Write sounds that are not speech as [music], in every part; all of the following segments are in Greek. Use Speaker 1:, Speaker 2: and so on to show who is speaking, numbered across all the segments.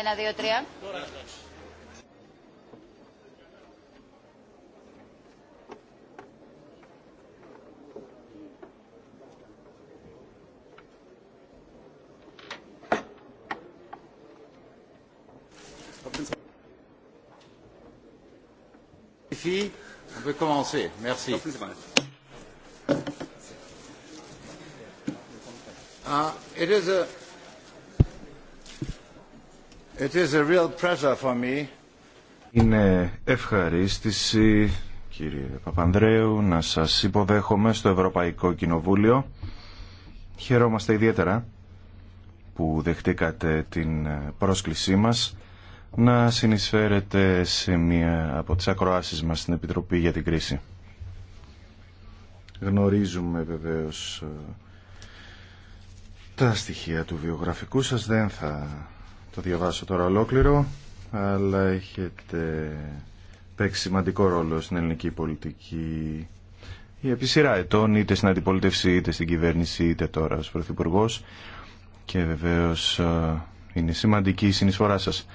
Speaker 1: ένα, δύο, τρία. Υπότιτλοι είναι ευχαρίστηση κύριε Παπανδρέου να σας υποδέχομαι στο Ευρωπαϊκό Κοινοβούλιο. Χαιρόμαστε ιδιαίτερα που δεχτήκατε την ε, πρόσκλησή μας να συνεισφέρετε σε μία από τις ακροάσεις μας στην Επιτροπή για την κρίση. Γνωρίζουμε βεβαίως ε, τα στοιχεία του βιογραφικού σας, δεν θα το διαβάσω τώρα ολόκληρο, αλλά έχετε παίξει σημαντικό ρόλο στην ελληνική πολιτική η επί σειρά ετών, είτε στην αντιπολίτευση, είτε στην κυβέρνηση, είτε τώρα ως Πρωθυπουργός και βεβαίως ε, είναι σημαντική η συνεισφορά σας.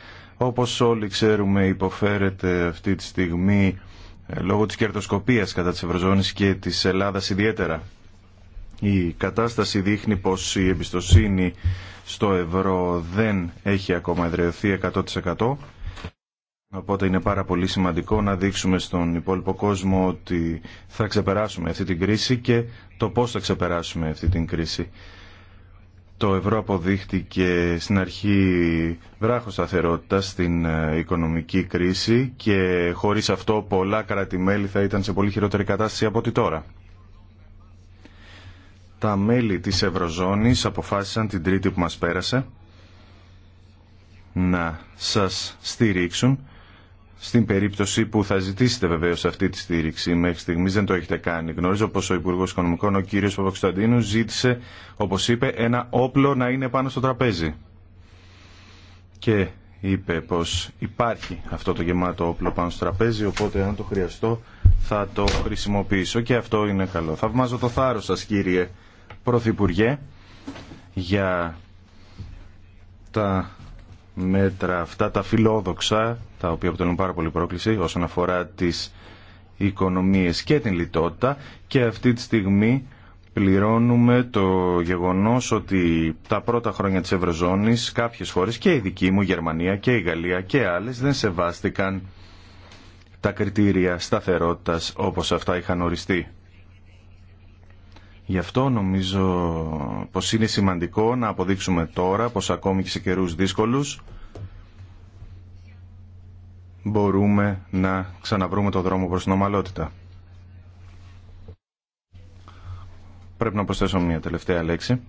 Speaker 1: Όπως όλοι ξέρουμε υποφέρεται αυτή τη στιγμή ε, λόγω της κερδοσκοπίας κατά της Ευρωζώνης και της Ελλάδας ιδιαίτερα. Η κατάσταση δείχνει πως η εμπιστοσύνη στο ευρώ δεν έχει ακόμα εδραιωθεί 100%. Οπότε είναι πάρα πολύ σημαντικό να δείξουμε στον υπόλοιπο κόσμο ότι θα ξεπεράσουμε αυτή την κρίση και το πώς θα ξεπεράσουμε αυτή την κρίση το ευρώ αποδείχτηκε στην αρχή βράχο σταθερότητα στην ε, οικονομική κρίση και χωρίς αυτό πολλά κράτη-μέλη θα ήταν σε πολύ χειρότερη κατάσταση από ό,τι τώρα. Τα μέλη της Ευρωζώνης αποφάσισαν την τρίτη που μας πέρασε να σας στηρίξουν στην περίπτωση που θα ζητήσετε βεβαίω αυτή τη στήριξη. Μέχρι στιγμή δεν το έχετε κάνει. Γνωρίζω πω ο Υπουργό Οικονομικών, ο κ. Παπακουσταντίνου, ζήτησε, όπω είπε, ένα όπλο να είναι πάνω στο τραπέζι. Και είπε πω υπάρχει αυτό το γεμάτο όπλο πάνω στο τραπέζι, οπότε αν το χρειαστώ θα το χρησιμοποιήσω και αυτό είναι καλό. Θαυμάζω το θάρρο σα, κύριε Πρωθυπουργέ, για τα μέτρα αυτά τα φιλόδοξα, τα οποία αποτελούν πάρα πολύ πρόκληση όσον αφορά τις οικονομίες και την λιτότητα και αυτή τη στιγμή πληρώνουμε το γεγονός ότι τα πρώτα χρόνια της Ευρωζώνης κάποιες χώρες και η δική μου, η Γερμανία και η Γαλλία και άλλες δεν σεβάστηκαν τα κριτήρια σταθερότητας όπως αυτά είχαν οριστεί. Γι' αυτό νομίζω πως είναι σημαντικό να αποδείξουμε τώρα πως ακόμη και σε καιρούς δύσκολους μπορούμε να ξαναβρούμε το δρόμο προς την ομαλότητα. Πρέπει να προσθέσω μια τελευταία λέξη.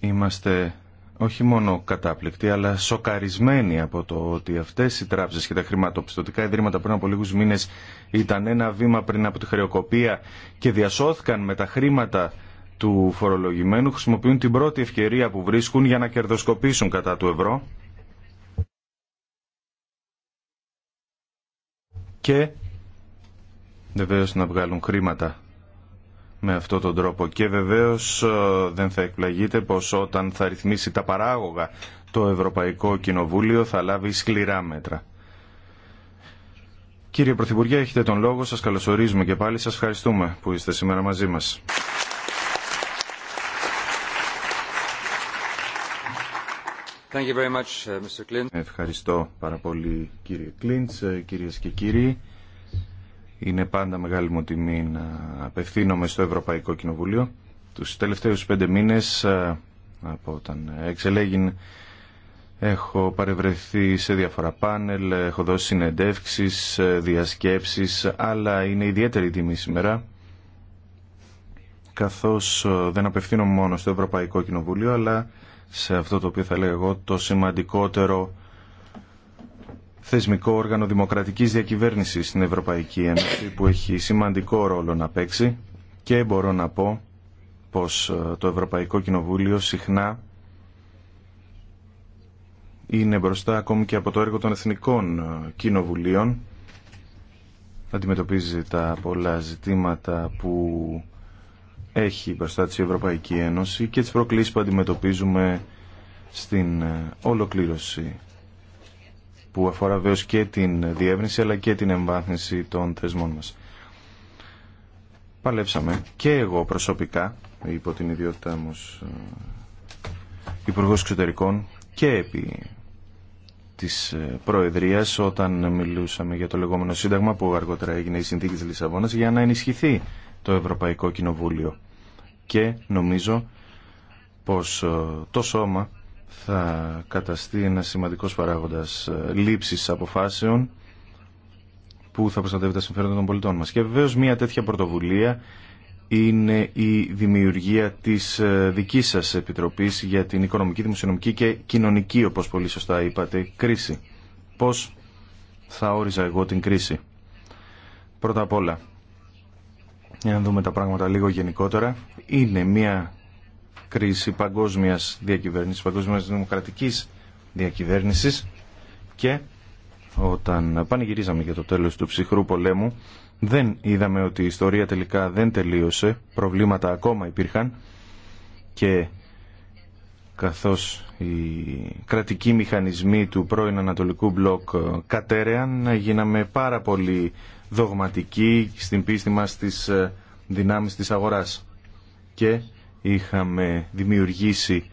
Speaker 1: Είμαστε όχι μόνο κατάπληκτη, αλλά σοκαρισμένοι από το ότι αυτές οι τράπεζε και τα χρηματοπιστωτικά ιδρύματα πριν από λίγους μήνες ήταν ένα βήμα πριν από τη χρεοκοπία και διασώθηκαν με τα χρήματα του φορολογημένου, χρησιμοποιούν την πρώτη ευκαιρία που βρίσκουν για να κερδοσκοπήσουν κατά του ευρώ. Και βεβαίω να βγάλουν χρήματα με αυτόν τον τρόπο. Και βεβαίω ε, δεν θα εκπλαγείτε πως όταν θα ρυθμίσει τα παράγωγα το Ευρωπαϊκό Κοινοβούλιο θα λάβει σκληρά μέτρα. Κύριε Πρωθυπουργέ, έχετε τον λόγο, σας καλωσορίζουμε και πάλι σας ευχαριστούμε που είστε σήμερα μαζί μας.
Speaker 2: Uh,
Speaker 1: Ευχαριστώ πάρα πολύ κύριε Κλίντς, ε, κυρίες και κύριοι. Είναι πάντα μεγάλη μου τιμή να απευθύνομαι στο Ευρωπαϊκό Κοινοβούλιο. Τους τελευταίους πέντε μήνες από όταν εξελέγην έχω παρευρεθεί σε διάφορα πάνελ, έχω δώσει συνεντεύξεις, ε, διασκέψεις, αλλά είναι ιδιαίτερη τιμή σήμερα καθώς ε, δεν απευθύνομαι μόνο στο Ευρωπαϊκό Κοινοβούλιο αλλά σε αυτό το οποίο θα λέγω εγώ το σημαντικότερο θεσμικό όργανο δημοκρατικής διακυβέρνησης στην Ευρωπαϊκή Ένωση που έχει σημαντικό ρόλο να παίξει και μπορώ να πω πως ε, το Ευρωπαϊκό Κοινοβούλιο συχνά είναι μπροστά ακόμη και από το έργο των Εθνικών ε, Κοινοβουλίων αντιμετωπίζει τα πολλά ζητήματα που έχει μπροστά της η Ευρωπαϊκή Ένωση και τις προκλήσεις που αντιμετωπίζουμε στην ε, ολοκλήρωση που αφορά βέβαια και την διεύρυνση αλλά και την εμβάθυνση των θεσμών μας. Παλέψαμε και εγώ προσωπικά υπό την ιδιότητά μου ε, υπουργό Εξωτερικών και επί της ε, Προεδρίας όταν μιλούσαμε για το λεγόμενο Σύνταγμα που αργότερα έγινε η Συνθήκη της Λισαβόνας για να ενισχυθεί το Ευρωπαϊκό Κοινοβούλιο. Και νομίζω πως ε, το σώμα θα καταστεί ένα σημαντικός παράγοντας ε, λήψης αποφάσεων που θα προστατεύει τα συμφέροντα των πολιτών μας. Και βεβαίως μια τέτοια πρωτοβουλία είναι η δημιουργία της ε, δικής σας Επιτροπής για την οικονομική, δημοσιονομική και κοινωνική, όπως πολύ σωστά είπατε, κρίση. Πώς θα όριζα εγώ την κρίση. Πρώτα απ' όλα, για να δούμε τα πράγματα λίγο γενικότερα, είναι μια κρίση παγκόσμιας διακυβέρνησης, παγκόσμιας δημοκρατικής διακυβέρνησης και όταν πανηγυρίζαμε για το τέλος του ψυχρού πολέμου δεν είδαμε ότι η ιστορία τελικά δεν τελείωσε, προβλήματα ακόμα υπήρχαν και καθώς οι κρατικοί μηχανισμοί του πρώην Ανατολικού Μπλοκ κατέρεαν, γίναμε πάρα πολύ δογματικοί στην πίστη μας στις ε, δυνάμεις της αγοράς. Και είχαμε δημιουργήσει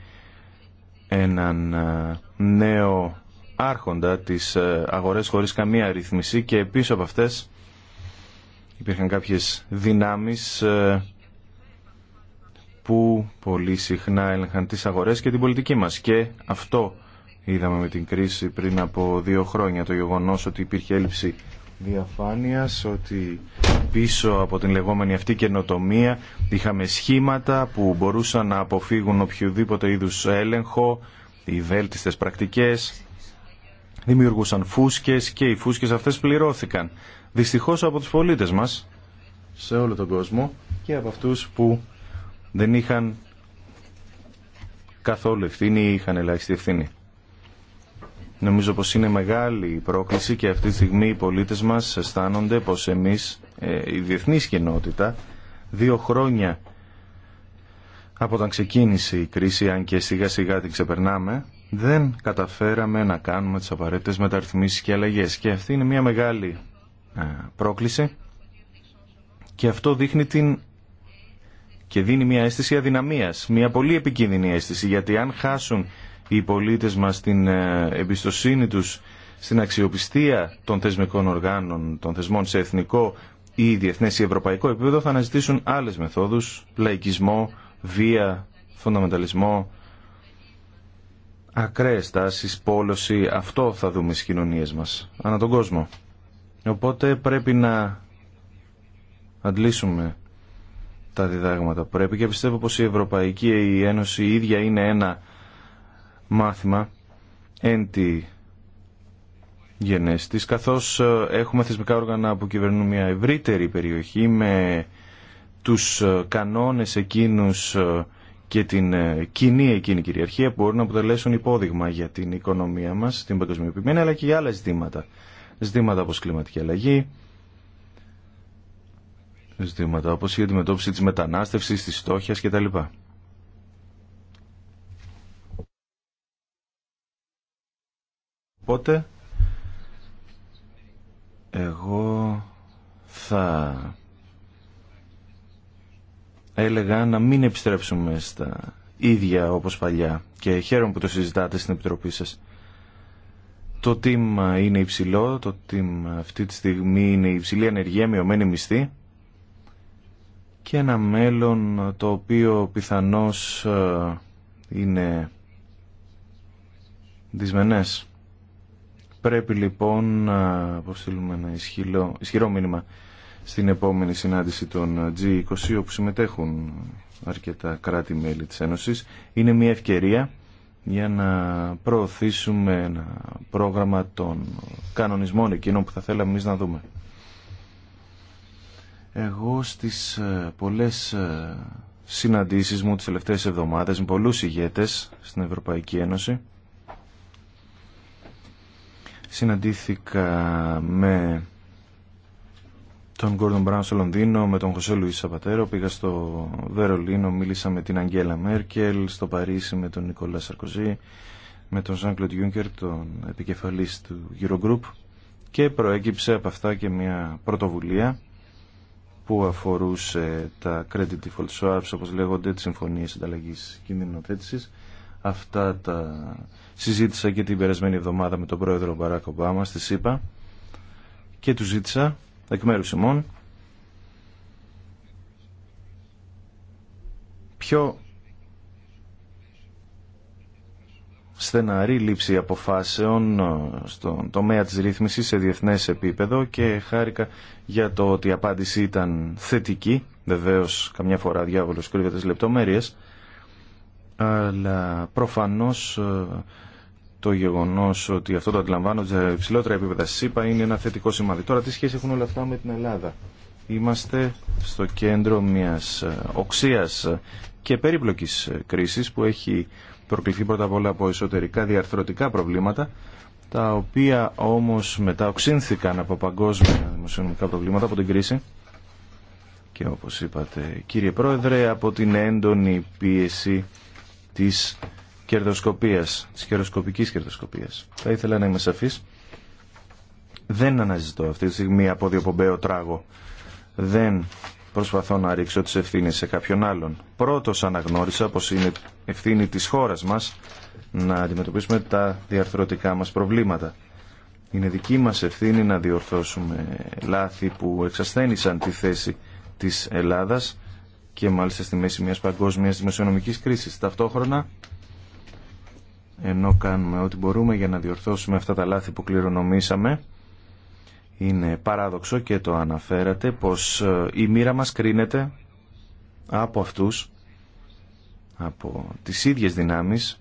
Speaker 1: έναν ε, νέο άρχοντα της ε, αγορές χωρίς καμία ρυθμισή και πίσω από αυτές υπήρχαν κάποιες δυνάμεις ε, που πολύ συχνά έλεγχαν τις αγορές και την πολιτική μας και αυτό είδαμε με την κρίση πριν από δύο χρόνια το γεγονός ότι υπήρχε έλλειψη διαφάνειας ότι πίσω από την λεγόμενη αυτή καινοτομία είχαμε σχήματα που μπορούσαν να αποφύγουν οποιοδήποτε είδους έλεγχο, οι βέλτιστες πρακτικές, δημιουργούσαν φούσκες και οι φούσκες αυτές πληρώθηκαν. Δυστυχώς από τους πολίτες μας, σε όλο τον κόσμο και από αυτούς που δεν είχαν καθόλου ευθύνη ή είχαν ελάχιστη ευθύνη. Νομίζω πως είναι μεγάλη η πρόκληση και αυτή τη στιγμή οι πολίτες μας αισθάνονται πως εμείς, ε, η διεθνής κοινότητα, δύο χρόνια από όταν ξεκίνησε η κρίση, αν και σιγά σιγά την ξεπερνάμε, δεν καταφέραμε να κάνουμε τις απαραίτητες μεταρρυθμίσεις και αλλαγές. Και αυτή είναι μια μεγάλη ε, πρόκληση και αυτό δείχνει την και δίνει μια αίσθηση αδυναμίας, μια πολύ επικίνδυνη αίσθηση, γιατί αν χάσουν οι πολίτες μας την ε, εμπιστοσύνη τους στην αξιοπιστία των θεσμικών οργάνων, των θεσμών σε εθνικό ή διεθνές ή ευρωπαϊκό επίπεδο θα αναζητήσουν άλλες μεθόδους, λαϊκισμό, βία, φονταμεταλισμό, ακραίες τάσεις, πόλωση, αυτό θα δούμε στις κοινωνίες μας, ανά τον κόσμο. Οπότε πρέπει να αντλήσουμε τα διδάγματα πρέπει και πιστεύω πως η Ευρωπαϊκή Ένωση η ίδια είναι ένα μάθημα εν τη καθώς ε, έχουμε θεσμικά όργανα που κυβερνούν μια ευρύτερη περιοχή με τους ε, κανόνες εκείνους ε, και την κοινή εκείνη κυριαρχία που μπορούν να αποτελέσουν υπόδειγμα για την οικονομία μας, την παγκοσμιοποιημένη, αλλά και για άλλα ζητήματα. Ζητήματα όπως κλιματική αλλαγή, ζητήματα όπως η αντιμετώπιση της μετανάστευσης, της στόχιας κτλ. Οπότε εγώ θα έλεγα να μην επιστρέψουμε στα ίδια όπως παλιά και χαίρομαι που το συζητάτε στην Επιτροπή σας. Το τιμμα είναι υψηλό, το τιμμα αυτή τη στιγμή είναι υψηλή ανεργία, μειωμένη μισθή και ένα μέλλον το οποίο πιθανώς ε, είναι δυσμενές. Πρέπει λοιπόν να αποστείλουμε ένα ισχυρό, ισχυρό μήνυμα στην επόμενη συνάντηση των G20 όπου συμμετέχουν αρκετά κράτη-μέλη της Ένωσης. Είναι μια ευκαιρία για να προωθήσουμε ένα πρόγραμμα των κανονισμών εκείνων που θα θέλαμε εμείς να δούμε. Εγώ στις ε, πολλές ε, συναντήσεις μου τις τελευταίες εβδομάδες με πολλούς ηγέτες στην Ευρωπαϊκή Ένωση συναντήθηκα με τον Γκόρντον Μπράουν στο Λονδίνο, με τον Χωσέ Λουίς Σαπατέρο, πήγα στο Βερολίνο, μίλησα με την Αγγέλα Μέρκελ, στο Παρίσι με τον Νικόλα Σαρκοζή, με τον Ζαν Κλοντ Γιούγκερ, τον επικεφαλής του Eurogroup και προέκυψε από αυτά και μια πρωτοβουλία που αφορούσε τα credit default swaps, όπως λέγονται, τις συμφωνίες ανταλλαγής κινδυνοθέτησης. Αυτά τα Συζήτησα και την περασμένη εβδομάδα με τον πρόεδρο Μπαράκ Ομπάμα στη ΣΥΠΑ και του ζήτησα εκ μέρους ημών πιο στεναρή λήψη αποφάσεων ε, στον τομέα της ρύθμισης σε διεθνές επίπεδο και χάρηκα για το ότι η απάντηση ήταν θετική. Βεβαίως καμιά φορά διάβολος κρύβεται τις λεπτομέρειες αλλά προφανώς ε, το γεγονό ότι αυτό το αντιλαμβάνω σε υψηλότερα επίπεδα ΣΥΠΑ είναι ένα θετικό σημάδι. Τώρα, τι σχέση έχουν όλα αυτά με την Ελλάδα. Είμαστε στο κέντρο μια ε, οξία και περίπλοκη ε, κρίση που έχει προκληθεί πρώτα απ' όλα από εσωτερικά διαρθρωτικά προβλήματα, τα οποία όμω μετά οξύνθηκαν από παγκόσμια δημοσιονομικά προβλήματα από την κρίση και όπως είπατε κύριε Πρόεδρε από την έντονη πίεση της κερδοσκοπίας, της κερδοσκοπικής κερδοσκοπίας. Θα ήθελα να είμαι σαφής. Δεν αναζητώ αυτή τη στιγμή από διοπομπαίο τράγο. Δεν προσπαθώ να ρίξω τις ευθύνες σε κάποιον άλλον. Πρώτος αναγνώρισα πως είναι ευθύνη της χώρας μας να αντιμετωπίσουμε τα διαρθρωτικά μας προβλήματα. Είναι δική μας ευθύνη να διορθώσουμε λάθη που εξασθένησαν τη θέση της Ελλάδας και μάλιστα στη μέση μιας παγκόσμιας δημοσιονομικής κρίσης. Ταυτόχρονα ενώ κάνουμε ό,τι μπορούμε για να διορθώσουμε αυτά τα λάθη που κληρονομήσαμε. Είναι παράδοξο και το αναφέρατε πως ε, η μοίρα μας κρίνεται από αυτούς, από τις ίδιες δυνάμεις,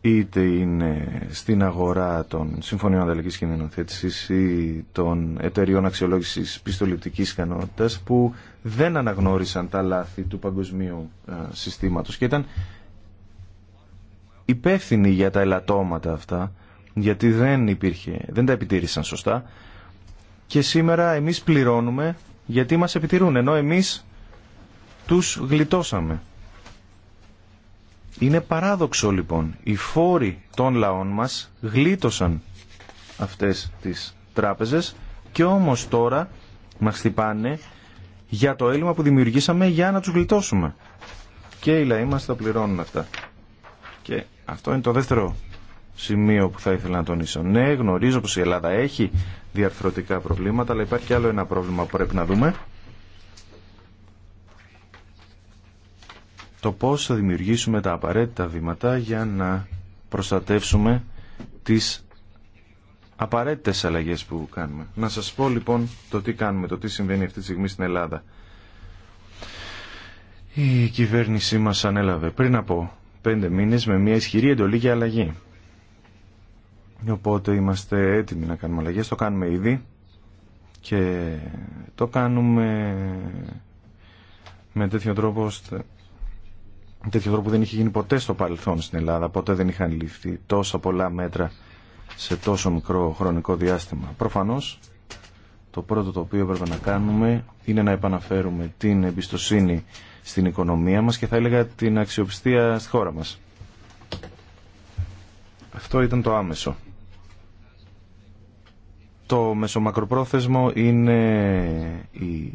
Speaker 1: είτε είναι στην αγορά των Συμφωνίων Ανταλλαγής Κινδυνοθέτησης ή των εταιριών αξιολόγησης πιστοληπτικής ικανότητας που δεν αναγνώρισαν τα λάθη του παγκοσμίου ε, συστήματος και ήταν υπεύθυνοι για τα ελαττώματα αυτά, γιατί δεν, υπήρχε, δεν τα επιτήρησαν σωστά και σήμερα εμείς πληρώνουμε γιατί μας επιτηρούν, ενώ εμείς τους γλιτώσαμε. Είναι παράδοξο λοιπόν, οι φόροι των λαών μας γλίτωσαν αυτές τις τράπεζες και όμως τώρα μας χτυπάνε για το έλλειμμα που δημιουργήσαμε για να τους γλιτώσουμε. Και οι λαοί μας τα πληρώνουν αυτά. Και αυτό είναι το δεύτερο σημείο που θα ήθελα να τονίσω. Ναι, γνωρίζω πως η Ελλάδα έχει διαρθρωτικά προβλήματα, αλλά υπάρχει άλλο ένα πρόβλημα που πρέπει να δούμε. Το πώς θα δημιουργήσουμε τα απαραίτητα βήματα για να προστατεύσουμε τις απαραίτητες αλλαγές που κάνουμε. Να σας πω λοιπόν το τι κάνουμε, το τι συμβαίνει αυτή τη στιγμή στην Ελλάδα. Η κυβέρνησή μας ανέλαβε πριν από πέντε μήνες με μια ισχυρή εντολή για αλλαγή. Οπότε είμαστε έτοιμοι να κάνουμε αλλαγές, το κάνουμε ήδη και το κάνουμε με τέτοιο τρόπο, τέτοιο τρόπο που δεν είχε γίνει ποτέ στο παρελθόν στην Ελλάδα. Ποτέ δεν είχαν ληφθεί τόσα πολλά μέτρα σε τόσο μικρό χρονικό διάστημα. Προφανώς το πρώτο το οποίο έπρεπε να κάνουμε είναι να επαναφέρουμε την εμπιστοσύνη στην οικονομία μας και θα έλεγα την αξιοπιστία στη χώρα μας. Αυτό ήταν το άμεσο. Το μεσομακροπρόθεσμο είναι οι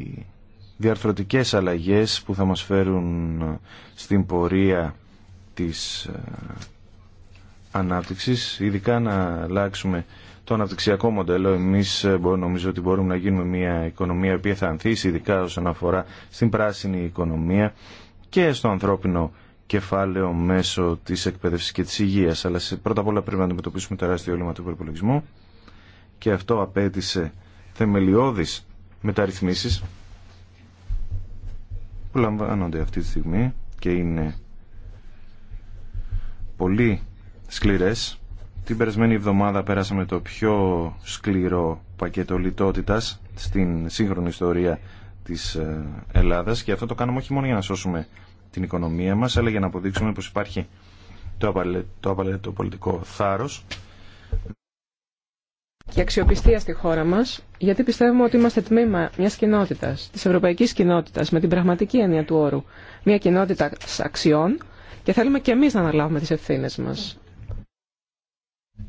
Speaker 1: διαρθρωτικές αλλαγές που θα μας φέρουν στην πορεία της ε, ανάπτυξης, ειδικά να αλλάξουμε το αναπτυξιακό μοντέλο. Εμεί ε, νομίζω ότι μπορούμε να γίνουμε μια οικονομία η οποία θα ανθίσει ειδικά όσον αφορά στην πράσινη οικονομία και στο ανθρώπινο κεφάλαιο μέσω της εκπαίδευση και τη υγεία, Αλλά πρώτα απ' όλα πρέπει να αντιμετωπίσουμε τεράστιο όλημα του υπερπολογισμού και αυτό απέτησε θεμελιώδεις μεταρρυθμίσει που λαμβάνονται αυτή τη στιγμή και είναι πολύ σκληρές την περασμένη εβδομάδα πέρασαμε το πιο σκληρό πακέτο λιτότητας στην σύγχρονη ιστορία της ε, Ελλάδας και αυτό το κάνουμε όχι μόνο για να σώσουμε την οικονομία μας αλλά για να αποδείξουμε πως υπάρχει το απαραίτητο πολιτικό θάρρος
Speaker 3: και αξιοπιστία στη χώρα μας γιατί πιστεύουμε ότι είμαστε τμήμα μια κοινότητας, της ευρωπαϊκής κοινότητας με την πραγματική έννοια του όρου, μια κοινότητα αξιών και θέλουμε και εμείς να αναλάβουμε τις ευθύνες μας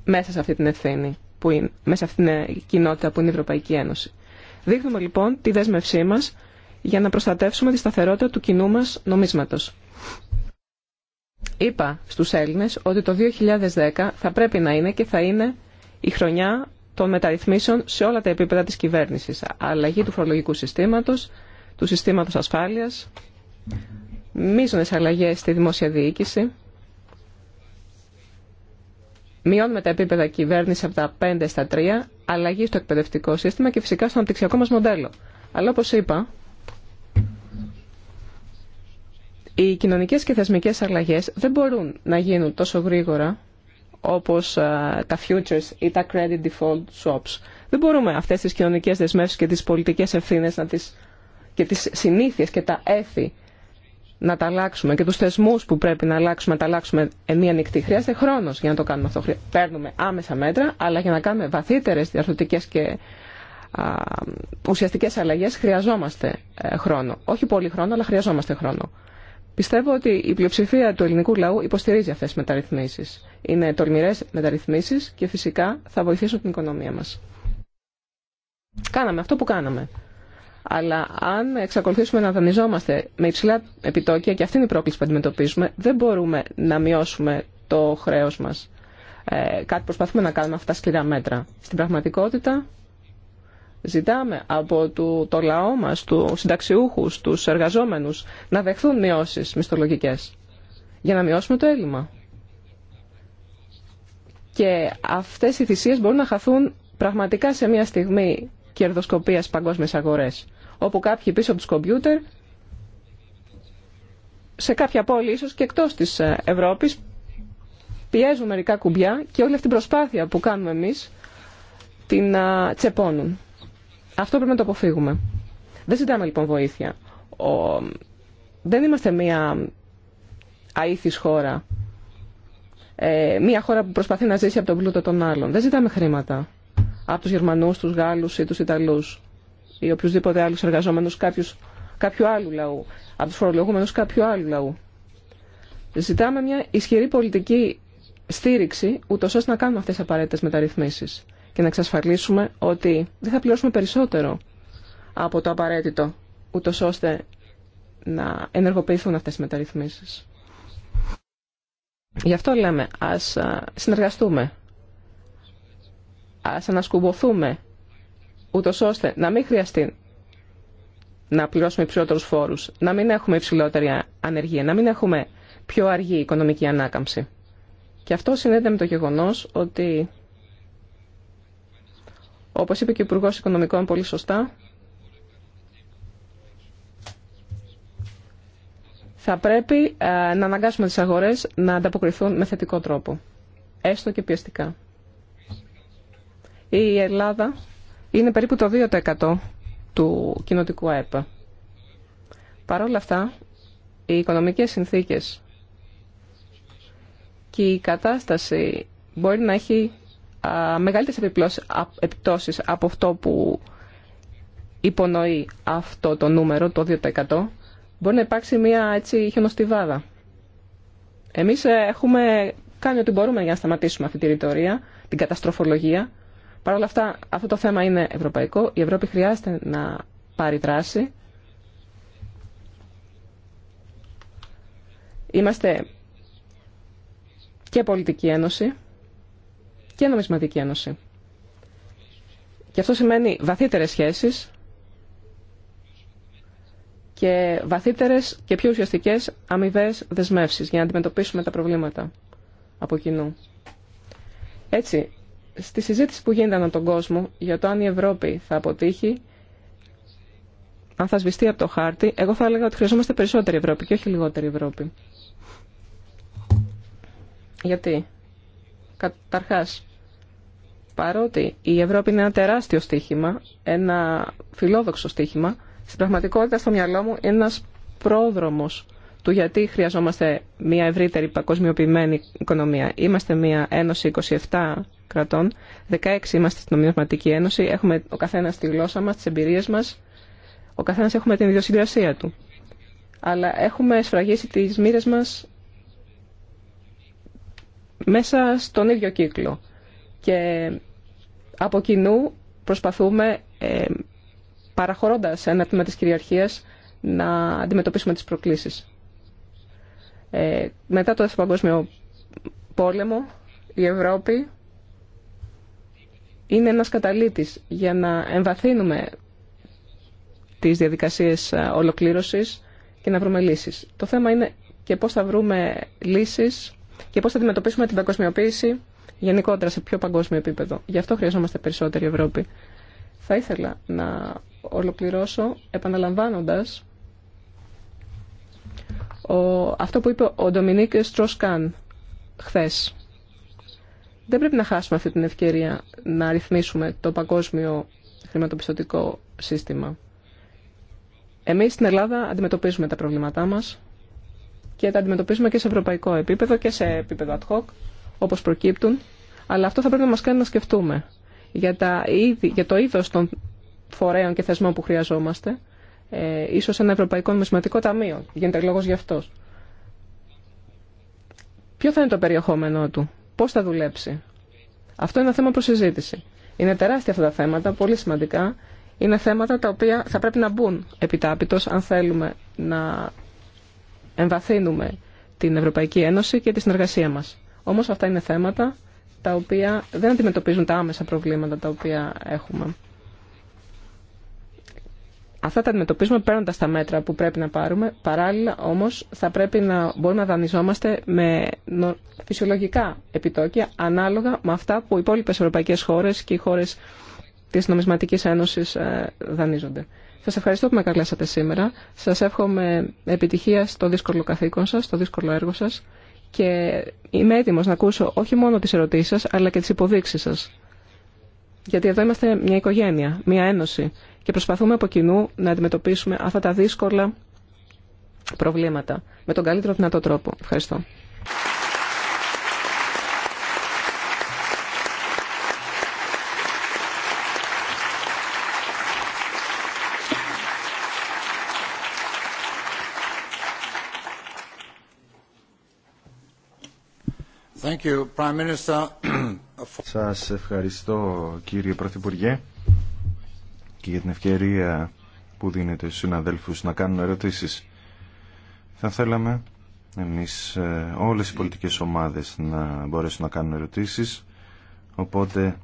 Speaker 3: μέσα σε αυτή την ευθύνη, που είναι, μέσα σε αυτή την κοινότητα που είναι η Ευρωπαϊκή Ένωση. Δείχνουμε λοιπόν τη δέσμευσή μας για να προστατεύσουμε τη σταθερότητα του κοινού μα νομίσματος. Είπα στους Έλληνε ότι το 2010 θα πρέπει να είναι και θα είναι η χρονιά των μεταρρυθμίσεων σε όλα τα επίπεδα της κυβέρνηση, Αλλαγή του φορολογικού συστήματο, του συστήματο ασφάλεια. μείζονε αλλαγέ στη δημόσια διοίκηση, Μειώνουμε τα επίπεδα κυβέρνηση από τα 5 στα 3, αλλαγή στο εκπαιδευτικό σύστημα και φυσικά στο αναπτυξιακό μα μοντέλο. Αλλά όπω είπα, οι κοινωνικέ και θεσμικέ αλλαγέ δεν μπορούν να γίνουν τόσο γρήγορα όπως τα futures ή τα credit default swaps. Δεν μπορούμε αυτέ τι κοινωνικέ δεσμεύσει και τι πολιτικέ ευθύνε να τις, και τις συνήθειε και τα έθη να τα αλλάξουμε και του θεσμού που πρέπει να αλλάξουμε, να τα αλλάξουμε μία νυχτή. Χρειάζεται χρόνο για να το κάνουμε αυτό. Παίρνουμε άμεσα μέτρα, αλλά για να κάνουμε βαθύτερε διαρθρωτικέ και ουσιαστικέ αλλαγέ χρειαζόμαστε ε, χρόνο. Όχι πολύ χρόνο, αλλά χρειαζόμαστε χρόνο. Πιστεύω ότι η πλειοψηφία του ελληνικού λαού υποστηρίζει αυτέ τι μεταρρυθμίσει. Είναι τολμηρέ μεταρρυθμίσει και φυσικά θα βοηθήσουν την οικονομία μα. Κάναμε αυτό που κάναμε. Αλλά αν εξακολουθήσουμε να δανειζόμαστε με υψηλά επιτόκια, και αυτή είναι η πρόκληση που αντιμετωπίζουμε, δεν μπορούμε να μειώσουμε το χρέο μα. Ε, κάτι προσπαθούμε να κάνουμε αυτά σκληρά μέτρα. Στην πραγματικότητα, ζητάμε από το, το λαό μα, του συνταξιούχου, του εργαζόμενου, να δεχθούν μειώσει μισθολογικέ για να μειώσουμε το έλλειμμα. Και αυτές οι θυσίες μπορούν να χαθούν πραγματικά σε μια στιγμή κερδοσκοπίας παγκόσμιες αγορές όπου κάποιοι πίσω από τους κομπιούτερ σε κάποια πόλη ίσως και εκτός της ε, Ευρώπης πιέζουν μερικά κουμπιά και όλη αυτή την προσπάθεια που κάνουμε εμείς την ε, τσεπώνουν. Αυτό πρέπει να το αποφύγουμε. Δεν ζητάμε λοιπόν βοήθεια. Ο... Δεν είμαστε μία αήθης χώρα. Ε, μία χώρα που προσπαθεί να ζήσει από τον πλούτο των άλλων. Δεν ζητάμε χρήματα από τους Γερμανούς, τους Γάλλους ή τους Ιταλούς ή οποιουσδήποτε άλλου εργαζόμενου κάποιου άλλου λαού, από τους φορολογούμενους κάποιου άλλου λαού. Ζητάμε μια ισχυρή πολιτική στήριξη, ούτω ώστε να κάνουμε αυτές τι απαραίτητε μεταρρυθμίσεις και να εξασφαλίσουμε ότι δεν θα πληρώσουμε περισσότερο από το απαραίτητο, ούτω ώστε να ενεργοποιηθούν αυτέ οι μεταρρυθμίσει. Γι' αυτό λέμε, ας συνεργαστούμε, ας ανασκουμποθούμε ούτω ώστε να μην χρειαστεί να πληρώσουμε υψηλότερου φόρου, να μην έχουμε υψηλότερη ανεργία, να μην έχουμε πιο αργή οικονομική ανάκαμψη. Και αυτό συνέντε με το γεγονό ότι, όπω είπε και ο Υπουργό Οικονομικών πολύ σωστά, θα πρέπει ε, να αναγκάσουμε τις αγορές να ανταποκριθούν με θετικό τρόπο, έστω και πιεστικά. Η Ελλάδα είναι περίπου το 2% του κοινοτικού ΑΕΠ. Παρ' όλα αυτά, οι οικονομικές συνθήκες και η κατάσταση μπορεί να έχει μεγαλύτερες επιπτώσεις από αυτό που υπονοεί αυτό το νούμερο, το 2%. Μπορεί να υπάρξει μια έτσι χιονοστιβάδα. Εμείς ε, έχουμε κάνει ό,τι μπορούμε για να σταματήσουμε αυτή τη ρητορία, την καταστροφολογία, Παρ' όλα αυτά, αυτό το θέμα είναι ευρωπαϊκό. Η Ευρώπη χρειάζεται να πάρει δράση. Είμαστε και πολιτική ένωση και νομισματική ένωση. Και αυτό σημαίνει βαθύτερες σχέσεις και βαθύτερες και πιο ουσιαστικές αμοιβέ δεσμεύσεις για να αντιμετωπίσουμε τα προβλήματα από κοινού. Έτσι, Στη συζήτηση που γίνεται ανά τον κόσμο για το αν η Ευρώπη θα αποτύχει, αν θα σβηστεί από το χάρτη, εγώ θα έλεγα ότι χρειαζόμαστε περισσότερη Ευρώπη και όχι λιγότερη Ευρώπη. Γιατί, καταρχά, παρότι η Ευρώπη είναι ένα τεράστιο στοίχημα, ένα φιλόδοξο στοίχημα, στην πραγματικότητα στο μυαλό μου είναι ένας πρόδρομος του γιατί χρειαζόμαστε μια ευρύτερη παγκοσμιοποιημένη οικονομία. Είμαστε μια ένωση 27 κρατών, 16 είμαστε στην Ομοιοσματική Ένωση, έχουμε ο καθένας τη γλώσσα μας, τις εμπειρίες μας, ο καθένας έχουμε την ιδιοσυγκρασία του. Αλλά έχουμε σφραγίσει τις μοίρε μας μέσα στον ίδιο κύκλο. Και από κοινού προσπαθούμε, ε, παραχωρώντας ένα τμήμα της κυριαρχίας, να αντιμετωπίσουμε τις προκλήσεις. Ε, μετά το Παγκόσμιο Πόλεμο η Ευρώπη είναι ένας καταλήτης για να εμβαθύνουμε τις διαδικασίες ε, ολοκλήρωσης και να βρούμε λύσεις. Το θέμα είναι και πώς θα βρούμε λύσεις και πώς θα αντιμετωπίσουμε την παγκοσμιοποίηση γενικότερα σε πιο παγκόσμιο επίπεδο. Γι' αυτό χρειαζόμαστε περισσότερη Ευρώπη. Θα ήθελα να ολοκληρώσω επαναλαμβάνοντας ο, αυτό που είπε ο Ντομινίκ Στροσκάν χθες. Δεν πρέπει να χάσουμε αυτή την ευκαιρία να ρυθμίσουμε το παγκόσμιο χρηματοπιστωτικό σύστημα. Εμείς στην Ελλάδα αντιμετωπίζουμε τα προβλήματά μας και τα αντιμετωπίζουμε και σε ευρωπαϊκό επίπεδο και σε επίπεδο ad hoc, όπως προκύπτουν. Αλλά αυτό θα πρέπει να μας κάνει να σκεφτούμε για, τα για το είδος των φορέων και θεσμών που χρειαζόμαστε, ε, ίσως ένα Ευρωπαϊκό Νομισματικό Ταμείο. Γίνεται λόγος γι' αυτό Ποιο θα είναι το περιεχόμενό του, πώς θα δουλέψει. Αυτό είναι ένα θέμα προσυζήτηση. Είναι τεράστια αυτά τα θέματα, πολύ σημαντικά. Είναι θέματα τα οποία θα πρέπει να μπουν επιτάπητος αν θέλουμε να εμβαθύνουμε την Ευρωπαϊκή Ένωση και τη συνεργασία μα. Όμω αυτά είναι θέματα τα οποία δεν αντιμετωπίζουν τα άμεσα προβλήματα τα οποία έχουμε. Αυτά τα αντιμετωπίζουμε παίρνοντα τα μέτρα που πρέπει να πάρουμε. Παράλληλα, όμω, θα πρέπει να μπορούμε να δανειζόμαστε με φυσιολογικά επιτόκια ανάλογα με αυτά που οι υπόλοιπε ευρωπαϊκέ χώρε και οι χώρε τη Νομισματική Ένωση ε, δανείζονται. Σα ευχαριστώ που με καλέσατε σήμερα. Σα εύχομαι επιτυχία στο δύσκολο καθήκον σα, στο δύσκολο έργο σα και είμαι έτοιμο να ακούσω όχι μόνο τι ερωτήσει σα, αλλά και τι υποδείξει σα. Γιατί εδώ είμαστε μια οικογένεια, μια ένωση και προσπαθούμε από κοινού να αντιμετωπίσουμε αυτά τα δύσκολα προβλήματα με τον καλύτερο δυνατό τρόπο.
Speaker 4: Ευχαριστώ.
Speaker 1: Σας ευχαριστώ κύριε Πρωθυπουργέ και για την ευκαιρία που δίνεται στους συναδέλφους να κάνουν ερωτήσεις. Θα θέλαμε εμείς ε, όλες οι πολιτικές ομάδες να μπορέσουν να κάνουν ερωτήσεις, οπότε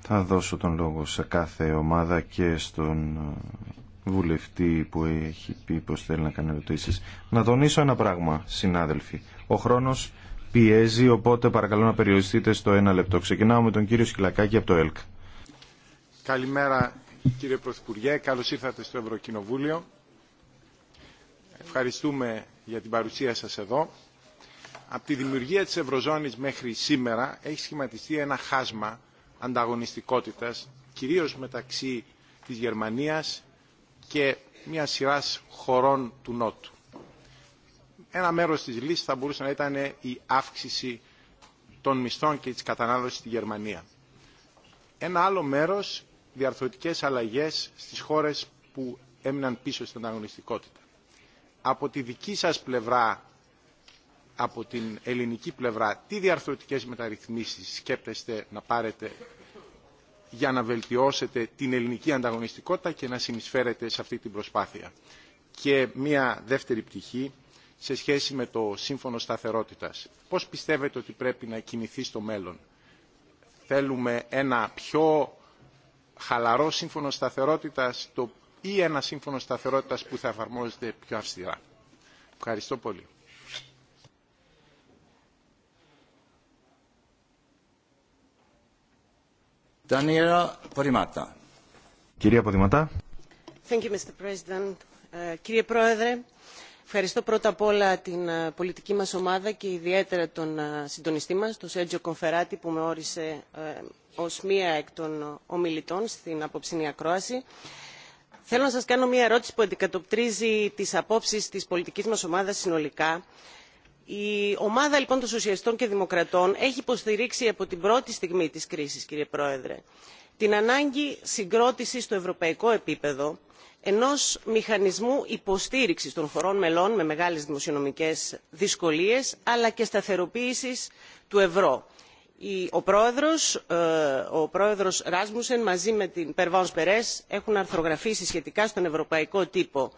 Speaker 1: θα δώσω τον λόγο σε κάθε ομάδα και στον ε, βουλευτή που έχει πει πως θέλει να κάνει ερωτήσεις. Να τονίσω ένα πράγμα, συνάδελφοι. Ο χρόνος πιέζει, οπότε παρακαλώ να περιοριστείτε στο ένα λεπτό. Ξεκινάω με τον κύριο Σκυλακάκη από το ΕΛΚ.
Speaker 5: Καλημέρα κύριε Πρωθυπουργέ, καλώς ήρθατε στο Ευρωκοινοβούλιο. Ευχαριστούμε για την παρουσία σας εδώ. Από τη δημιουργία της Ευρωζώνης μέχρι σήμερα έχει σχηματιστεί ένα χάσμα ανταγωνιστικότητας, κυρίως μεταξύ της Γερμανίας και μια σειράς χωρών του Νότου. Ένα μέρος της λύσης θα μπορούσε να ήταν η αύξηση των μισθών και της κατανάλωσης στη Γερμανία. Ένα άλλο μέρος διαρθρωτικές αλλαγές στις χώρες που έμειναν πίσω στην ανταγωνιστικότητα. Από τη δική σας πλευρά, από την ελληνική πλευρά, τι διαρθρωτικές μεταρρυθμίσεις σκέπτεστε να πάρετε για να βελτιώσετε την ελληνική ανταγωνιστικότητα και να συνεισφέρετε σε αυτή την προσπάθεια. Και μία δεύτερη πτυχή σε σχέση με το Σύμφωνο Σταθερότητας. Πώς πιστεύετε ότι πρέπει να κινηθεί στο μέλλον. Θέλουμε ένα πιο χαλαρό σύμφωνο σταθερότητας το, ή ένα σύμφωνο σταθερότητας που θα εφαρμόζεται πιο αυστηρά. Ευχαριστώ πολύ. Κυρία
Speaker 1: Ποδηματά.
Speaker 4: Ε, Πρόεδρε, Ευχαριστώ πρώτα απ' όλα την ε, πολιτική μας ομάδα και ιδιαίτερα τον ε, συντονιστή μας, τον Σέντζο Κονφεράτη, που με όρισε ε, ως μία εκ των ομιλητών στην απόψινή ακρόαση. Θέλω να σας κάνω μία ερώτηση που αντικατοπτρίζει τις απόψεις της πολιτικής μας ομάδας συνολικά. Η ομάδα λοιπόν των Σοσιαλιστών και Δημοκρατών έχει υποστηρίξει από την πρώτη στιγμή της κρίσης, κύριε Πρόεδρε, την ανάγκη συγκρότησης στο ευρωπαϊκό επίπεδο ενός μηχανισμού υποστήριξης των χωρών μελών με μεγάλες δημοσιονομικές δυσκολίες αλλά και σταθεροποίησης του ευρώ. Ο πρόεδρος, ε, ο Ράσμουσεν μαζί με την Περβάνς Περές έχουν αρθρογραφήσει σχετικά στον ευρωπαϊκό τύπο.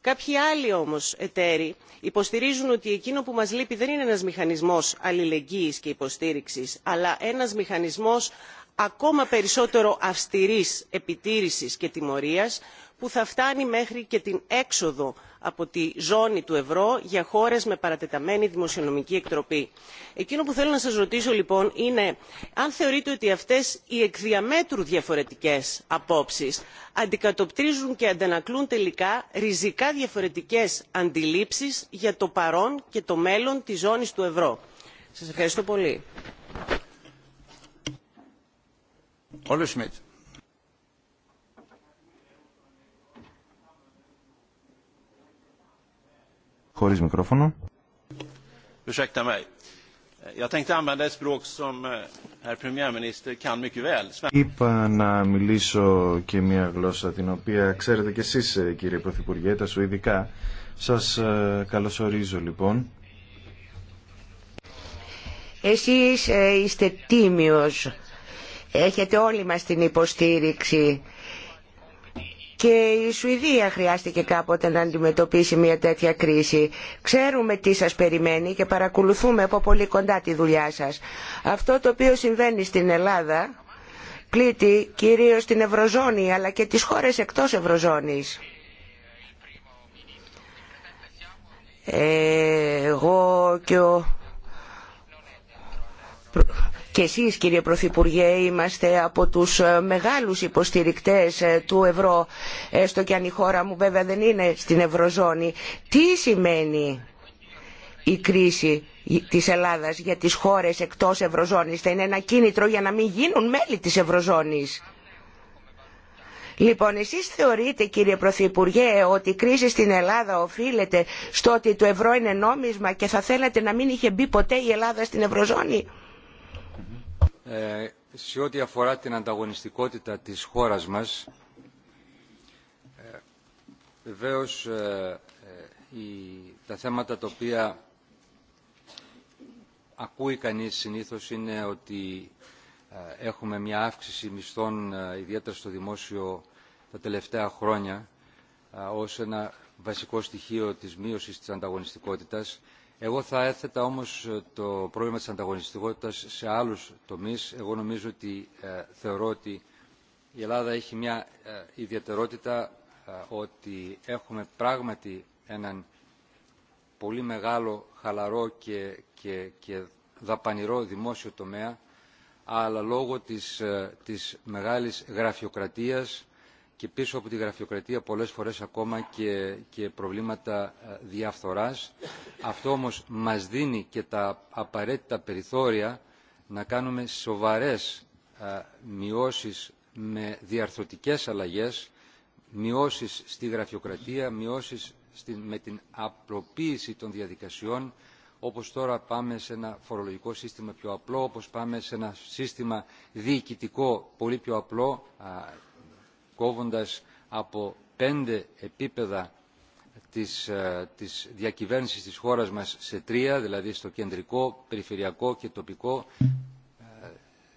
Speaker 4: Κάποιοι άλλοι όμως εταίροι υποστηρίζουν ότι εκείνο που μας λείπει δεν είναι ένας μηχανισμός αλληλεγγύης και υποστήριξης αλλά ένας μηχανισμός ακόμα περισσότερο αυστηρής επιτήρησης και τιμωρίας που θα φτάνει μέχρι και την έξοδο από τη ζώνη του ευρώ για χώρες με παρατεταμένη δημοσιονομική εκτροπή. Εκείνο που θέλω να σας ρωτήσω λοιπόν είναι αν θεωρείτε ότι αυτές οι εκδιαμέτρου διαμέτρου διαφορετικές απόψεις αντικατοπτρίζουν και αντανακλούν τελικά ριζικά διαφορετικές αντιλήψεις για το παρόν και το μέλλον της ζώνης του ευρώ. Σας ευχαριστώ πολύ.
Speaker 1: χωρίς μικρόφωνο. Είπα να μιλήσω και μια γλώσσα την οποία ξέρετε και εσείς ε, κύριε Πρωθυπουργέ, τα σου ειδικά. Σας ε, καλωσορίζω λοιπόν.
Speaker 6: Εσείς ε, είστε τίμιος. Έχετε όλοι μας την υποστήριξη και η Σουηδία χρειάστηκε κάποτε να αντιμετωπίσει μια τέτοια κρίση. Ξέρουμε τι σας περιμένει και παρακολουθούμε από πολύ κοντά τη δουλειά σας. Αυτό το οποίο συμβαίνει στην Ελλάδα πλήττει κυρίως την Ευρωζώνη αλλά και τις χώρες εκτός Ευρωζώνης. Ε, εγώ και ο και εσείς κύριε Πρωθυπουργέ είμαστε από τους ε, μεγάλους υποστηρικτές ε, του ευρώ έστω ε, και αν η χώρα μου βέβαια δεν είναι στην ευρωζώνη. Τι σημαίνει η κρίση της Ελλάδας για τις χώρες εκτός ευρωζώνης θα είναι ένα κίνητρο για να μην γίνουν μέλη της ευρωζώνης. Λοιπόν, εσείς θεωρείτε κύριε Πρωθυπουργέ ότι η κρίση στην Ελλάδα οφείλεται στο ότι το ευρώ είναι νόμισμα και θα θέλατε να μην είχε μπει ποτέ η Ελλάδα στην ευρωζώνη.
Speaker 2: Ε, σε ό,τι αφορά την ανταγωνιστικότητα της χώρας μας, ε, βεβαίως ε, τα θέματα τα οποία ακούει κανείς συνήθως είναι ότι έχουμε μια αύξηση μισθών ιδιαίτερα στο δημόσιο τα τελευταία χρόνια ως ένα βασικό στοιχείο της μείωσης της ανταγωνιστικότητας εγώ θα έθετα όμως ε, το πρόβλημα της ανταγωνιστικότητας σε άλλους τομείς. Εγώ νομίζω ότι ε, θεωρώ ότι η Ελλάδα έχει μια ε, ιδιαιτερότητα ότι έχουμε πράγματι έναν πολύ μεγάλο, χαλαρό και, και, και δαπανηρό δημόσιο τομέα αλλά λόγω της, της μεγάλης γραφειοκρατίας και πίσω από τη γραφειοκρατία πολλές φορές ακόμα και, προβλήματα ε, διαφθοράς. Αυτό όμως μας δίνει και τα απαραίτητα περιθώρια να κάνουμε σοβαρές ε, μειώσεις με διαρθρωτικές αλλαγές, μειώσεις στη γραφειοκρατία, μειώσεις με την απλοποίηση των διαδικασιών, όπως τώρα πάμε σε ένα φορολογικό σύστημα πιο απλό, όπως πάμε σε ένα σύστημα διοικητικό πολύ πιο απλό, κόβοντας από πέντε επίπεδα της, ε, της διακυβέρνησης της χώρας μας σε τρία, δηλαδή στο κεντρικό, περιφερειακό και τοπικό, ε,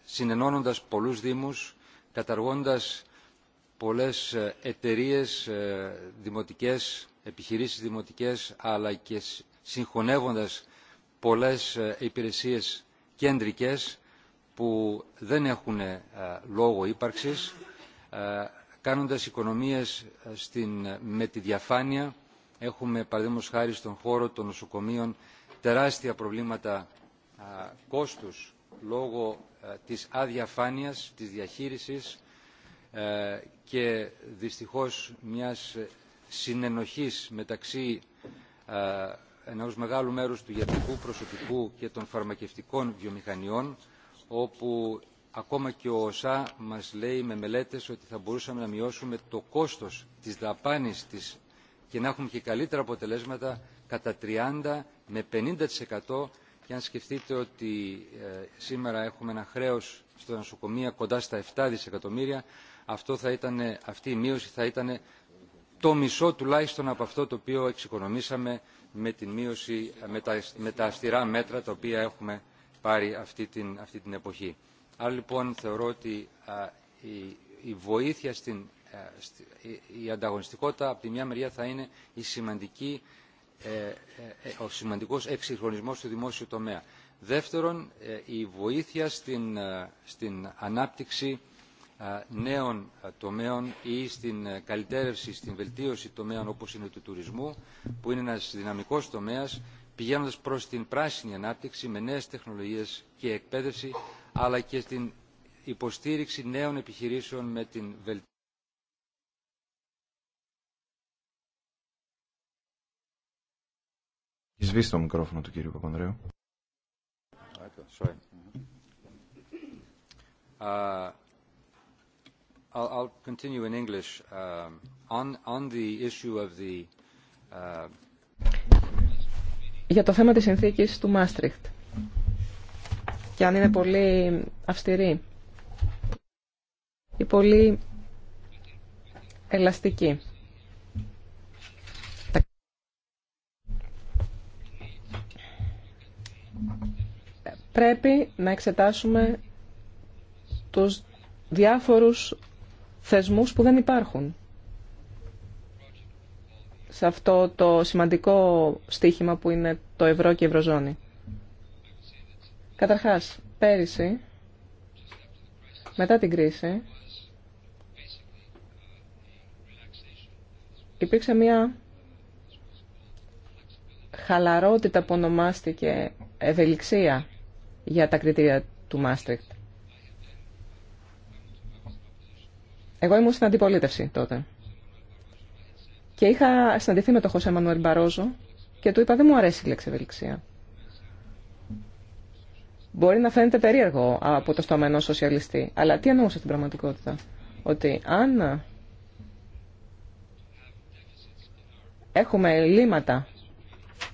Speaker 2: συνενώνοντας πολλούς δήμους, καταργώντας πολλές ε, εταιρείες δημοτικές, επιχειρήσεις δημοτικές, αλλά και συγχωνεύοντας πολλές υπηρεσίες κεντρικές που δεν έχουν λόγο ύπαρξης κάνοντας οικονομίες ε, ε, με τη διαφάνεια. Έχουμε, παραδείγματος χάρη, στον χώρο των νοσοκομείων τεράστια προβλήματα κόστους λόγω ε, της αδιαφάνειας, της διαχείρισης και δυστυχώς μιας συνενοχής μεταξύ ενός μεγάλου μέρους του ιατρικού προσωπικού και των φαρμακευτικών βιομηχανιών όπου ακόμα και ο ΩΣΑ μας λέει με μελέτες ότι θα μπορούσαμε να μειώσουμε το κόστος της δαπάνης της και να έχουμε και καλύτερα αποτελέσματα κατά 30 με 50% και αν σκεφτείτε ότι ε, σήμερα έχουμε ένα χρέος στο νοσοκομεία κοντά στα 7 δισεκατομμύρια, αυτό θα ήταν, αυτή η μείωση θα ήταν το μισό τουλάχιστον από αυτό το οποίο εξοικονομήσαμε με, την μείωση, με, τα, με αυστηρά μέτρα τα οποία έχουμε πάρει αυτή την, αυτή την εποχή. Άρα λοιπόν θεωρώ ότι η βοήθεια στην η ανταγωνιστικότητα από τη μια μεριά θα είναι σημαντική, ε, ε, ο σημαντικός εξυγχρονισμός του δημόσιου τομέα. Δεύτερον, ε, η βοήθεια στην, στην ανάπτυξη νέων τομέων ή στην καλυτέρευση, στην βελτίωση τομέων όπως είναι του τουρισμού, που είναι ένας δυναμικός τομέας, πηγαίνοντας προς την πράσινη ανάπτυξη με νέες τεχνολογίες και εκπαίδευση, αλλά και στην υποστήριξη νέων επιχειρήσεων με την βελτίωση
Speaker 1: Σβήστε το μικρόφωνο του κύριου Παπανδρέου.
Speaker 2: Uh, I'll, I'll continue in English. Uh, on, on the issue of the, uh...
Speaker 3: Για το θέμα της συνθήκης του Μάστριχτ και αν είναι πολύ αυστηρή ή πολύ ελαστική. Πρέπει να εξετάσουμε τους διάφορους θεσμούς που δεν υπάρχουν σε αυτό το σημαντικό στίχημα που είναι το ευρώ και η ευρωζώνη. Καταρχάς, πέρυσι, μετά την κρίση, υπήρξε μια χαλαρότητα που ονομάστηκε ευελιξία για τα κριτήρια του Μάστρικτ. Εγώ ήμουν στην αντιπολίτευση τότε. Και είχα συναντηθεί με τον Χωσέ Μανουέλ Μπαρόζο και του είπα δεν μου αρέσει η λέξη ευελιξία. Μπορεί να φαίνεται περίεργο από το στόμα ενός σοσιαλιστή, αλλά τι εννοούσε στην πραγματικότητα. Ότι αν έχουμε λύματα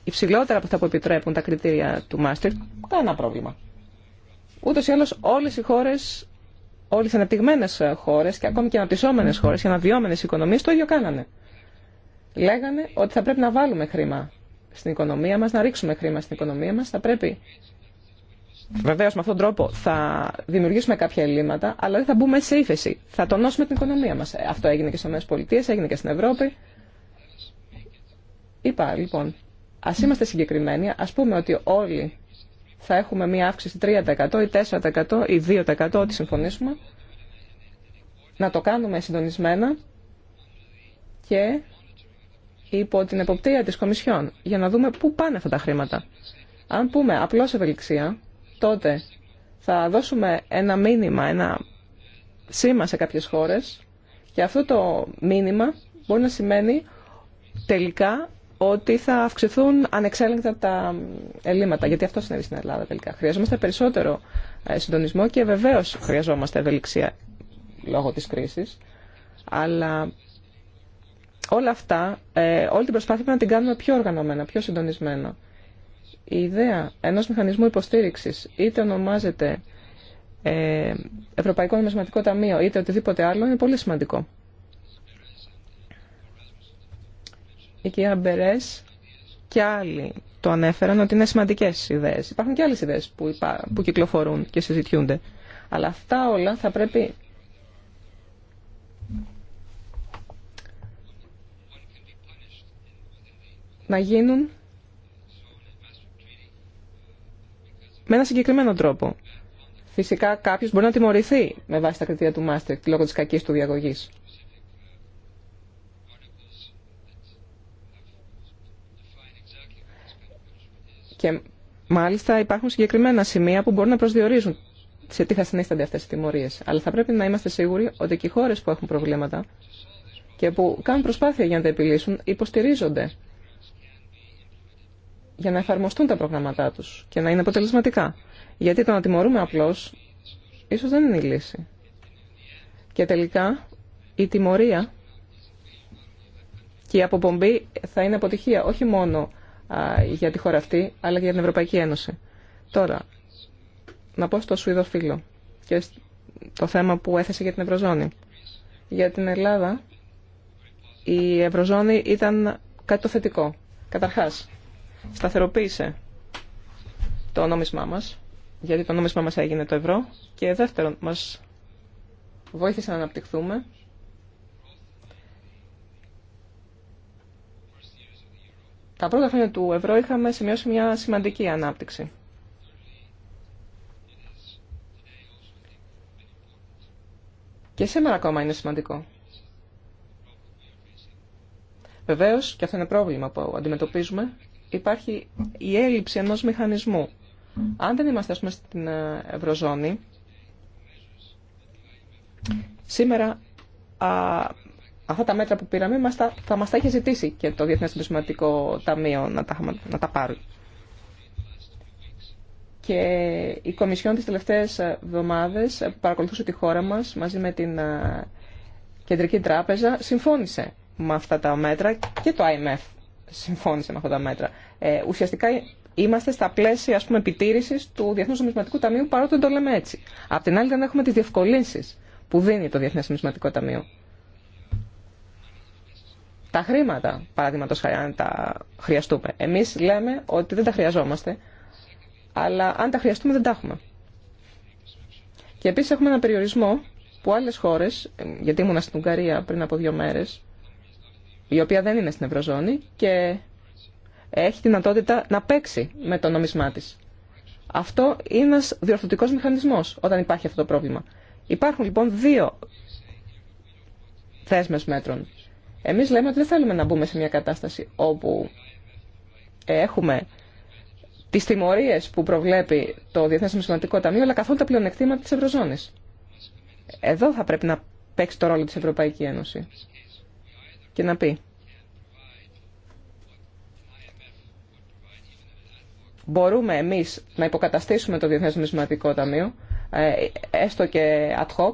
Speaker 3: υψηλότερα από αυτά που επιτρέπουν τα κριτήρια του Μάστερ, κανένα πρόβλημα. Ούτω ή άλλω όλε οι χώρε, όλε οι αναπτυγμένε χώρε και ακόμη και αναπτυσσόμενε χώρε, και αναδυόμενε οικονομίε το ίδιο κάνανε. Λέγανε ότι θα πρέπει να βάλουμε χρήμα στην οικονομία μα, να ρίξουμε χρήμα στην οικονομία μα, θα πρέπει Βεβαίω με αυτόν τον τρόπο θα δημιουργήσουμε κάποια ελλείμματα, αλλά δεν θα μπούμε σε ύφεση. Θα τονώσουμε την οικονομία μα. Ε, αυτό έγινε και στι ΗΠΑ, έγινε και στην Ευρώπη. Είπα λοιπόν, α είμαστε συγκεκριμένοι, α πούμε ότι όλοι θα έχουμε μία αύξηση 3% ή 4% ή 2% ό,τι συμφωνήσουμε. Να το κάνουμε συντονισμένα και υπό την εποπτεία της Κομισιόν για να δούμε πού πάνε αυτά τα χρήματα. Αν πούμε απλώς ευελιξία, τότε θα δώσουμε ένα μήνυμα, ένα σήμα σε κάποιες χώρες και αυτό το μήνυμα μπορεί να σημαίνει τελικά ότι θα αυξηθούν ανεξέλεγκτα τα ελλείμματα, γιατί αυτό συνέβη στην Ελλάδα τελικά. Χρειαζόμαστε περισσότερο ε, συντονισμό και βεβαίως χρειαζόμαστε ευελιξία λόγω της κρίσης, αλλά όλα αυτά, ε, όλη την προσπάθεια να την κάνουμε πιο οργανωμένα, πιο συντονισμένα η ιδέα ενός μηχανισμού υποστήριξης είτε ονομάζεται ε, Ευρωπαϊκό Νομισματικό Ταμείο είτε οτιδήποτε άλλο είναι πολύ σημαντικό. Η κυρία Μπερές και άλλοι το ανέφεραν ότι είναι σημαντικές ιδέες. Υπάρχουν και άλλες ιδέες που, που κυκλοφορούν και συζητιούνται. Αλλά αυτά όλα θα πρέπει να γίνουν με ένα συγκεκριμένο τρόπο. Φυσικά κάποιο μπορεί να τιμωρηθεί με βάση τα κριτήρια του Μάστρικ λόγω τη κακή του διαγωγής. Και μάλιστα υπάρχουν συγκεκριμένα σημεία που μπορούν να προσδιορίζουν σε τι θα συνίστανται αυτές οι τιμωρίε. Αλλά θα πρέπει να είμαστε σίγουροι ότι και οι χώρε που έχουν προβλήματα και που κάνουν προσπάθεια για να τα επιλύσουν υποστηρίζονται για να εφαρμοστούν τα προγράμματά του και να είναι αποτελεσματικά. Γιατί το να τιμωρούμε απλώς, ίσως δεν είναι η λύση. Και τελικά η τιμωρία και η αποπομπή θα είναι αποτυχία, όχι μόνο για τη χώρα αυτή, αλλά και για την Ευρωπαϊκή Ένωση. Τώρα, να πω στο Σουηδό φίλο και το θέμα που έθεσε για την Ευρωζώνη. Για την Ελλάδα, η Ευρωζώνη ήταν κάτι το θετικό. Καταρχάς, σταθεροποίησε το νόμισμά μας, γιατί το νόμισμά μας έγινε το ευρώ και δεύτερον μας βοήθησε να αναπτυχθούμε Τα πρώτα χρόνια του ευρώ είχαμε σημειώσει μια σημαντική ανάπτυξη. Και σήμερα ακόμα είναι σημαντικό. Βεβαίως, και αυτό είναι πρόβλημα που αντιμετωπίζουμε, υπάρχει η έλλειψη ενός μηχανισμού. Αν δεν είμαστε, ας πούμε, στην ε, Ευρωζώνη, σήμερα α, αυτά τα μέτρα που πήραμε μας θα μας τα είχε ζητήσει και το Διεθνές Συμπισματικό Ταμείο να τα, να τα πάρουν. Και η Κομισιόν τις τελευταίες ε, εβδομάδες ε, παρακολουθούσε τη χώρα μας μαζί με την Κεντρική Τράπεζα, συμφώνησε με αυτά τα μέτρα και το IMF συμφώνησε με αυτά τα μέτρα. Ε, ουσιαστικά είμαστε στα πλαίσια ας πούμε, επιτήρησης του Διεθνούς Νομισματικού Ταμείου, παρότι δεν το λέμε έτσι. Απ' την άλλη δεν έχουμε τις διευκολύνσεις που δίνει το Διεθνές Νομισματικό Ταμείο. Τα χρήματα, παραδείγματο χάρη, αν τα χρειαστούμε. Εμεί λέμε ότι δεν τα χρειαζόμαστε, αλλά αν τα χρειαστούμε δεν τα έχουμε. Και επίση έχουμε ένα περιορισμό που άλλε χώρε, ε, γιατί ήμουνα στην Ουγγαρία πριν από δύο μέρε, η οποία δεν είναι στην Ευρωζώνη και έχει τη δυνατότητα να παίξει με το νομισμά τη. Αυτό είναι ένα διορθωτικό μηχανισμός όταν υπάρχει αυτό το πρόβλημα. Υπάρχουν λοιπόν δύο θέσμες μέτρων. Εμείς λέμε ότι δεν θέλουμε να μπούμε σε μια κατάσταση όπου έχουμε τις τιμωρίες που προβλέπει το Διεθνές Νομισματικό Ταμείο, αλλά καθόλου τα πλεονεκτήματα της Ευρωζώνης. Εδώ θα πρέπει να παίξει το ρόλο της Ευρωπαϊκή Ένωση και να πει μπορούμε εμείς να υποκαταστήσουμε το Διεθνές Νομισματικό Ταμείο ε, έστω και ad hoc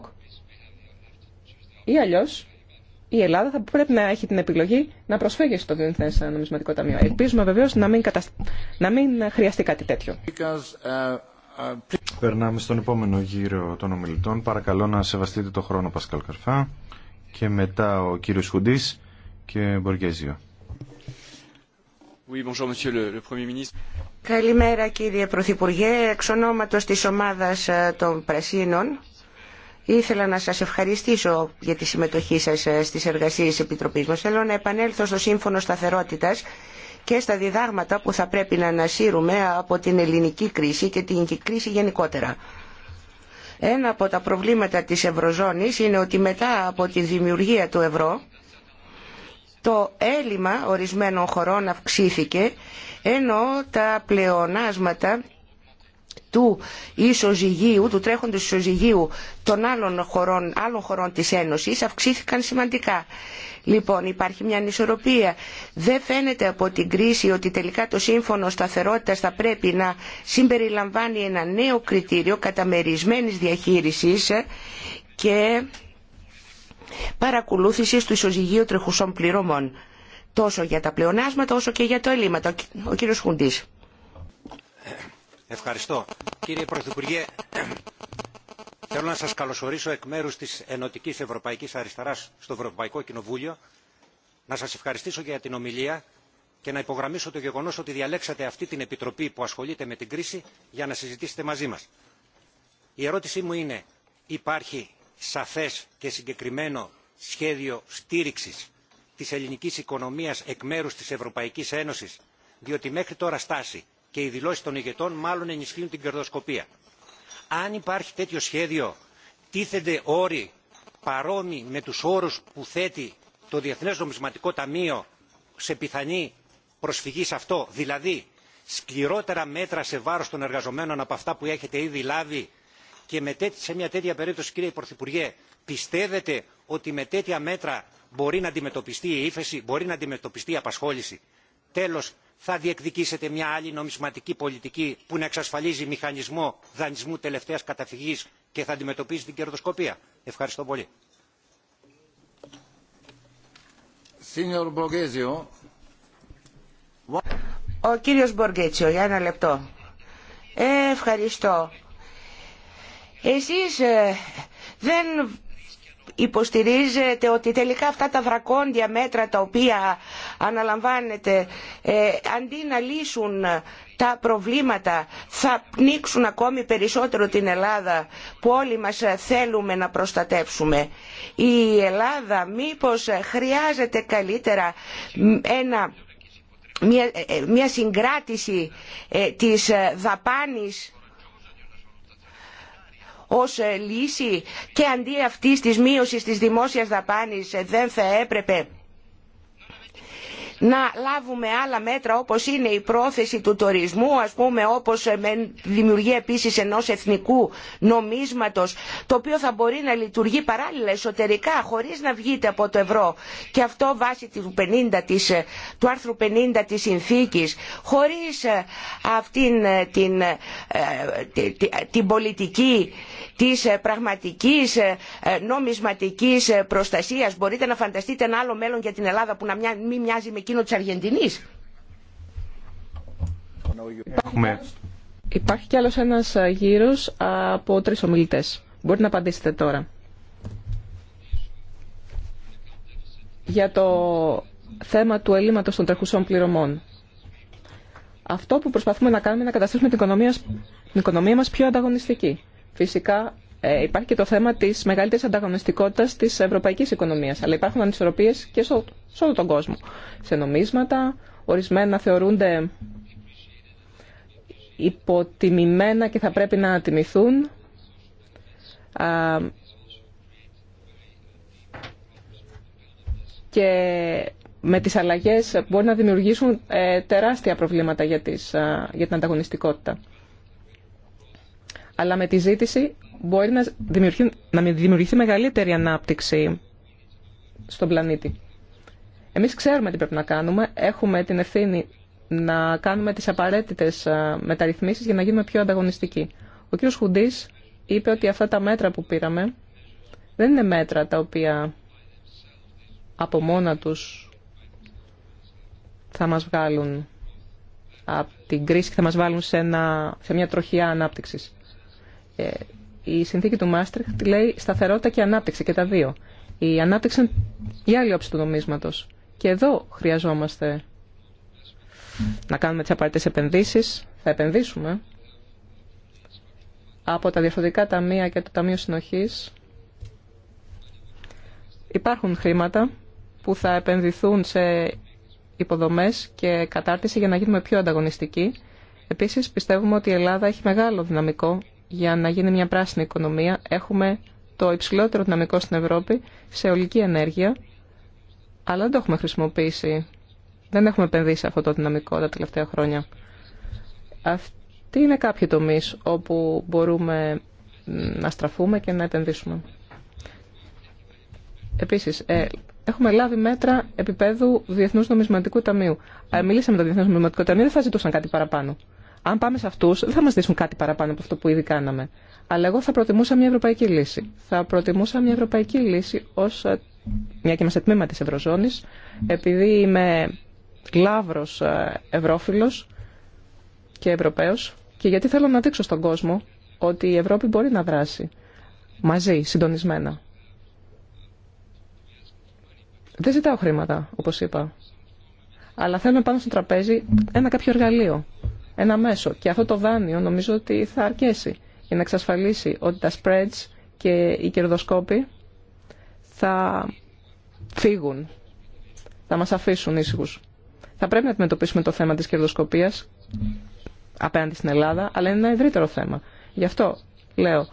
Speaker 3: ή αλλιώς η Ελλάδα θα πρέπει να έχει την επιλογή να προσφύγει στο Διεθνές Νομισματικό Ταμείο. Ελπίζουμε βεβαίως να, μην κατασ... να μην χρειαστεί κάτι τέτοιο.
Speaker 1: Περνάμε στον επόμενο γύρο των ομιλητών. Παρακαλώ να σεβαστείτε το χρόνο, Πασκαλ Καρφά. Και μετά ο κύριος Χουντής
Speaker 6: Καλημέρα κύριε Πρωθυπουργέ, εξ ονόματος της ομάδας ε, των Πρασίνων ήθελα να σας ευχαριστήσω για τη συμμετοχή σας ε, στις εργασίες Επιτροπής μας. Θέλω να επανέλθω στο Σύμφωνο Σταθερότητας και στα διδάγματα που θα πρέπει να ανασύρουμε από την ελληνική κρίση και την κρίση γενικότερα. Ένα από τα προβλήματα της Ευρωζώνης είναι ότι μετά από τη δημιουργία του ευρώ το έλλειμμα ορισμένων χωρών αυξήθηκε ενώ τα πλεονάσματα του ισοζυγίου, του τρέχοντος ισοζυγίου των άλλων χωρών, άλλων χωρών της Ένωσης αυξήθηκαν σημαντικά. Λοιπόν, υπάρχει μια ανισορροπία. Δεν φαίνεται από την κρίση ότι τελικά το σύμφωνο σταθερότητας θα πρέπει να συμπεριλαμβάνει ένα νέο κριτήριο καταμερισμένης διαχείρισης και παρακολούθησης του ισοζυγίου τρεχουσών πληρωμών τόσο για τα πλεονάσματα όσο και για το ελλείμματα. Ο κύριος Χουντής.
Speaker 7: Ευχαριστώ. Κύριε Πρωθυπουργέ, θέλω να σας καλωσορίσω εκ μέρους της Ενωτικής Ευρωπαϊκής Αριστεράς στο Ευρωπαϊκό Κοινοβούλιο, να σας ευχαριστήσω για την ομιλία και να υπογραμμίσω το γεγονός ότι διαλέξατε αυτή την Επιτροπή που ασχολείται με την κρίση για να συζητήσετε μαζί μας. Η ερώτησή μου είναι, υπάρχει σαφές και συγκεκριμένο σχέδιο στήριξης της ελληνικής οικονομίας εκ μέρους της Ευρωπαϊκής Ένωσης, διότι μέχρι τώρα στάση και οι δηλώσεις των ηγετών μάλλον ενισχύουν την κερδοσκοπία. Αν υπάρχει τέτοιο σχέδιο, τίθενται όροι παρόμοιοι με τους όρους που θέτει το Διεθνές Νομισματικό Ταμείο σε πιθανή προσφυγή σε αυτό, δηλαδή σκληρότερα μέτρα σε βάρος των εργαζομένων από αυτά που έχετε ήδη λάβει και σε μια τέτοια περίπτωση κύριε πρωθυπουργέ πιστεύετε ότι με τέτοια μέτρα μπορεί να αντιμετωπιστεί η ύφεση μπορεί να αντιμετωπιστεί η απασχόληση. τέλος θα διεκδικήσετε μια άλλη νομισματική πολιτική που να εξασφαλίζει μηχανισμό δανεισμού τελευταίας καταφυγή και θα αντιμετωπίζει την κερδοσκοπία. ευχαριστώ πολύ.
Speaker 6: ένα λεπτό. Ε, ευχαριστώ. Εσείς ε, δεν υποστηρίζετε ότι τελικά αυτά τα δρακόντια μέτρα τα οποία αναλαμβάνετε ε, αντί να λύσουν τα προβλήματα θα πνίξουν ακόμη περισσότερο την Ελλάδα που όλοι μας ε, θέλουμε να προστατεύσουμε. Η Ελλάδα μήπως χρειάζεται καλύτερα ένα, μια, μια συγκράτηση της δαπάνης ως ε, λύση και αντί αυτής της μείωσης της δημόσιας δαπάνης ε, δεν θα έπρεπε να λάβουμε άλλα μέτρα όπως είναι η πρόθεση του τουρισμού ας πούμε όπως ε, με δημιουργία επίσης ενός εθνικού νομίσματος το οποίο θα μπορεί να λειτουργεί παράλληλα εσωτερικά χωρίς να βγείτε από το ευρώ και αυτό βάσει του, ε, άρθρου 50 της συνθήκης χωρίς ε, αυτήν την, πολιτική της πραγματικής νομισματικής προστασίας μπορείτε να φανταστείτε ένα άλλο μέλλον για την Ελλάδα που να μην μοιάζει με εκείνο
Speaker 3: Υπάρχει κι άλλος ένας γύρος από τρεις ομιλητές. Μπορείτε να απαντήσετε τώρα. Για το θέμα του ελλείμματος των τρεχουσών πληρωμών. Αυτό που προσπαθούμε να κάνουμε είναι να καταστήσουμε την οικονομία, την οικονομία μας πιο ανταγωνιστική. Φυσικά ε, υπάρχει και το θέμα τη μεγαλύτερη ανταγωνιστικότητα τη ευρωπαϊκή οικονομία. Αλλά υπάρχουν ανισορροπίε και σε, όλο τον κόσμο. Σε νομίσματα, ορισμένα θεωρούνται υποτιμημένα και θα πρέπει να τιμηθούν. και με τις αλλαγές μπορεί να δημιουργήσουν ε, τεράστια προβλήματα για, για την ανταγωνιστικότητα. Αλλά με τη ζήτηση μπορεί να δημιουργηθεί, να δημιουργηθεί μεγαλύτερη ανάπτυξη στον πλανήτη. Εμείς ξέρουμε τι πρέπει να κάνουμε, έχουμε την ευθύνη να κάνουμε τις απαραίτητες ε, μεταρρυθμίσεις για να γίνουμε πιο ανταγωνιστικοί. Ο κ. Χουντής είπε ότι αυτά τα μέτρα που πήραμε δεν είναι μέτρα τα οποία από μόνα τους θα μας βγάλουν από την κρίση και θα μας βάλουν σε, μια τροχιά ανάπτυξης. Ε, η συνθήκη του Μάστριχτ λέει σταθερότητα και ανάπτυξη και τα δύο. Η ανάπτυξη είναι η άλλη όψη του νομίσματο. Και εδώ χρειαζόμαστε να κάνουμε τι απαραίτητε επενδύσει, Θα επενδύσουμε από τα διαφορετικά ταμεία και το Ταμείο συνοχή. Υπάρχουν χρήματα που θα επενδυθούν σε υποδομές και κατάρτιση για να γίνουμε πιο ανταγωνιστικοί. Επίσης πιστεύουμε ότι η Ελλάδα έχει μεγάλο δυναμικό για να γίνει μια πράσινη οικονομία. Έχουμε το υψηλότερο δυναμικό στην Ευρώπη σε ολική ενέργεια, αλλά δεν το έχουμε χρησιμοποιήσει. Δεν έχουμε επενδύσει αυτό το δυναμικό τα τελευταία χρόνια. Αυτή είναι κάποιοι τομεί όπου μπορούμε να στραφούμε και να επενδύσουμε. Επίσης, ε, έχουμε λάβει μέτρα επίπεδου διεθνού Νομισματικού Ταμείου. Ε, μιλήσαμε με το Διεθνές Νομισματικό Ταμείο, δεν θα ζητούσαν κάτι παραπάνω. Αν πάμε σε αυτού, δεν θα μα δείσουν κάτι παραπάνω από αυτό που ήδη κάναμε. Αλλά εγώ θα προτιμούσα μια ευρωπαϊκή λύση. Θα προτιμούσα μια ευρωπαϊκή λύση ω ε, μια και είμαστε τμήμα τη Ευρωζώνη, επειδή είμαι λαύρο ε, ευρώφιλο και ευρωπαίο και γιατί θέλω να δείξω στον κόσμο ότι η Ευρώπη μπορεί να δράσει μαζί, συντονισμένα. Δεν ζητάω χρήματα, όπως είπα. Αλλά θέλουμε πάνω στο τραπέζι ένα κάποιο εργαλείο ένα μέσο. Και αυτό το δάνειο νομίζω ότι θα αρκέσει για να εξασφαλίσει ότι τα spreads και οι κερδοσκόποι θα φύγουν, θα μας αφήσουν ήσυχου. Θα πρέπει να αντιμετωπίσουμε το θέμα της κερδοσκοπίας απέναντι στην Ελλάδα, αλλά είναι ένα ευρύτερο θέμα. Γι' αυτό λέω,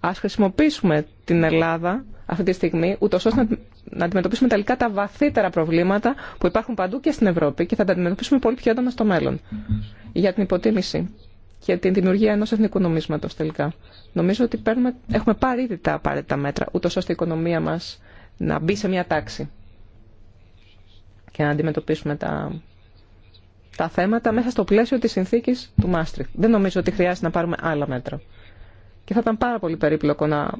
Speaker 3: ας χρησιμοποιήσουμε την Ελλάδα αυτή τη στιγμή, ούτως ώστε να να αντιμετωπίσουμε τελικά τα βαθύτερα προβλήματα που υπάρχουν παντού και στην Ευρώπη και θα τα αντιμετωπίσουμε πολύ πιο έντονα στο μέλλον. Για την υποτίμηση και την δημιουργία ενό εθνικού νομίσματο τελικά. Νομίζω ότι παίρνουμε, έχουμε πάρει ήδη τα απαραίτητα μέτρα, ούτω ώστε η οικονομία μα να μπει σε μια τάξη και να αντιμετωπίσουμε τα, τα θέματα μέσα στο πλαίσιο της συνθήκης του Μάστριχ. Δεν νομίζω ότι χρειάζεται να πάρουμε άλλα μέτρα. Και θα ήταν πάρα πολύ περίπλοκο να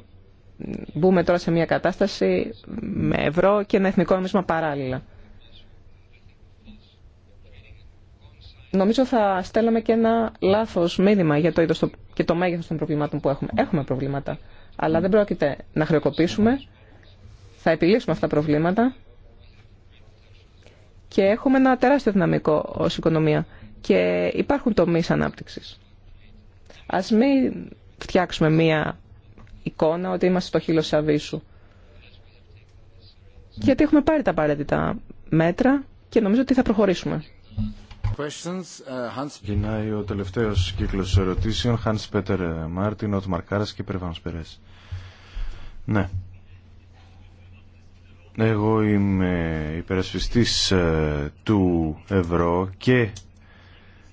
Speaker 3: μπούμε τώρα σε μια κατάσταση με ευρώ και ένα εθνικό νομίσμα παράλληλα. Νομίζω θα στέλναμε και ένα λάθος μήνυμα για το και το μέγεθος των προβλημάτων που έχουμε. Έχουμε προβλήματα, αλλά δεν πρόκειται να χρεοκοπήσουμε. Θα επιλύσουμε αυτά τα προβλήματα και έχουμε ένα τεράστιο δυναμικό ως οικονομία και υπάρχουν τομείς ανάπτυξης. Ας μην φτιάξουμε μία εικόνα ότι είμαστε στο χείλος Σαββίσου. Γιατί έχουμε πάρει τα απαραίτητα μέτρα και νομίζω ότι θα προχωρήσουμε.
Speaker 5: Uh, Γυρνάει ο
Speaker 1: τελευταίο κύκλο ερωτήσεων. Χάνς Πέτερ Μάρτιν, Ότ Μαρκάρα και Περβάνο Περέ. Ναι. Εγώ είμαι υπερασπιστής ε, του ευρώ και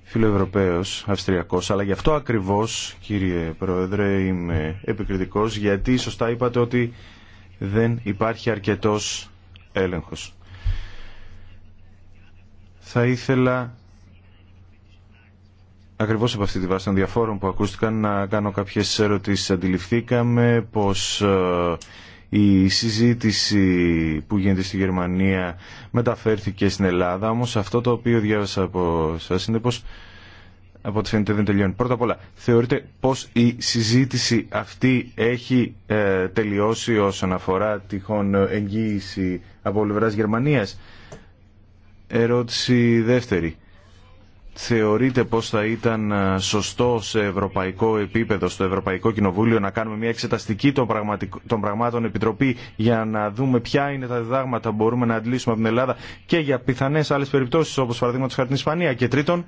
Speaker 1: φιλοευρωπαίος αυστριακός, αλλά γι' αυτό ακριβώς, κύριε Πρόεδρε, είμαι επικριτικός, γιατί σωστά είπατε ότι δεν υπάρχει αρκετός έλεγχος. Θα ήθελα Ακριβώς από αυτή τη βάση των διαφόρων που ακούστηκαν να κάνω κάποιες ερωτήσεις. Αντιληφθήκαμε πως ε, η συζήτηση που γίνεται στη Γερμανία μεταφέρθηκε στην Ελλάδα, όμως αυτό το οποίο διάβασα από σας είναι πως από ό,τι φαίνεται δεν τελειώνει. Πρώτα απ' όλα, θεωρείτε πως η συζήτηση αυτή έχει ε, τελειώσει όσον αφορά τυχόν εγγύηση από Γερμανίας. Ερώτηση δεύτερη θεωρείτε πως θα ήταν ε, σωστό σε ευρωπαϊκό επίπεδο, στο Ευρωπαϊκό Κοινοβούλιο, να κάνουμε μια εξεταστική των, των πραγμάτων επιτροπή για να δούμε ποια είναι τα διδάγματα που μπορούμε να αντλήσουμε από την Ελλάδα και για πιθανές άλλες περιπτώσεις όπως παραδείγματος χάρη την Ισπανία. Και τρίτον,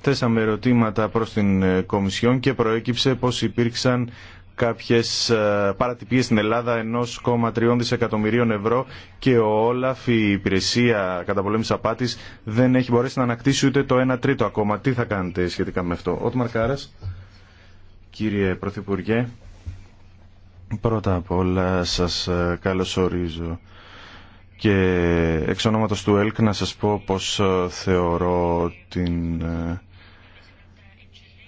Speaker 1: θέσαμε ερωτήματα προς την ε, Κομισιόν και προέκυψε πως υπήρξαν Κάποιε ε, παρατυπίες στην Ελλάδα 1,3 δισεκατομμυρίων ευρώ και ο Όλαφ, η υπηρεσία καταπολέμησης απάτη δεν έχει μπορέσει να ανακτήσει ούτε το 1 τρίτο ακόμα. Τι θα κάνετε σχετικά με αυτό. Ότμαρ Κάρα, κύριε Πρωθυπουργέ, πρώτα απ' όλα σας ε, καλωσορίζω και εξ του ΕΛΚ να σας πω πως ε, θεωρώ την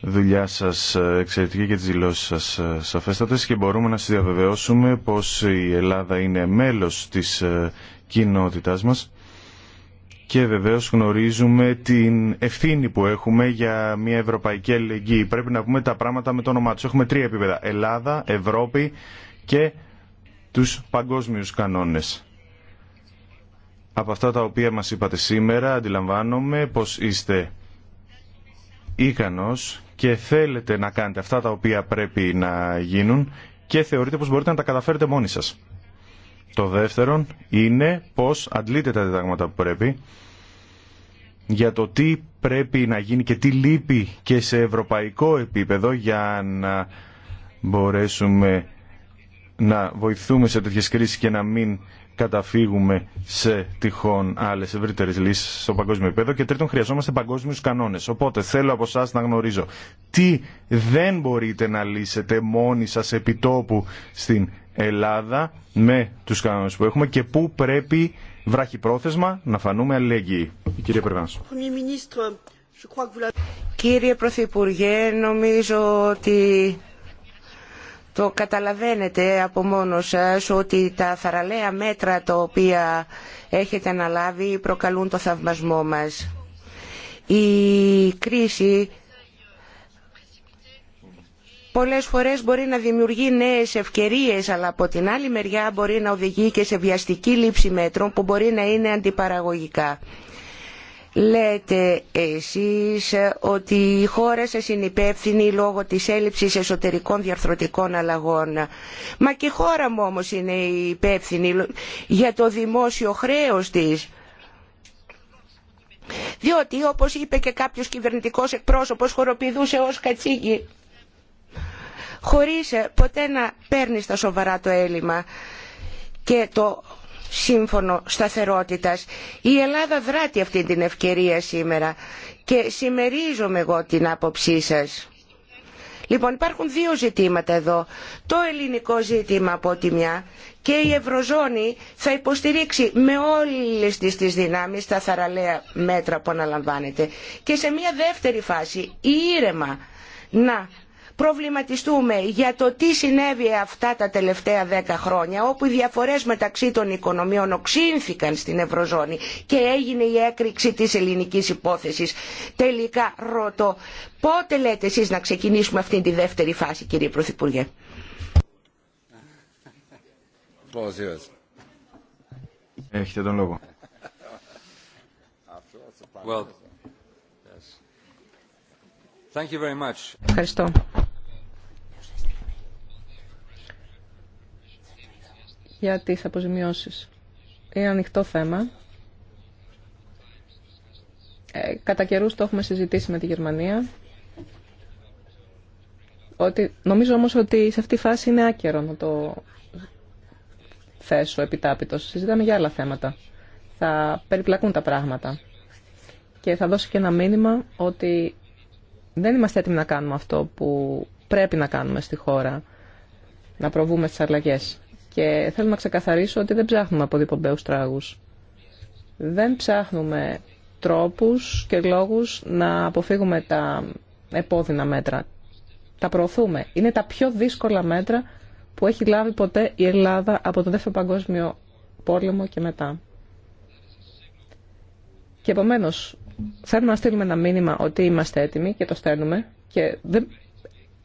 Speaker 1: δουλειά σας ε, εξαιρετική και τι δηλώσει σας ε, σαφέστατε και μπορούμε να σα διαβεβαιώσουμε πως η Ελλάδα είναι μέλος της ε, κοινότητάς μας και βεβαίως γνωρίζουμε την ευθύνη που έχουμε για μια ευρωπαϊκή αλληλεγγύη. Πρέπει να πούμε τα πράγματα με το όνομά τους. Έχουμε τρία επίπεδα. Ελλάδα, Ευρώπη και τους παγκόσμιους κανόνες. Από αυτά τα οποία μας είπατε σήμερα αντιλαμβάνομαι πως είστε ικανός και θέλετε να κάνετε αυτά τα οποία πρέπει να γίνουν και θεωρείτε πως μπορείτε να τα καταφέρετε μόνοι σας. Το δεύτερο είναι πως αντλείτε τα διδάγματα που πρέπει για το τι πρέπει να γίνει και τι λείπει και σε ευρωπαϊκό επίπεδο για να μπορέσουμε να βοηθούμε σε τέτοιες κρίσεις και να μην καταφύγουμε σε τυχόν άλλε ευρύτερε λύσει στο παγκόσμιο επίπεδο. Και τρίτον, χρειαζόμαστε παγκόσμιου κανόνε. Οπότε θέλω από εσά να γνωρίζω τι δεν μπορείτε να λύσετε μόνοι σα επιτόπου στην Ελλάδα με του κανόνε που έχουμε και πού πρέπει βραχυπρόθεσμα να φανούμε αλληλεγγύοι. Κύριε Περβάνσο.
Speaker 6: Κύριε Πρωθυπουργέ, νομίζω ότι το καταλαβαίνετε από μόνο σας ότι τα θαραλέα μέτρα τα οποία έχετε αναλάβει προκαλούν το θαυμασμό μας. Η κρίση πολλές φορές μπορεί να δημιουργεί νέες ευκαιρίες αλλά από την άλλη μεριά μπορεί να οδηγεί και σε βιαστική λήψη μέτρων που μπορεί να είναι αντιπαραγωγικά. Λέτε εσείς ότι η χώρα σας είναι υπεύθυνη λόγω της έλλειψης εσωτερικών διαρθρωτικών αλλαγών. Μα και η χώρα μου όμως είναι υπεύθυνη για το δημόσιο χρέος της. Διότι όπως είπε και κάποιος κυβερνητικός εκπρόσωπος χοροπηδούσε ως κατσίκι χωρίς ποτέ να παίρνει στα σοβαρά το έλλειμμα και το σύμφωνο σταθερότητας. Η Ελλάδα δράτει αυτή την ευκαιρία σήμερα και συμμερίζομαι εγώ την άποψή σας. Λοιπόν υπάρχουν δύο ζητήματα εδώ. Το ελληνικό ζήτημα από τη μια και η Ευρωζώνη θα υποστηρίξει με όλες τις, τις δυνάμεις τα θαραλέα μέτρα που αναλαμβάνεται. Και σε μια δεύτερη φάση η ήρεμα να προβληματιστούμε για το τι συνέβη αυτά τα τελευταία δέκα χρόνια όπου οι διαφορές μεταξύ των οικονομιών οξύνθηκαν στην ευρωζώνη και έγινε η έκρηξη της ελληνικής υπόθεσης. Τελικά ρωτώ πότε λέτε εσείς να ξεκινήσουμε αυτή τη δεύτερη φάση κύριε Πρωθυπουργέ.
Speaker 1: Ευχαριστώ.
Speaker 3: για τις αποζημιώσεις. Είναι ανοιχτό θέμα. Ε, κατά καιρούς το έχουμε συζητήσει με τη Γερμανία. Ότι, νομίζω όμως ότι σε αυτή τη φάση είναι άκερο να το θέσω επιτάπητος. Συζητάμε για άλλα θέματα. Θα περιπλακούν τα πράγματα. Και θα δώσω και ένα μήνυμα ότι δεν είμαστε έτοιμοι να κάνουμε αυτό που πρέπει να κάνουμε στη χώρα. Να προβούμε στις αλλαγές. Και θέλω να ξεκαθαρίσω ότι δεν ψάχνουμε από διπομπέους τράγους. Δεν ψάχνουμε τρόπους και λόγους να αποφύγουμε τα επώδυνα μέτρα. Τα προωθούμε. Είναι τα πιο δύσκολα μέτρα που έχει λάβει ποτέ η Ελλάδα από τον Δεύτερο Παγκόσμιο Πόλεμο και μετά. Και επομένως, θέλουμε να στείλουμε ένα μήνυμα ότι είμαστε έτοιμοι και το στέλνουμε και δεν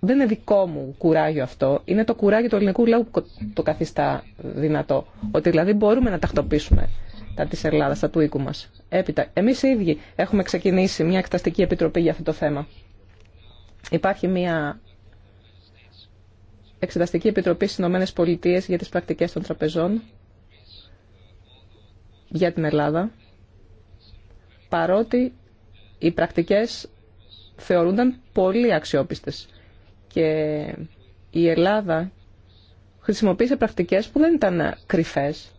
Speaker 3: δεν είναι δικό μου κουράγιο αυτό. Είναι το κουράγιο του ελληνικού λαού που το καθιστά δυνατό. Ότι δηλαδή μπορούμε να τακτοποιήσουμε τα της Ελλάδας, τα του οίκου μας. Έπειτα, εμείς οι ίδιοι έχουμε ξεκινήσει μια εκταστική επιτροπή για αυτό το θέμα. Υπάρχει μια εξεταστική επιτροπή στις Ηνωμένες Πολιτείες για τις πρακτικές των τραπεζών για την Ελλάδα, παρότι οι πρακτικές θεωρούνταν πολύ αξιόπιστες και η Ελλάδα χρησιμοποίησε πρακτικές που δεν ήταν κρυφές.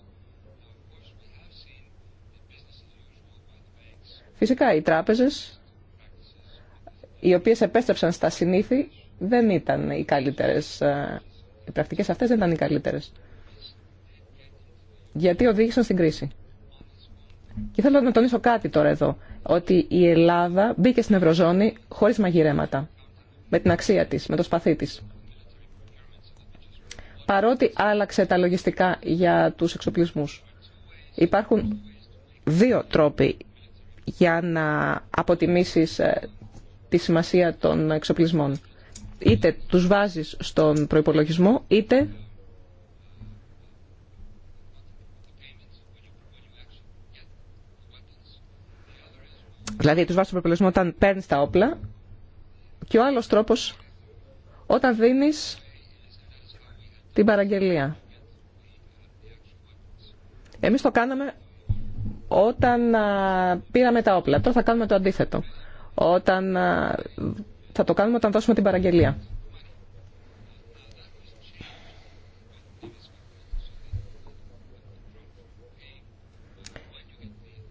Speaker 3: Φυσικά οι τράπεζες οι οποίες επέστρεψαν στα συνήθη δεν ήταν οι καλύτερες. Ε, οι πρακτικές αυτές δεν ήταν οι καλύτερες. Γιατί οδήγησαν στην κρίση. Και θέλω να τονίσω κάτι τώρα εδώ. Ότι η Ελλάδα μπήκε στην Ευρωζώνη χωρίς μαγειρέματα με την αξία της, με το σπαθί της. Παρότι άλλαξε τα λογιστικά για τους εξοπλισμούς, υπάρχουν δύο τρόποι για να αποτιμήσεις ε, τη σημασία των εξοπλισμών. Είτε τους βάζεις στον προϋπολογισμό, είτε Δηλαδή, του βάζει στον προπολογισμό όταν παίρνει τα όπλα και ο άλλος τρόπος, όταν δίνεις την παραγγελία. Εμείς το κάναμε όταν πήραμε τα όπλα. Τώρα θα κάνουμε το αντίθετο. Όταν, θα το κάνουμε όταν δώσουμε την παραγγελία.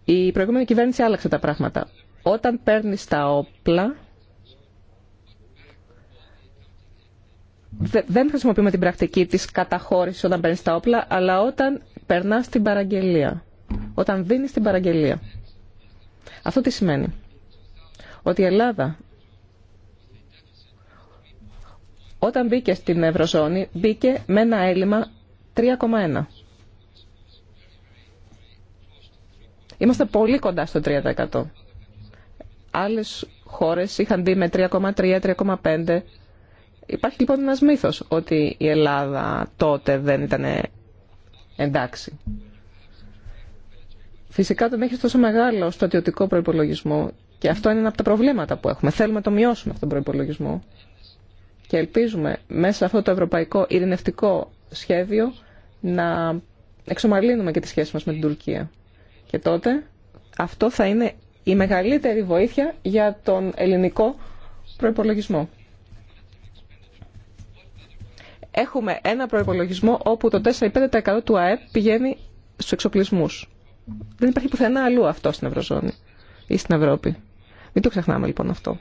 Speaker 3: Η προηγούμενη κυβέρνηση άλλαξε τα πράγματα. Όταν παίρνεις τα όπλα, δεν χρησιμοποιούμε την πρακτική της καταχώρησης όταν παίρνει τα όπλα, αλλά όταν περνά την παραγγελία. Όταν δίνεις την παραγγελία. Αυτό τι σημαίνει. Ότι η Ελλάδα όταν μπήκε στην Ευρωζώνη μπήκε με ένα έλλειμμα 3,1. Είμαστε πολύ κοντά στο 3%. Άλλες χώρες είχαν μπει με 3,3, 3,5 Υπάρχει λοιπόν ένας μύθος ότι η Ελλάδα τότε δεν ήταν εντάξει. Φυσικά όταν έχει τόσο μεγάλο στοτιωτικό προπολογισμό και αυτό είναι ένα από τα προβλήματα που έχουμε. Θέλουμε να το μειώσουμε αυτόν τον προπολογισμό και ελπίζουμε μέσα σε αυτό το ευρωπαϊκό ειρηνευτικό σχέδιο να εξομαλύνουμε και τις σχέσεις μας με την Τουρκία. Και τότε αυτό θα είναι η μεγαλύτερη βοήθεια για τον ελληνικό προϋπολογισμό. Έχουμε ένα προπολογισμό όπου το 4-5% του ΑΕΠ πηγαίνει στου εξοπλισμού. Δεν υπάρχει πουθενά αλλού αυτό στην Ευρωζώνη ή στην Ευρώπη. Μην το ξεχνάμε λοιπόν αυτό.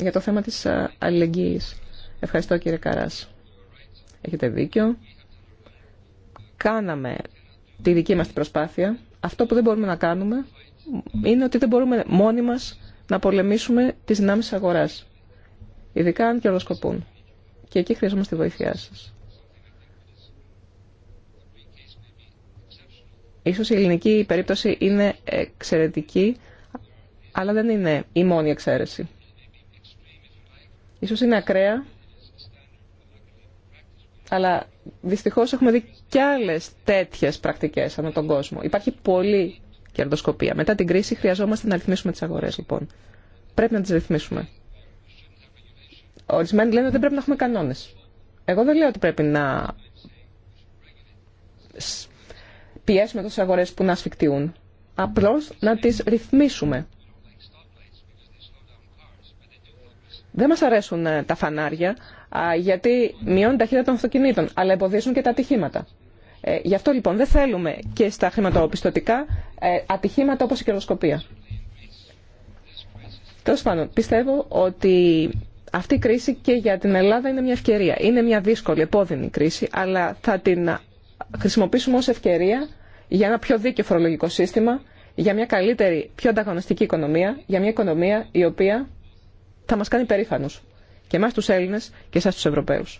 Speaker 3: Για το θέμα της αλληλεγγύης. Ευχαριστώ κύριε Καράς. Έχετε δίκιο. Κάναμε τη δική μας την προσπάθεια. Αυτό που δεν μπορούμε να κάνουμε είναι ότι δεν μπορούμε μόνοι μας να πολεμήσουμε τις δυνάμεις της αγοράς, ειδικά αν κερδοσκοπούν. Και εκεί χρειαζόμαστε τη βοήθειά σας. Ίσως η ελληνική περίπτωση είναι εξαιρετική, αλλά δεν είναι η μόνη εξαίρεση. Ίσως είναι ακραία, αλλά δυστυχώς έχουμε δει κι άλλες τέτοιες πρακτικές ανά τον κόσμο. Υπάρχει πολύ κερδοσκοπία. Μετά την κρίση χρειαζόμαστε να ρυθμίσουμε τις αγορές, λοιπόν. Πρέπει να τις ρυθμίσουμε. Ορισμένοι λένε ότι δεν πρέπει να έχουμε κανόνες. Εγώ δεν λέω ότι πρέπει να πιέσουμε τους αγορές που να ασφικτιούν. απλώ να τις ρυθμίσουμε. Δεν μας αρέσουν ε, τα φανάρια, γιατί μειώνουν ταχύτητα των αυτοκινήτων, αλλά εμποδίζουν και τα ατυχήματα. Ε, γι' αυτό λοιπόν δεν θέλουμε και στα χρηματοπιστωτικά ε, ατυχήματα όπως η κερδοσκοπία. Τέλο πάντων, πιστεύω ότι αυτή η κρίση και για την Ελλάδα είναι μια ευκαιρία. Είναι μια δύσκολη, επώδυνη κρίση, αλλά θα την χρησιμοποιήσουμε ως ευκαιρία για ένα πιο δίκαιο φορολογικό σύστημα, για μια καλύτερη, πιο ανταγωνιστική οικονομία, για μια οικονομία η οποία θα μας κάνει περήφανους. Και εμάς τους Έλληνες και εσάς τους Ευρωπαίους.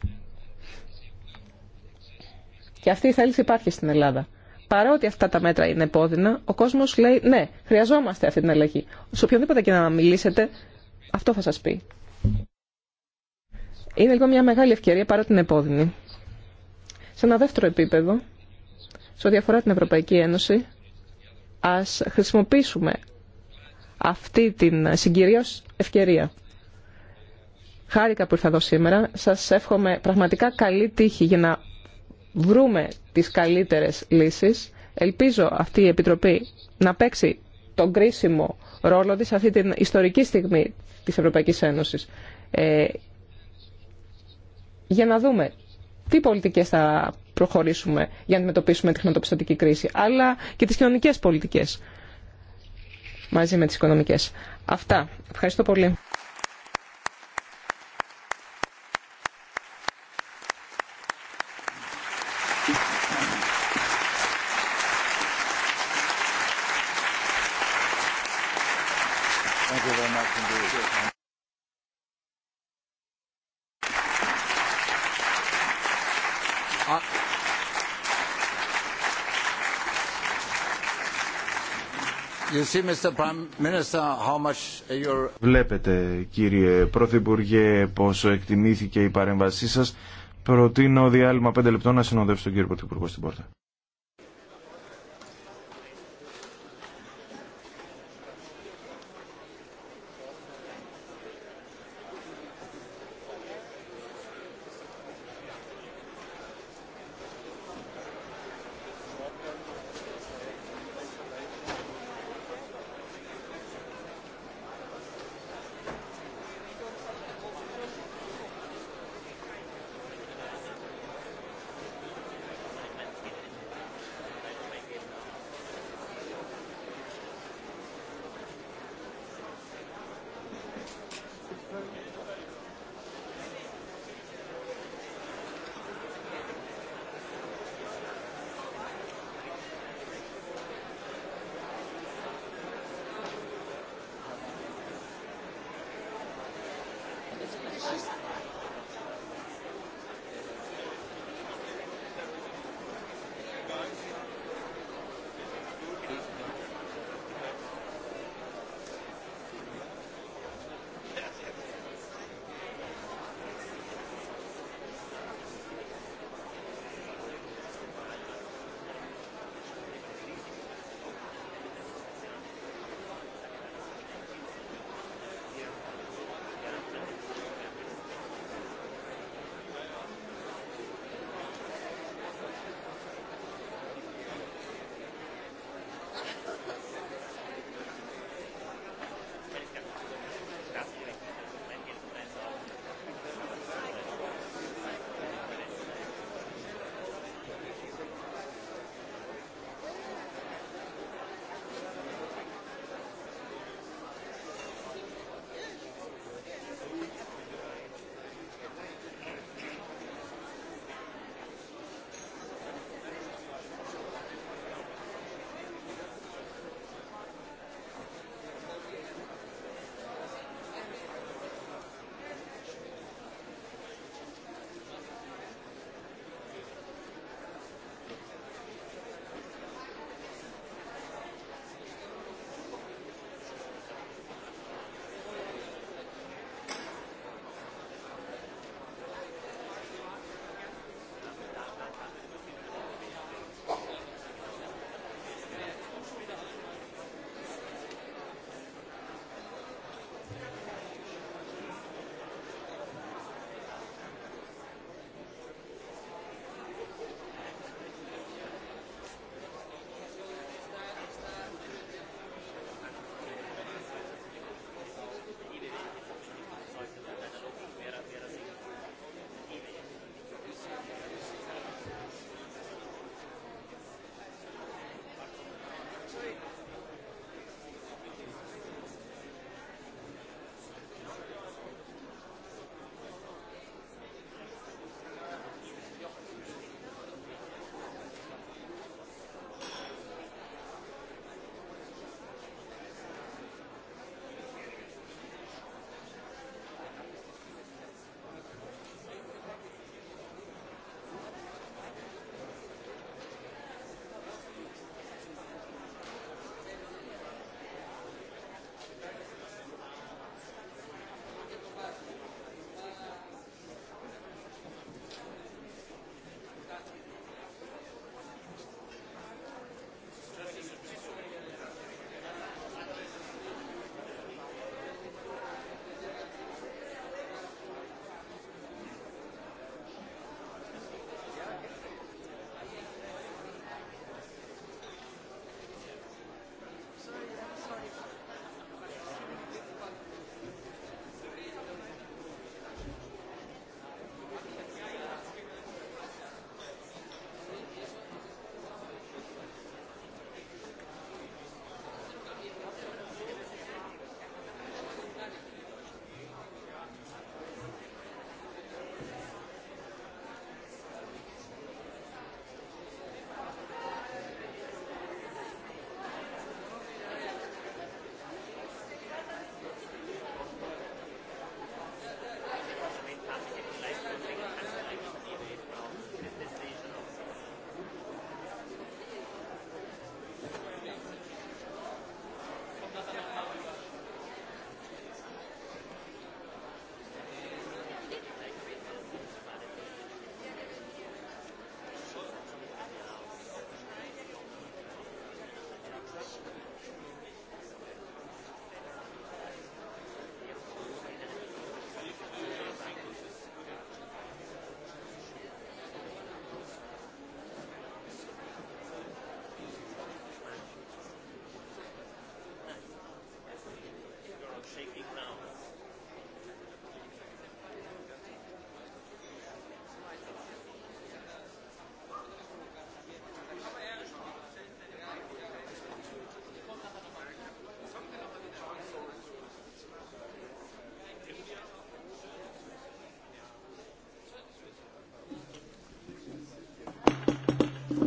Speaker 3: Και αυτή η θέληση υπάρχει στην Ελλάδα. Παρότι αυτά τα μέτρα είναι επώδυνα, ο κόσμο λέει ναι, χρειαζόμαστε αυτή την αλλαγή. Σε οποιονδήποτε και να μιλήσετε, αυτό θα σα πει. Είναι λοιπόν μια μεγάλη ευκαιρία παρά την επώδυνη. Σε ένα δεύτερο επίπεδο, σε ό,τι αφορά την Ευρωπαϊκή Ένωση, α χρησιμοποιήσουμε αυτή την συγκυρία ευκαιρία. Χάρηκα που ήρθα εδώ σήμερα. Σας εύχομαι πραγματικά καλή τύχη για να βρούμε τις καλύτερες λύσεις. Ελπίζω αυτή η Επιτροπή να παίξει τον κρίσιμο ρόλο της αυτή την ιστορική στιγμή της Ευρωπαϊκής Ένωσης. Ε, για να δούμε τι πολιτικές θα προχωρήσουμε για να αντιμετωπίσουμε τη χρηματοπιστωτική κρίση, αλλά και τις κοινωνικές πολιτικές μαζί με τις οικονομικές. Αυτά. Ευχαριστώ πολύ.
Speaker 1: Βλέπετε κύριε Πρωθυπουργέ πόσο εκτιμήθηκε η παρέμβασή σας. Προτείνω διάλειμμα 5 λεπτών να συνοδεύσει τον κύριο Πρωθυπουργό στην πόρτα.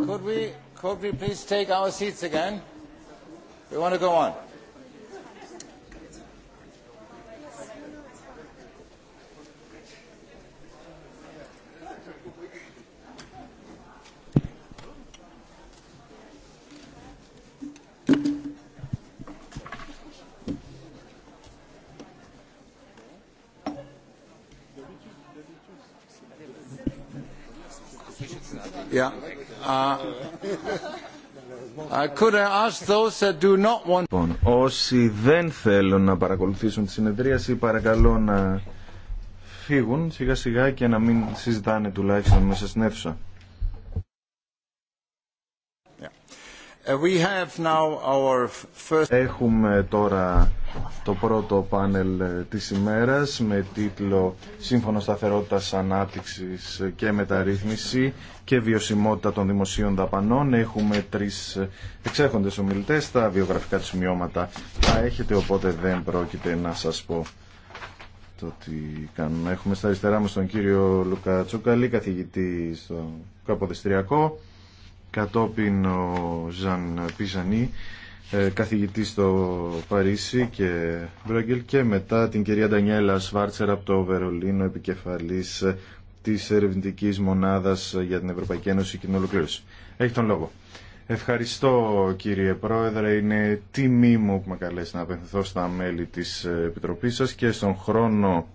Speaker 5: Could we, could we please take our seats again? We want to go on.
Speaker 1: Λοιπόν, όσοι δεν θέλουν να παρακολουθήσουν τη συνεδρίαση, παρακαλώ να φύγουν σιγά σιγά και να μην συζητάνε τουλάχιστον μέσα στην αίθουσα. Uh, Έχουμε τώρα το πρώτο πάνελ ε, της ημέρας με τίτλο «Σύμφωνο σταθερότητας ανάπτυξης και μεταρρύθμιση και βιωσιμότητα των δημοσίων δαπανών». Έχουμε τρεις ε, εξέχοντες ομιλητές, τα βιογραφικά του σημειώματα τα έχετε, οπότε δεν πρόκειται να σας πω το τι κάνουμε. Έχουμε στα αριστερά μας τον κύριο Λουκα Τσούκαλη, καθηγητή στο Καποδιστριακό, κατόπιν ο Ζαν Πιζανή, ε, καθηγητής στο Παρίσι και Μπρόγγελ και μετά την κυρία Ντανιέλα Σβάρτσερ από το Βερολίνο, επικεφαλής της ερευνητική μονάδας για την Ευρωπαϊκή Ένωση και την Ολοκλήρωση. Έχει τον λόγο. Ευχαριστώ κύριε Πρόεδρε, είναι τιμή μου που με καλέσει να απευθυνθώ στα μέλη της Επιτροπής σας και στον χρόνο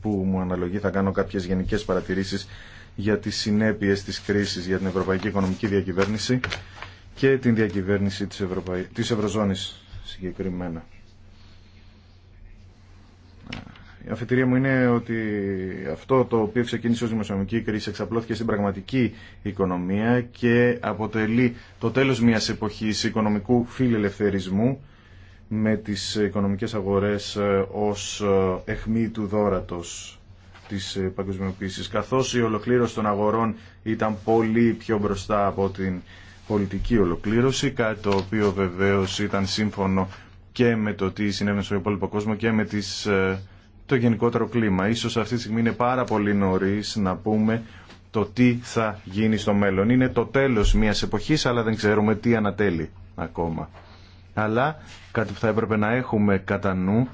Speaker 1: που μου αναλογεί θα κάνω κάποιες γενικές παρατηρήσεις για τις συνέπειες της κρίσης για την Ευρωπαϊκή Οικονομική Διακυβέρνηση και την διακυβέρνηση της, Ευρωπαϊ... της Ευρωζώνης συγκεκριμένα. Η αφετηρία μου είναι ότι αυτό το οποίο ξεκίνησε ως δημοσιονομική κρίση εξαπλώθηκε στην πραγματική οικονομία και αποτελεί το τέλος μιας εποχής οικονομικού φιλελευθερισμού με τις οικονομικές αγορές ε, ως εχμή του δώρατος της ε, παγκοσμιοποίησης καθώς η ολοκλήρωση των αγορών ήταν πολύ πιο μπροστά από την πολιτική ολοκλήρωση, κάτι το οποίο βεβαίως ήταν σύμφωνο και με το τι συνέβαινε στον υπόλοιπο κόσμο και με τις, ε, το γενικότερο κλίμα. Ίσως αυτή τη στιγμή είναι πάρα πολύ νωρί να πούμε το τι θα γίνει στο μέλλον. Είναι το τέλος μιας εποχής, αλλά δεν ξέρουμε τι ανατέλει ακόμα. Αλλά κάτι που θα έπρεπε να έχουμε κατά νου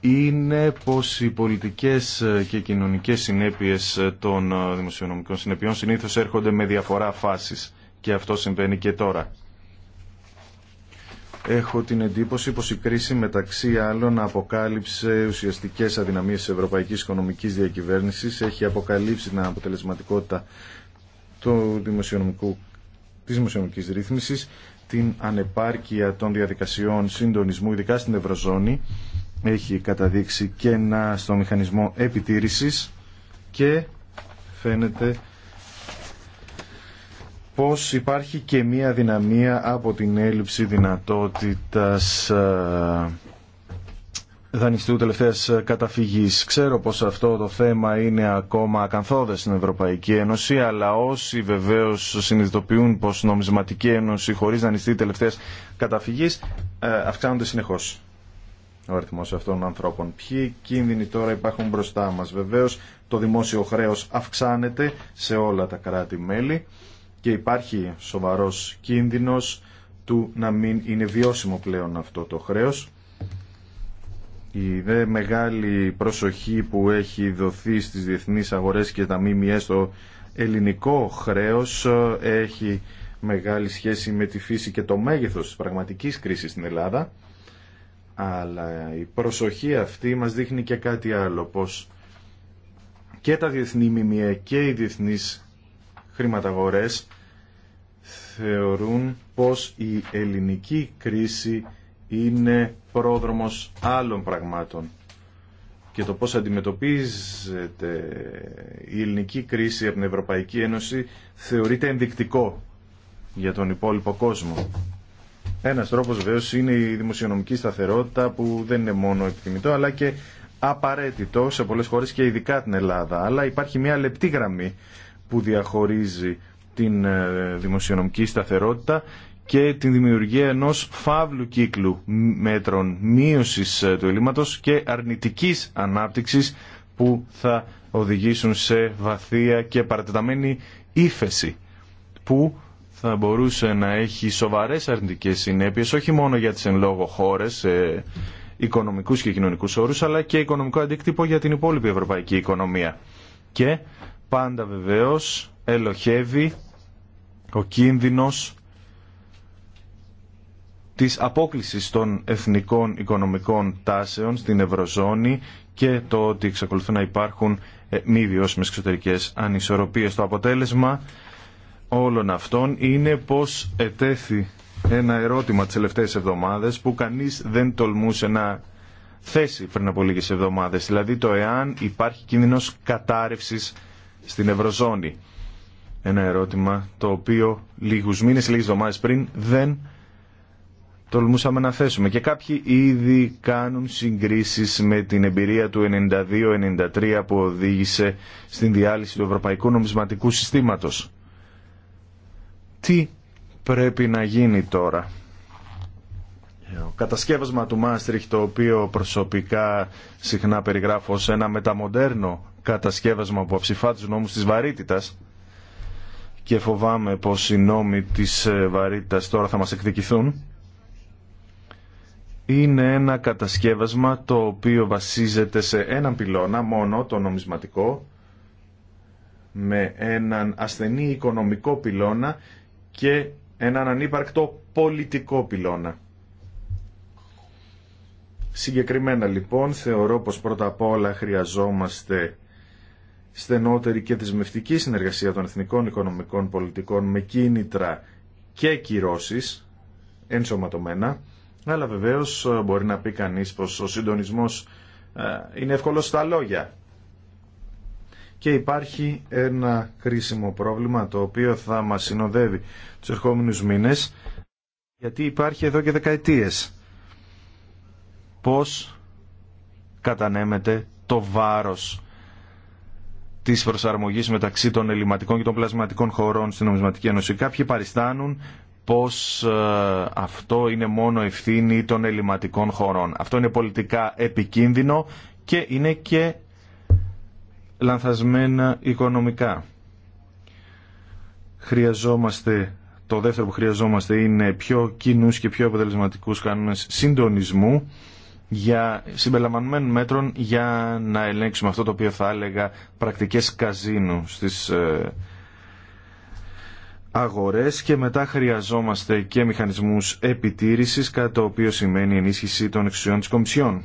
Speaker 1: είναι πως οι πολιτικές και κοινωνικές συνέπειες των δημοσιονομικών συνεπειών συνήθως έρχονται με διαφορά φάσεις. Και αυτό συμβαίνει και τώρα. Έχω την εντύπωση πως η κρίση μεταξύ άλλων αποκάλυψε ουσιαστικές αδυναμίες της ευρωπαϊκής οικονομικής διακυβέρνησης, έχει αποκαλύψει την αποτελεσματικότητα του δημοσιονομικού, της δημοσιονομικής ρύθμισης, την ανεπάρκεια των διαδικασιών συντονισμού, ειδικά στην Ευρωζώνη, έχει καταδείξει και να στο μηχανισμό επιτήρησης και φαίνεται πως υπάρχει και μία δυναμία από την έλλειψη δυνατότητας ε, δανειστού τελευταίας καταφυγής. Ξέρω πως αυτό το θέμα είναι ακόμα ακαθόδες στην Ευρωπαϊκή Ένωση, αλλά όσοι βεβαίως συνειδητοποιούν πως νομισματική ένωση χωρίς δανειστή τελευταίας καταφυγής ε, αυξάνονται συνεχώς ο αριθμό αυτών των ανθρώπων. Ποιοι κίνδυνοι τώρα υπάρχουν μπροστά μας. Βεβαίως το δημόσιο χρέος αυξάνεται σε όλα τα κράτη-μέλη και υπάρχει σοβαρός κίνδυνος του να μην είναι βιώσιμο πλέον αυτό το χρέος. Η δε μεγάλη προσοχή που έχει δοθεί στις διεθνείς αγορές και τα ΜΜΕ στο ελληνικό χρέος ε, έχει μεγάλη σχέση με τη φύση και το μέγεθος της πραγματικής κρίσης στην Ελλάδα αλλά η προσοχή αυτή μας δείχνει και κάτι άλλο πως και τα διεθνή ΜΜΕ και οι διεθνείς χρηματαγορές θεωρούν πως η ελληνική κρίση είναι πρόδρομος άλλων πραγμάτων και το πώς αντιμετωπίζεται η ελληνική κρίση από την Ευρωπαϊκή Ένωση θεωρείται ενδεικτικό για τον υπόλοιπο κόσμο. Ένας τρόπος βέβαιος είναι η δημοσιονομική σταθερότητα που δεν είναι μόνο επιθυμητό αλλά και απαραίτητο σε πολλές χώρες και ειδικά την Ελλάδα. Αλλά υπάρχει μια λεπτή γραμμή που διαχωρίζει την ε, δημοσιονομική σταθερότητα και την δημιουργία ενός φαύλου κύκλου μέτρων μείωσης ε, του ελλείμματος και αρνητικής ανάπτυξης που θα οδηγήσουν σε βαθία και παρατεταμένη ύφεση που θα μπορούσε να έχει σοβαρές αρνητικές συνέπειες όχι μόνο για τις εν λόγω χώρες ε, οικονομικούς και κοινωνικούς όρους αλλά και οικονομικό αντίκτυπο για την υπόλοιπη ευρωπαϊκή οικονομία. Και πάντα βεβαίως ελοχεύει ο κίνδυνος της απόκλησης των εθνικών οικονομικών τάσεων στην Ευρωζώνη και το ότι εξακολουθούν να υπάρχουν ε, μη βιώσιμε εξωτερικές ανισορροπίες. Το αποτέλεσμα όλων αυτών είναι πως ετέθη ένα ερώτημα τις τελευταίες εβδομάδες που κανείς δεν τολμούσε να θέσει πριν από λίγες εβδομάδες. Δηλαδή το εάν υπάρχει κίνδυνος κατάρρευσης στην Ευρωζώνη. Ένα ερώτημα το οποίο λίγους μήνες, λίγες εβδομάδες πριν δεν τολμούσαμε να θέσουμε. Και κάποιοι ήδη κάνουν συγκρίσεις με την εμπειρία του 92-93 που οδήγησε στην διάλυση του Ευρωπαϊκού Νομισματικού Συστήματος. Τι πρέπει να γίνει τώρα. Το κατασκεύασμα του Μάστριχ το οποίο προσωπικά συχνά περιγράφω ως ένα μεταμοντέρνο κατασκεύασμα που αψηφά τους νόμους της βαρύτητας και φοβάμαι πως οι νόμοι της ε, βαρύτητας τώρα θα μας εκδικηθούν είναι ένα κατασκεύασμα το οποίο βασίζεται σε έναν πυλώνα μόνο, το νομισματικό, με έναν ασθενή οικονομικό πυλώνα και έναν ανύπαρκτο πολιτικό πυλώνα. Συγκεκριμένα λοιπόν θεωρώ πως πρώτα απ' όλα χρειαζόμαστε στενότερη και δεσμευτική συνεργασία των εθνικών οικονομικών πολιτικών με κίνητρα και κυρώσει ενσωματωμένα, αλλά βεβαίω ε, μπορεί να πει κανείς πως ο συντονισμό ε, είναι εύκολος στα λόγια. Και υπάρχει ένα κρίσιμο πρόβλημα το οποίο θα μας συνοδεύει τους ερχόμενους μήνες, γιατί υπάρχει εδώ και δεκαετίες. Πώς κατανέμεται το βάρος Τη προσαρμογή μεταξύ των ελληματικών και των πλασματικών χωρών στην Νομισματική Ένωση. Κάποιοι παριστάνουν πως ε, αυτό είναι μόνο ευθύνη των ελληματικών χωρών. Αυτό είναι πολιτικά επικίνδυνο και είναι και λανθασμένα οικονομικά. Χρειαζόμαστε, το δεύτερο που χρειαζόμαστε είναι πιο κοινού και πιο αποτελεσματικού κανόνε συντονισμού για συμπεριλαμβανομένων μέτρων για να ελέγξουμε αυτό το οποίο θα έλεγα πρακτικές καζίνου στις ε, αγορές και μετά χρειαζόμαστε και μηχανισμούς επιτήρησης κατά το οποίο σημαίνει ενίσχυση των εξουσιών της Κομισιόν.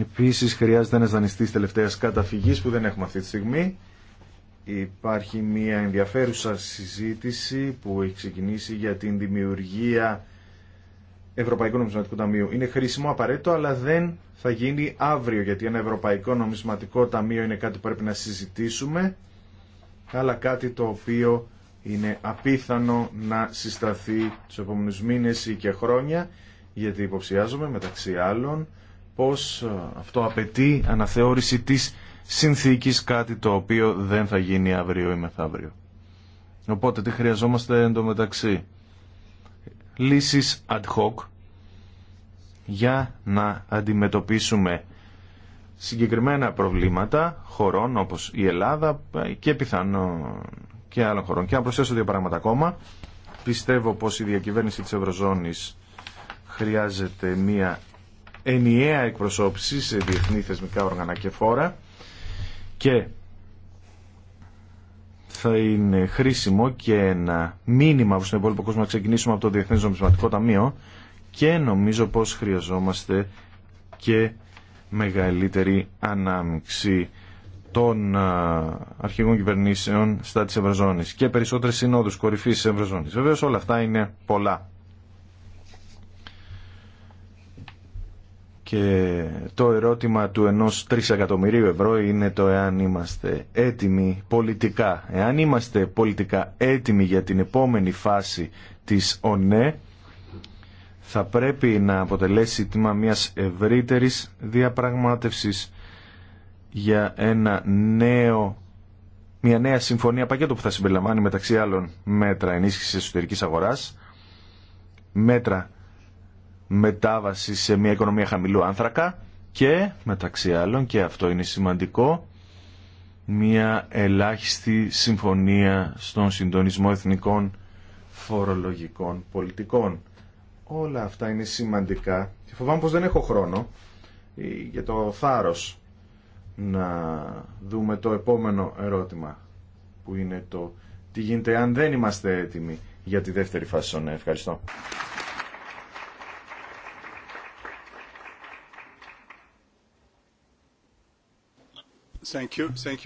Speaker 1: Επίσης χρειάζεται ένας δανειστής τελευταίας καταφυγής που δεν έχουμε αυτή τη στιγμή. Υπάρχει μια ενδιαφέρουσα συζήτηση που έχει ξεκινήσει για την δημιουργία Ευρωπαϊκού Νομισματικού Ταμείου. Είναι χρήσιμο, απαραίτητο, αλλά δεν θα γίνει αύριο, γιατί ένα Ευρωπαϊκό Νομισματικό Ταμείο είναι κάτι που πρέπει να συζητήσουμε, αλλά κάτι το οποίο είναι απίθανο να συσταθεί του επόμενους μήνες ή και χρόνια, γιατί υποψιάζομαι, μεταξύ άλλων, πως ε, αυτό απαιτεί αναθεώρηση της συνθήκης, κάτι το οποίο δεν θα γίνει αύριο ή μεθαύριο. Οπότε τι χρειαζόμαστε εντωμεταξύ λύσεις ad hoc για να αντιμετωπίσουμε συγκεκριμένα προβλήματα χωρών όπως η Ελλάδα και πιθανό και άλλων χωρών. Και να προσθέσω δύο πράγματα ακόμα. Πιστεύω πως η διακυβέρνηση της Ευρωζώνης χρειάζεται μια ενιαία εκπροσώπηση σε διεθνή θεσμικά όργανα και φόρα και θα είναι χρήσιμο και ένα μήνυμα που στον υπόλοιπο κόσμο να ξεκινήσουμε από το Διεθνές Νομισματικό Ταμείο και νομίζω πως χρειαζόμαστε και μεγαλύτερη ανάμιξη των αρχηγών κυβερνήσεων στα της Ευρωζώνης και περισσότερες συνόδους κορυφής της Ευρωζώνης. Βεβαίως όλα αυτά είναι πολλά. Και το ερώτημα του ενός 3 ευρώ είναι το εάν είμαστε έτοιμοι πολιτικά. Εάν είμαστε πολιτικά έτοιμοι για την επόμενη φάση της ΟΝΕ, θα πρέπει να αποτελέσει τίμα μιας ευρύτερης διαπραγμάτευσης για ένα νέο, μια νέα συμφωνία πακέτο που θα συμπεριλαμβάνει μεταξύ άλλων μέτρα ενίσχυσης εσωτερικής αγοράς, μέτρα μετάβαση σε μια οικονομία χαμηλού άνθρακα και μεταξύ άλλων και αυτό είναι σημαντικό μια ελάχιστη συμφωνία στον συντονισμό εθνικών φορολογικών πολιτικών. Όλα αυτά είναι σημαντικά και φοβάμαι πως δεν έχω χρόνο για το θάρρος να δούμε το επόμενο ερώτημα που είναι το τι γίνεται αν δεν είμαστε έτοιμοι για τη δεύτερη φάση Ευχαριστώ.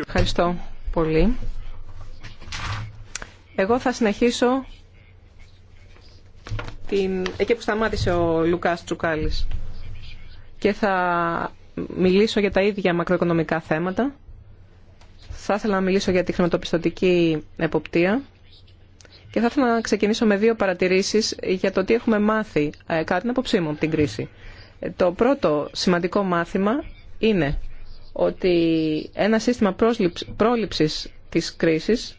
Speaker 5: Ευχαριστώ
Speaker 3: πολύ. Εγώ θα συνεχίσω την... εκεί που σταμάτησε ο Λουκάς Τσουκάλης και θα μιλήσω για τα ίδια μακροοικονομικά θέματα. Θα ήθελα να μιλήσω για τη χρηματοπιστωτική εποπτεία και θα ήθελα να ξεκινήσω με δύο παρατηρήσεις για το τι έχουμε μάθει ε, κατά την αποψή μου από την κρίση. Ε, το πρώτο σημαντικό μάθημα είναι ότι ένα σύστημα πρόληψης της κρίσης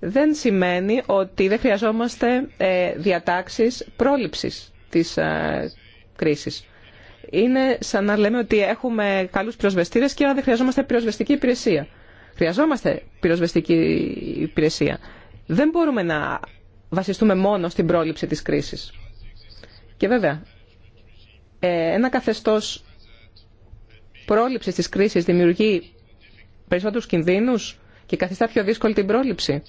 Speaker 3: δεν σημαίνει ότι δεν χρειαζόμαστε ε, διατάξεις πρόληψης της ε, κρίσης. Είναι σαν να λέμε ότι έχουμε καλούς πυροσβεστήρες και άρα δεν χρειαζόμαστε πυροσβεστική υπηρεσία. Χρειαζόμαστε πυροσβεστική υπηρεσία. Δεν μπορούμε να βασιστούμε μόνο στην πρόληψη της κρίσης. Και βέβαια, ε, ένα καθεστώς Πρόληψη τη κρίση δημιουργεί περισσότερου κινδύνους και καθιστά πιο δύσκολη την πρόληψη.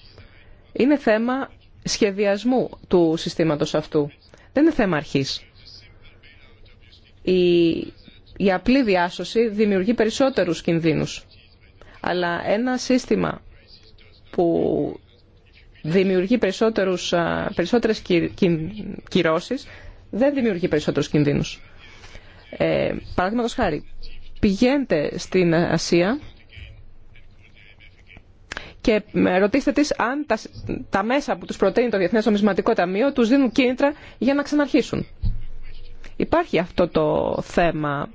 Speaker 3: Είναι θέμα σχεδιασμού του συστήματος αυτού. Δεν είναι θέμα αρχής. Η, η απλή διάσωση δημιουργεί περισσότερους κινδύνους. Αλλά ένα σύστημα που δημιουργεί περισσότερους, περισσότερες δεν δημιουργεί περισσότερους κινδύνους. Ε, Παραδείγματο χάρη, πηγαίνετε στην Ασία και ρωτήστε τις αν τα, μέσα που τους προτείνει το Διεθνές Νομισματικό Ταμείο τους δίνουν κίνητρα για να ξαναρχίσουν. Υπάρχει αυτό το θέμα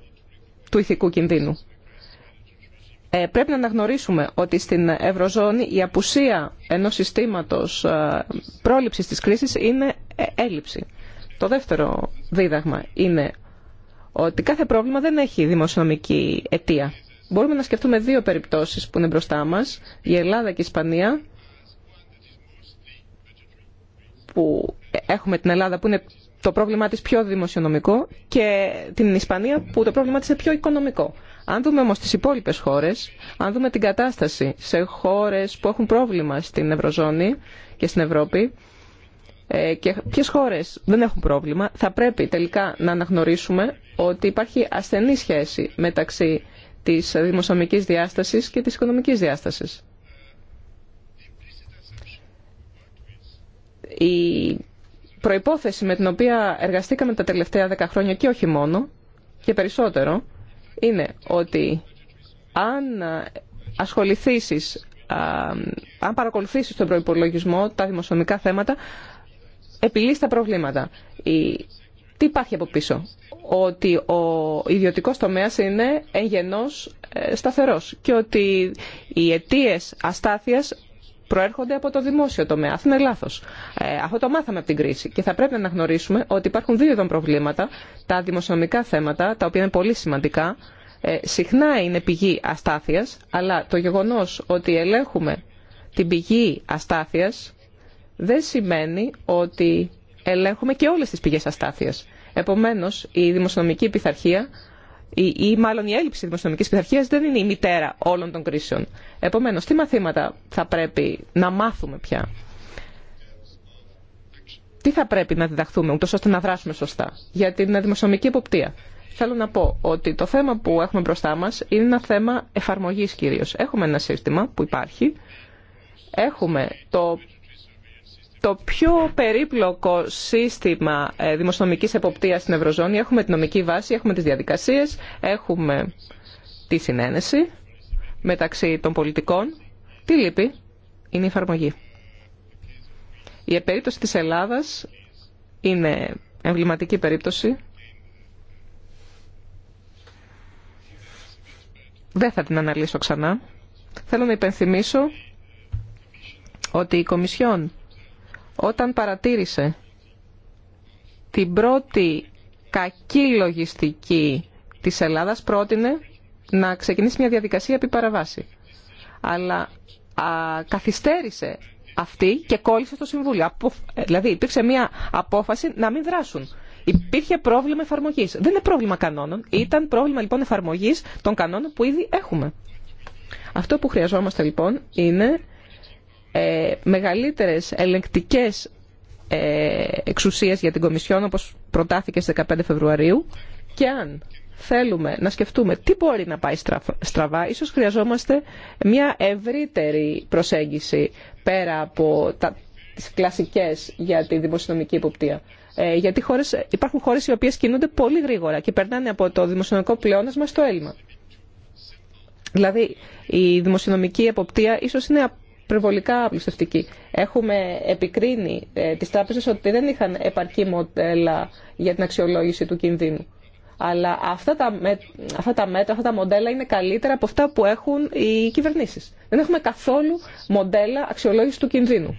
Speaker 3: του ηθικού κινδύνου. Ε, πρέπει να αναγνωρίσουμε ότι στην Ευρωζώνη η απουσία ενός συστήματος ε, πρόληψης της κρίσης είναι ε, έλλειψη. Το δεύτερο δίδαγμα είναι ότι κάθε πρόβλημα δεν έχει δημοσιονομική αιτία. Μπορούμε να σκεφτούμε δύο περιπτώσεις που είναι μπροστά μας, η Ελλάδα και η Ισπανία, που έχουμε την Ελλάδα που είναι το πρόβλημά της πιο δημοσιονομικό και την Ισπανία που το πρόβλημά της είναι πιο οικονομικό. Αν δούμε όμως τις υπόλοιπες χώρες, αν δούμε την κατάσταση σε χώρες που έχουν πρόβλημα στην Ευρωζώνη και στην Ευρώπη, ε, και ποιε χώρες δεν έχουν πρόβλημα, θα πρέπει τελικά να αναγνωρίσουμε ότι υπάρχει ασθενή σχέση μεταξύ της δημοσομικής διάσταση και της οικονομικής διάσταση. Η προϋπόθεση με την οποία εργαστήκαμε τα τελευταία δέκα χρόνια και όχι μόνο και περισσότερο είναι ότι αν ασχοληθήσεις αν παρακολουθήσεις τον προϋπολογισμό, τα δημοσιονομικά θέματα, επιλύσει τα προβλήματα. Τι υπάρχει από πίσω. Ότι ο ιδιωτικός τομέας είναι εν γενός ε, σταθερός και ότι οι αιτίε αστάθειας προέρχονται από το δημόσιο τομέα. Αυτό είναι λάθος. Ε, αυτό το μάθαμε από την κρίση και θα πρέπει να αναγνωρίσουμε ότι υπάρχουν δύο ειδών προβλήματα. Τα δημοσιονομικά θέματα, τα οποία είναι πολύ σημαντικά, ε, συχνά είναι πηγή αστάθειας, αλλά το γεγονός ότι ελέγχουμε την πηγή αστάθειας δεν σημαίνει ότι ελέγχουμε και όλες τις πηγές αστάθειας. Επομένως, η δημοσιονομική πειθαρχία ή, ή μάλλον η έλλειψη δημοσιονομικής πειθαρχίας δεν είναι η μητέρα όλων των κρίσεων. Επομένως, τι μαθήματα θα πρέπει να μάθουμε πια. Τι θα πρέπει να διδαχθούμε, ούτως ώστε να δράσουμε σωστά για την δημοσιονομική εποπτεία. Θέλω να πω ότι το θέμα που έχουμε μπροστά μας είναι ένα θέμα εφαρμογής κυρίως. Έχουμε ένα σύστημα που υπάρχει, έχουμε το το πιο περίπλοκο σύστημα ε, δημοσιονομικής εποπτείας στην Ευρωζώνη. Έχουμε την νομική βάση, έχουμε τις διαδικασίες, έχουμε τη συνένεση μεταξύ των πολιτικών. Τι λείπει είναι η εφαρμογή. Η περίπτωση της Ελλάδας είναι εμβληματική περίπτωση. Δεν θα την αναλύσω ξανά. Θέλω να υπενθυμίσω ότι η Κομισιόν όταν παρατήρησε την πρώτη κακή λογιστική της Ελλάδας πρότεινε να ξεκινήσει μια διαδικασία επί παραβάση. Αλλά α, καθυστέρησε αυτή και κόλλησε στο Συμβούλιο. Ε, δηλαδή υπήρξε μια απόφαση να μην δράσουν. Υπήρχε πρόβλημα εφαρμογής. Δεν είναι πρόβλημα κανόνων. Ήταν πρόβλημα λοιπόν εφαρμογής των κανόνων που ήδη έχουμε. Αυτό που χρειαζόμαστε λοιπόν είναι ε, μεγαλύτερες ελεκτικές ε, εξουσίες για την Κομισιόν όπως προτάθηκε στις 15 Φεβρουαρίου και αν θέλουμε να σκεφτούμε τι μπορεί να πάει στραβά, ίσως χρειαζόμαστε μια ευρύτερη προσέγγιση πέρα από τα, τις κλασικές για τη δημοσιονομική υποπτία. Ε, γιατί υπάρχουν χώρες οι οποίες κινούνται πολύ γρήγορα και περνάνε από το δημοσιονομικό πλεόνασμα στο έλλειμμα. Δηλαδή η δημοσιονομική εποπτεία ίσως είναι υπερβολικά απλουστευτική. Έχουμε επικρίνει ε, τις τράπεζες ότι δεν είχαν επαρκή μοντέλα για την αξιολόγηση του κινδύνου. Αλλά αυτά τα, αυτά τα μέτρα, αυτά τα μοντέλα είναι καλύτερα από αυτά που έχουν οι κυβερνήσεις. Δεν έχουμε καθόλου μοντέλα αξιολόγηση του κινδύνου.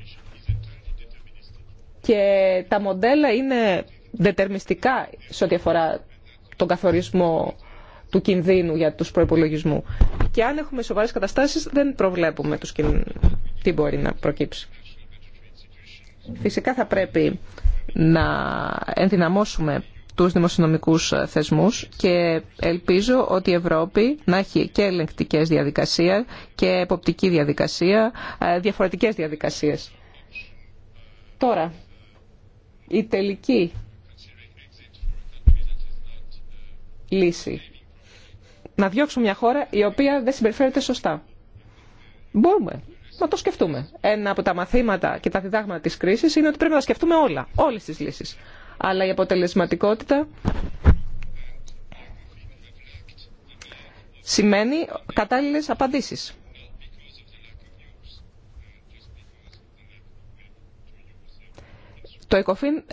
Speaker 3: Και τα μοντέλα είναι δετερμιστικά σε ό,τι αφορά τον καθορισμό του κινδύνου για τους προπολογισμού. Και αν έχουμε σοβαρές καταστάσεις δεν προβλέπουμε τους τι μπορεί να προκύψει. Φυσικά θα πρέπει να ενδυναμώσουμε τους δημοσιονομικούς θεσμούς και ελπίζω ότι η Ευρώπη να έχει και ελεγκτικές διαδικασίες και εποπτική διαδικασία, ε, διαφορετικές διαδικασίες. Τώρα, η τελική λύση να διώξουμε μια χώρα η οποία δεν συμπεριφέρεται σωστά. Μπορούμε να το σκεφτούμε. Ένα από τα μαθήματα και τα διδάγματα της κρίσης είναι ότι πρέπει να σκεφτούμε όλα, όλες τις λύσεις. Αλλά η αποτελεσματικότητα σημαίνει κατάλληλες απαντήσεις. Το ΕΚΟΦΗΝ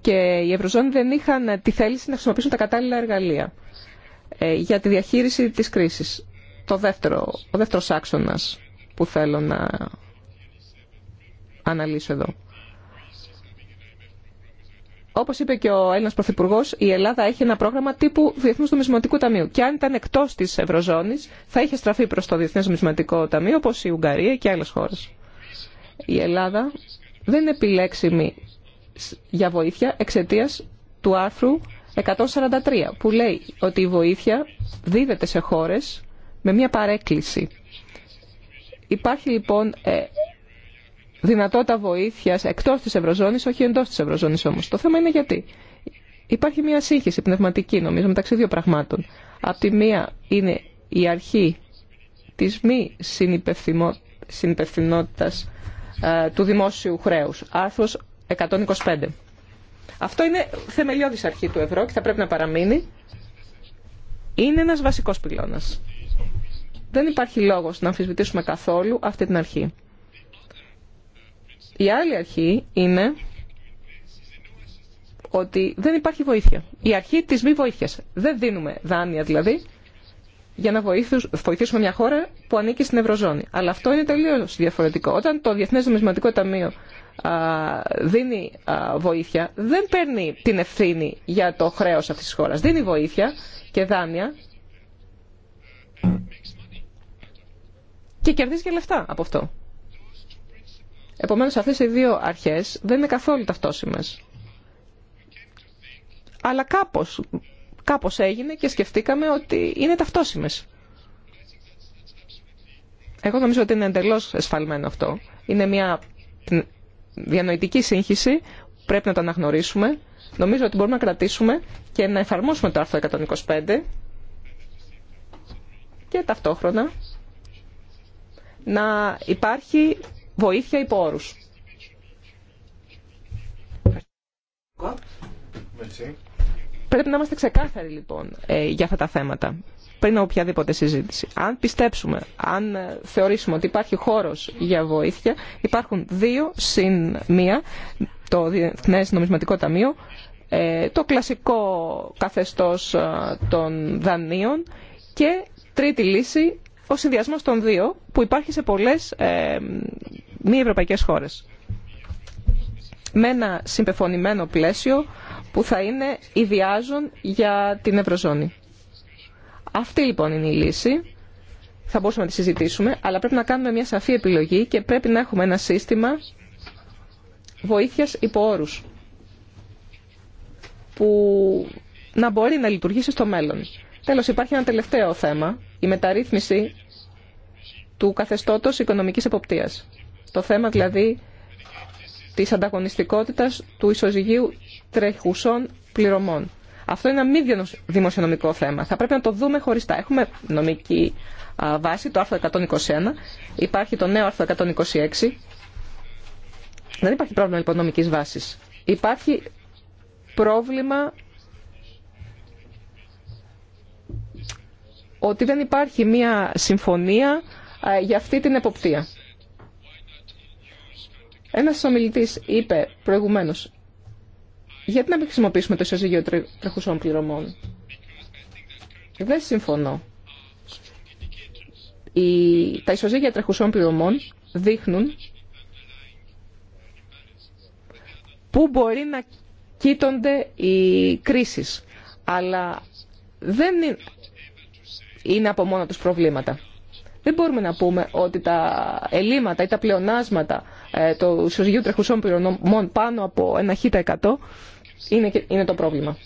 Speaker 3: και η Ευρωζώνη δεν είχαν τη θέληση να χρησιμοποιήσουν τα κατάλληλα εργαλεία. Ε, για τη διαχείριση της κρίσης. Το δεύτερο, ο δεύτερος άξονας που θέλω να αναλύσω εδώ. Όπως είπε και ο Έλληνας Πρωθυπουργό, η Ελλάδα έχει ένα πρόγραμμα τύπου Διεθνού Νομισματικού Ταμείου. Και αν ήταν εκτό της Ευρωζώνης θα είχε στραφεί προς το διεθνές Νομισματικό Ταμείο, όπως η Ουγγαρία και άλλες χώρες. Η Ελλάδα δεν είναι επιλέξιμη για βοήθεια εξαιτία του άρθρου 143 που λέει ότι η βοήθεια δίδεται σε χώρες με μια παρέκκληση. Υπάρχει λοιπόν ε, δυνατότητα βοήθειας εκτός της Ευρωζώνης, όχι εντός της Ευρωζώνης όμως. Το θέμα είναι γιατί. Υπάρχει μια σύγχυση πνευματική νομίζω μεταξύ δύο πραγμάτων. Απ' τη μία είναι η αρχή της μη συνυπευθυνότητας ε, του δημόσιου χρέους. Άρθρος 125. Αυτό είναι θεμελιώδης αρχή του ευρώ και θα πρέπει να παραμείνει. Είναι ένας βασικός πυλώνας. Δεν υπάρχει λόγος να αμφισβητήσουμε καθόλου αυτή την αρχή. Η άλλη αρχή είναι ότι δεν υπάρχει βοήθεια. Η αρχή της μη βοήθειας. Δεν δίνουμε δάνεια δηλαδή για να βοηθήσουμε μια χώρα που ανήκει στην Ευρωζώνη. Αλλά αυτό είναι τελείως διαφορετικό. Όταν το Διεθνές δομισματικό Ταμείο δίνει βοήθεια δεν παίρνει την ευθύνη για το χρέος αυτής της χώρας. Δίνει βοήθεια και δάνεια και κερδίζει και λεφτά από αυτό. Επομένως αυτές οι δύο αρχές δεν είναι καθόλου ταυτόσιμες. Αλλά κάπως, κάπως έγινε και σκεφτήκαμε ότι είναι ταυτόσιμες. Εγώ νομίζω ότι είναι εντελώς εσφαλμένο αυτό. Είναι μια διανοητική σύγχυση, πρέπει να το αναγνωρίσουμε. Νομίζω ότι μπορούμε να κρατήσουμε και να εφαρμόσουμε το άρθρο 125 και ταυτόχρονα να υπάρχει βοήθεια υπό όρους. Πρέπει να είμαστε ξεκάθαροι λοιπόν ε, για αυτά τα θέματα πριν οποιαδήποτε συζήτηση. Αν πιστέψουμε, αν ε, θεωρήσουμε ότι υπάρχει χώρος για βοήθεια, υπάρχουν δύο συν μία, το Διεθνέ Νομισματικό Ταμείο, ε, το κλασικό καθεστώς ε, των δανείων και τρίτη λύση, ο συνδυασμός των δύο που υπάρχει σε πολλές μη ευρωπαϊκές χώρες. Με ένα συμπεφωνημένο πλαίσιο που θα είναι ιδιάζων για την Ευρωζώνη. Αυτή λοιπόν είναι η λύση. Θα μπορούσαμε να τη συζητήσουμε, αλλά πρέπει να κάνουμε μια σαφή επιλογή και πρέπει να έχουμε ένα σύστημα βοήθειας υπό όρους που να μπορεί να λειτουργήσει στο μέλλον. Τέλος, υπάρχει ένα τελευταίο θέμα, η μεταρρύθμιση του καθεστώτος οικονομικής εποπτείας. Το θέμα δηλαδή της ανταγωνιστικότητας του ισοζυγίου τρεχουσών πληρωμών. Αυτό είναι ένα μη δημοσιονομικό θέμα. Θα πρέπει να το δούμε χωριστά. Έχουμε νομική βάση, το άρθρο 121. Υπάρχει το νέο άρθρο 126. Δεν υπάρχει πρόβλημα λοιπόν νομικής βάσης. Υπάρχει πρόβλημα ότι δεν υπάρχει μία συμφωνία για αυτή την εποπτεία. Ένας ομιλητής είπε προηγουμένως, γιατί να μην χρησιμοποιήσουμε το ισοζύγιο τρεχουσών πληρωμών. Δεν συμφωνώ. Οι, τα ισοζύγια τρεχουσών πληρωμών δείχνουν πού μπορεί να κοίτονται οι κρίσεις. Αλλά δεν είναι από μόνο τους προβλήματα. Δεν μπορούμε να πούμε ότι τα ελλείμματα ή τα πλεονάσματα ε, του ισοζυγίου τρεχουσών πληρωμών πάνω από ένα εκατό είναι, είναι το πρόβλημα.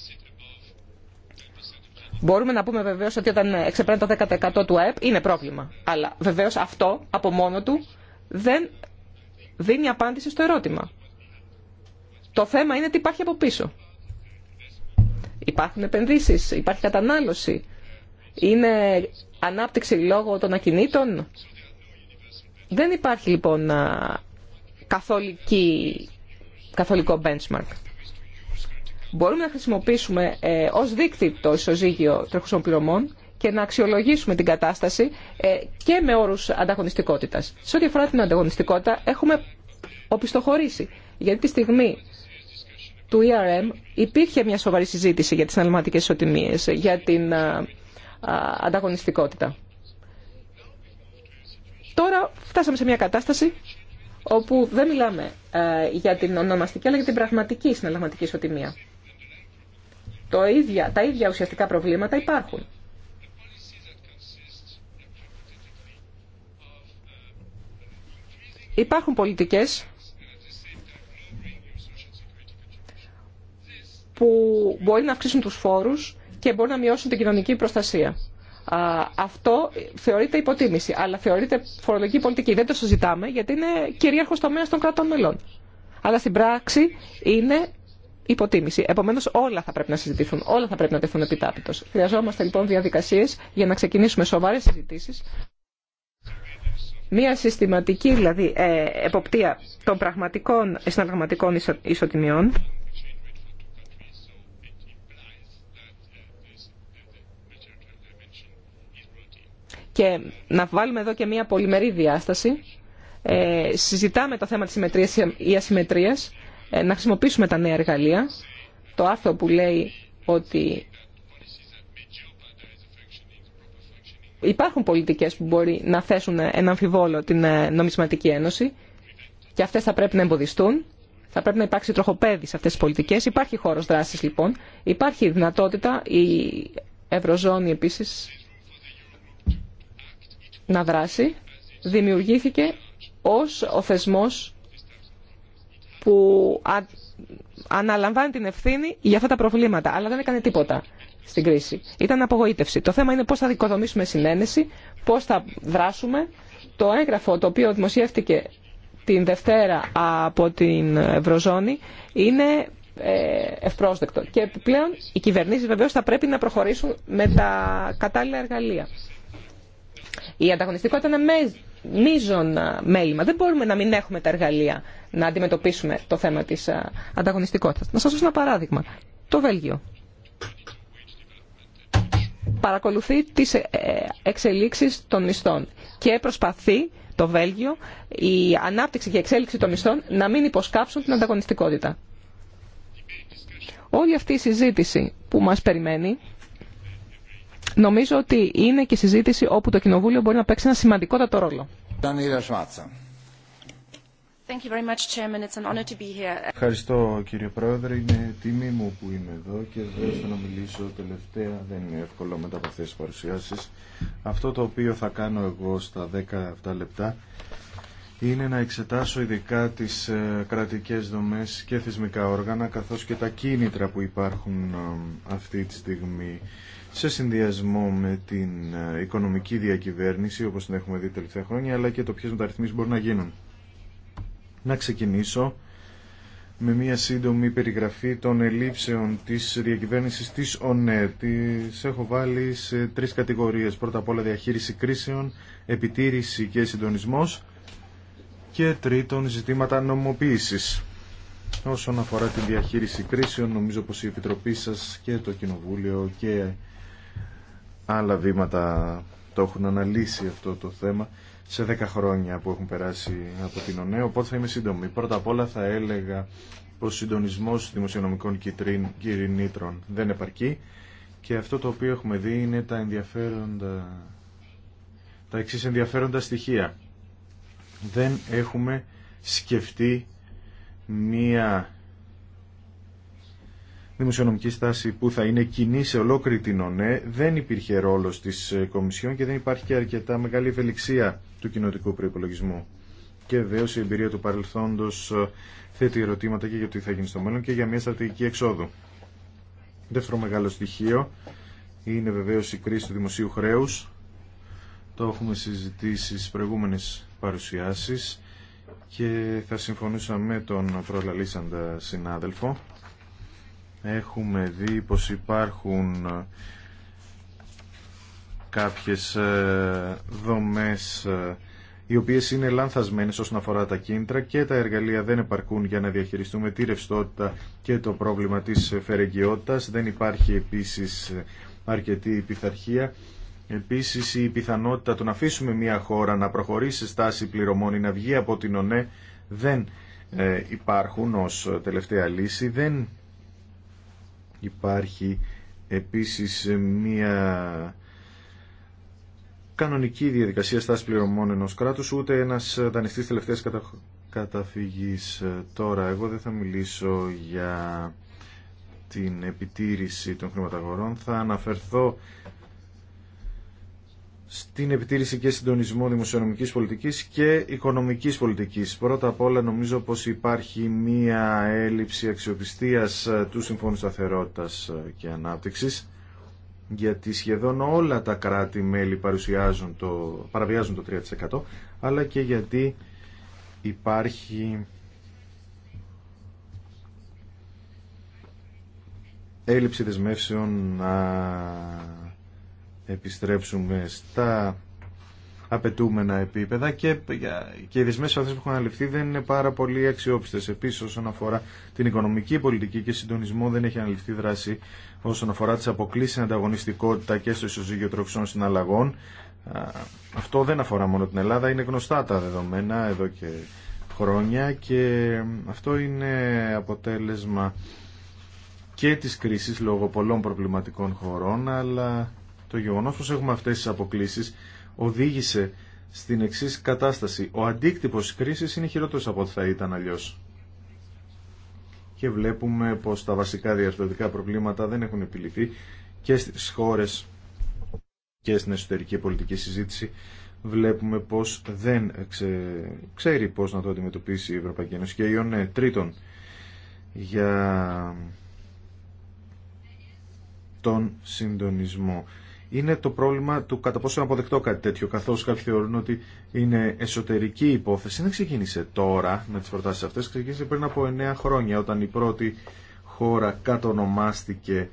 Speaker 3: Μπορούμε να πούμε βεβαίως ότι όταν εξεπράνει το 10% του ΑΕΠ είναι πρόβλημα. Αλλά βεβαίως αυτό από μόνο του δεν δίνει απάντηση στο ερώτημα. Το θέμα είναι τι υπάρχει από πίσω. Υπάρχουν επενδύσεις, υπάρχει κατανάλωση, είναι ανάπτυξη λόγω των ακινήτων. Δεν υπάρχει λοιπόν καθολική, καθολικό benchmark μπορούμε να χρησιμοποιήσουμε ε, ως δείκτη το ισοζύγιο τρεχουσών πληρωμών και να αξιολογήσουμε την κατάσταση ε, και με όρου ανταγωνιστικότητα. Σε ό,τι αφορά την ανταγωνιστικότητα έχουμε οπισθοχωρήσει. Γιατί τη στιγμή του ERM υπήρχε μια σοβαρή συζήτηση για τι αναλυματικέ ισοτιμίε, για την ανταγωνιστικότητα. Τώρα φτάσαμε σε μια κατάσταση όπου δεν μιλάμε ε, για την ονομαστική αλλά για την πραγματική συναλλαγματική ισοτιμία τα ίδια ουσιαστικά προβλήματα υπάρχουν. Υπάρχουν πολιτικές που μπορεί να αυξήσουν τους φόρους και μπορεί να μειώσουν την κοινωνική προστασία. Αυτό θεωρείται υποτίμηση, αλλά θεωρείται φορολογική πολιτική. Δεν το συζητάμε γιατί είναι κυρίαρχο τομέα των κρατών μελών. Αλλά στην πράξη είναι υποτίμηση. Επομένω, όλα θα πρέπει να συζητηθούν, όλα θα πρέπει να τεθούν επιτάπητο. Χρειαζόμαστε λοιπόν διαδικασίε για να ξεκινήσουμε σοβαρέ συζητήσει. Μία συστηματική δηλαδή ε, εποπτεία των πραγματικών συναλλαγματικών ισοτιμιών. Και να βάλουμε εδώ και μία πολυμερή διάσταση. Ε, συζητάμε το θέμα της συμμετρίας ή ασυμμετρίας ε, να χρησιμοποιήσουμε τα νέα εργαλεία. Το άρθρο που λέει ότι υπάρχουν πολιτικές που μπορεί να θέσουν ένα αμφιβόλο την ε, νομισματική ένωση και αυτές θα πρέπει να εμποδιστούν. Θα πρέπει να υπάρξει τροχοπέδι σε αυτές τις πολιτικές. Υπάρχει χώρος δράσης λοιπόν. Υπάρχει δυνατότητα η Ευρωζώνη επίσης να δράσει. Δημιουργήθηκε ως ο θεσμός που αναλαμβάνει την ευθύνη για αυτά τα προβλήματα, αλλά δεν έκανε τίποτα στην κρίση. Ήταν απογοήτευση. Το θέμα είναι πώς θα δικοδομήσουμε συνένεση, πώς θα δράσουμε. Το έγγραφο το οποίο δημοσιεύτηκε την Δευτέρα από την Ευρωζώνη είναι ε, ευπρόσδεκτο. Και επιπλέον οι κυβερνήσεις βεβαίως θα πρέπει να προχωρήσουν με τα κατάλληλα εργαλεία. Η ανταγωνιστικότητα είναι με, μείζον μέλημα. Δεν μπορούμε να μην έχουμε τα εργαλεία να αντιμετωπίσουμε το θέμα της ανταγωνιστικότητας. Να σας δώσω ένα παράδειγμα. Το Βέλγιο παρακολουθεί τις ε, ε, εξελίξεις των μισθών και προσπαθεί το Βέλγιο η ανάπτυξη και η εξέλιξη των μισθών να μην υποσκάψουν την ανταγωνιστικότητα. Όλη αυτή η συζήτηση που μας περιμένει νομίζω ότι είναι και συζήτηση όπου το Κοινοβούλιο μπορεί να παίξει ένα σημαντικότατο ρόλο. Thank you very much, Chairman. It's an honor to be here.
Speaker 1: Ευχαριστώ κύριε Πρόεδρε, είναι τιμή μου που είμαι εδώ και δεν θέλω να μιλήσω τελευταία, δεν είναι εύκολο μετά από αυτές τις παρουσιάσεις. Αυτό το οποίο θα κάνω εγώ στα 17 λεπτά είναι να εξετάσω ειδικά τις ε, κρατικές δομές και θεσμικά όργανα καθώς και τα κίνητρα που υπάρχουν ε, αυτή τη στιγμή σε συνδυασμό με την ε, οικονομική διακυβέρνηση όπως την έχουμε δει τελευταία χρόνια αλλά και το ποιες μεταρρυθμίσεις μπορούν να γίνουν. Να ξεκινήσω με μια σύντομη περιγραφή των ελλείψεων της διακυβέρνησης της ΟΝΕ. Της έχω βάλει σε τρεις κατηγορίες. Πρώτα απ' όλα διαχείριση κρίσεων, επιτήρηση και συντονισμός και τρίτον ζητήματα νομοποίησης. Όσον αφορά τη διαχείριση κρίσεων, νομίζω πως η Επιτροπή σας και το Κοινοβούλιο και άλλα βήματα το έχουν αναλύσει αυτό το θέμα σε 10 χρόνια που έχουν περάσει από την ΟΝΕΟ, οπότε θα είμαι σύντομη. Πρώτα απ' όλα θα έλεγα πως ο συντονισμός δημοσιονομικών κυρινήτρων δεν επαρκεί και αυτό το οποίο έχουμε δει είναι τα, ενδιαφέροντα, τα εξή ενδιαφέροντα στοιχεία. Δεν έχουμε σκεφτεί μία δημοσιονομική στάση που θα είναι κοινή σε ολόκληρη την ΟΝΕ δεν υπήρχε ρόλο τη ε, Κομισιόν και δεν υπάρχει και αρκετά μεγάλη ευελιξία του κοινοτικού προπολογισμού. Και βεβαίω η εμπειρία του παρελθόντος ε, θέτει ερωτήματα και για το τι θα γίνει στο μέλλον και για μια στρατηγική εξόδου. Δεύτερο μεγάλο στοιχείο είναι βεβαίω η κρίση του δημοσίου χρέους. Το έχουμε συζητήσει στι προηγούμενε παρουσιάσει και θα συμφωνούσα με τον προλαλήσαντα συνάδελφο έχουμε δει πως υπάρχουν ε, κάποιες ε, δομές ε, οι οποίες είναι λανθασμένες όσον αφορά τα κίνητρα και τα εργαλεία δεν επαρκούν για να διαχειριστούμε τη ρευστότητα και το πρόβλημα της φερεγγιότητας. Δεν υπάρχει επίσης αρκετή πειθαρχία. Επίσης η πιθανότητα του να αφήσουμε μια χώρα να προχωρήσει σε στάση πληρωμών ή να βγει από την ΟΝΕ δεν υπάρχουν ως τελευταία λύση. Δεν Υπάρχει επίσης μία κανονική διαδικασία στάση πληρωμών ενός κράτους, ούτε ένας δανειστής τελευταίας καταφυγής. Τώρα, εγώ δεν θα μιλήσω για την επιτήρηση των χρηματαγορών. Θα αναφερθώ στην επιτήρηση και συντονισμό δημοσιονομικής πολιτικής και οικονομικής πολιτικής. Πρώτα απ' όλα νομίζω πως υπάρχει μία έλλειψη αξιοπιστίας ε, του Συμφώνου Σταθερότητας ε, και Ανάπτυξης γιατί σχεδόν όλα τα κράτη-μέλη παρουσιάζουν το, παραβιάζουν το 3% αλλά και γιατί υπάρχει έλλειψη δεσμεύσεων να επιστρέψουμε στα απαιτούμενα επίπεδα και, και οι δεσμεύσει αυτέ που έχουν αναλυφθεί δεν είναι πάρα πολύ αξιόπιστε. Επίση, όσον αφορά την οικονομική πολιτική και συντονισμό, δεν έχει αναλυφθεί δράση όσον αφορά τι αποκλήσει στην ανταγωνιστικότητα και στο ισοζύγιο τροξών συναλλαγών. Αυτό δεν αφορά μόνο την Ελλάδα, είναι γνωστά τα δεδομένα εδώ και χρόνια και αυτό είναι αποτέλεσμα και της κρίσης λόγω πολλών προβληματικών χωρών αλλά το γεγονός πως έχουμε αυτές τις αποκλήσεις οδήγησε στην εξή κατάσταση. Ο αντίκτυπος της κρίσης είναι χειρότερος από ό,τι θα ήταν αλλιώς. Και βλέπουμε πως τα βασικά διαρθρωτικά προβλήματα δεν έχουν επιληθεί και στις χώρες και στην εσωτερική πολιτική συζήτηση βλέπουμε πως δεν ξέρει πως να το αντιμετωπίσει η Ευρωπαϊκή Ένωση και Τρίτον, για τον συντονισμό είναι το πρόβλημα του κατά πόσο είναι αποδεκτό κάτι τέτοιο, καθώς κάποιοι θεωρούν ότι είναι εσωτερική υπόθεση. Δεν ξεκίνησε τώρα με τις προτάσεις αυτές, ξεκίνησε πριν από 9 χρόνια, όταν η πρώτη χώρα κατονομάστηκε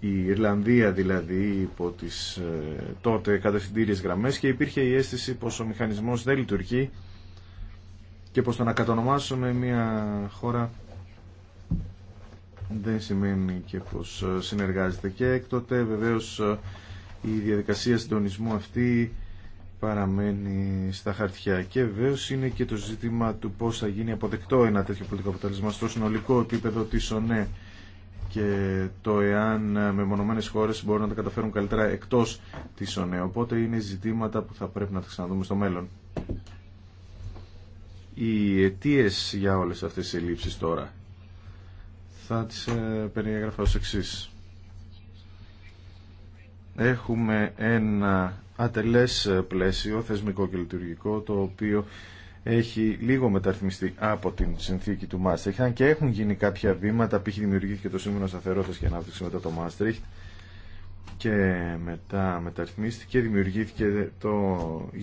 Speaker 1: η Ιρλανδία δηλαδή υπό τις ε, τότε κατευθυντήριες γραμμές και υπήρχε η αίσθηση πως ο μηχανισμός δεν λειτουργεί και πως το να κατονομάσουμε μια χώρα δεν σημαίνει και πως ε, συνεργάζεται και έκτοτε βεβαίως ε, η διαδικασία συντονισμού αυτή παραμένει στα χαρτιά και βεβαίω είναι και το ζήτημα του πώς θα γίνει αποδεκτό ένα τέτοιο πολιτικό αποτέλεσμα στο συνολικό επίπεδο της ΟΝΕ και το εάν ε, μεμονωμένες χώρες μπορούν να τα καταφέρουν καλύτερα εκτός της ΟΝΕ οπότε είναι ζητήματα που θα πρέπει να τα ξαναδούμε στο μέλλον οι αιτίε για όλες αυτές τις ελλείψεις τώρα θα τις ε, περιέγραφα ως εξής. Έχουμε ένα ατελές ε, πλαίσιο θεσμικό και λειτουργικό το οποίο έχει λίγο μεταρρυθμιστεί από την συνθήκη του Μάστριχτ. Αν και έχουν γίνει κάποια βήματα, π.χ. και το σύμβουλο Σταθερότητα και Ανάπτυξη μετά το Μάστριχτ και μετά μεταρρυθμίστηκε, δημιουργήθηκε το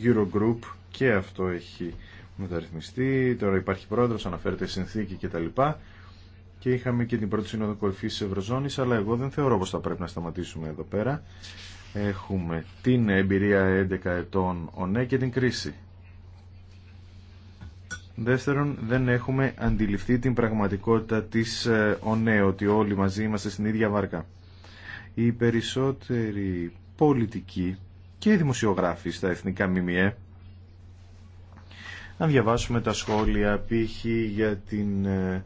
Speaker 1: Eurogroup και αυτό έχει μεταρρυθμιστεί. Τώρα υπάρχει πρόεδρος, αναφέρεται συνθήκη κτλ και είχαμε και την πρώτη σύνοδο κορυφή Ευρωζώνης, αλλά εγώ δεν θεωρώ πώ θα πρέπει να σταματήσουμε εδώ πέρα. Έχουμε την εμπειρία 11 ετών ΟΝΕ και την κρίση. Δεύτερον, δεν έχουμε αντιληφθεί την πραγματικότητα της ε, ΟΝΕ, ότι όλοι μαζί είμαστε στην ίδια βάρκα. Οι περισσότεροι πολιτικοί και οι δημοσιογράφοι στα εθνικά ΜΜΕ, αν διαβάσουμε τα σχόλια π.χ. για την ε,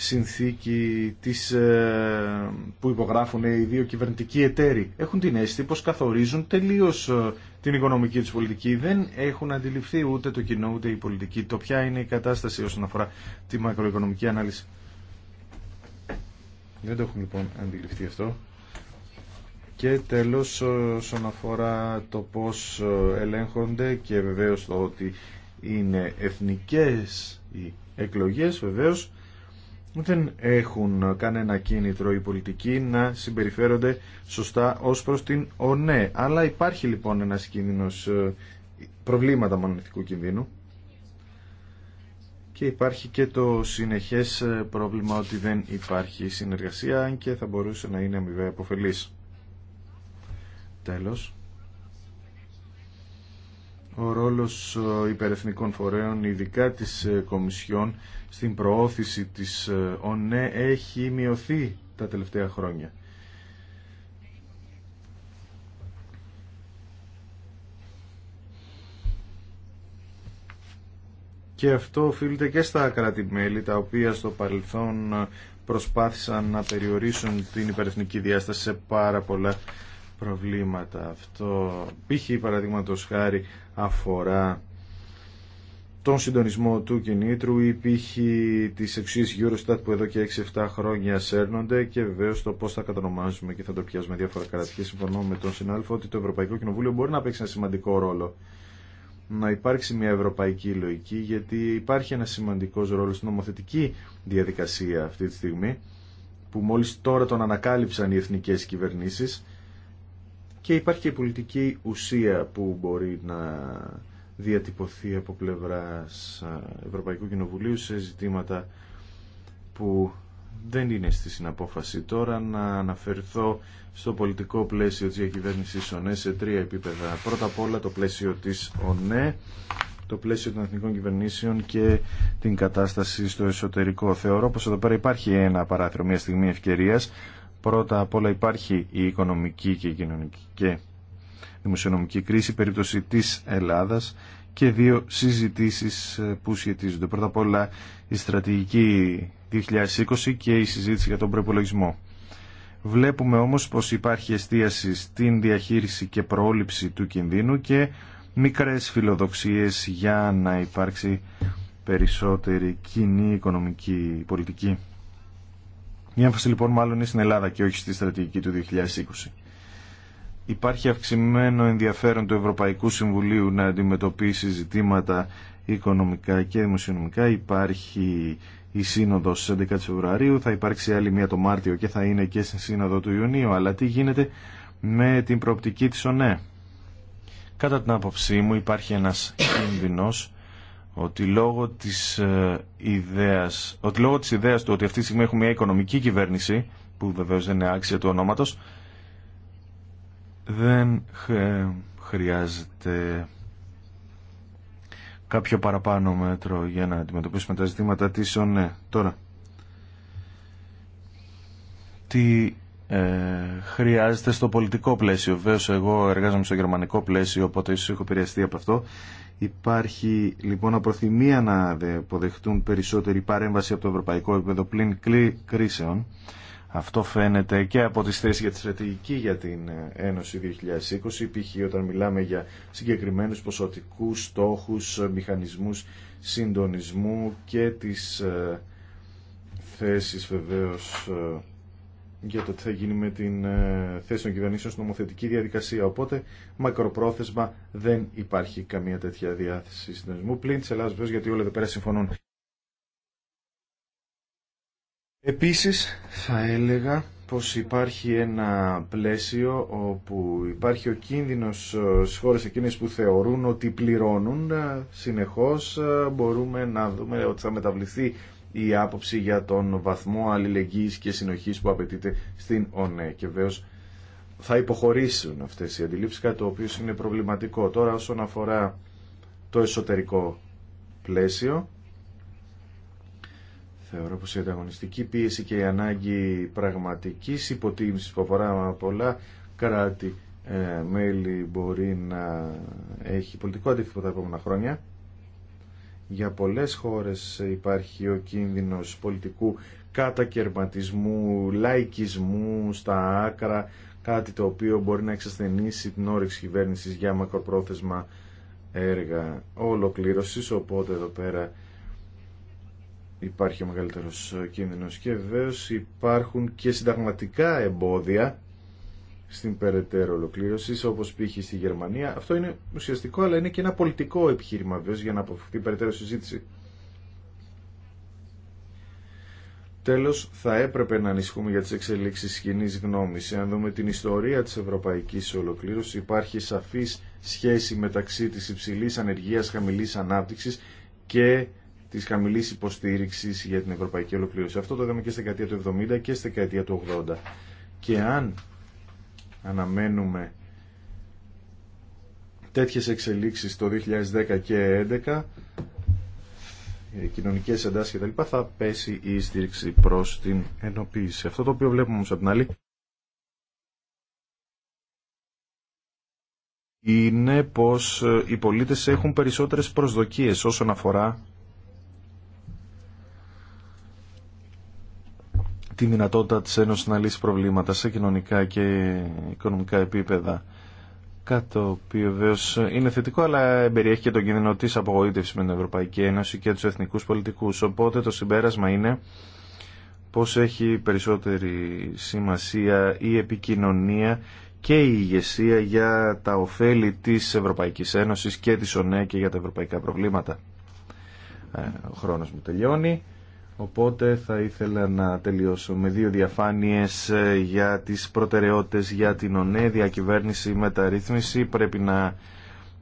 Speaker 1: συνθήκη της, ε, που υπογράφουν οι δύο κυβερνητικοί εταίροι. Έχουν την αίσθηση πως καθορίζουν τελείως ε, την οικονομική τους πολιτική. Δεν έχουν αντιληφθεί ούτε το κοινό ούτε η πολιτική. Το ποια είναι η κατάσταση όσον αφορά τη μακροοικονομική ανάλυση. Δεν το έχουν λοιπόν αντιληφθεί αυτό. Και τέλος ε, όσον αφορά το πώς ελέγχονται και βεβαίως το ότι είναι εθνικές οι εκλογές βεβαίως δεν έχουν κανένα κίνητρο οι πολιτικοί να συμπεριφέρονται σωστά ως προς την ΟΝΕ. Ναι». Αλλά υπάρχει λοιπόν ένας κίνδυνος, ε, προβλήματα μονοθετικού κινδύνου και υπάρχει και το συνεχές ε, πρόβλημα ότι δεν υπάρχει συνεργασία αν και θα μπορούσε να είναι αμοιβαία αποφελής. Τέλος ο ρόλος ε, υπερεθνικών φορέων, ειδικά της ε, Κομισιόν, στην προώθηση της ε, ΟΝΕ ναι, έχει μειωθεί τα τελευταία χρόνια. Και αυτό οφείλεται και στα κράτη-μέλη, τα οποία στο παρελθόν προσπάθησαν να περιορίσουν την υπερεθνική διάσταση σε πάρα πολλά προβλήματα. Αυτό π.χ. παραδείγματο χάρη αφορά τον συντονισμό του κινήτρου ή π.χ. τις εξής Eurostat που εδώ και 6-7 χρόνια σέρνονται και βεβαίω το πώς θα κατανομάζουμε και θα το πιάσουμε διάφορα και Συμφωνώ με τον συνάδελφο ότι το Ευρωπαϊκό Κοινοβούλιο μπορεί να παίξει ένα σημαντικό ρόλο να υπάρξει μια ευρωπαϊκή λογική γιατί υπάρχει ένα σημαντικό ρόλο στην νομοθετική διαδικασία αυτή τη στιγμή που μόλις τώρα τον ανακάλυψαν οι εθνικές κυβερνήσεις και υπάρχει και η πολιτική ουσία που μπορεί να διατυπωθεί από πλευράς Ευρωπαϊκού Κοινοβουλίου σε ζητήματα που δεν είναι στη συναπόφαση τώρα να αναφερθώ στο πολιτικό πλαίσιο της διακυβέρνησης ΟΝΕ σε τρία επίπεδα. Πρώτα απ' όλα το πλαίσιο της ΟΝΕ, το πλαίσιο των εθνικών κυβερνήσεων και την κατάσταση στο εσωτερικό. Θεωρώ πως εδώ πέρα υπάρχει ένα παράθυρο, μια στιγμή ευκαιρίας Πρώτα απ' όλα υπάρχει η οικονομική και η κοινωνική και δημοσιονομική κρίση, περίπτωση της Ελλάδας και δύο συζητήσεις ε, που σχετίζονται. Πρώτα απ' όλα η στρατηγική 2020 και η συζήτηση για τον προπολογισμό. Βλέπουμε όμως πως υπάρχει εστίαση στην διαχείριση και πρόληψη του κινδύνου και μικρές φιλοδοξίες για να υπάρξει περισσότερη κοινή οικονομική πολιτική. Η έμφαση λοιπόν μάλλον είναι στην Ελλάδα και όχι στη στρατηγική του 2020. Υπάρχει αυξημένο ενδιαφέρον του Ευρωπαϊκού Συμβουλίου να αντιμετωπίσει ζητήματα οικονομικά και δημοσιονομικά. Υπάρχει η σύνοδο στις 11 Φεβρουαρίου, θα υπάρξει άλλη μία το Μάρτιο και θα είναι και στην σύνοδο του Ιουνίου. Αλλά τι γίνεται με την προοπτική της ΟΝΕ. Κατά την άποψή μου υπάρχει ένας κίνδυνος ότι λόγω της ε, ιδέας, ότι λόγω της ιδέας του ότι αυτή τη στιγμή έχουμε μια οικονομική κυβέρνηση, που βεβαίως δεν είναι άξια του ονόματος, δεν ε, χρειάζεται κάποιο παραπάνω μέτρο για να αντιμετωπίσουμε τα ζητήματα της ΩΝΕ. Τώρα, τι ε, χρειάζεται στο πολιτικό πλαίσιο. Βέβαια, εγώ εργάζομαι στο γερμανικό πλαίσιο, οπότε ίσως έχω επηρεαστεί από αυτό. Υπάρχει λοιπόν απροθυμία να αποδεχτούν περισσότερη παρέμβαση από το ευρωπαϊκό επίπεδο πλην κρίσεων. Αυτό φαίνεται και από τις θέσεις για τη στρατηγική για την ε, Ένωση 2020, π.χ. όταν μιλάμε για συγκεκριμένους ποσοτικούς στόχους, μηχανισμούς συντονισμού και τις ε, θέσεις βεβαίως ε, για το τι θα γίνει με την ε, θέση των κυβερνήσεων στην νομοθετική διαδικασία. Οπότε, μακροπρόθεσμα δεν υπάρχει καμία τέτοια διάθεση συντονισμού. Πλην τη Ελλάδα, βέβαια, γιατί όλοι εδώ πέρα συμφωνούν. Επίσης, θα έλεγα πως υπάρχει ένα πλαίσιο όπου υπάρχει ο κίνδυνος ε, στι χώρε εκείνες που θεωρούν ότι πληρώνουν ε, συνεχώς μπορούμε να δούμε ότι θα μεταβληθεί η άποψη για τον βαθμό αλληλεγγύης και συνοχής που απαιτείται στην ΟΝΕ. Και βέβαιως θα υποχωρήσουν αυτές οι αντιλήψεις, κάτι το οποίο είναι προβληματικό. Τώρα όσον αφορά το εσωτερικό πλαίσιο, θεωρώ πως η ανταγωνιστική πίεση και η ανάγκη πραγματικής υποτίμησης που αφορά πολλά κράτη μέλη μπορεί να έχει πολιτικό αντίθετο τα επόμενα χρόνια για πολλές χώρες υπάρχει ο κίνδυνος πολιτικού κατακερματισμού, λαϊκισμού στα άκρα, κάτι το οποίο μπορεί να εξασθενήσει την όρεξη κυβέρνησης για μακροπρόθεσμα έργα ολοκλήρωσης, οπότε εδώ πέρα υπάρχει ο μεγαλύτερος κίνδυνος και βεβαίω υπάρχουν και συνταγματικά εμπόδια στην περαιτέρω ολοκλήρωση, όπω π.χ. στη Γερμανία. Αυτό είναι ουσιαστικό, αλλά είναι και ένα πολιτικό επιχείρημα, βέβαια, για να αποφευθεί περαιτέρω συζήτηση. Τέλο θα έπρεπε να ανησυχούμε για τι εξελίξει κοινή γνώμη. Αν δούμε την ιστορία τη ευρωπαϊκή ολοκλήρωση. υπάρχει σαφή σχέση μεταξύ τη υψηλή ανεργία, χαμηλή ανάπτυξη και τη χαμηλή υποστήριξη για την ευρωπαϊκή ολοκλήρωση. Αυτό το είδαμε και στη δεκαετία του 70 και στη δεκαετία του 80. Και αν αναμένουμε τέτοιες εξελίξεις το 2010 και 2011 κοινωνικές εντάσεις και τα λοιπά, θα πέσει η στήριξη προς την ενοποίηση. Αυτό το οποίο βλέπουμε όμως από την άλλη είναι πως οι πολίτες έχουν περισσότερες προσδοκίες όσον αφορά τη δυνατότητα της Ένωσης να λύσει προβλήματα σε κοινωνικά και οικονομικά επίπεδα. Κάτι το οποίο βεβαίω είναι θετικό, αλλά περιέχει και τον κίνδυνο τη απογοήτευση με την Ευρωπαϊκή Ένωση και του εθνικού πολιτικού. Οπότε το συμπέρασμα είναι πω έχει περισσότερη σημασία η επικοινωνία και η ηγεσία για τα ωφέλη της Ευρωπαϊκής Ένωσης και της ΟΝΕ και για τα ευρωπαϊκά προβλήματα. Ε, ο χρόνος μου τελειώνει. Οπότε θα ήθελα να τελειώσω με δύο διαφάνειες ε, για τις προτεραιότητες για την ΟΝΕ, διακυβέρνηση, μεταρρύθμιση. Πρέπει να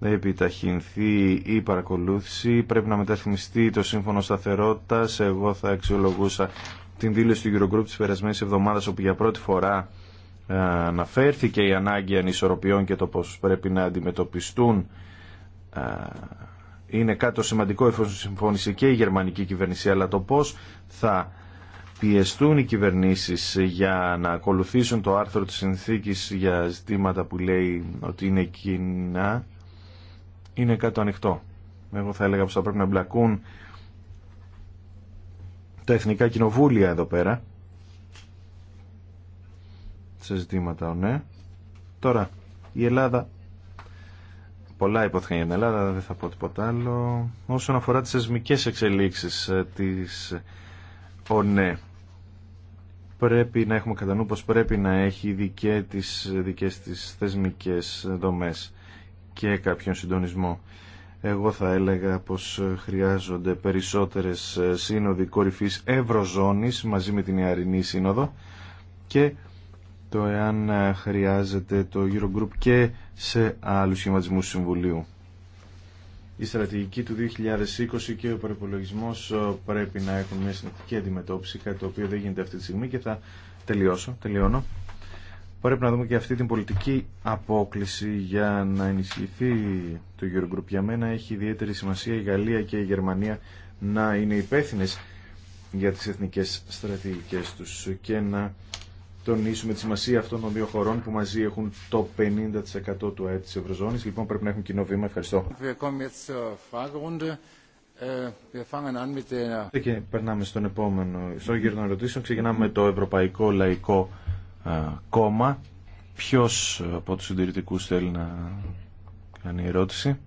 Speaker 1: επιταχυνθεί η παρακολούθηση, πρέπει να μεταρρυθμιστεί το σύμφωνο σταθερότητας. Εγώ θα αξιολογούσα την δήλωση του Eurogroup της περασμένης εβδομάδας, όπου για πρώτη φορά ε, αναφέρθηκε η ανάγκη ανισορροπιών και το πώς πρέπει να αντιμετωπιστούν ε, είναι κάτι σημαντικό εφόσον συμφώνησε και η γερμανική κυβέρνηση, αλλά το πώς θα πιεστούν οι κυβερνήσεις για να ακολουθήσουν το άρθρο της συνθήκης για ζητήματα που λέει ότι είναι κοινά, είναι κάτι ανοιχτό. Εγώ θα έλεγα πως θα πρέπει να μπλακούν τα εθνικά κοινοβούλια εδώ πέρα σε ζητήματα, ναι. Τώρα, η Ελλάδα πολλά υπόθηκαν για την Ελλάδα, δεν θα πω τίποτα άλλο. Όσον αφορά τις θεσμικές εξελίξεις ε, της ΟΝΕ, ναι, πρέπει να έχουμε κατά νου πως πρέπει να έχει δικε της, δικές της θεσμικές δομές και κάποιον συντονισμό. Εγώ θα έλεγα πως χρειάζονται περισσότερες ε, σύνοδοι κορυφής Ευρωζώνης μαζί με την Ιαρινή Σύνοδο το εάν ε, χρειάζεται το Eurogroup και σε άλλους σχηματισμούς Συμβουλίου. Η στρατηγική του 2020 και ο προπολογισμό ε, πρέπει να έχουν μια συνεκτική αντιμετώπιση, κάτι το οποίο δεν γίνεται αυτή τη στιγμή και θα τελειώσω, τελειώνω. Πρέπει να δούμε και αυτή την πολιτική απόκληση για να ενισχυθεί το Eurogroup. Για μένα έχει ιδιαίτερη σημασία η Γαλλία και η Γερμανία να είναι υπεύθυνε για τις εθνικές στρατηγικές τους και να τονίσουμε τη σημασία αυτών των δύο χωρών που μαζί έχουν το 50% του ΑΕΠ της Ευρωζώνης. Λοιπόν, πρέπει να έχουν κοινό βήμα. Ευχαριστώ. Äh, ε, και περνάμε στον επόμενο, στο γύρο των ερωτήσεων. Ξεκινάμε με το Ευρωπαϊκό Λαϊκό ε, Κόμμα. Ποιο ε, από τους συντηρητικού θέλει να κάνει ερώτηση.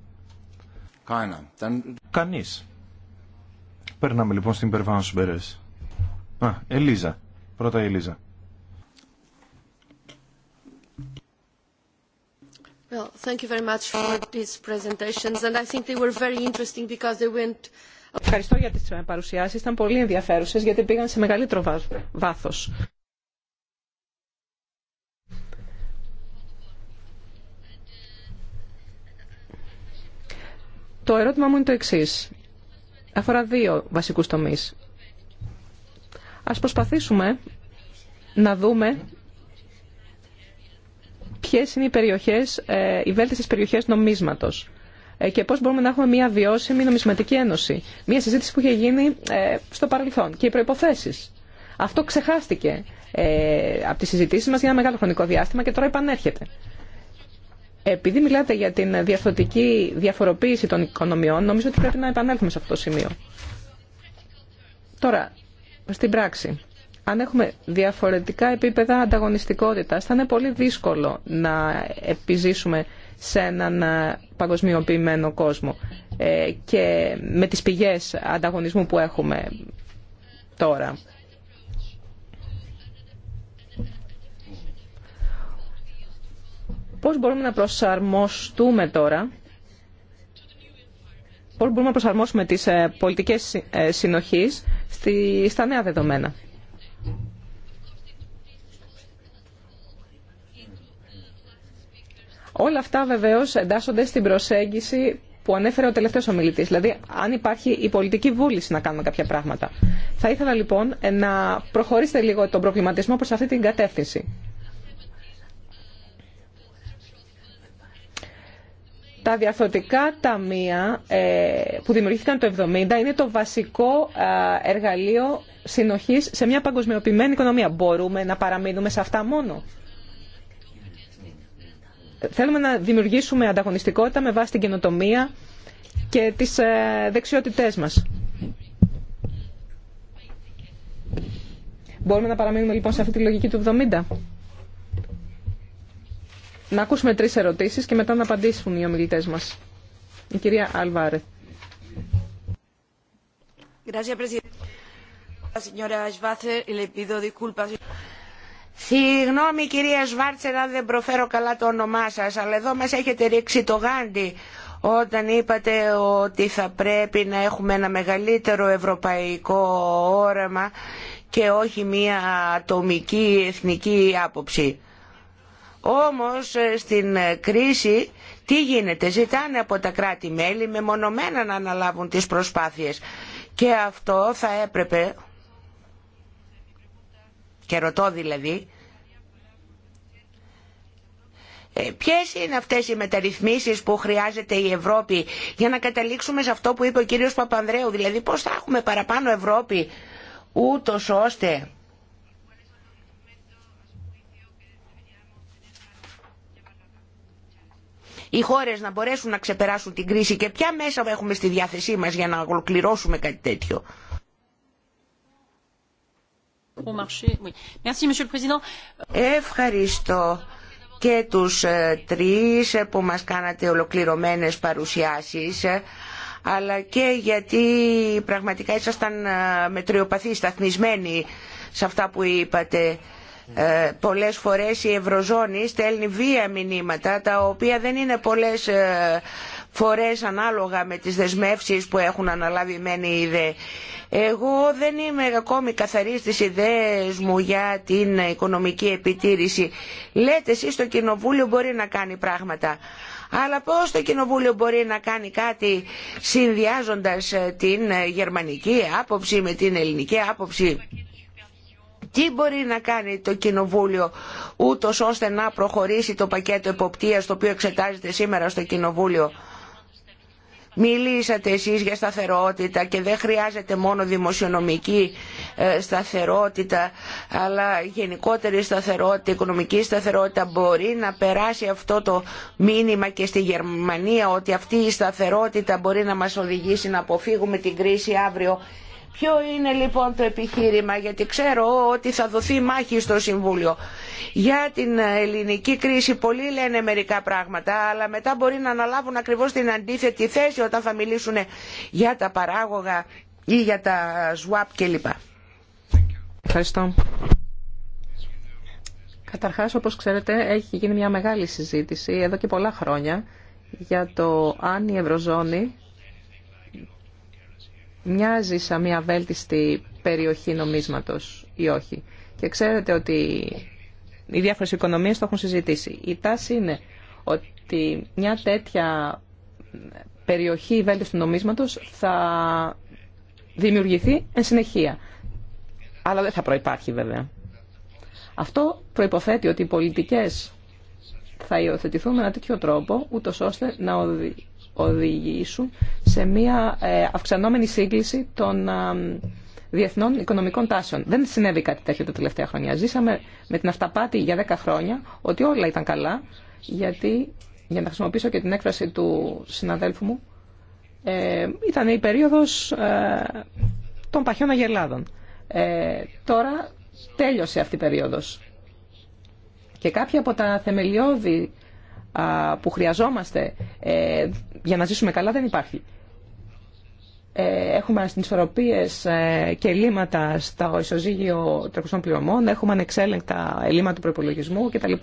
Speaker 1: Κανεί Περνάμε λοιπόν στην Περβάνο Σουμπερέ. Α, Ελίζα. Πρώτα η Ελίζα.
Speaker 4: thank you very
Speaker 3: Ευχαριστώ για τις ε, παρουσιάσεις. Ήταν πολύ ενδιαφέρουσες γιατί πήγαν σε μεγαλύτερο βάθος. Το ερώτημα μου είναι το εξής. Αφορά δύο βασικούς τομείς. Ας προσπαθήσουμε να δούμε Ποιε είναι οι περιοχές, ε, οι βέλτιστες περιοχές νομίσματος ε, και πώς μπορούμε να έχουμε μια βιώσιμη νομισματική ένωση. Μια συζήτηση που είχε γίνει ε, στο παρελθόν και οι προποθέσει. Αυτό ξεχάστηκε από τι συζητήσει μας για ένα μεγάλο χρονικό διάστημα και τώρα επανέρχεται. Επειδή μιλάτε για την διαφορετική διαφοροποίηση των οικονομιών, νομίζω ότι πρέπει να επανέλθουμε σε αυτό το σημείο. Τώρα, στην πράξη αν έχουμε διαφορετικά επίπεδα ανταγωνιστικότητας, θα είναι πολύ δύσκολο να επιζήσουμε σε έναν ε, παγκοσμιοποιημένο κόσμο ε, και με τις πηγές ανταγωνισμού που έχουμε τώρα. Πώς μπορούμε να προσαρμοστούμε τώρα, πώς μπορούμε να προσαρμόσουμε τις ε, πολιτικές συνοχής στα νέα δεδομένα. Όλα αυτά βεβαίως εντάσσονται στην προσέγγιση που ανέφερε ο τελευταίος ομιλητής, δηλαδή αν υπάρχει η πολιτική βούληση να κάνουμε κάποια πράγματα. Θα ήθελα λοιπόν να προχωρήσετε λίγο τον προβληματισμό προς αυτή την κατεύθυνση. Τα διαφθορτικά ταμεία ε, που δημιουργήθηκαν το 1970 είναι το βασικό ε, εργαλείο συνοχής σε μια παγκοσμιοποιημένη οικονομία. Μπορούμε να παραμείνουμε σε αυτά μόνο θέλουμε να δημιουργήσουμε ανταγωνιστικότητα με βάση την καινοτομία και τις ε, δεξιότητές μας. Μπορούμε να παραμείνουμε λοιπόν σε αυτή τη λογική του 70. Να ακούσουμε τρεις ερωτήσεις και μετά να απαντήσουν οι ομιλητές μας. Η κυρία Αλβάρε.
Speaker 6: Συγγνώμη κυρία Σβάρτσερ αν δεν προφέρω καλά το όνομά σας, αλλά εδώ μας έχετε ρίξει το γάντι όταν είπατε ότι θα πρέπει να έχουμε ένα μεγαλύτερο ευρωπαϊκό όραμα και όχι μία ατομική εθνική άποψη. Όμως ε, στην ε, κρίση τι γίνεται, ζητάνε από τα κράτη-μέλη μεμονωμένα να αναλάβουν τις προσπάθειες και αυτό θα έπρεπε και ρωτώ δηλαδή, ε, ποιες είναι αυτές οι μεταρρυθμίσεις που χρειάζεται η Ευρώπη για να καταλήξουμε σε αυτό που είπε ο κύριος Παπανδρέου, δηλαδή πώς θα έχουμε παραπάνω Ευρώπη ούτως ώστε... οι χώρε να μπορέσουν να ξεπεράσουν την κρίση και ποια μέσα έχουμε στη διάθεσή μα για να ολοκληρώσουμε κάτι τέτοιο. Ευχαριστώ και τους ε, τρεις ε, που μας κάνατε ολοκληρωμένες παρουσιάσεις ε, αλλά και γιατί πραγματικά ήσασταν μετριοπαθείς, σταθμισμένοι σε αυτά που είπατε. Ε, πολλές φορές η Ευρωζώνη στέλνει βία μηνύματα τα οποία δεν είναι πολλές φορές ανάλογα με τις δεσμεύσεις που έχουν αναλάβει μένει οι ΔΕ. Εγώ δεν είμαι ακόμη καθαρή στις ιδέες μου για την οικονομική επιτήρηση. Λέτε εσείς το Κοινοβούλιο μπορεί να κάνει πράγματα. Αλλά πώς το Κοινοβούλιο μπορεί να κάνει κάτι συνδυάζοντας ε, την ε, γερμανική άποψη με την ελληνική άποψη. Τι μπορεί να κάνει το Κοινοβούλιο ούτως ώστε να προχωρήσει το πακέτο εποπτείας το οποίο εξετάζεται σήμερα στο Κοινοβούλιο Μιλήσατε εσείς για σταθερότητα και δεν χρειάζεται μόνο δημοσιονομική ε, σταθερότητα αλλά γενικότερη σταθερότητα, οικονομική σταθερότητα. Μπορεί να περάσει αυτό το μήνυμα και στη Γερμανία ότι αυτή η σταθερότητα μπορεί να μας οδηγήσει να αποφύγουμε την κρίση αύριο Ποιο είναι λοιπόν το επιχείρημα, γιατί ξέρω ότι θα δοθεί μάχη στο Συμβούλιο. Για την ελληνική κρίση πολλοί λένε μερικά πράγματα, αλλά μετά μπορεί να αναλάβουν ακριβώς την αντίθετη θέση όταν θα μιλήσουν για τα παράγωγα ή για τα ΣΒΑΠ κλπ.
Speaker 3: Ευχαριστώ. Καταρχάς, όπως ξέρετε, έχει γίνει μια μεγάλη συζήτηση εδώ και πολλά χρόνια για το αν η Ευρωζώνη μοιάζει σαν μια βέλτιστη περιοχή νομίσματος ή όχι. Και ξέρετε ότι οι διάφορες οικονομίες το έχουν συζητήσει. Η τάση είναι ότι μια τέτοια περιοχή βέλτιστη νομίσματος θα δημιουργηθεί εν συνεχεία. Αλλά δεν θα προϋπάρχει βέβαια. Αυτό προϋποθέτει ότι οι πολιτικές θα υιοθετηθούν με ένα τέτοιο τρόπο, ούτω ώστε να, οδηγήσουν σε μια ε, αυξανόμενη σύγκληση των ε, διεθνών οικονομικών τάσεων. Δεν συνέβη κάτι τέτοιο τα τελευταία χρόνια. Ζήσαμε με την αυταπάτη για 10 χρόνια ότι όλα ήταν καλά, γιατί, για να χρησιμοποιήσω και την έκφραση του συναδέλφου μου, ε, ήταν η περίοδος ε, των παχιών αγελάδων. Ε, τώρα τέλειωσε αυτή η περίοδος. Και κάποια από τα θεμελιώδη που χρειαζόμαστε ε, για να ζήσουμε καλά δεν υπάρχει. Ε, έχουμε ε, και ελλείμματα στο ισοζύγιο τρεχουσών πληρωμών, έχουμε ανεξέλεγκτα ελλείμματα του προπολογισμού κτλ.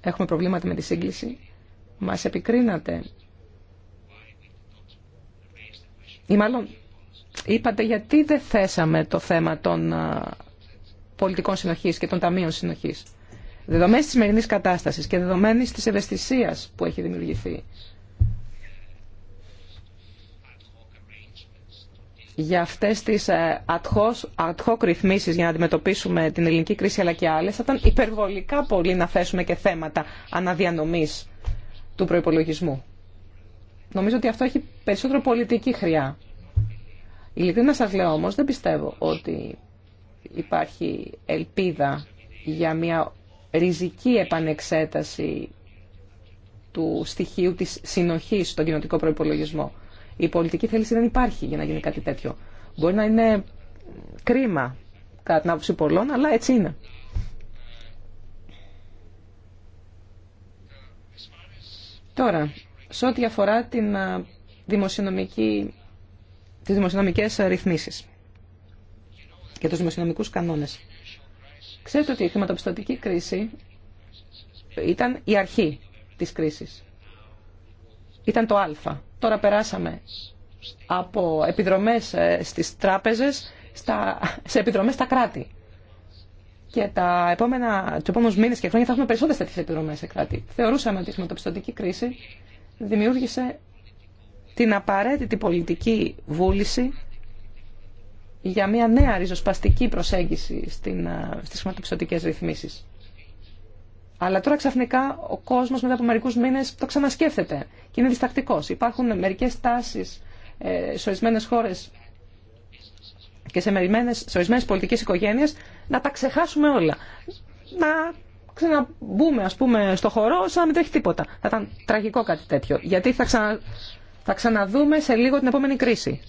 Speaker 3: Έχουμε προβλήματα με τη σύγκληση. Μας επικρίνατε. Ή μάλλον είπατε γιατί δεν θέσαμε το θέμα των πολιτικών συνοχής και των ταμείων συνοχής. Δεδομένης της σημερινή κατάστασης και δεδομένης της ευαισθησία που έχει δημιουργηθεί για αυτές τις ε, ad hoc ρυθμίσεις για να αντιμετωπίσουμε την ελληνική κρίση αλλά και άλλες θα ήταν υπερβολικά πολύ να θέσουμε και θέματα αναδιανομής του προϋπολογισμού. Νομίζω ότι αυτό έχει περισσότερο πολιτική χρειά. Ειλικρινά σας λέω όμως, δεν πιστεύω ότι υπάρχει ελπίδα για μια ριζική επανεξέταση του στοιχείου της συνοχής στον κοινοτικό προϋπολογισμό. Η πολιτική θέληση δεν υπάρχει για να γίνει κάτι τέτοιο. Μπορεί να είναι κρίμα κατά την άποψη πολλών, αλλά έτσι είναι. Τώρα, σε ό,τι αφορά την δημοσιονομική, τις δημοσιονομικές ρυθμίσεις και τους δημοσιονομικούς κανόνες. Ξέρετε ότι η χρηματοπιστωτική κρίση ήταν η αρχή της κρίσης. Ήταν το α. Τώρα περάσαμε από επιδρομές ε, στις τράπεζες στα, σε επιδρομές στα κράτη. Και τα επόμενα, τους επόμενους μήνες και χρόνια θα έχουμε περισσότερες τέτοιες επιδρομές σε κράτη. Θεωρούσαμε ότι η χρηματοπιστωτική κρίση δημιούργησε την απαραίτητη πολιτική βούληση για μια νέα ριζοσπαστική προσέγγιση στην, ε, στις χρηματοπιστωτικές ρυθμίσεις. Αλλά τώρα ξαφνικά ο κόσμος μετά από μερικούς μήνες το ξανασκέφτεται και είναι διστακτικό. Υπάρχουν μερικές τάσεις ε, σε ορισμένε χώρες και σε, σε ορισμένε πολιτικές οικογένειες να τα ξεχάσουμε όλα. Να ξαναμπούμε ας πούμε στο χορό σαν να μην τρέχει τίποτα. Θα ήταν τραγικό κάτι τέτοιο. Γιατί θα, ξανα... θα ξαναδούμε σε λίγο την επόμενη κρίση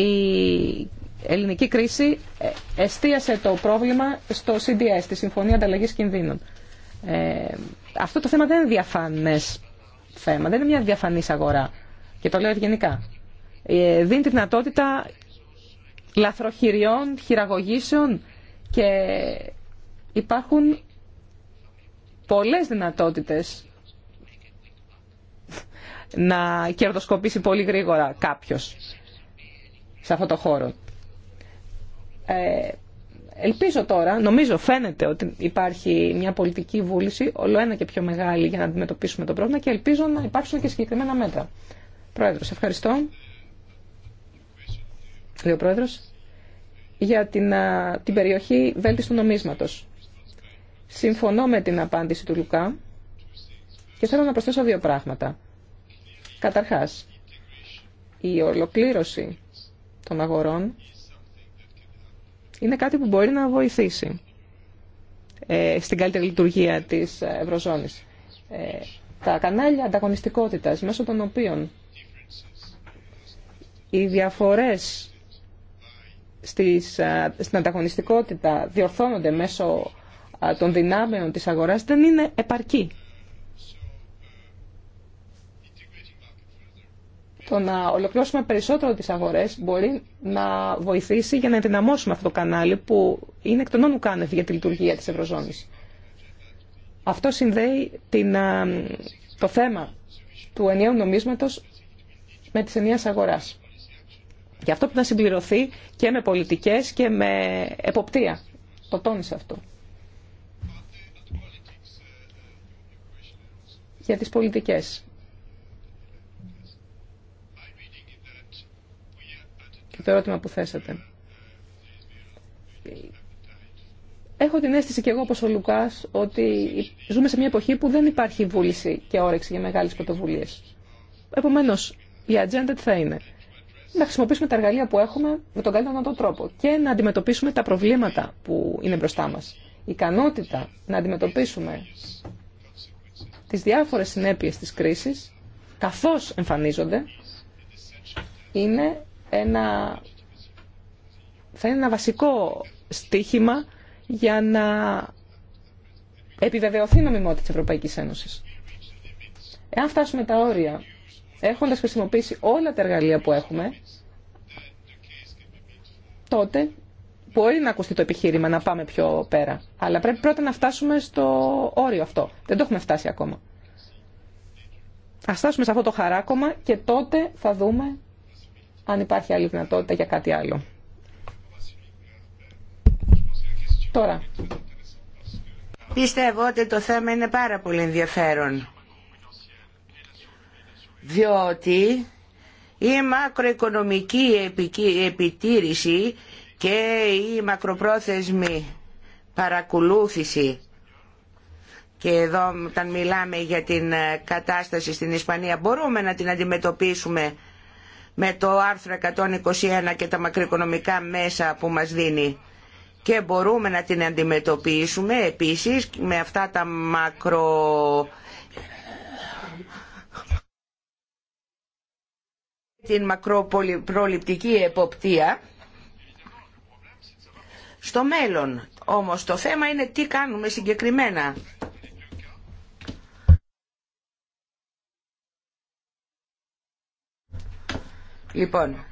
Speaker 3: η ελληνική κρίση ε, εστίασε το πρόβλημα στο CDS, τη Συμφωνία ανταλλαγή Κινδύνων. Ε, αυτό το θέμα δεν είναι διαφανές θέμα, δεν είναι μια διαφανής αγορά. Και το λέω γενικά. Ε, δίνει τη δυνατότητα λαθροχειριών, χειραγωγήσεων και υπάρχουν πολλές δυνατότητες να κερδοσκοπήσει πολύ γρήγορα κάποιος σε αυτό το χώρο. Ε, ελπίζω τώρα, νομίζω φαίνεται ότι υπάρχει μια πολιτική βούληση, όλο ένα και πιο μεγάλη για να αντιμετωπίσουμε το πρόβλημα και ελπίζω να υπάρξουν και συγκεκριμένα μέτρα. Πρόεδρος, ευχαριστώ. Λέει για την, την περιοχή βέλτιστου νομίσματος. Συμφωνώ με την απάντηση του Λουκά και θέλω να προσθέσω δύο πράγματα. Καταρχάς, η ολοκλήρωση των αγορών είναι κάτι που μπορεί να βοηθήσει ε, στην καλύτερη λειτουργία της Ευρωζώνης. Ε, τα κανάλια ανταγωνιστικότητας μέσω των οποίων οι διαφορές στις, ε, στην ανταγωνιστικότητα διορθώνονται μέσω των δυνάμεων της αγοράς δεν είναι επαρκή. Το να ολοκληρώσουμε περισσότερο τις αγορές μπορεί να βοηθήσει για να ενδυναμώσουμε αυτό το κανάλι που είναι εκ των όνου κάνευ για τη λειτουργία της Ευρωζώνης. Αυτό συνδέει την, το θέμα του ενιαίου νομίσματος με τις ενιαίες αγοράς. Γι' αυτό πρέπει να συμπληρωθεί και με πολιτικές και με εποπτεία. Το τόνισε αυτό. Για τις πολιτικές. το ερώτημα που θέσατε. Έχω την αίσθηση και εγώ όπως ο Λουκάς ότι ζούμε σε μια εποχή που δεν υπάρχει βούληση και όρεξη για μεγάλες πρωτοβουλίε. Επομένως, η ατζέντα τι θα είναι. Να χρησιμοποιήσουμε τα εργαλεία που έχουμε με τον καλύτερο τρόπο και να αντιμετωπίσουμε τα προβλήματα που είναι μπροστά μας. Η ικανότητα να αντιμετωπίσουμε τις διάφορες συνέπειες της κρίσης καθώς εμφανίζονται είναι ένα, θα είναι ένα βασικό στίχημα για να επιβεβαιωθεί η νομιμότητα της Ευρωπαϊκής Ένωσης. Εάν φτάσουμε τα όρια, έχοντας χρησιμοποιήσει όλα τα εργαλεία που έχουμε, τότε μπορεί να ακουστεί το επιχείρημα να πάμε πιο πέρα. Αλλά πρέπει πρώτα να φτάσουμε στο όριο αυτό. Δεν το έχουμε φτάσει ακόμα. Ας φτάσουμε σε αυτό το χαράκομα και τότε θα δούμε
Speaker 6: αν υπάρχει άλλη δυνατότητα για κάτι άλλο. Τώρα. Πιστεύω ότι το θέμα είναι πάρα πολύ ενδιαφέρον. Διότι η μακροοικονομική επιτήρηση και η μακροπρόθεσμη παρακολούθηση και εδώ όταν μιλάμε για την ε, κατάσταση στην Ισπανία μπορούμε να την αντιμετωπίσουμε με το άρθρο 121 και τα μακροοικονομικά μέσα που μας δίνει και μπορούμε να την αντιμετωπίσουμε επίσης με αυτά τα μακρο... την μακροπροληπτική εποπτεία στο μέλλον. Όμως το θέμα είναι τι κάνουμε συγκεκριμένα. Λοιπόν,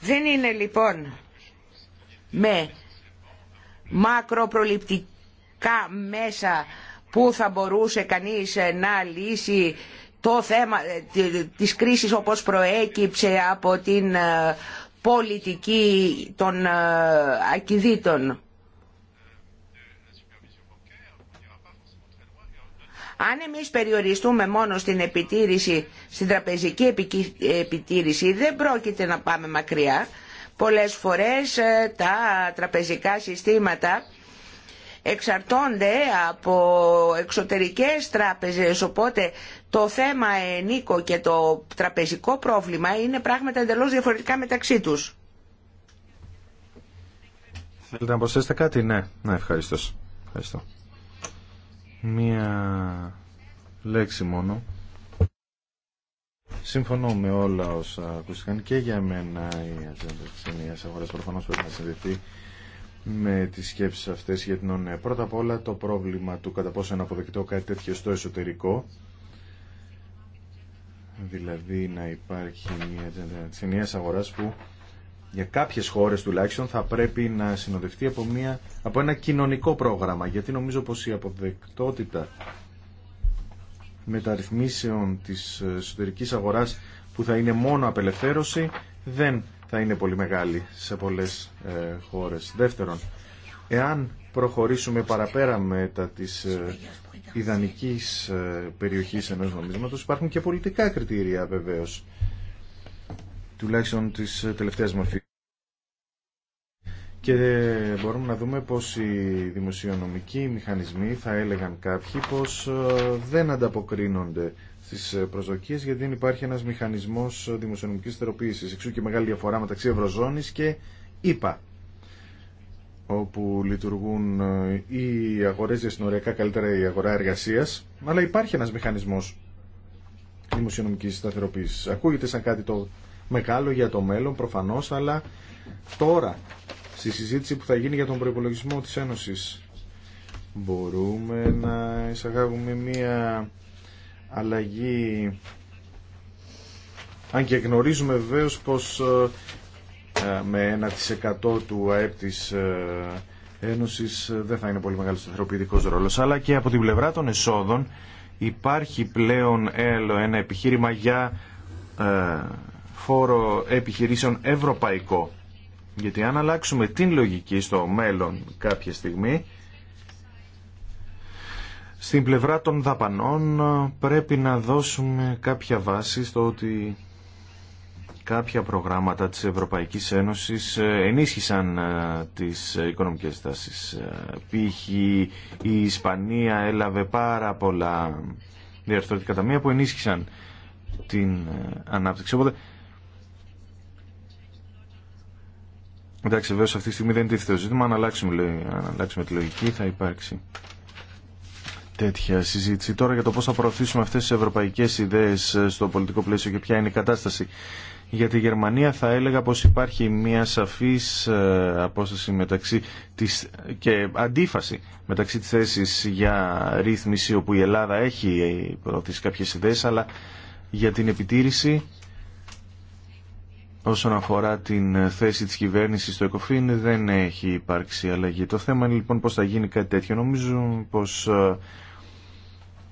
Speaker 6: δεν είναι λοιπόν με μακροπροληπτικά μέσα που θα μπορούσε κανείς ε, να λύσει το θέμα ε, της κρίσης όπως προέκυψε από την ε, πολιτική των ακιδίτων. Αν εμείς περιοριστούμε μόνο στην επιτήρηση, στην τραπεζική επιτήρηση, δεν πρόκειται να πάμε μακριά. Πολλές φορές ε, τα τραπεζικά συστήματα εξαρτώνται από εξωτερικές τράπεζες, οπότε το θέμα ενίκο και το τραπεζικό πρόβλημα είναι πράγματα εντελώς διαφορετικά μεταξύ τους.
Speaker 1: Θέλετε να προσθέσετε κάτι, ναι. Ναι, ευχαριστώ. ευχαριστώ μία λέξη μόνο. Συμφωνώ με όλα όσα ακούστηκαν και για μένα η ατζέντα της Ενίας αγοράς προφανώς πρέπει να συνδεθεί με τις σκέψεις αυτές για την ΟΝΕ. Πρώτα απ' όλα το πρόβλημα του κατά πόσο είναι αποδεκτό κάτι τέτοιο στο εσωτερικό δηλαδή να υπάρχει μια ατζέντα της Ενίας αγοράς που για κάποιες χώρες τουλάχιστον θα πρέπει να συνοδευτεί από, μια, από ένα κοινωνικό πρόγραμμα γιατί νομίζω πως η αποδεκτότητα μεταρρυθμίσεων της εσωτερική αγοράς που θα είναι μόνο απελευθέρωση δεν θα είναι πολύ μεγάλη σε πολλές ε, χώρες. Δεύτερον, εάν προχωρήσουμε παραπέρα μετά της ε, ιδανικής ε, περιοχής ενός νομίσματος υπάρχουν και πολιτικά κριτήρια βεβαίως τουλάχιστον της ε, τελευταίας μορφή. Και ε, μπορούμε να δούμε πως οι δημοσιονομικοί μηχανισμοί θα έλεγαν κάποιοι πως ε, δεν ανταποκρίνονται στις προσδοκίες γιατί δεν υπάρχει ένας μηχανισμός δημοσιονομικής θεροποίησης. Εξού και μεγάλη διαφορά μεταξύ Ευρωζώνης και ΕΠΑ όπου λειτουργούν οι αγορές διασυνοριακά καλύτερα η αγορά εργασίας αλλά υπάρχει ένας μηχανισμός δημοσιονομικής σταθεροποίησης. Ακούγεται σαν κάτι το μεγάλο για το μέλλον προφανώς, αλλά τώρα στη συζήτηση που θα γίνει για τον προπολογισμό της Ένωσης μπορούμε να εισαγάγουμε μία αλλαγή αν και γνωρίζουμε βεβαίως πως ε, ε, με 1% του ΑΕΠ της ε, Ένωσης δεν θα είναι πολύ μεγάλο ανθρωπιδικός ρόλος αλλά και από την πλευρά των εσόδων υπάρχει πλέον ένα επιχείρημα για φόρο επιχειρήσεων ευρωπαϊκό. Γιατί αν αλλάξουμε την λογική στο μέλλον κάποια στιγμή, στην πλευρά των δαπανών πρέπει να δώσουμε κάποια βάση στο ότι κάποια προγράμματα της Ευρωπαϊκής Ένωσης ε, ενίσχυσαν ε, τις οικονομικές τάσεις. Ε, π.χ. η Ισπανία έλαβε πάρα πολλά διαρθρωτικά ταμεία που ενίσχυσαν την ανάπτυξη. Εντάξει, βέβαια αυτή τη στιγμή δεν τίθεται το ζήτημα. Αν αλλάξουμε, λέει, τη λογική θα υπάρξει τέτοια συζήτηση. Τώρα για το πώς θα προωθήσουμε αυτές τις ευρωπαϊκές ιδέες ε, στο πολιτικό πλαίσιο και ποια είναι η κατάσταση. Για τη Γερμανία θα έλεγα πως υπάρχει μια σαφής ε, απόσταση μεταξύ της, και αντίφαση μεταξύ της θέσης για ρύθμιση όπου η Ελλάδα έχει ε, προωθήσει κάποιες ιδέες αλλά για την επιτήρηση Όσον αφορά την θέση της κυβέρνησης στο ΕΚΟΦΗΝ δεν έχει υπάρξει αλλαγή. Το θέμα είναι λοιπόν πώς θα γίνει κάτι τέτοιο. Νομίζω πως ε,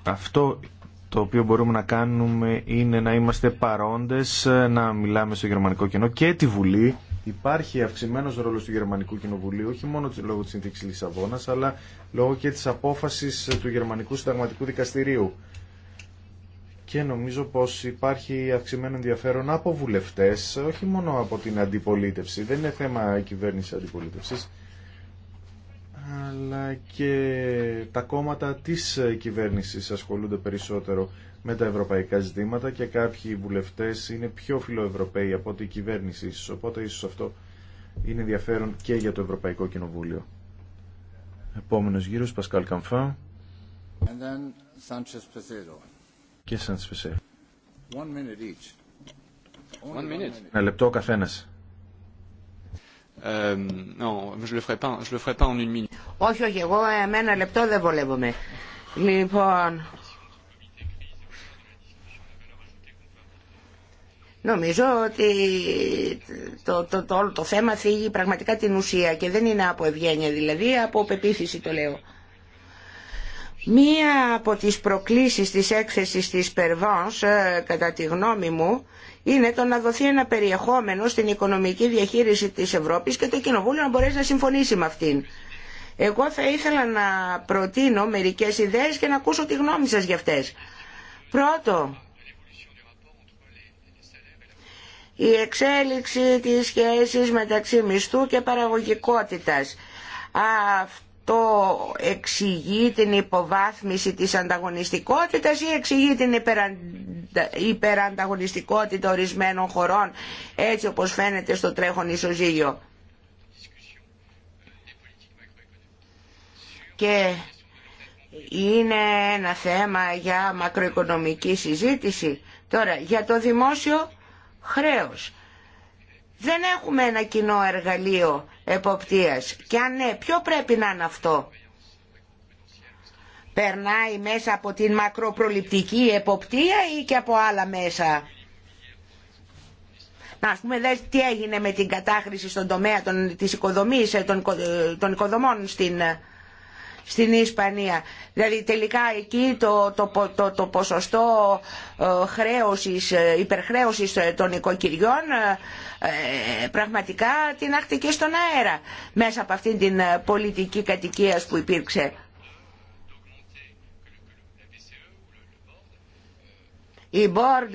Speaker 1: αυτό το οποίο μπορούμε να κάνουμε είναι να είμαστε παρόντες, ε, να μιλάμε στο γερμανικό κοινό και τη Βουλή. Υπάρχει αυξημένο ρόλο του Γερμανικού Κοινοβουλίου, όχι μόνο λόγω τη συνθήκη Λισαβόνα, αλλά λόγω και τη απόφαση του Γερμανικού Συνταγματικού Δικαστηρίου και νομίζω πως υπάρχει αυξημένο ενδιαφέρον από βουλευτές, όχι μόνο από την αντιπολίτευση. Δεν είναι θέμα κυβέρνηση αντιπολίτευσης, αλλά και τα κόμματα της κυβέρνησης ασχολούνται περισσότερο με τα ευρωπαϊκά ζητήματα και κάποιοι βουλευτές είναι πιο φιλοευρωπαίοι από ότι η κυβέρνηση ίσως. Οπότε ίσως αυτό είναι ενδιαφέρον και για το Ευρωπαϊκό Κοινοβούλιο. Επόμενος γύρος, Πασκάλ Καμφά.
Speaker 5: And then
Speaker 1: και σαν Ένα λεπτό ο καθένας.
Speaker 6: Όχι, όχι, εγώ ε, με ένα λεπτό δεν βολεύομαι. Λοιπόν, Νομίζω ότι το, το, το, το, το θέμα θίγει πραγματικά την ουσία και δεν είναι από ευγένεια δηλαδή, από πεποίθηση το λέω. Μία από τις προκλήσεις της έκθεσης της Περβάνς, ε, κατά τη γνώμη μου, είναι το να δοθεί ένα περιεχόμενο στην οικονομική διαχείριση της Ευρώπης και το Κοινοβούλιο να μπορέσει να συμφωνήσει με αυτήν. Εγώ θα ήθελα να προτείνω μερικές ιδέες και να ακούσω τη γνώμη σας για αυτές. Πρώτο, η εξέλιξη της σχέσης μεταξύ μισθού και παραγωγικότητας. Αυτό το εξηγεί την υποβάθμιση της ανταγωνιστικότητας ή εξηγεί την υπερανταγωνιστικότητα ορισμένων χωρών έτσι όπως φαίνεται στο τρέχον ισοζύγιο. Και είναι ένα θέμα για μακροοικονομική συζήτηση. Τώρα, για το δημόσιο χρέος. Δεν έχουμε ένα κοινό εργαλείο εποπτείας. Και αν ναι, ποιο πρέπει να είναι αυτό. Περνάει μέσα από την μακροπροληπτική εποπτεία ή και από άλλα μέσα. Να ας πούμε τι έγινε με την κατάχρηση στον τομέα των, της οικοδομής, ε, των, των οικοδομών στην, στην Ισπανία. Δηλαδή τελικά εκεί το, το, το, ποσοστό ε, χρέωσης, ε, υπερχρέωσης ε, των οικοκυριών πραγματικά την άχτηκε στον αέρα μέσα από αυτήν την πολιτική κατοικία που υπήρξε. Η Board,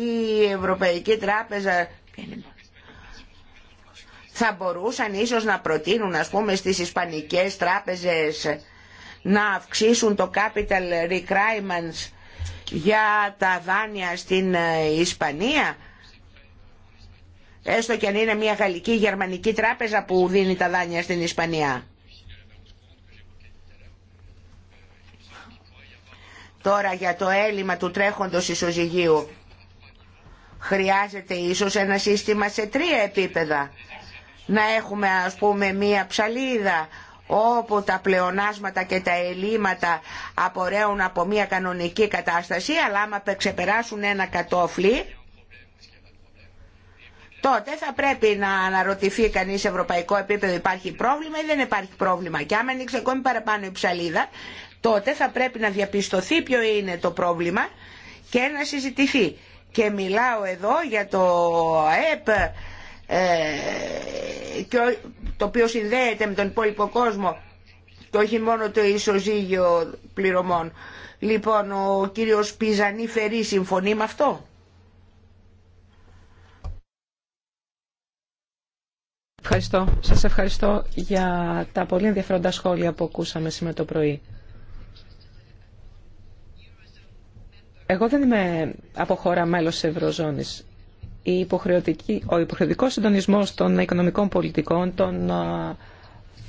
Speaker 6: η Ευρωπαϊκή Τράπεζα θα μπορούσαν ίσως να προτείνουν ας πούμε στις ισπανικές τράπεζες να αυξήσουν το capital requirements για τα δάνεια στην ε, Ισπανία έστω και αν είναι μια γαλλική γερμανική τράπεζα που δίνει τα δάνεια στην Ισπανία. Τώρα για το έλλειμμα του τρέχοντος ισοζυγίου χρειάζεται ίσως ένα σύστημα σε τρία επίπεδα να έχουμε ας πούμε μία ψαλίδα όπου τα πλεονάσματα και τα ελλείμματα απορρέουν από μία κανονική κατάσταση αλλά άμα ξεπεράσουν ένα κατόφλι τότε θα πρέπει να αναρωτηθεί κανείς σε ευρωπαϊκό επίπεδο υπάρχει πρόβλημα ή δεν υπάρχει πρόβλημα και άμα ανοίξει ακόμη παραπάνω η ψαλίδα τότε θα πρέπει να διαπιστωθεί ποιο είναι το πρόβλημα και να συζητηθεί. Και μιλάω εδώ για το ΑΕΠ ε, το οποίο συνδέεται με τον υπόλοιπο κόσμο και όχι μόνο το ισοζύγιο πληρωμών. Λοιπόν, ο κύριος Πιζανή Φερή συμφωνεί με αυτό.
Speaker 3: Ευχαριστώ. Σας ευχαριστώ για τα πολύ ενδιαφέροντα σχόλια που ακούσαμε σήμερα το πρωί. Εγώ δεν είμαι από χώρα μέλος της Ευρωζώνης ο υποχρεωτικός συντονισμός των οικονομικών πολιτικών, των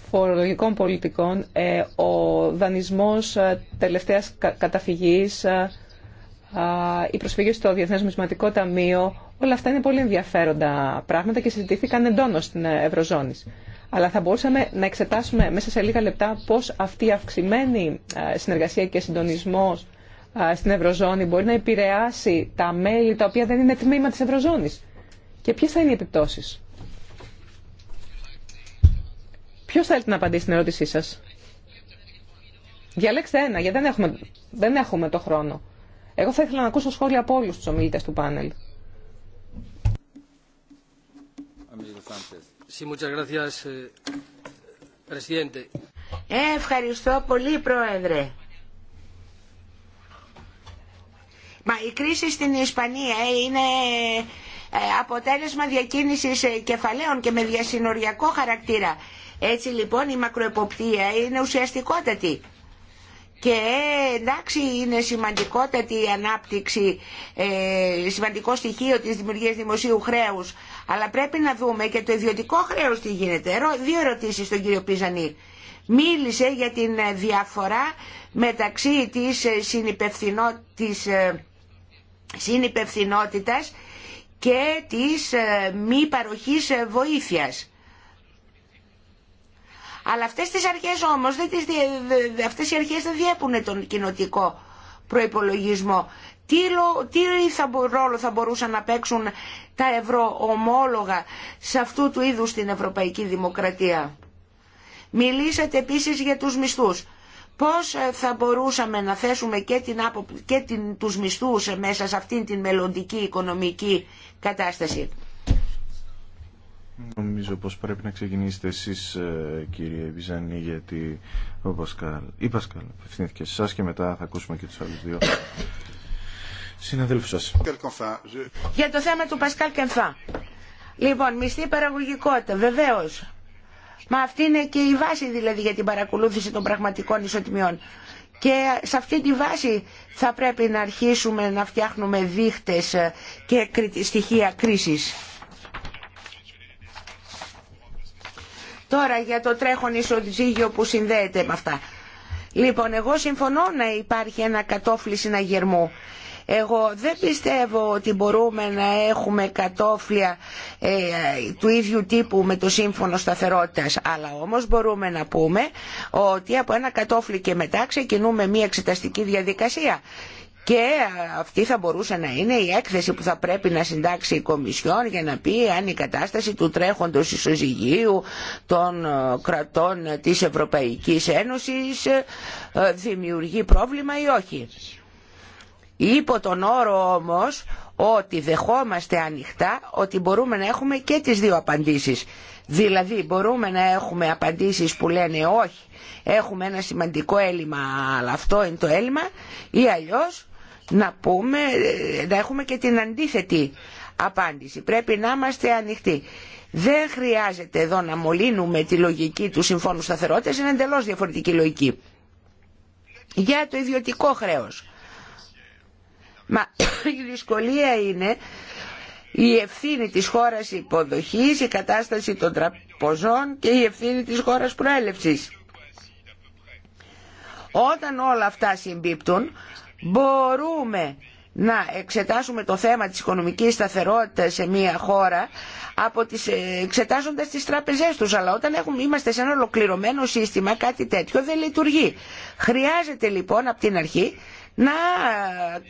Speaker 3: φορολογικών πολιτικών, ε, ο δανεισμός ε, τελευταίας καταφυγής, η ε, προσφυγή στο Διεθνές Μισματικό Ταμείο, όλα αυτά είναι πολύ ενδιαφέροντα πράγματα και συζητήθηκαν εντόνως στην Ευρωζώνη. Αλλά θα μπορούσαμε να εξετάσουμε μέσα σε λίγα λεπτά πώς αυτή η αυξημένη συνεργασία και συντονισμός στην Ευρωζώνη μπορεί να επηρεάσει τα μέλη τα οποία δεν είναι τμήμα της Ευρωζώνης. Και ποιες θα είναι οι επιπτώσεις. Ποιος θέλει να απαντήσει στην ερώτησή σας. Διαλέξτε ένα, γιατί δεν έχουμε, το χρόνο. Εγώ θα ήθελα να ακούσω σχόλια από όλους τους ομιλητές του πάνελ.
Speaker 2: Eh,
Speaker 6: ε, ευχαριστώ πολύ, Πρόεδρε. Μα η κρίση στην Ισπανία ε, είναι ε, αποτέλεσμα διακίνησης ε, κεφαλαίων και με διασυνοριακό χαρακτήρα. Έτσι λοιπόν η μακροεποπτεία είναι ουσιαστικότατη. Και εντάξει είναι σημαντικότατη η ανάπτυξη, σημαντικό στοιχείο της δημιουργίας δημοσίου χρέους, αλλά πρέπει να δούμε και το ιδιωτικό χρέος τι γίνεται. Δύο ερωτήσεις στον κύριο Πιζανή. Μίλησε για την διαφορά μεταξύ της συνυπευθυνότητας, της συνυπευθυνότητας και της ε, μη παροχής ε, βοήθειας. Αλλά αυτές τις αρχές όμως, δεν τις, αυτές οι αρχές δεν διέπουν τον κοινοτικό προϋπολογισμό. Τι, ρόλο θα μπορούσαν να παίξουν τα ευρωομόλογα σε αυτού του είδους την Ευρωπαϊκή Δημοκρατία. Μιλήσατε επίσης για τους μισθούς πώς ε, θα μπορούσαμε να θέσουμε και, την, και την, τους μισθούς ε, μέσα σε αυτήν την μελλοντική οικονομική κατάσταση.
Speaker 1: Νομίζω πως πρέπει να ξεκινήσετε εσείς ε, κύριε Βυζάνη, γιατί ο Πασκάλ, η Πασκάλ απευθύνθηκε σε εσάς και μετά θα ακούσουμε και τους άλλους δύο συναδέλφους σας.
Speaker 6: Για το θέμα του Πασκάλ Κενφά. Λοιπόν, μισθή παραγωγικότητα, βεβαίως. Μα αυτή είναι και η βάση δηλαδή για την παρακολούθηση των πραγματικών ισοτιμιών. Και σε αυτή τη βάση θα πρέπει να αρχίσουμε να φτιάχνουμε δείχτες ε, και στοιχεία κρίσης. Τώρα για το τρέχον ισοζύγιο που συνδέεται με αυτά. Λοιπόν, εγώ συμφωνώ να υπάρχει ένα κατόφλι συναγερμού. Εγώ δεν πιστεύω ότι μπορούμε να έχουμε κατόφλια ε, του ίδιου τύπου με το Σύμφωνο Σταθερότητας. Αλλά όμως μπορούμε να πούμε ότι από ένα κατόφλι και μετά ξεκινούμε μια εξεταστική διαδικασία. Και αυτή θα μπορούσε να είναι η έκθεση που θα πρέπει να συντάξει η Κομισιόν για να πει αν η κατάσταση του τρέχοντος ισοζυγίου των ε, κρατών της Ευρωπαϊκής Ένωσης ε, δημιουργεί πρόβλημα ή όχι. Υπό τον όρο όμως ότι δεχόμαστε ανοιχτά ότι μπορούμε να έχουμε και τις δύο απαντήσεις. Δηλαδή μπορούμε να έχουμε απαντήσεις που λένε όχι, έχουμε ένα σημαντικό έλλειμμα, αλλά αυτό είναι το έλλειμμα ή αλλιώς να, πούμε, να έχουμε και την αντίθετη απάντηση. Πρέπει να είμαστε ανοιχτοί. Δεν χρειάζεται εδώ να μολύνουμε τη λογική του Συμφώνου Σταθερότητας, είναι εντελώς διαφορετική λογική. Για το ιδιωτικό χρέος Μα [coughs] η δυσκολία είναι η ευθύνη της χώρας υποδοχής, η κατάσταση των τραπεζών και η ευθύνη της χώρας προέλευσης. Όταν όλα αυτά συμπίπτουν, μπορούμε να εξετάσουμε το θέμα της οικονομικής σταθερότητας σε μια χώρα από τις, ε, εξετάζοντας τις τράπεζές τους. Αλλά όταν έχουμε, είμαστε σε ένα ολοκληρωμένο σύστημα κάτι τέτοιο δεν λειτουργεί. Χρειάζεται λοιπόν από την αρχή να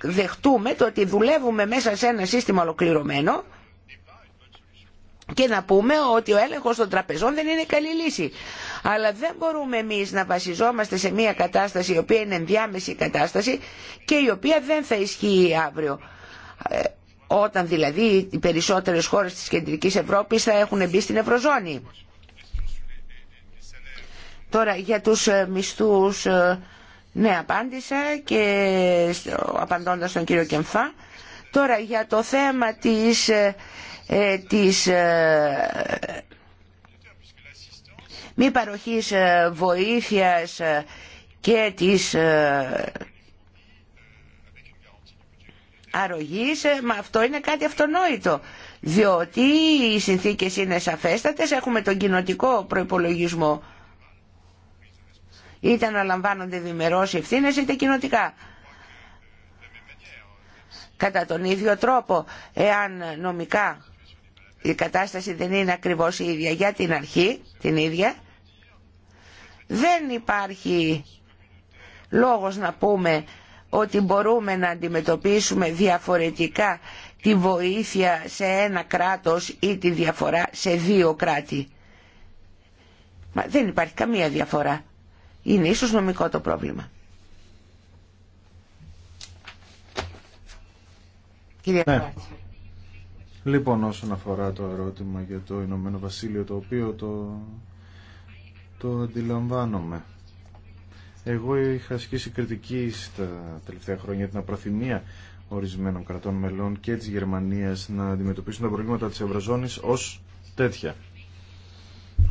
Speaker 6: δεχτούμε το ότι δουλεύουμε μέσα σε ένα σύστημα ολοκληρωμένο και να πούμε ότι ο έλεγχος των τραπεζών δεν είναι καλή λύση. Αλλά δεν μπορούμε εμείς να βασιζόμαστε σε μια κατάσταση η οποία είναι ενδιάμεση κατάσταση και η οποία δεν θα ισχύει αύριο. Ε, όταν δηλαδή οι περισσότερες χώρες της κεντρικής Ευρώπης θα έχουν μπει στην Ευρωζώνη. Τώρα για τους ε, μισθούς ε, ναι, απάντησα και απαντώντας τον κύριο Κεμφά. Τώρα για το θέμα της, ε, ε, της ε, μη παροχής βοήθειας και της ε, αρρωγής, μα αυτό είναι κάτι αυτονόητο. Διότι οι συνθήκες είναι σαφέστατες, έχουμε τον κοινοτικό προϋπολογισμό είτε αναλαμβάνονται λαμβάνονται διμερώς ευθύνε είτε κοινοτικά. Κατά τον ίδιο τρόπο, εάν νομικά η κατάσταση δεν είναι ακριβώς η ίδια για την αρχή, την ίδια, δεν υπάρχει λόγος να πούμε ότι μπορούμε να αντιμετωπίσουμε διαφορετικά τη βοήθεια σε ένα κράτος ή τη διαφορά σε δύο κράτη. Μα δεν υπάρχει καμία διαφορά. Είναι ίσως νομικό το πρόβλημα.
Speaker 1: Ναι. Λοιπόν, όσον αφορά το ερώτημα για το Ηνωμένο Βασίλειο, το οποίο το, το αντιλαμβάνομαι. Εγώ είχα ασκήσει κριτική στα τελευταία χρόνια την απροθυμία ορισμένων κρατών μελών και της Γερμανίας να αντιμετωπίσουν τα προβλήματα της Ευρωζώνης ως τέτοια.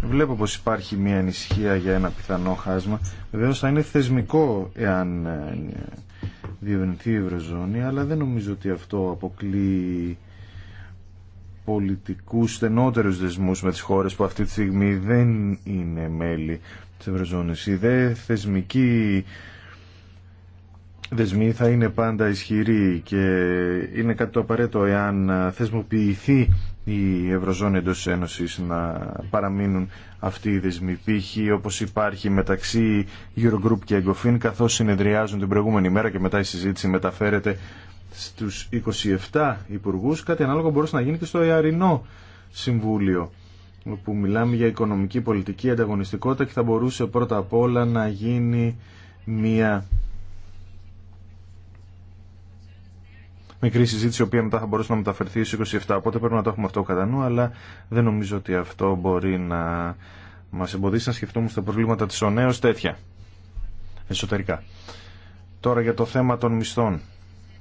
Speaker 1: Βλέπω πως υπάρχει μια ανησυχία για ένα πιθανό χάσμα. Βεβαίω θα είναι θεσμικό εάν ε, διευρυνθεί η Ευρωζώνη, αλλά δεν νομίζω ότι αυτό αποκλεί πολιτικούς στενότερους δεσμούς με τις χώρες που αυτή τη στιγμή δεν είναι μέλη της Ευρωζώνης. Οι δε θεσμικοί δεσμοί θα είναι πάντα ισχυροί και είναι κάτι το απαραίτητο εάν ε, θεσμοποιηθεί η Ευρωζώνη εντό Ένωση να παραμείνουν αυτοί οι δεσμοί. Π.χ. όπω υπάρχει μεταξύ Eurogroup και Εγκοφίν, καθώ συνεδριάζουν την προηγούμενη μέρα και μετά η συζήτηση μεταφέρεται στου 27 υπουργού. Κάτι ανάλογο μπορούσε να γίνει και στο Ιαρινό Συμβούλιο, όπου μιλάμε για οικονομική πολιτική ανταγωνιστικότητα και θα μπορούσε πρώτα απ' όλα να γίνει μια μικρή συζήτηση, η οποία μετά θα μπορούσε να μεταφερθεί στις 27. Οπότε πρέπει να το έχουμε αυτό κατά νου, αλλά δεν νομίζω ότι αυτό μπορεί να μας εμποδίσει να σκεφτούμε στα προβλήματα τη ΟΝΕ τέτοια εσωτερικά. Τώρα για το θέμα των μισθών.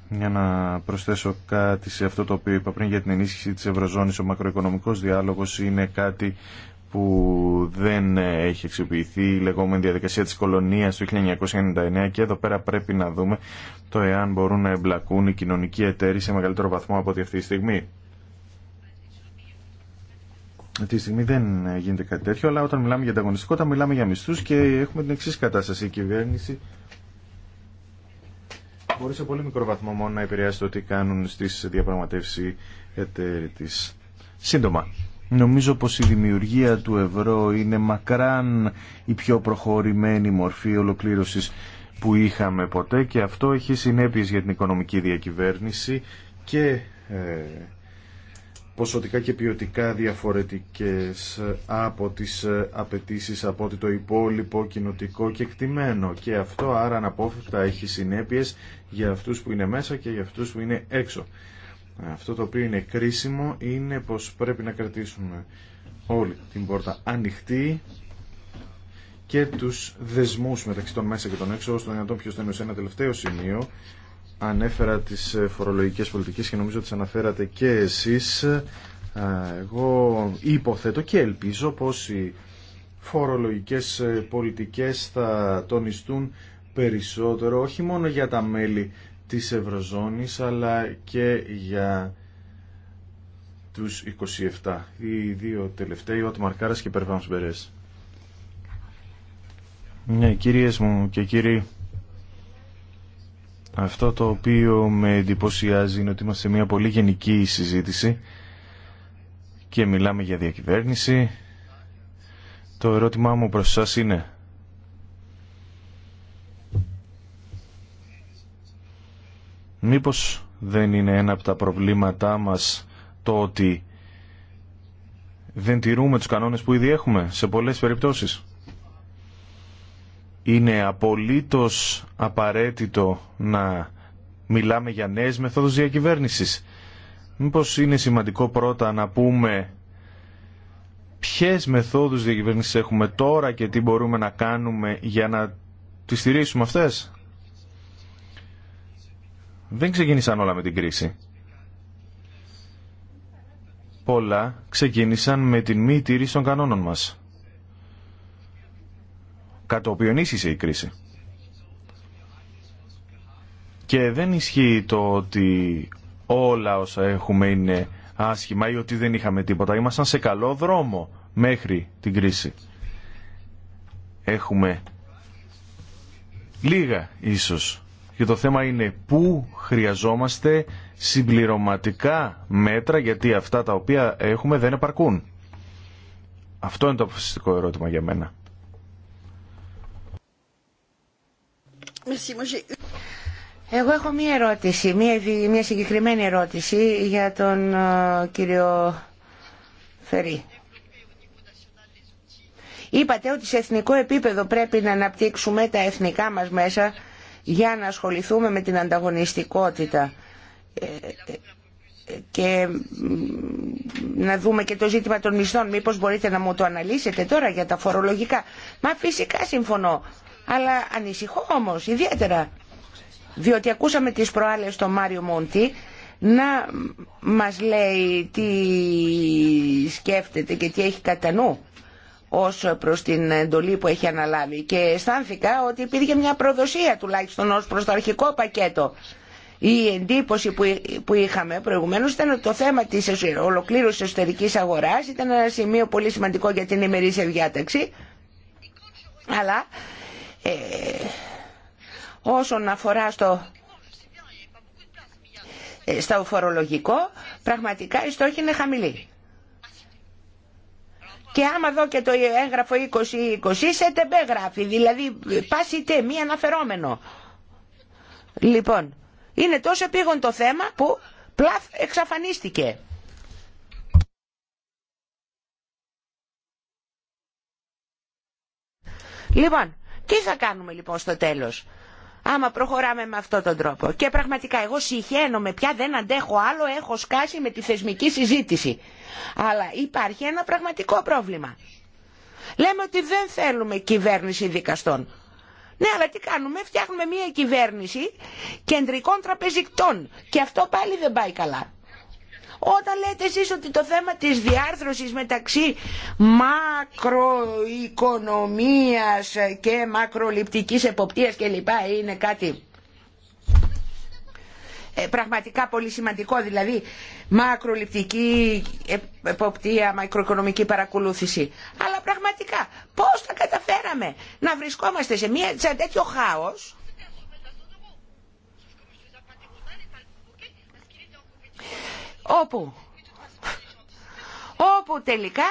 Speaker 1: Για να προσθέσω κάτι σε αυτό το οποίο είπα πριν για την ενίσχυση της Ευρωζώνης, ο μακροοικονομικός διάλογος είναι κάτι που δεν έχει αξιοποιηθεί η λεγόμενη διαδικασία της κολονίας του 1999 και εδώ πέρα πρέπει να δούμε το εάν μπορούν να εμπλακούν οι κοινωνικοί εταίροι σε μεγαλύτερο βαθμό από ό,τι αυτή τη στιγμή. Αυτή τη στιγμή δεν γίνεται κάτι τέτοιο, αλλά όταν μιλάμε για ανταγωνιστικότητα μιλάμε για μισθούς και έχουμε την εξή κατάσταση. Η κυβέρνηση μπορεί σε πολύ μικρό βαθμό μόνο να επηρεάσει το τι κάνουν στις διαπραγματεύσεις εταίροι της. Σύντομα, Νομίζω πως η δημιουργία του ευρώ είναι μακράν η πιο προχωρημένη μορφή ολοκλήρωσης που είχαμε ποτέ και αυτό έχει συνέπειες για την οικονομική διακυβέρνηση και ε, ποσοτικά και ποιοτικά διαφορετικές από τις ε, απαιτήσεις από το υπόλοιπο κοινοτικό και εκτιμένο. Και αυτό άρα αναπόφευκτα έχει συνέπειες για αυτούς που είναι μέσα και για αυτούς που είναι έξω. Αυτό το οποίο είναι κρίσιμο είναι πως πρέπει να κρατήσουμε όλη την πόρτα ανοιχτή και τους δεσμούς μεταξύ των μέσα και των έξω, ώστε να τον πιο στενό σε ένα τελευταίο σημείο. Ανέφερα τις ε, φορολογικές πολιτικές και νομίζω τις αναφέρατε και εσείς. Εγώ υποθέτω και ελπίζω πως οι φορολογικές ε, πολιτικές θα τονιστούν περισσότερο, όχι μόνο για τα μέλη της Ευρωζώνης αλλά και για τους 27. Οι δύο τελευταίοι, ο Ατμαρκάρας και Περβάμς Μπερές. Ναι, κυρίες μου και κύριοι, αυτό το οποίο με εντυπωσιάζει είναι ότι είμαστε μια πολύ γενική συζήτηση και μιλάμε για διακυβέρνηση. Το ερώτημά μου προς σας είναι Μήπως δεν είναι ένα από τα προβλήματά μας το ότι δεν τηρούμε τους κανόνες που ήδη έχουμε σε πολλές περιπτώσεις. Είναι απολύτως απαραίτητο να μιλάμε για νέες μεθόδους διακυβέρνησης. Μήπως είναι σημαντικό πρώτα να πούμε ποιες μεθόδους διακυβέρνησης έχουμε τώρα και τι μπορούμε να κάνουμε για να τις στηρίσουμε αυτές. Δεν ξεκίνησαν όλα με την κρίση. Πολλά ξεκίνησαν με την μη τήρηση των κανόνων μας. Κατ' η κρίση. Και δεν ισχύει το ότι όλα όσα έχουμε είναι άσχημα ή ότι δεν είχαμε τίποτα. Ήμασταν σε καλό δρόμο μέχρι την κρίση. Έχουμε λίγα ίσως και το θέμα είναι πού χρειαζόμαστε συμπληρωματικά μέτρα γιατί αυτά τα οποία έχουμε δεν επαρκούν. Αυτό είναι το αποφασιστικό ερώτημα για μένα.
Speaker 6: Εγώ έχω μία ερώτηση, μία, μία συγκεκριμένη ερώτηση για τον ε, κύριο Φερή. Είπατε ότι σε εθνικό επίπεδο πρέπει να αναπτύξουμε τα εθνικά μας μέσα για να ασχοληθούμε με την ανταγωνιστικότητα ε, και να δούμε και το ζήτημα των μισθών. Μήπως μπορείτε να μου το αναλύσετε τώρα για τα φορολογικά. Μα φυσικά συμφωνώ, αλλά ανησυχώ όμως ιδιαίτερα. Διότι ακούσαμε τις προάλλες τον Μάριο Μόντι να μας λέει τι σκέφτεται και τι έχει κατά νου ως προς την εντολή που έχει αναλάβει και αισθάνθηκα ότι υπήρχε μια προδοσία τουλάχιστον ως προς το αρχικό πακέτο. Η εντύπωση που είχαμε προηγουμένως ήταν ότι το θέμα της ολοκλήρωσης εσωτερικής αγοράς ήταν ένα σημείο πολύ σημαντικό για την ημερήσια διάταξη αλλά ε, όσον αφορά στο, ε, στο φορολογικό πραγματικά η στόχη είναι χαμηλή. Και άμα δω και το έγγραφο 2020, σε τεμπέ γράφει, δηλαδή πάση τε, μη αναφερόμενο. Λοιπόν, είναι τόσο επίγον το θέμα που πλάθ εξαφανίστηκε. Λοιπόν, τι θα κάνουμε λοιπόν στο τέλος άμα προχωράμε με αυτόν τον τρόπο. Και πραγματικά εγώ συχαίνομαι πια, δεν αντέχω άλλο, έχω σκάσει με τη θεσμική συζήτηση. Αλλά υπάρχει ένα πραγματικό πρόβλημα. Λέμε ότι δεν θέλουμε κυβέρνηση δικαστών. Ναι, αλλά τι κάνουμε, φτιάχνουμε μια κυβέρνηση κεντρικών τραπεζικτών. Και αυτό πάλι δεν πάει καλά. Όταν λέτε εσείς ότι το θέμα της διάρθρωσης μεταξύ μακροοικονομίας και μακροληπτικής εποπτείας κλπ είναι κάτι ε, πραγματικά πολύ σημαντικό, δηλαδή μακροληπτική εποπτεία, μακροοικονομική παρακολούθηση. Αλλά πραγματικά πώς θα καταφέραμε να βρισκόμαστε σε, μια, σε τέτοιο χάος όπου, όπου τελικά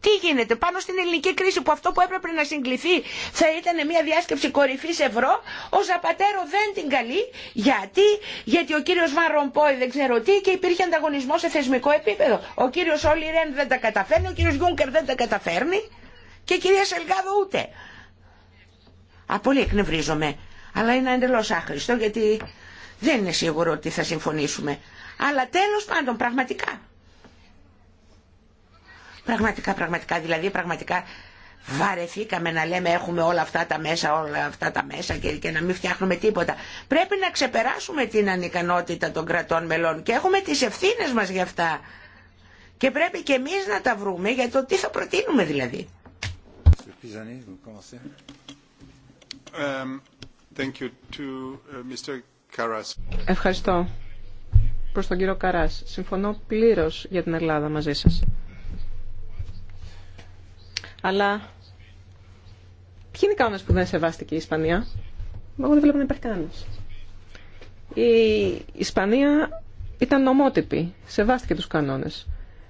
Speaker 6: τι γίνεται πάνω στην ελληνική κρίση που αυτό που έπρεπε να συγκληθεί θα ήταν μια διάσκεψη κορυφής ευρώ, ο Ζαπατέρο δεν την καλεί. Γιατί, γιατί ο κύριος Βαν Ρομπόη δεν ξέρω τι και υπήρχε ανταγωνισμό σε θεσμικό επίπεδο. Ο κύριος Όλι Ρεν δεν τα καταφέρνει, ο κύριος Γιούνκερ δεν τα καταφέρνει και η κυρία Σελγάδο ούτε. Απολύ εκνευρίζομαι, αλλά είναι εντελώς άχρηστο γιατί δεν είναι σίγουρο ότι θα συμφωνήσουμε. Αλλά τέλος πάντων πραγματικά. Πραγματικά, πραγματικά, δηλαδή πραγματικά βαρεθήκαμε να λέμε έχουμε όλα αυτά τα μέσα, όλα αυτά τα μέσα και, και να μην φτιάχνουμε τίποτα. Πρέπει να ξεπεράσουμε την ανικανότητα των κρατών μελών και έχουμε τις ευθύνες μας για αυτά. Και πρέπει και εμείς να τα βρούμε για το τι θα προτείνουμε δηλαδή. Ευχαριστώ
Speaker 3: προς τον κύριο Καράς. Συμφωνώ πλήρως για την Ελλάδα μαζί σας. Αλλά ποιοι είναι οι κανόνες που δεν σεβάστηκε η Ισπανία. Εγώ δεν βλέπω να υπάρχει Η Ισπανία ήταν νομότυπη, σεβάστηκε τους κανόνες.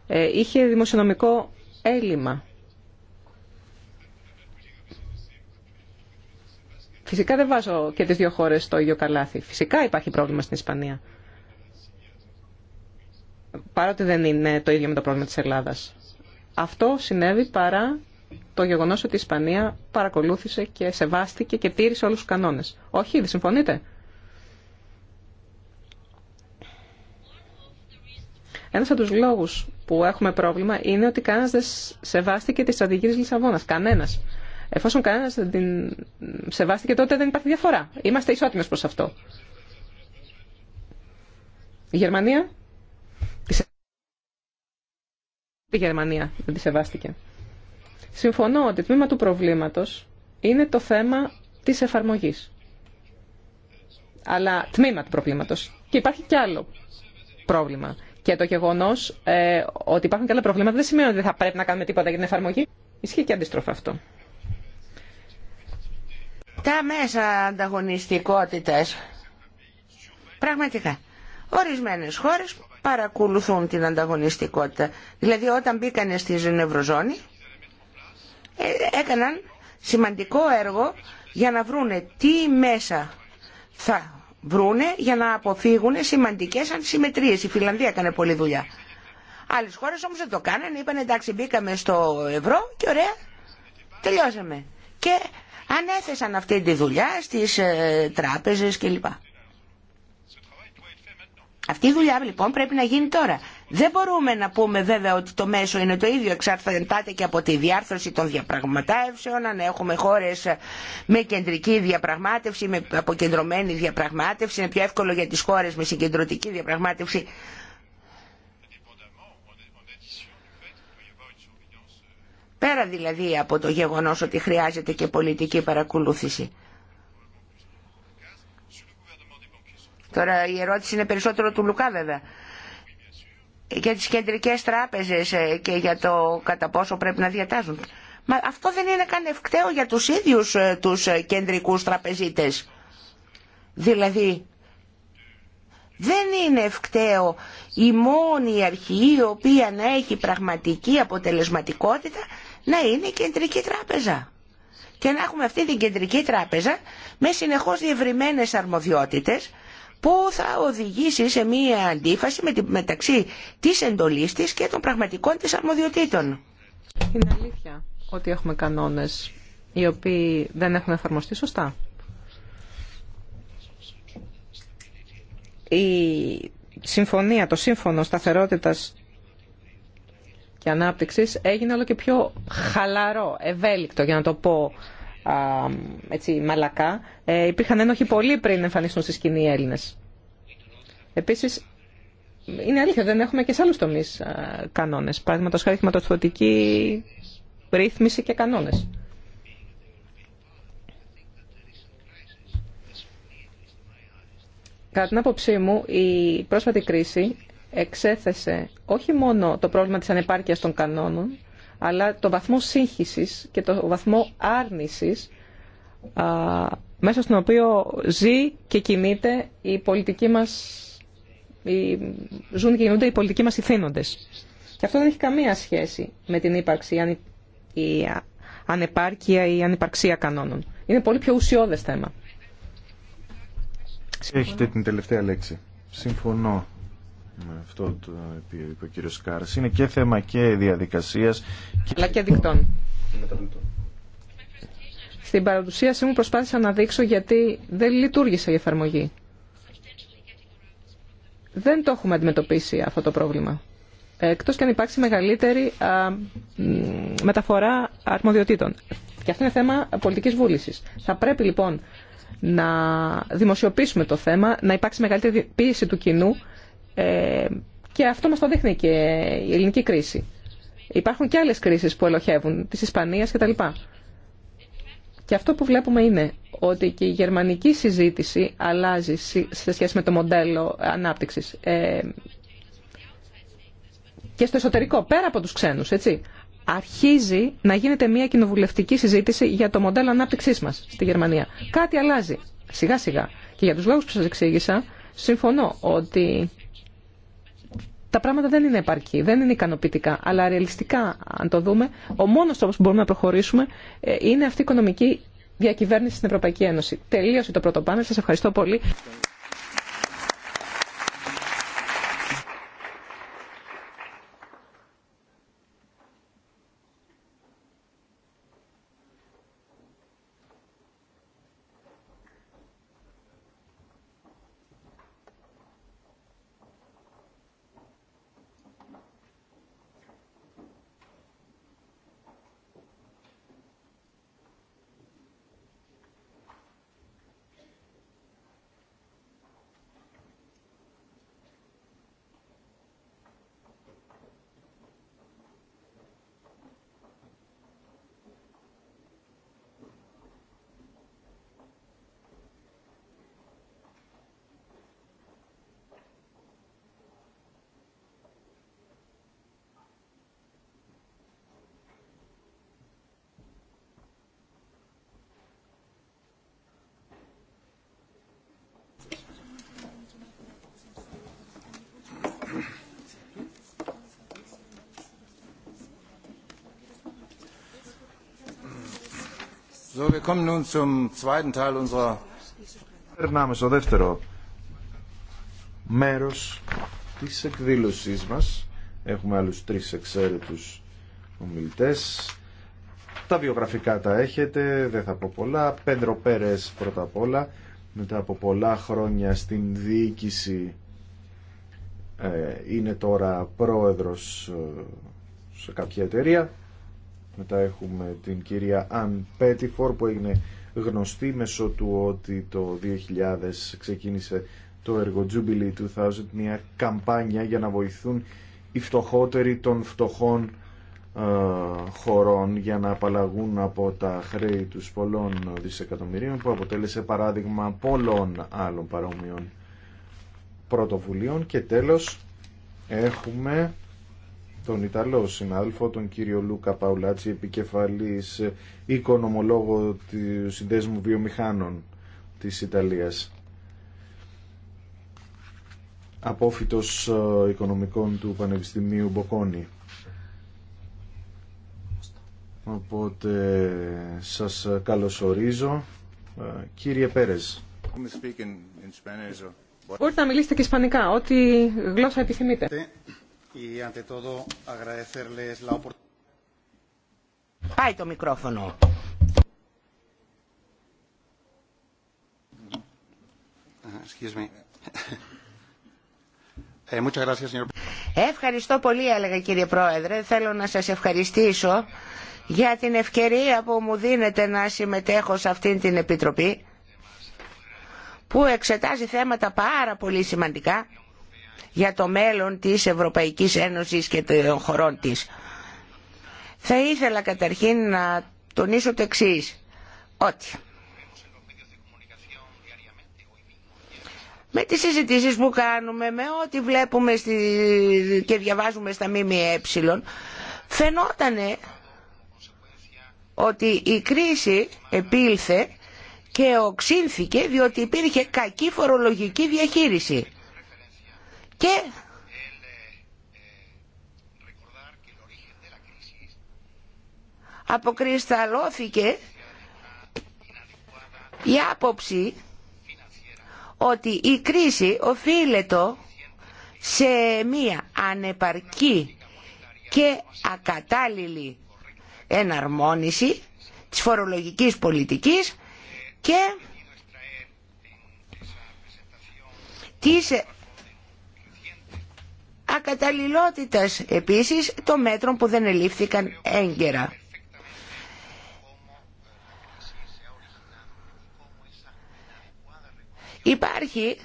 Speaker 3: Ε, είχε δημοσιονομικό έλλειμμα. Φυσικά δεν βάζω και τις δύο χώρες στο ίδιο καλάθι. Φυσικά υπάρχει πρόβλημα στην Ισπανία παρότι δεν είναι το ίδιο με το πρόβλημα της Ελλάδας. Αυτό συνέβη παρά το γεγονός ότι η Ισπανία παρακολούθησε και σεβάστηκε και τήρησε όλους τους κανόνες. Όχι, δεν συμφωνείτε. Ένα από του λόγου που έχουμε πρόβλημα είναι ότι κανένα δεν σεβάστηκε τη στρατηγική τη Λισαβόνα. Κανένα. Εφόσον κανένα δεν την σεβάστηκε, τότε δεν υπάρχει διαφορά. Είμαστε ισότιμε προ αυτό. Η Γερμανία Η Γερμανία δεν τη σεβάστηκε. Συμφωνώ ότι το τμήμα του προβλήματος είναι το θέμα της εφαρμογής. Αλλά τμήμα του προβλήματος. Και υπάρχει κι άλλο πρόβλημα. Και το γεγονό ε, ότι υπάρχουν και άλλα προβλήματα δεν σημαίνει ότι δεν θα πρέπει να κάνουμε τίποτα για την εφαρμογή. Ισχύει και αντίστροφα αυτό.
Speaker 6: Τα μέσα ανταγωνιστικότητες. πραγματικά ορισμένες χώρες παρακολουθούν την ανταγωνιστικότητα. Δηλαδή όταν μπήκανε στη Ζενευροζώνη ε, έκαναν σημαντικό έργο για να βρούνε τι μέσα θα βρούνε για να αποφύγουν σημαντικές ανσημετρίες. Η Φιλανδία έκανε πολλή δουλειά. Άλλες χώρες όμως δεν το κάνανε, είπαν εντάξει μπήκαμε στο ευρώ και ωραία, τελειώσαμε. Και ανέθεσαν αυτή τη δουλειά στις ε, τράπεζες κλπ. Αυτή η δουλειά λοιπόν πρέπει να γίνει τώρα. Δεν μπορούμε να πούμε βέβαια ότι το μέσο είναι το ίδιο, εξαρτάται και από τη διάρθρωση των διαπραγματεύσεων, αν έχουμε χώρε με κεντρική διαπραγμάτευση, με αποκεντρωμένη διαπραγμάτευση, είναι πιο εύκολο για τι χώρε με συγκεντρωτική διαπραγμάτευση. Πέρα δηλαδή από το γεγονός ότι χρειάζεται και πολιτική παρακολούθηση. Τώρα η ερώτηση είναι περισσότερο του Λουκά βέβαια. Για τις κεντρικές τράπεζες ε, και για το κατά πόσο πρέπει να διατάζουν. Μα αυτό δεν είναι καν ευκταίο για τους ίδιους ε, τους ε, κεντρικούς τραπεζίτες. Δηλαδή δεν είναι ευκταίο η μόνη αρχή η οποία να έχει πραγματική αποτελεσματικότητα να είναι η κεντρική τράπεζα. Και να έχουμε αυτή την κεντρική τράπεζα με συνεχώς διευρυμένες αρμοδιότητες που θα οδηγήσει σε μία αντίφαση μεταξύ της εντολής της και των πραγματικών της αρμοδιοτήτων.
Speaker 3: Είναι αλήθεια ότι έχουμε κανόνες οι οποίοι δεν έχουν εφαρμοστεί σωστά. Η συμφωνία, το σύμφωνο σταθερότητας και ανάπτυξης έγινε όλο και πιο χαλαρό, ευέλικτο για να το πω α, έτσι, μαλακά, ε, υπήρχαν ένοχοι πολύ πριν εμφανιστούν στη σκηνή οι Έλληνες. Επίσης, είναι αλήθεια, δεν έχουμε και σε άλλους τομείς κανόνε. κανόνες. Παραδείγματο χάρη ρύθμιση και κανόνες. Κατά την άποψή μου, η πρόσφατη κρίση εξέθεσε όχι μόνο το πρόβλημα της ανεπάρκειας των κανόνων, αλλά το βαθμό σύγχυσης και το βαθμό άρνησης α, μέσα στον οποίο ζει και κινείται η πολιτική μας, η, ζουν και κινούνται οι πολιτικοί μας ηθήνοντες. Και αυτό δεν έχει καμία σχέση με την ύπαρξη, η, η ανεπάρκεια ή η ανυπαρξία κανόνων. Είναι πολύ πιο ουσιώδες θέμα.
Speaker 1: Έχετε την τελευταία λέξη. Συμφωνώ με αυτό το είπε ο κύριο Κάρα, Είναι και θέμα και διαδικασίας.
Speaker 3: Και... Αλλά και δικτών. Στην παραδοσίασή μου προσπάθησα να δείξω γιατί δεν λειτουργήσε η εφαρμογή. Δεν το έχουμε αντιμετωπίσει αυτό το πρόβλημα. Εκτός και αν υπάρξει μεγαλύτερη μεταφορά αρμοδιοτήτων. Και αυτό είναι θέμα πολιτικής βούλησης. Θα πρέπει λοιπόν να δημοσιοποιήσουμε το θέμα, να υπάρξει μεγαλύτερη πίεση του κοινού ε, και αυτό μας το δείχνει και η ελληνική κρίση. Υπάρχουν και άλλες κρίσεις που ελοχεύουν, της Ισπανίας κτλ. Και αυτό που βλέπουμε είναι ότι και η γερμανική συζήτηση αλλάζει σε σχέση με το μοντέλο ανάπτυξης. Ε, και στο εσωτερικό, πέρα από τους ξένους, έτσι, αρχίζει να γίνεται μια κοινοβουλευτική συζήτηση για το μοντέλο ανάπτυξής μας στη Γερμανία. Κάτι αλλάζει, σιγά σιγά. Και για τους λόγους που σας εξήγησα, συμφωνώ ότι τα πράγματα δεν είναι επαρκή, δεν είναι ικανοποιητικά. Αλλά ρεαλιστικά, αν το δούμε, ο μόνο τρόπο που μπορούμε να προχωρήσουμε ε, είναι αυτή η οικονομική διακυβέρνηση στην Ευρωπαϊκή Ένωση. Τελείωσε το πρώτο πάνελ. Σα ευχαριστώ πολύ.
Speaker 1: Περνάμε στο δεύτερο μέρος της εκδήλωσής μας. Έχουμε άλλους τρεις εξαίρετους ομιλητές. Τα βιογραφικά τα έχετε, δεν θα πω πολλά. Πέντρο Πέρες πρώτα απ' όλα, μετά από πολλά χρόνια στην διοίκηση ε, είναι τώρα πρόεδρος ε, σε κάποια εταιρεία μετά έχουμε την κυρία Αν Πέτιφορ που έγινε γνωστή μέσω του ότι το 2000 ξεκίνησε το έργο Jubilee 2000, μια καμπάνια για να βοηθούν οι φτωχότεροι των φτωχών ε, χωρών για να απαλλαγούν από τα χρέη τους πολλών δισεκατομμυρίων που αποτέλεσε παράδειγμα πολλών άλλων παρόμοιων πρωτοβουλίων και τέλος έχουμε τον Ιταλό συνάδελφο, τον κύριο Λούκα Παουλάτσι, επικεφαλής οικονομολόγο του Συνδέσμου Βιομηχάνων της Ιταλίας. Απόφυτος ε, οικονομικών του Πανεπιστημίου Μποκόνη. Οπότε σας καλωσορίζω. Ε, κύριε Πέρες.
Speaker 3: Μπορείτε να μιλήσετε και ισπανικά, ό,τι γλώσσα επιθυμείτε.
Speaker 6: Ευχαριστώ πολύ έλεγα κύριε Πρόεδρε. Θέλω να σας ευχαριστήσω για την ευκαιρία που μου δίνετε να συμμετέχω σε αυτήν την Επιτροπή που εξετάζει θέματα πάρα πολύ σημαντικά για το μέλλον της Ευρωπαϊκής Ένωσης και των χωρών της. Θα ήθελα καταρχήν να τονίσω το εξή ότι με τις συζητήσεις που κάνουμε, με ό,τι βλέπουμε στη... και διαβάζουμε στα ΜΜΕ, φαινότανε ότι η κρίση επήλθε και οξύνθηκε διότι υπήρχε κακή φορολογική διαχείριση. Και αποκρισταλώθηκε η άποψη ότι η κρίση οφείλεται σε μία ανεπαρκή και ακατάλληλη εναρμόνιση της φορολογικής πολιτικής και της ακαταλληλότητας επίσης των μέτρων που δεν ελήφθηκαν έγκαιρα. Υπάρχει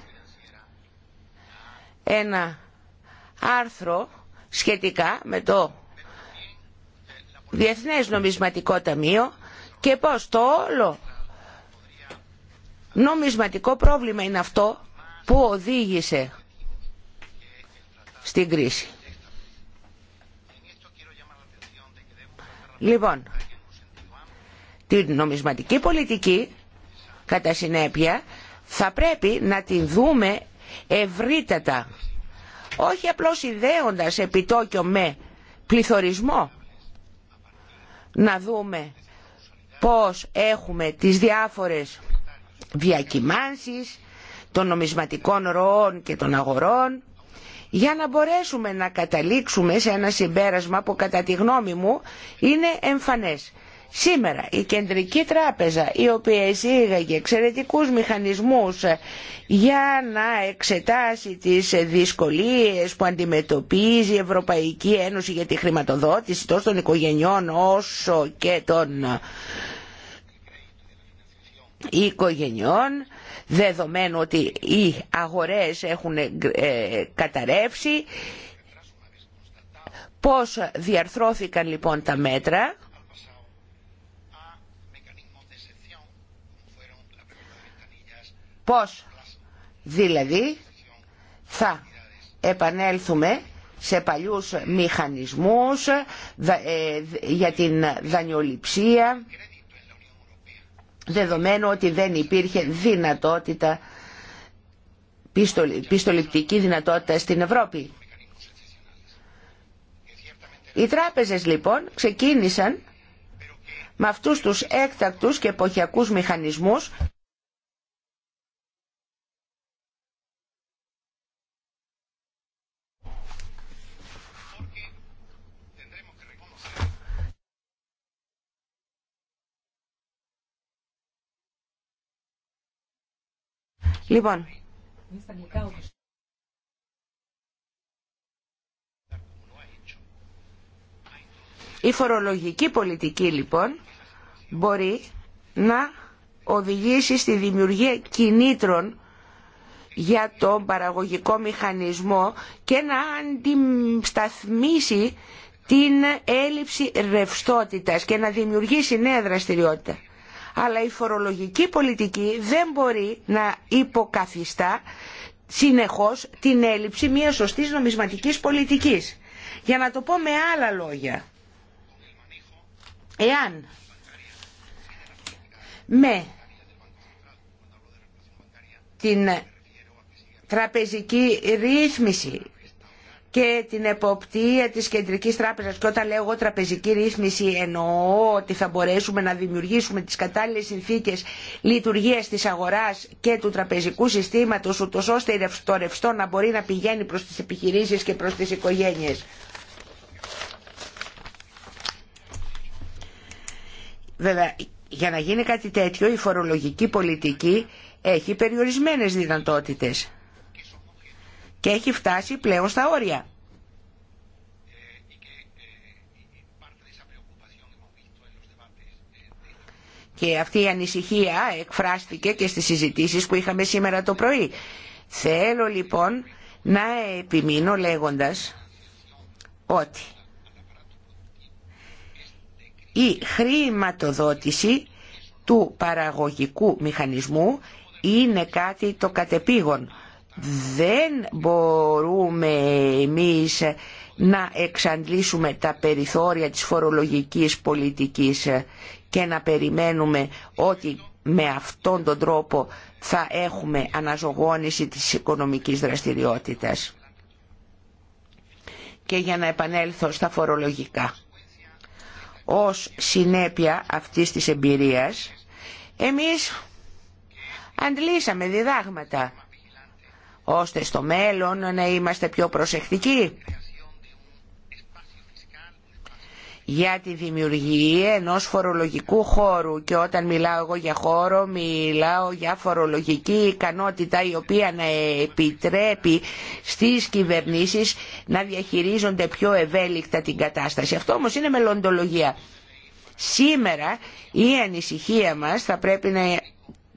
Speaker 6: ένα άρθρο σχετικά με το Διεθνές Νομισματικό Ταμείο και πως το όλο νομισματικό πρόβλημα είναι αυτό που οδήγησε στην κρίση. Λοιπόν, την νομισματική πολιτική κατά συνέπεια θα πρέπει να την δούμε ευρύτατα. Όχι απλώς ιδέοντας επιτόκιο με πληθωρισμό. Να δούμε πώς έχουμε τις διάφορες διακυμάνσεις των νομισματικών ροών και των αγορών για να μπορέσουμε να καταλήξουμε σε ένα συμπέρασμα που κατά τη γνώμη μου είναι εμφανές. Σήμερα η Κεντρική Τράπεζα η οποία εισήγαγε εξαιρετικούς μηχανισμούς για να εξετάσει τις δυσκολίες που αντιμετωπίζει η Ευρωπαϊκή Ένωση για τη χρηματοδότηση τόσο των οικογενειών όσο και των οικογενειών δεδομένου ότι οι αγορές έχουν ε, καταρρεύσει. Πώς διαρθρώθηκαν λοιπόν τα μέτρα. Πώς δηλαδή θα επανέλθουμε σε παλιούς μηχανισμούς ε, για την δανειοληψία δεδομένου ότι δεν υπήρχε δυνατότητα, πιστοληπτική δυνατότητα στην Ευρώπη. Οι τράπεζες λοιπόν ξεκίνησαν με αυτούς τους έκτακτους και εποχιακούς μηχανισμούς Λοιπόν, η φορολογική πολιτική λοιπόν μπορεί να οδηγήσει στη δημιουργία κινήτρων για τον παραγωγικό μηχανισμό και να αντισταθμίσει την έλλειψη ρευστότητας και να δημιουργήσει νέα δραστηριότητα αλλά η φορολογική πολιτική δεν μπορεί να υποκαθιστά συνεχώς την έλλειψη μιας σωστής νομισματικής πολιτικής. Για να το πω με άλλα λόγια, εάν με την τραπεζική ρύθμιση και την εποπτεία της Κεντρικής Τράπεζας και όταν λέω εγώ τραπεζική ρύθμιση εννοώ ότι θα μπορέσουμε να δημιουργήσουμε τις κατάλληλες συνθήκες λειτουργίας της αγοράς και του τραπεζικού συστήματος ούτως ώστε το ρευστό να μπορεί να πηγαίνει προς τις επιχειρήσεις και προς τις οικογένειες. Βέβαια, για να γίνει κάτι τέτοιο η φορολογική πολιτική έχει περιορισμένες δυνατότητες και έχει φτάσει πλέον στα όρια. Και αυτή η ανησυχία εκφράστηκε και στις συζητήσεις που είχαμε σήμερα το πρωί. Θέλω λοιπόν να επιμείνω λέγοντας ότι η χρηματοδότηση του παραγωγικού μηχανισμού είναι κάτι το κατεπήγον δεν μπορούμε εμείς να εξαντλήσουμε τα περιθώρια της φορολογικής πολιτικής και να περιμένουμε ότι με αυτόν τον τρόπο θα έχουμε αναζωγόνηση της οικονομικής δραστηριότητας. Και για να επανέλθω στα φορολογικά. Ως συνέπεια αυτής της εμπειρίας, εμείς αντλήσαμε διδάγματα ώστε στο μέλλον να είμαστε πιο προσεκτικοί για τη δημιουργία ενός φορολογικού χώρου και όταν μιλάω εγώ για χώρο μιλάω για φορολογική ικανότητα η οποία να επιτρέπει στις κυβερνήσεις να διαχειρίζονται πιο ευέλικτα την κατάσταση. Αυτό όμως είναι μελλοντολογία. Σήμερα η ανησυχία μας θα πρέπει να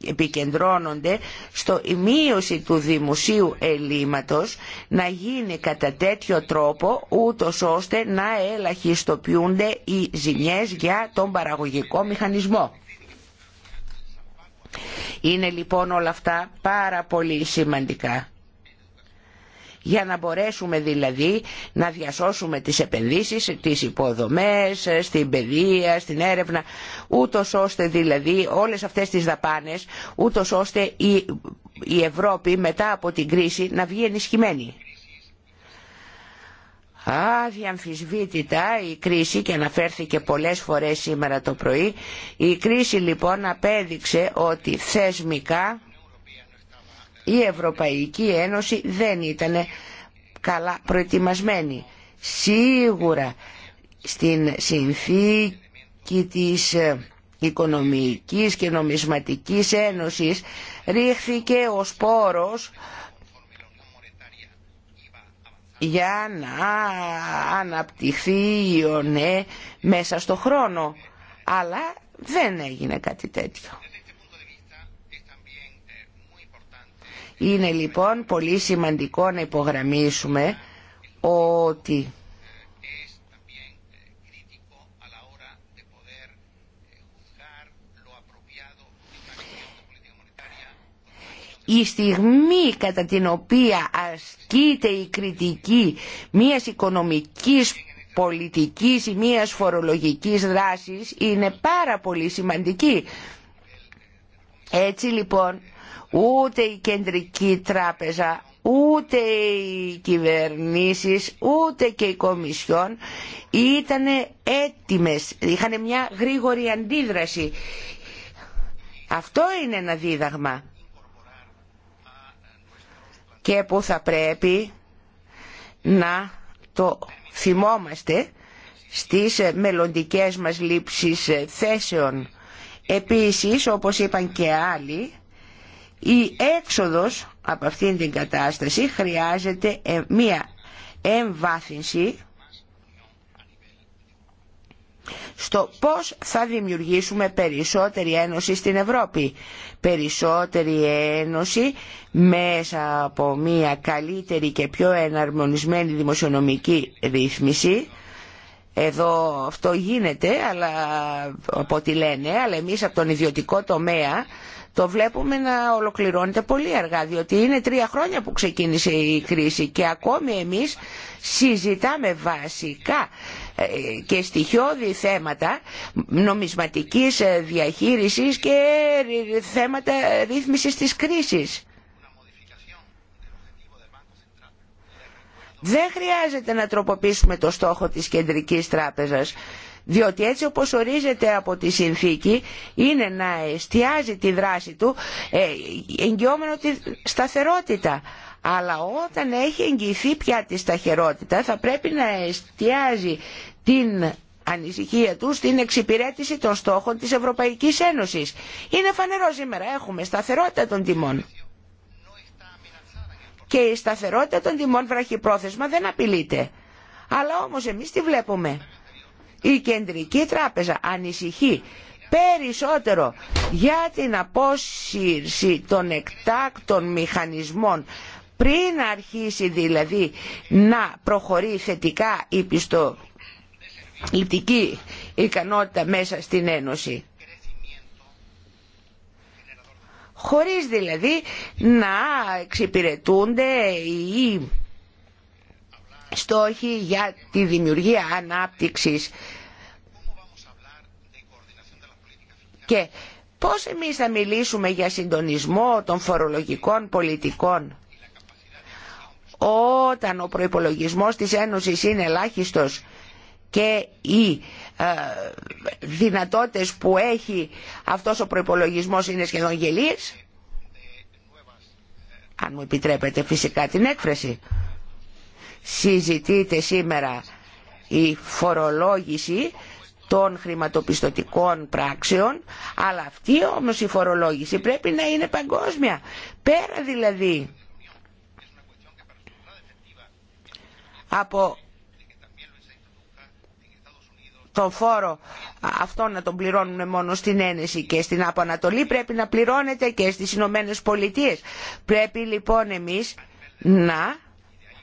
Speaker 6: επικεντρώνονται στο η μείωση του δημοσίου ελλείμματος να γίνει κατά τέτοιο τρόπο ούτως ώστε να ελαχιστοποιούνται οι ζημιές για τον παραγωγικό μηχανισμό. Είναι λοιπόν όλα αυτά πάρα πολύ σημαντικά για να μπορέσουμε δηλαδή να διασώσουμε τις επενδύσεις, τις υποδομές, στην παιδεία, στην έρευνα, ούτω ώστε δηλαδή όλες αυτές τις δαπάνες, ούτω ώστε η, η Ευρώπη μετά από την κρίση να βγει ενισχυμένη. Αδιαμφισβήτητα η κρίση και αναφέρθηκε πολλές φορές σήμερα το πρωί, η κρίση λοιπόν απέδειξε ότι θεσμικά η Ευρωπαϊκή Ένωση δεν ήταν καλά προετοιμασμένη. Σίγουρα στην συνθήκη της ε, Οικονομικής και Νομισματικής Ένωσης ρίχθηκε ο σπόρος για να αναπτυχθεί η ναι μέσα στο χρόνο. Αλλά δεν έγινε κάτι τέτοιο. Είναι λοιπόν πολύ σημαντικό να υπογραμμίσουμε ότι η στιγμή κατά την οποία ασκείται η κριτική μιας οικονομικής πολιτικής ή μιας φορολογικής δράσης είναι πάρα πολύ σημαντική. Έτσι λοιπόν Ούτε η Κεντρική Τράπεζα, ούτε οι κυβερνήσεις, ούτε και οι Κομισιόν ήταν έτοιμες, είχαν μια γρήγορη αντίδραση. Αυτό είναι ένα δίδαγμα και που θα πρέπει να το θυμόμαστε στις μελλοντικές μας λήψεις θέσεων. Επίσης, όπως είπαν και άλλοι, η έξοδος από αυτήν την κατάσταση χρειάζεται ε, μία εμβάθυνση στο πώς θα δημιουργήσουμε περισσότερη ένωση στην Ευρώπη. Περισσότερη ένωση μέσα από μια καλύτερη και πιο εναρμονισμένη δημοσιονομική ρύθμιση. Εδώ αυτό γίνεται, αλλά από ό,τι λένε, αλλά εμείς από τον ιδιωτικό τομέα το βλέπουμε να ολοκληρώνεται πολύ αργά διότι είναι τρία χρόνια που ξεκίνησε η κρίση και ακόμη εμείς συζητάμε βασικά ε, και στοιχειώδη θέματα νομισματικής ε, διαχείρισης και θέματα ρύθμισης της κρίσης. Δεν χρειάζεται να τροποποιήσουμε το στόχο της Κεντρικής Τράπεζας διότι έτσι όπως ορίζεται από τη συνθήκη είναι να εστιάζει τη δράση του ε, εγγυόμενο τη σταθερότητα αλλά όταν έχει εγγυηθεί πια τη σταθερότητα θα πρέπει να εστιάζει την ανησυχία του στην εξυπηρέτηση των στόχων της Ευρωπαϊκής Ένωσης. Είναι φανερό σήμερα, έχουμε σταθερότητα των τιμών. Και η σταθερότητα των τιμών βραχυπρόθεσμα δεν απειλείται. Αλλά όμως εμείς τη βλέπουμε η Κεντρική Τράπεζα ανησυχεί περισσότερο για την απόσυρση των εκτάκτων μηχανισμών πριν αρχίσει δηλαδή να προχωρεί θετικά η πιστοληπτική ικανότητα μέσα στην Ένωση. Χωρίς δηλαδή να εξυπηρετούνται οι στόχοι για τη δημιουργία ανάπτυξης και πώς εμείς θα μιλήσουμε για συντονισμό των φορολογικών πολιτικών όταν ο προϋπολογισμός της Ένωσης είναι ελάχιστος και οι ε, δυνατότητες που έχει αυτός ο προϋπολογισμός είναι σχεδόν γελίες αν μου επιτρέπετε φυσικά την έκφραση συζητείται σήμερα η φορολόγηση των χρηματοπιστωτικών πράξεων αλλά αυτή όμως η φορολόγηση πρέπει να είναι παγκόσμια πέρα δηλαδή από τον φόρο αυτό να τον πληρώνουμε μόνο στην Ένεση και στην Αποανατολή πρέπει να πληρώνεται και στις Ηνωμένε Πολιτείες. Πρέπει λοιπόν εμείς να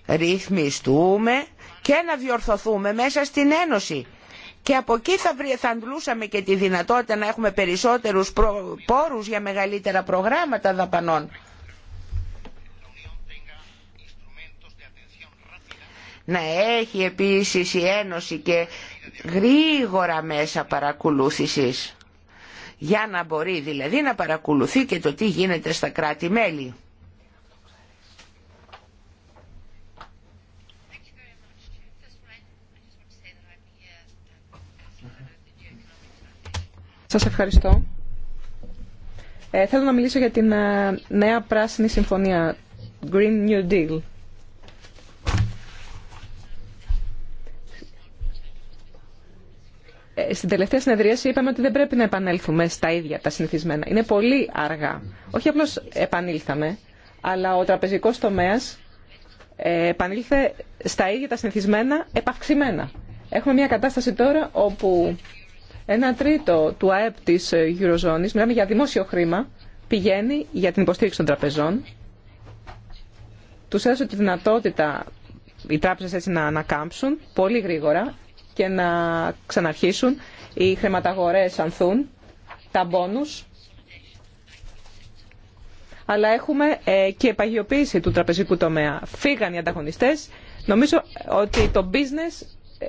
Speaker 6: ρυθμιστούμε και να διορθωθούμε μέσα στην Ένωση. Και από εκεί θα, βρει, θα αντλούσαμε και τη δυνατότητα να έχουμε περισσότερους προ, πόρους για μεγαλύτερα προγράμματα δαπανών. Να έχει επίσης η Ένωση και γρήγορα μέσα παρακολούθησης για να μπορεί δηλαδή να παρακολουθεί και το τι γίνεται στα κράτη-μέλη.
Speaker 3: Σας ευχαριστώ. Ε, θέλω να μιλήσω για την ε, νέα πράσινη συμφωνία, Green New Deal. Ε, στην τελευταία συνεδρίαση είπαμε ότι δεν πρέπει να επανέλθουμε στα ίδια τα συνηθισμένα. Είναι πολύ αργά. Όχι απλώς επανήλθαμε, αλλά ο τραπεζικός τομέας ε, επανήλθε στα ίδια τα συνηθισμένα επαυξημένα. Έχουμε μια κατάσταση τώρα όπου ένα τρίτο του ΑΕΠ της ε, Eurozone, μιλάμε για δημόσιο χρήμα, πηγαίνει για την υποστήριξη των τραπεζών. Του έδωσε τη δυνατότητα οι τράπεζε έτσι να ανακάμψουν πολύ γρήγορα και να ξαναρχίσουν. Οι χρηματαγορές ανθούν, τα μπόνους. Αλλά έχουμε ε, και επαγιοποίηση του τραπεζικού τομέα. Φύγαν οι ανταγωνιστές. Νομίζω ότι το business ε,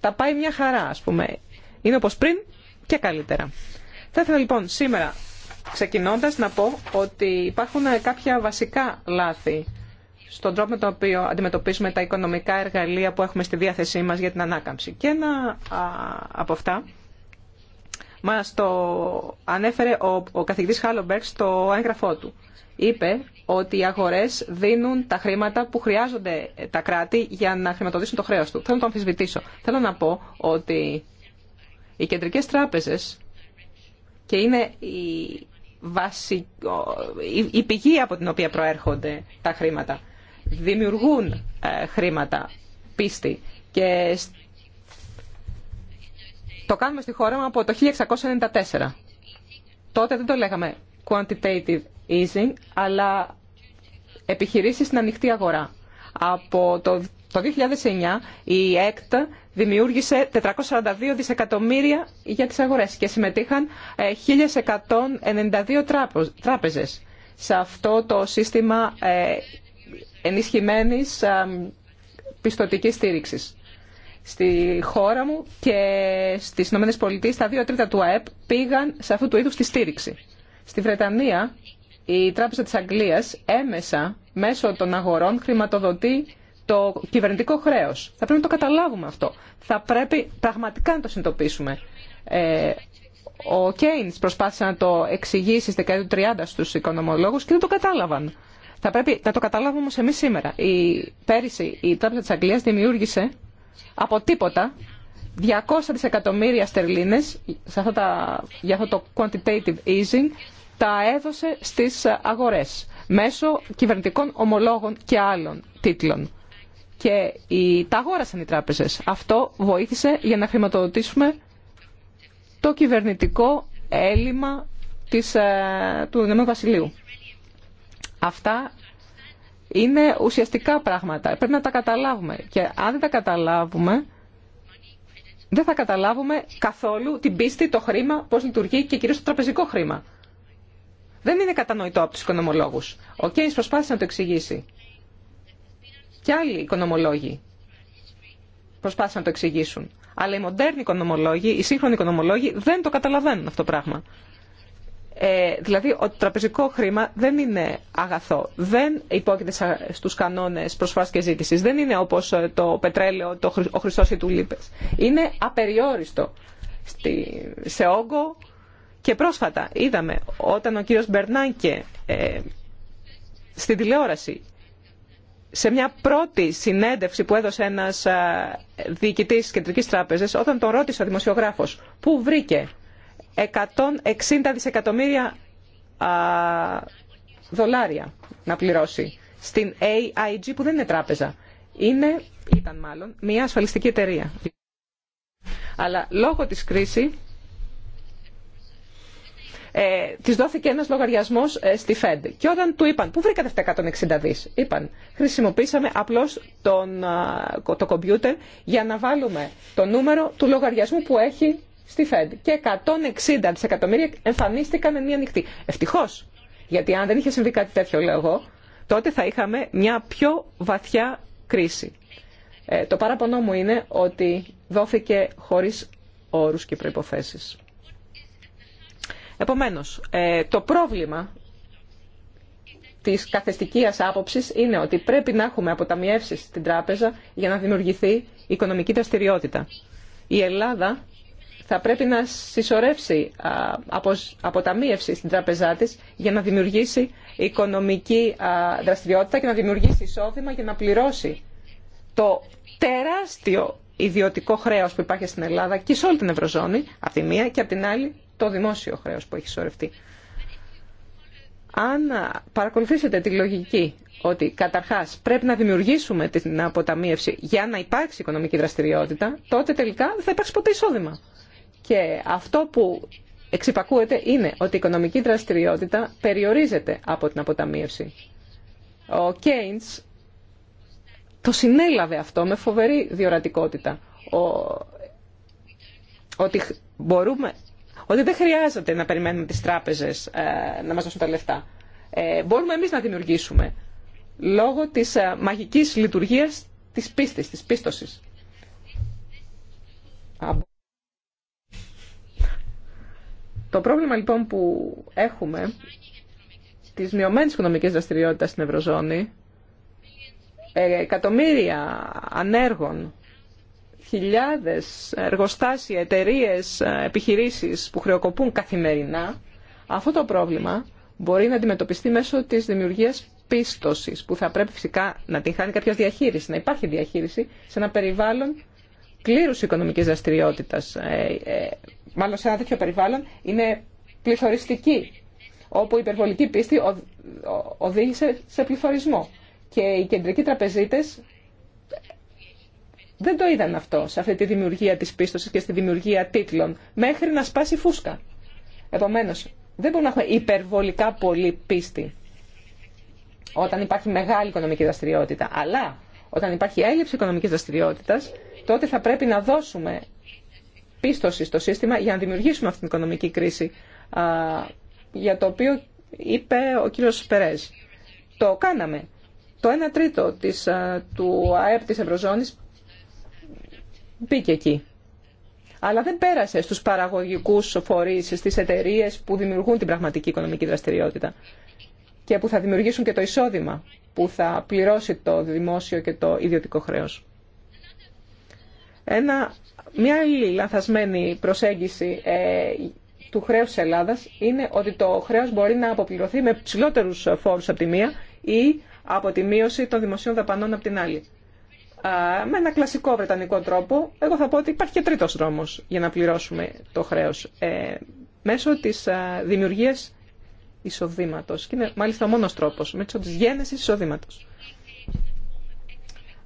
Speaker 3: τα πάει μια χαρά, ας πούμε είναι όπως πριν και καλύτερα. Θα ήθελα λοιπόν σήμερα, ξεκινώντας, να πω ότι υπάρχουν κάποια βασικά λάθη στον τρόπο με τον οποίο αντιμετωπίζουμε τα οικονομικά εργαλεία που έχουμε στη διάθεσή μας για την ανάκαμψη. Και ένα από αυτά μας το ανέφερε ο, ο καθηγητής Χάλομπερκ στο έγγραφό του. Είπε ότι οι αγορές δίνουν τα χρήματα που χρειάζονται τα κράτη για να χρηματοδοτήσουν το χρέος του. Θέλω να το αμφισβητήσω. Θέλω να πω ότι οι κεντρικές τράπεζες και είναι η, η, πηγή από την οποία προέρχονται τα χρήματα. Δημιουργούν ε, χρήματα, πίστη και το κάνουμε στη χώρα μου από το 1694. Τότε δεν το λέγαμε quantitative easing, αλλά επιχειρήσεις στην ανοιχτή αγορά. Από το, το 2009 η ΕΚΤ δημιούργησε 442 δισεκατομμύρια για τις αγορές και συμμετείχαν 1.192 ε, τράπεζες σε αυτό το σύστημα ε, ενισχυμένης ε, πιστοτικής στήριξης. Στη χώρα μου και στις ΗΠΑ, τα δύο τρίτα του ΑΕΠ πήγαν σε αυτού του είδους τη στήριξη. Στη Βρετανία η Τράπεζα της Αγγλίας έμεσα μέσω των αγορών χρηματοδοτεί το κυβερνητικό χρέο. Θα πρέπει να το καταλάβουμε αυτό. Θα πρέπει πραγματικά να το συνειδητοποιήσουμε. Ε, ο Κέιν προσπάθησε να το εξηγήσει στη δεκαετία του 30 στου οικονομολόγους και δεν το κατάλαβαν. Θα πρέπει να το καταλάβουμε όμω εμείς σήμερα. Η, πέρυσι η Τράπεζα τη Αγγλίας δημιούργησε από τίποτα 200 δισεκατομμύρια στερλίνε για αυτό το quantitative easing τα έδωσε στις αγορές μέσω κυβερνητικών ομολόγων και άλλων τίτλων και οι, τα αγόρασαν οι τράπεζες. Αυτό βοήθησε για να χρηματοδοτήσουμε το κυβερνητικό έλλειμμα της, ε, του Ηνωμένου Βασιλείου. Αυτά είναι ουσιαστικά πράγματα. Πρέπει να τα καταλάβουμε. Και αν δεν τα καταλάβουμε, δεν θα καταλάβουμε καθόλου την πίστη, το χρήμα, πώς λειτουργεί και κυρίως το τραπεζικό χρήμα. Δεν είναι κατανοητό από τους οικονομολόγους. Ο Κέις προσπάθησε να το εξηγήσει. Και άλλοι οικονομολόγοι προσπάθησαν να το εξηγήσουν. Αλλά οι μοντέρνοι οικονομολόγοι, οι σύγχρονοι οικονομολόγοι δεν το καταλαβαίνουν αυτό το πράγμα. Ε, δηλαδή, το τραπεζικό χρήμα δεν είναι αγαθό. Δεν υπόκειται στους κανόνες προσφορά και ζήτηση. Δεν είναι όπως ε, το πετρέλαιο, το, ο χρυσός ή του λίπε. Είναι απεριόριστο στη, σε όγκο και πρόσφατα είδαμε όταν ο κύριος Μπερνάνκε ε, στην τηλεόραση σε μια πρώτη συνέντευξη που έδωσε ένας διοικητή της Κεντρικής Τράπεζας, όταν τον ρώτησε ο δημοσιογράφος πού βρήκε 160 δισεκατομμύρια δολάρια να πληρώσει στην AIG που δεν είναι τράπεζα. Είναι, ήταν μάλλον, μια ασφαλιστική εταιρεία. Αλλά λόγω της κρίσης ε, δόθηκε ένας λογαριασμός ε, στη Fed Και όταν του είπαν, πού βρήκατε αυτά 160 δις, είπαν, χρησιμοποίησαμε απλώς το κομπιούτερ για να βάλουμε το νούμερο του λογαριασμού που έχει στη Fed Και 160 δισεκατομμύρια εμφανίστηκαν εν μία νυχτή. Ευτυχώ, γιατί αν δεν είχε συμβεί κάτι τέτοιο, λέω εγώ, τότε θα είχαμε μια πιο βαθιά κρίση. Ε, το παράπονο μου είναι ότι δόθηκε χωρίς όρους και προϋποθέσεις. Επομένως, ε, το πρόβλημα της καθεστικίας άποψης είναι ότι πρέπει να έχουμε αποταμιεύσεις στην τράπεζα για να δημιουργηθεί οικονομική δραστηριότητα. Η Ελλάδα θα πρέπει να συσσωρεύσει αποταμίευση στην τράπεζά της για να δημιουργήσει οικονομική δραστηριότητα και να δημιουργήσει εισόδημα για να πληρώσει το τεράστιο ιδιωτικό χρέος που υπάρχει στην Ελλάδα και σε όλη την Ευρωζώνη, από τη μία και από την άλλη το δημόσιο χρέος που έχει σωρευτεί. Αν παρακολουθήσετε τη λογική ότι καταρχάς πρέπει να δημιουργήσουμε την αποταμίευση για να υπάρξει οικονομική δραστηριότητα, τότε τελικά δεν θα υπάρξει ποτέ εισόδημα. Και αυτό που εξυπακούεται είναι ότι η οικονομική δραστηριότητα περιορίζεται από την αποταμίευση. Ο Keynes το συνέλαβε αυτό με φοβερή διορατικότητα. Ο... Ότι μπορούμε ότι δεν χρειάζεται να περιμένουμε τις τράπεζες ε, να μας δώσουν τα λεφτά. Ε, μπορούμε εμείς να δημιουργήσουμε λόγω της ε, μαγικής λειτουργίας της πίστης, της πίστοσης. Το πρόβλημα λοιπόν που έχουμε της μειωμένης οικονομικής δραστηριότητας στην Ευρωζώνη, εκατομμύρια ανέργων χιλιάδες εργοστάσια, εταιρείε, ε, επιχειρήσεις που χρεοκοπούν καθημερινά, αυτό το πρόβλημα μπορεί να αντιμετωπιστεί μέσω της δημιουργίας πίστοσης, που θα πρέπει φυσικά να την χάνει κάποια διαχείριση, να υπάρχει διαχείριση σε ένα περιβάλλον κλήρους οικονομικής δραστηριότητα. Ε, ε, μάλλον σε ένα τέτοιο περιβάλλον είναι πληθωριστική, όπου η υπερβολική πίστη οδήγησε σε πληθωρισμό. Και οι κεντρικοί τραπεζίτες δεν το είδαν αυτό σε αυτή τη δημιουργία της πίστοσης και στη δημιουργία τίτλων μέχρι να σπάσει φούσκα. Επομένως, δεν μπορούμε να έχουμε υπερβολικά πολύ πίστη όταν υπάρχει μεγάλη οικονομική δραστηριότητα. Αλλά όταν υπάρχει έλλειψη οικονομικής δραστηριότητας, τότε θα πρέπει να δώσουμε πίστοση στο σύστημα για να δημιουργήσουμε αυτή την οικονομική κρίση για το οποίο είπε ο κύριος Περέζ. Το κάναμε. Το 1 τρίτο της, του ΑΕΠ της Ευρωζώνης μπήκε εκεί. Αλλά δεν πέρασε στους παραγωγικούς φορείς, στις εταιρείες που δημιουργούν την πραγματική οικονομική δραστηριότητα και που θα δημιουργήσουν και το εισόδημα που θα πληρώσει το δημόσιο και το ιδιωτικό χρέος. Ένα, μια άλλη λανθασμένη προσέγγιση ε, του χρέους της Ελλάδας είναι ότι το χρέος μπορεί να αποπληρωθεί με ψηλότερους φόρους από τη μία ή από τη μείωση των δημοσίων δαπανών από την άλλη με ένα κλασικό βρετανικό τρόπο, εγώ θα πω ότι υπάρχει και τρίτος δρόμος για να πληρώσουμε το χρέος ε, μέσω της δημιουργίας εισοδήματος και είναι μάλιστα ο μόνος τρόπος, μέσω της γέννησης εισοδήματος.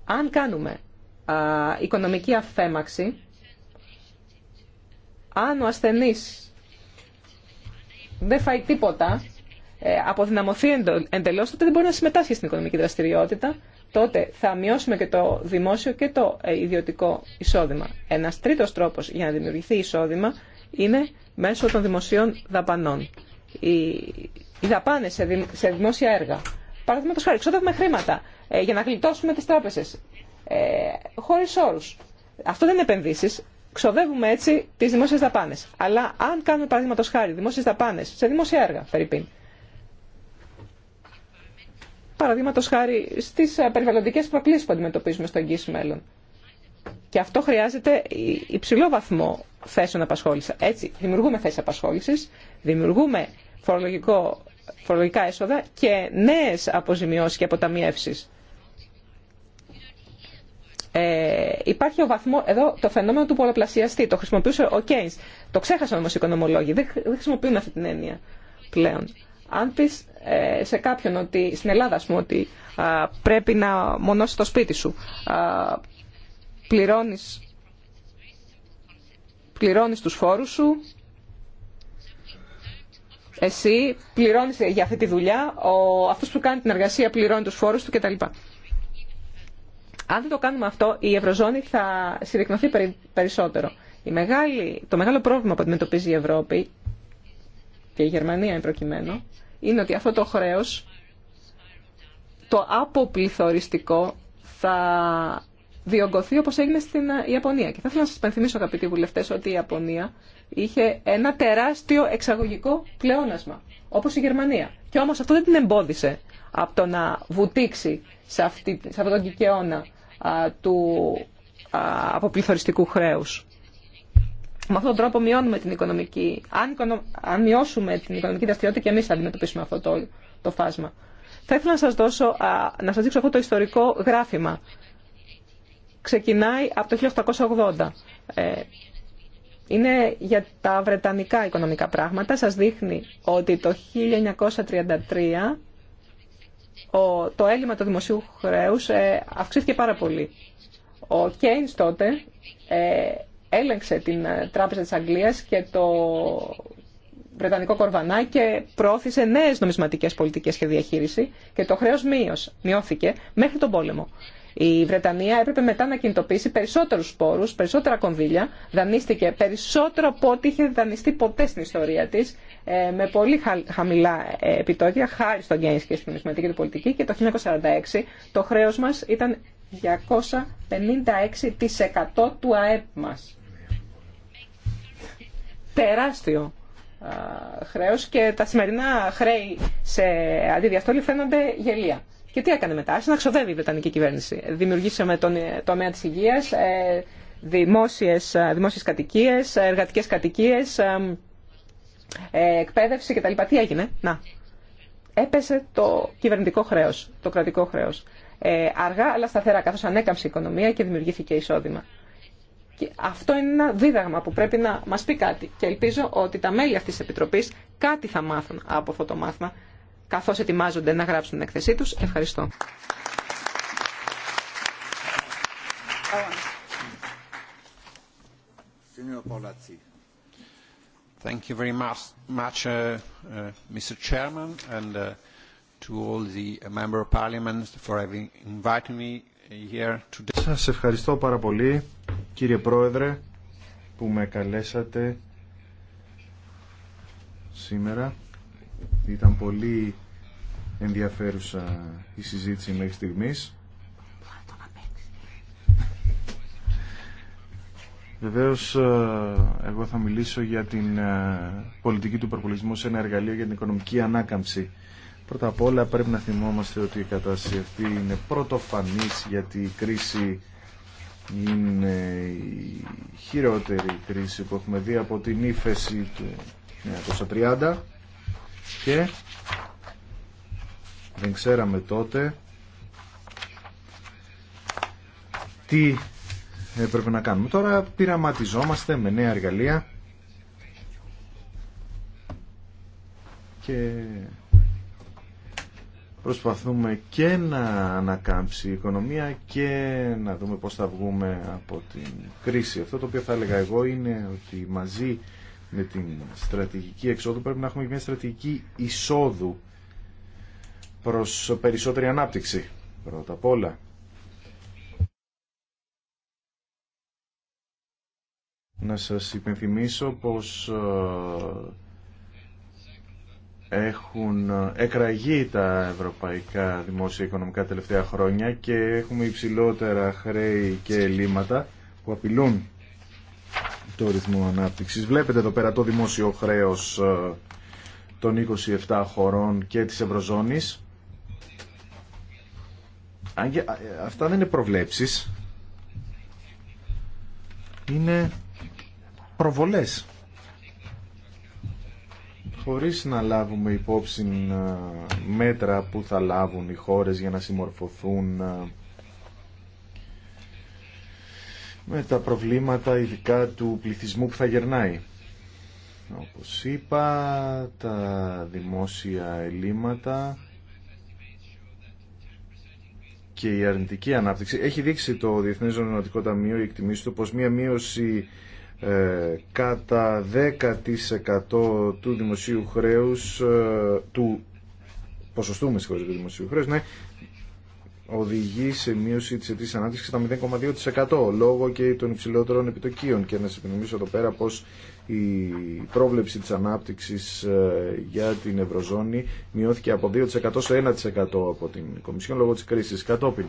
Speaker 3: Αν κάνουμε α, οικονομική αφέμαξη, αν ο ασθενής δεν φάει τίποτα, ε, αποδυναμωθεί εντελώς, τότε δεν μπορεί να συμμετάσχει στην οικονομική δραστηριότητα τότε θα μειώσουμε και το δημόσιο και το ε, ιδιωτικό εισόδημα. Ένας τρίτος τρόπος για να δημιουργηθεί εισόδημα είναι μέσω των δημοσίων δαπανών. Οι δαπάνε σε δημόσια έργα. Παραδείγματο χάρη, ξοδεύουμε χρήματα ε, για να γλιτώσουμε τι τράπεζε. Ε, Χωρί όρου. Αυτό δεν είναι επενδύσει. Ξοδεύουμε έτσι τι δημόσιε δαπάνε. Αλλά αν κάνουμε, παραδείγματο χάρη, δημόσιε δαπάνε σε δημόσια έργα, περίπου, παραδείγματο χάρη στι ε, περιβαλλοντικέ προκλήσει που αντιμετωπίζουμε στο εγγύηση μέλλον. Και αυτό χρειάζεται υψηλό βαθμό θέσεων απασχόληση. Έτσι, δημιουργούμε θέσει απασχόληση, δημιουργούμε φορολογικό, φορολογικά έσοδα και νέε αποζημιώσει και αποταμιεύσει. Ε, υπάρχει ο βαθμό, εδώ το φαινόμενο του πολλαπλασιαστή, το χρησιμοποιούσε ο Κέινς. Το ξέχασαν όμως οι οικονομολόγοι, δεν, δεν χρησιμοποιούν αυτή την έννοια πλέον. Αν πει ε, σε κάποιον ότι στην Ελλάδα, πούμε, ότι πρέπει να μονώσει το σπίτι σου, πληρώνεις, πληρώνεις τους φόρους σου, εσύ πληρώνεις για αυτή τη δουλειά, ο, αυτός που κάνει την εργασία πληρώνει τους φόρους του κτλ. Αν δεν το κάνουμε αυτό, η Ευρωζώνη θα συρρυκνωθεί περισσότερο. το μεγάλο πρόβλημα που αντιμετωπίζει η Ευρώπη και η Γερμανία είναι προκειμένου, είναι ότι αυτό το χρέος, το αποπληθωριστικό, θα διωγγωθεί όπως έγινε στην Ιαπωνία. Και θα ήθελα να σας πενθυμίσω, αγαπητοί βουλευτές, ότι η Ιαπωνία είχε ένα τεράστιο εξαγωγικό πλεόνασμα, όπως η Γερμανία. Και όμως αυτό δεν την εμπόδισε από το να βουτήξει σε, αυτή, σε αυτόν τον κικαιώνα του αποπληθωριστικού χρέους με αυτόν τον τρόπο μειώνουμε την οικονομική. Αν, μειώσουμε την οικονομική δραστηριότητα και εμεί θα αντιμετωπίσουμε αυτό το, το φάσμα. Θα ήθελα να σας, δώσω, να σας δείξω αυτό το ιστορικό γράφημα. Ξεκινάει από το 1880. Ε, είναι για τα βρετανικά οικονομικά πράγματα. Σας δείχνει ότι το 1933 το έλλειμμα του δημοσίου χρέους ε, αυξήθηκε πάρα πολύ. Ο Κέινς τότε ε, έλεγξε την ε, Τράπεζα της Αγγλίας και το Βρετανικό Κορβανά και προώθησε νέες νομισματικές πολιτικές και διαχείριση και το χρέος μειώθηκε μέχρι τον πόλεμο. Η Βρετανία έπρεπε μετά να κινητοποιήσει περισσότερους πόρους, περισσότερα κονδύλια, δανείστηκε περισσότερο από ό,τι είχε δανειστεί ποτέ στην ιστορία της, ε, με πολύ χαμηλά ε, επιτόκια, χάρη στον Γκέινς και στην νομισματική του πολιτική και το 1946 το χρέος μας ήταν 256% του ΑΕΠ μας τεράστιο χρέος και τα σημερινά χρέη σε αντιδιαστόλη φαίνονται γελία. Και τι έκανε μετά, άρχισε να ξοδεύει η Βρετανική κυβέρνηση. Δημιουργήσαμε τον ε, τομέα της υγείας, ε, δημόσιες, ε, δημόσιες κατοικίες, εργατικές κατοικίες, εκπαίδευση κτλ. Τι έγινε, να, έπεσε το κυβερνητικό χρέος, το κρατικό χρέος. αργά αλλά σταθερά, καθώς ανέκαμψε η οικονομία και δημιουργήθηκε εισόδημα. Και αυτό είναι ένα δίδαγμα που πρέπει να μας πει κάτι. Και ελπίζω ότι τα μέλη αυτής τη Επιτροπής κάτι θα μάθουν από αυτό το μάθημα, καθώς ετοιμάζονται να γράψουν την εκθεσή τους. Ευχαριστώ.
Speaker 5: Thank you very much, uh, uh, Mr. Chairman, and uh, to all the Member of Parliament for having invited me here
Speaker 1: today. Σας ευχαριστώ πάρα πολύ κύριε Πρόεδρε που με καλέσατε σήμερα. Ήταν πολύ ενδιαφέρουσα η συζήτηση μέχρι στιγμής. Βεβαίως, ε, εγώ θα μιλήσω για την ε, πολιτική του προπολισμού σε ένα εργαλείο για την οικονομική ανάκαμψη. Πρώτα απ' όλα πρέπει να θυμόμαστε ότι η κατάσταση αυτή είναι πρωτοφανής γιατί η κρίση είναι η χειρότερη κρίση που έχουμε δει από την ύφεση του 1930 και δεν ξέραμε τότε τι έπρεπε να κάνουμε. Τώρα πειραματιζόμαστε με νέα εργαλεία και προσπαθούμε και να ανακάμψει η οικονομία και να δούμε πώς θα βγούμε από την κρίση. Αυτό το οποίο θα έλεγα εγώ είναι ότι μαζί με την στρατηγική εξόδου πρέπει να έχουμε μια στρατηγική εισόδου προς περισσότερη ανάπτυξη πρώτα απ' όλα. Να σας υπενθυμίσω πως ε, έχουν εκραγεί τα ευρωπαϊκά δημόσια οικονομικά τελευταία χρόνια και έχουμε υψηλότερα χρέη και ελλείμματα που απειλούν το ρυθμό ανάπτυξης. Βλέπετε εδώ πέρα το δημόσιο χρέος ε, των 27 χωρών και της Ευρωζώνης. Ε, αυτά δεν είναι προβλέψεις. Είναι προβολές χωρίς να λάβουμε υπόψη ε, μέτρα που θα λάβουν οι χώρες για να συμμορφωθούν ε, με τα προβλήματα ειδικά του πληθυσμού που θα γερνάει. Όπως είπα, τα δημόσια ελλείμματα και η αρνητική ανάπτυξη. Έχει δείξει το Διεθνές Ζωνοματικό Ταμείο η εκτιμήση του πως μία μείωση ε, κατά 10% του δημοσίου χρέους ε, του ποσοστού με του δημοσίου χρέους ναι, οδηγεί σε μείωση της αιτής ανάπτυξης στα 0,2% λόγω και των υψηλότερων επιτοκίων και να σας επινομήσω εδώ πέρα πως η πρόβλεψη της ανάπτυξης ε, για την Ευρωζώνη μειώθηκε από 2% σε 1% από την Κομισιόν λόγω της κρίσης κατόπιν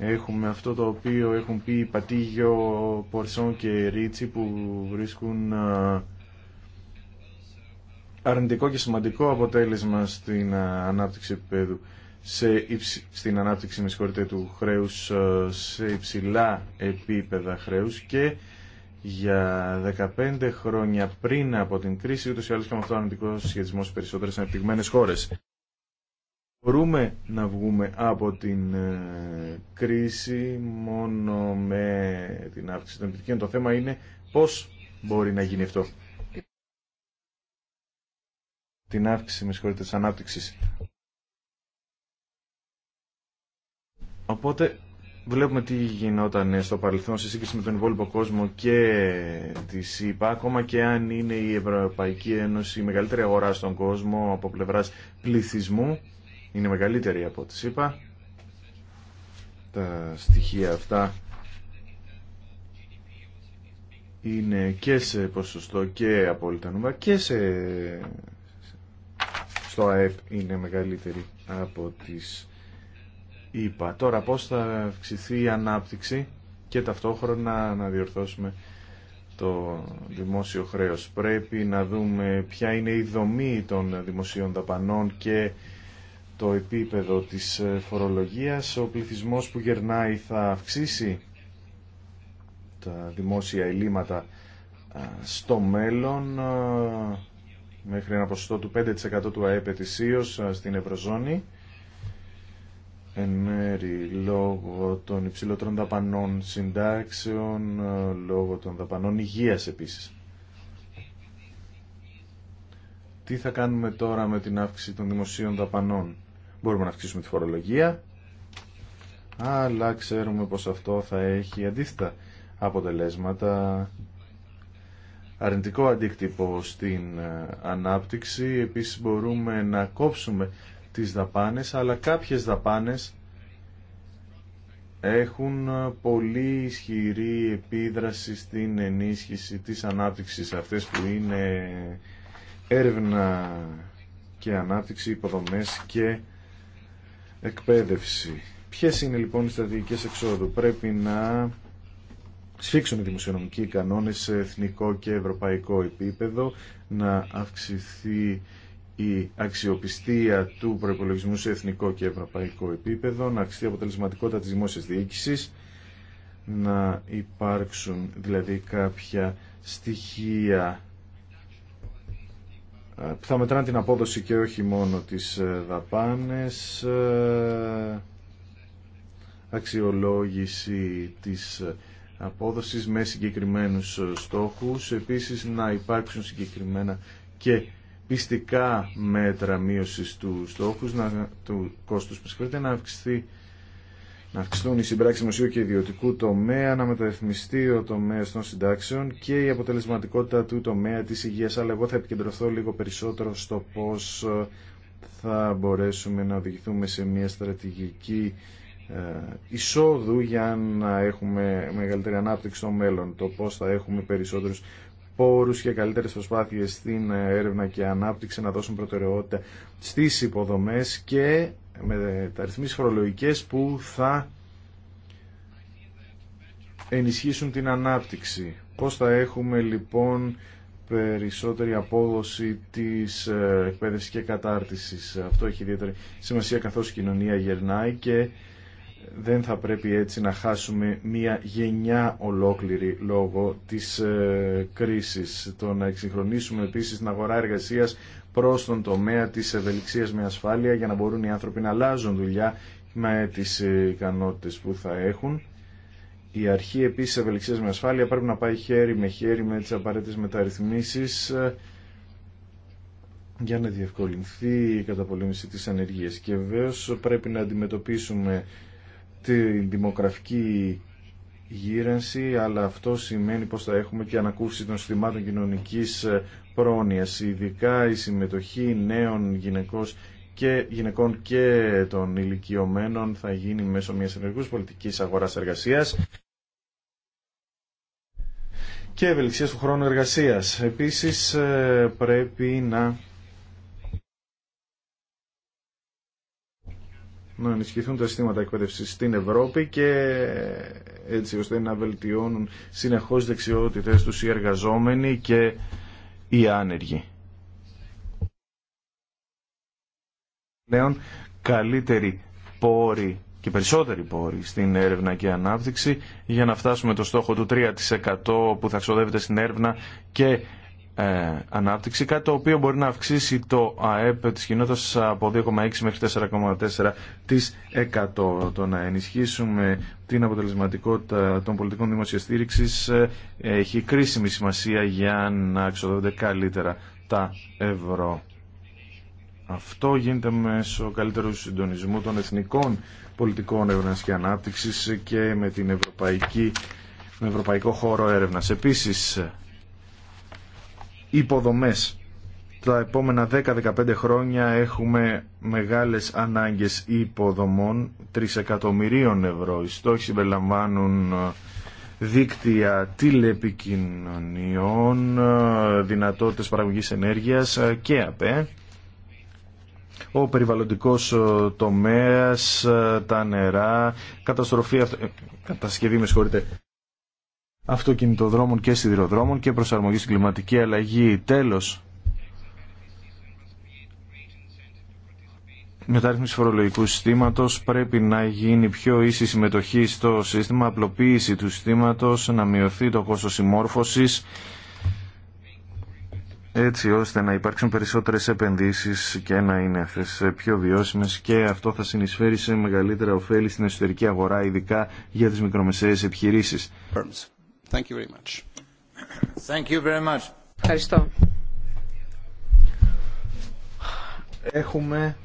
Speaker 1: Έχουμε αυτό το οποίο έχουν πει Πατήγιο, Πορσόν και Ρίτσι που βρίσκουν αρνητικό και σημαντικό αποτέλεσμα στην ανάπτυξη επίπεδου σε στην ανάπτυξη με του χρέους σε υψηλά επίπεδα χρέους και για 15 χρόνια πριν από την κρίση ούτως ή άλλως με αυτό το αρνητικό σχετισμό στις περισσότερες ανεπτυγμένες χώρες. Μπορούμε να βγούμε από την ε, κρίση μόνο με την αύξηση των επιτυχίων. Το θέμα είναι πώς μπορεί να γίνει αυτό. Την αύξηση, με συγχωρείτε, της ανάπτυξης. Οπότε βλέπουμε τι γινόταν στο παρελθόν σε σύγκριση με τον υπόλοιπο κόσμο και τη ΣΥΠΑ, ακόμα και αν είναι η Ευρωπαϊκή Ένωση η μεγαλύτερη αγορά στον κόσμο από πλευράς πληθυσμού, είναι μεγαλύτερη από ό,τι είπα. Τα στοιχεία αυτά είναι και σε ποσοστό και απόλυτα νούμερα και σε... στο ΑΕΠ είναι μεγαλύτερη από τις είπα. Τώρα πώς θα αυξηθεί η ανάπτυξη και ταυτόχρονα να διορθώσουμε το δημόσιο χρέος. Πρέπει να δούμε ποια είναι η δομή των δημοσίων δαπανών και το επίπεδο της ε, φορολογίας. Ο πληθυσμός που γερνάει θα αυξήσει τα δημόσια ελλείμματα στο μέλλον μέχρι ένα ποσοστό του 5% του ΑΕΠ ετησίως στην Ευρωζώνη εν μέρη λόγω των υψηλότερων δαπανών συντάξεων, λόγω των δαπανών υγείας επίσης. Τι θα κάνουμε τώρα με την αύξηση των δημοσίων δαπανών. Μπορούμε να αυξήσουμε τη φορολογία, αλλά ξέρουμε πως αυτό θα έχει αντίθετα αποτελέσματα αρνητικό αντίκτυπο στην ε, ανάπτυξη. Επίσης μπορούμε να κόψουμε τις δαπάνες, αλλά κάποιες δαπάνες έχουν ε, πολύ ισχυρή επίδραση στην ενίσχυση της ανάπτυξης αυτές που είναι έρευνα και ανάπτυξη, υποδομές και εκπαίδευση. Ποιε είναι λοιπόν οι στρατηγικέ εξόδου. Πρέπει να σφίξουν οι δημοσιονομικοί κανόνες σε εθνικό και ευρωπαϊκό επίπεδο, να αυξηθεί η αξιοπιστία του προπολογισμού σε εθνικό και ευρωπαϊκό επίπεδο, να αυξηθεί η αποτελεσματικότητα της δημόσια διοίκηση, να υπάρξουν δηλαδή κάποια στοιχεία που ε, θα μετράνε την απόδοση και όχι μόνο τις ε, δαπάνες, ε, αξιολόγηση της απόδοσης με συγκεκριμένους στόχους, επίσης να υπάρξουν συγκεκριμένα και πιστικά μέτρα μείωσης του στόχους, να, του κόστους, να αυξηθεί να αυξηθούν οι συμπράξει δημοσίου και ιδιωτικού τομέα, να μεταρρυθμιστεί ο τομέα των συντάξεων και η αποτελεσματικότητα του τομέα τη υγεία. Αλλά εγώ θα επικεντρωθώ λίγο περισσότερο στο πώ ε, θα μπορέσουμε να οδηγηθούμε σε μια στρατηγική ε, εισόδου για να έχουμε μεγαλύτερη ανάπτυξη στο μέλλον. Το πώ θα έχουμε περισσότερου πόρου και καλύτερε προσπάθειε στην έρευνα και ανάπτυξη να δώσουν προτεραιότητα στι υποδομέ και με τα ρυθμίσεις φορολογικές που θα ενισχύσουν την ανάπτυξη. Πώς θα έχουμε λοιπόν περισσότερη απόδοση της ε, εκπαίδευσης και κατάρτισης. Αυτό έχει ιδιαίτερη σημασία καθώς η κοινωνία γερνάει και δεν θα πρέπει έτσι να χάσουμε μια γενιά ολόκληρη λόγω της ε, κρίσης. Το να εξυγχρονίσουμε επίσης την αγορά εργασίας προ τον τομέα της ευελιξίας με ασφάλεια για να μπορούν οι άνθρωποι να αλλάζουν δουλειά με τις ε, ικανότητε που θα έχουν. Η αρχή επίσης ευελιξίας με ασφάλεια πρέπει να πάει χέρι με χέρι με τις απαραίτητε μεταρρυθμίσεις ε, για να διευκολυνθεί η καταπολέμηση της ανεργίας. Και βεβαίω πρέπει να αντιμετωπίσουμε τη δημογραφική αλλά αυτό σημαίνει πως θα έχουμε και ανακούφιση των συστημάτων κοινωνικής ε, πρόνοιας, ειδικά η συμμετοχή νέων γυναικών και γυναικών και των ηλικιωμένων θα γίνει μέσω μιας ενεργούς πολιτικής αγοράς εργασίας και ευελιξίας του χρόνου εργασίας. Επίσης ε, πρέπει να να ενισχυθούν τα συστήματα εκπαίδευση στην Ευρώπη και έτσι ώστε να βελτιώνουν συνεχώς δεξιότητε του οι εργαζόμενοι και οι άνεργοι. Νέων καλύτεροι πόροι και περισσότεροι πόροι στην έρευνα και ανάπτυξη για να φτάσουμε το στόχο του 3% που θα ξοδεύεται στην έρευνα και ε, ανάπτυξη, κάτι το οποίο μπορεί να αυξήσει το ΑΕΠ της κοινότητας από 2,6 μέχρι 4,4% το να ενισχύσουμε την αποτελεσματικότητα των πολιτικών δημοσιαστήριξης ε, έχει κρίσιμη σημασία για να εξοδεύονται καλύτερα τα ευρώ. Αυτό γίνεται μέσω καλύτερου συντονισμού των εθνικών πολιτικών έρευνας και ανάπτυξης και με την ευρωπαϊκή με ευρωπαϊκό χώρο έρευνας. Επίσης, υποδομές. Τα επόμενα 10-15 χρόνια έχουμε μεγάλες ανάγκες υποδομών 3 εκατομμυρίων ευρώ. Οι στόχοι συμπεριλαμβάνουν ε, δίκτυα τηλεπικοινωνιών, ε, δυνατότητες παραγωγής ενέργειας ε, και ΑΠΕ. Ο περιβαλλοντικός τομέας, τα νερά, καταστροφή, κατασκευή με συγχωρείτε, αυτοκινητοδρόμων και σιδηροδρόμων και προσαρμογή στην κλιματική αλλαγή. Τέλος, μεταρρύθμιση φορολογικού συστήματος πρέπει να γίνει πιο ίση συμμετοχή στο σύστημα, απλοποίηση του συστήματος, να μειωθεί το κόστος συμμόρφωσης, έτσι ώστε να υπάρξουν περισσότερες επενδύσεις και να είναι αυτές πιο βιώσιμες και αυτό θα συνεισφέρει σε μεγαλύτερα ωφέλη στην εσωτερική αγορά, ειδικά για τις μικρομεσαίες επιχειρήσεις. Thank Έχουμε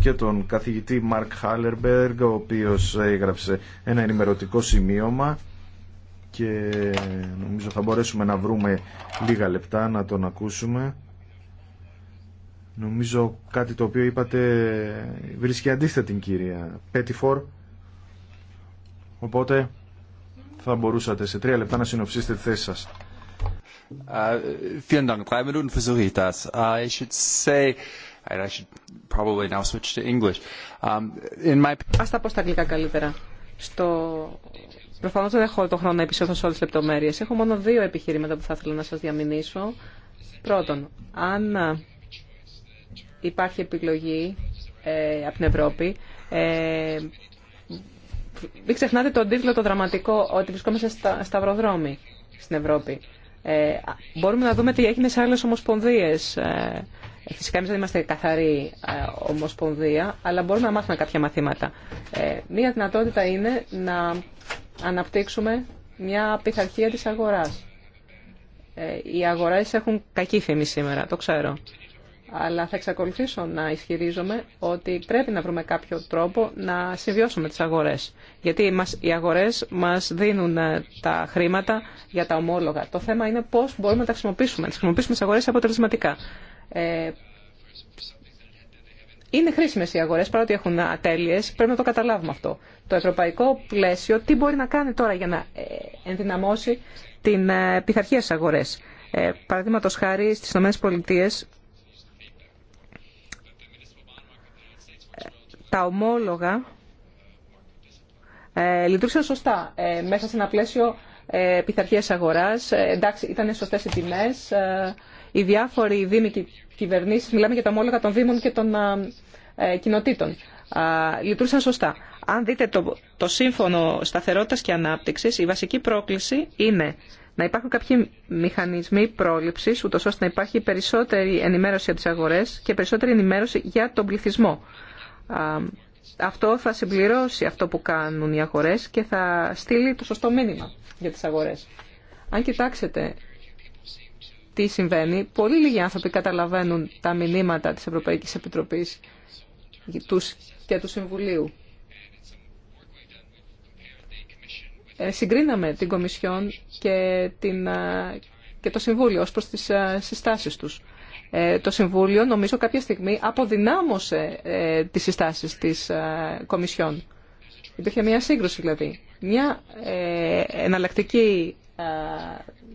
Speaker 1: και τον καθηγητή Μαρκ Χάλερμπεργκ, ο οποίος έγραψε ένα ενημερωτικό σημείωμα και νομίζω θα μπορέσουμε να βρούμε λίγα λεπτά να τον ακούσουμε. Νομίζω κάτι το οποίο είπατε βρίσκει αντίθετη κυρία Πέτιφορ. Οπότε θα μπορούσατε σε τρία λεπτά να συνοψίσετε τη θέση σας.
Speaker 2: Vielen
Speaker 3: Ας τα πω στα αγγλικά καλύτερα. Στο... Προφανώς δεν έχω το χρόνο να επισέλθω σε όλες τις λεπτομέρειες. Έχω μόνο δύο επιχειρήματα που θα ήθελα να σας διαμηνήσω. Πρώτον, αν ε, υπάρχει επιλογή ε, από την Ευρώπη, ε, μην ξεχνάτε τον τίτλο το δραματικό ότι βρισκόμαστε στα σταυροδρόμοι στην Ευρώπη. Ε, μπορούμε να δούμε τι έγινε σε άλλες ομοσπονδίες. Ε, φυσικά εμείς δεν είμαστε καθαρή ε, ομοσπονδία, αλλά μπορούμε να μάθουμε κάποια μαθήματα. Ε, μία δυνατότητα είναι να αναπτύξουμε μια πειθαρχία της αγοράς. Ε, οι αγοράς έχουν κακή φήμη σήμερα, το ξέρω αλλά θα εξακολουθήσω να ισχυρίζομαι ότι πρέπει να βρούμε κάποιο τρόπο να συμβιώσουμε τις αγορές. Γιατί μας, οι αγορές μας δίνουν ε, τα χρήματα για τα ομόλογα. Το θέμα είναι πώς μπορούμε να τα χρησιμοποιήσουμε, να τις χρησιμοποιήσουμε τις αγορές αποτελεσματικά. Ε, είναι χρήσιμες οι αγορές, παρότι έχουν ατέλειες, πρέπει να το καταλάβουμε αυτό. Το ευρωπαϊκό πλαίσιο τι μπορεί να κάνει τώρα για να ε, ενδυναμώσει την ε, πειθαρχία στις αγορές. Ε, Παραδείγματο χάρη στι ΗΠΑ τα ομόλογα ε, λειτουργήσαν σωστά ε, μέσα σε ένα πλαίσιο ε, πειθαρχίας αγοράς. Ε, εντάξει, ήταν σωστές οι τιμές. Ε, οι διάφοροι δήμοι και κυβερνήσεις, μιλάμε για τα ομόλογα των δήμων και των ε, ε, κοινοτήτων, λειτουργήσαν σωστά. Αν δείτε το, το Σύμφωνο Σταθερότητας και Ανάπτυξης, η βασική πρόκληση είναι να υπάρχουν κάποιοι μηχανισμοί πρόληψης, ούτως ώστε να υπάρχει περισσότερη ενημέρωση από τις αγορές και περισσότερη ενημέρωση για τον πληθυσμό αυτό θα συμπληρώσει αυτό που κάνουν οι αγορές και θα στείλει το σωστό μήνυμα για τις αγορές. Αν κοιτάξετε τι συμβαίνει, πολύ λίγοι άνθρωποι καταλαβαίνουν τα μηνύματα της Ευρωπαϊκής Επιτροπής και του Συμβουλίου. Ε, συγκρίναμε την Κομισιόν και, την, και το Συμβούλιο ως προς τις συστάσεις τους. Ε, το Συμβούλιο νομίζω κάποια στιγμή αποδυνάμωσε ε, τις συστάσεις της ε, Κομισιόν. Υπήρχε μια σύγκρουση δηλαδή. Μια εναλλακτική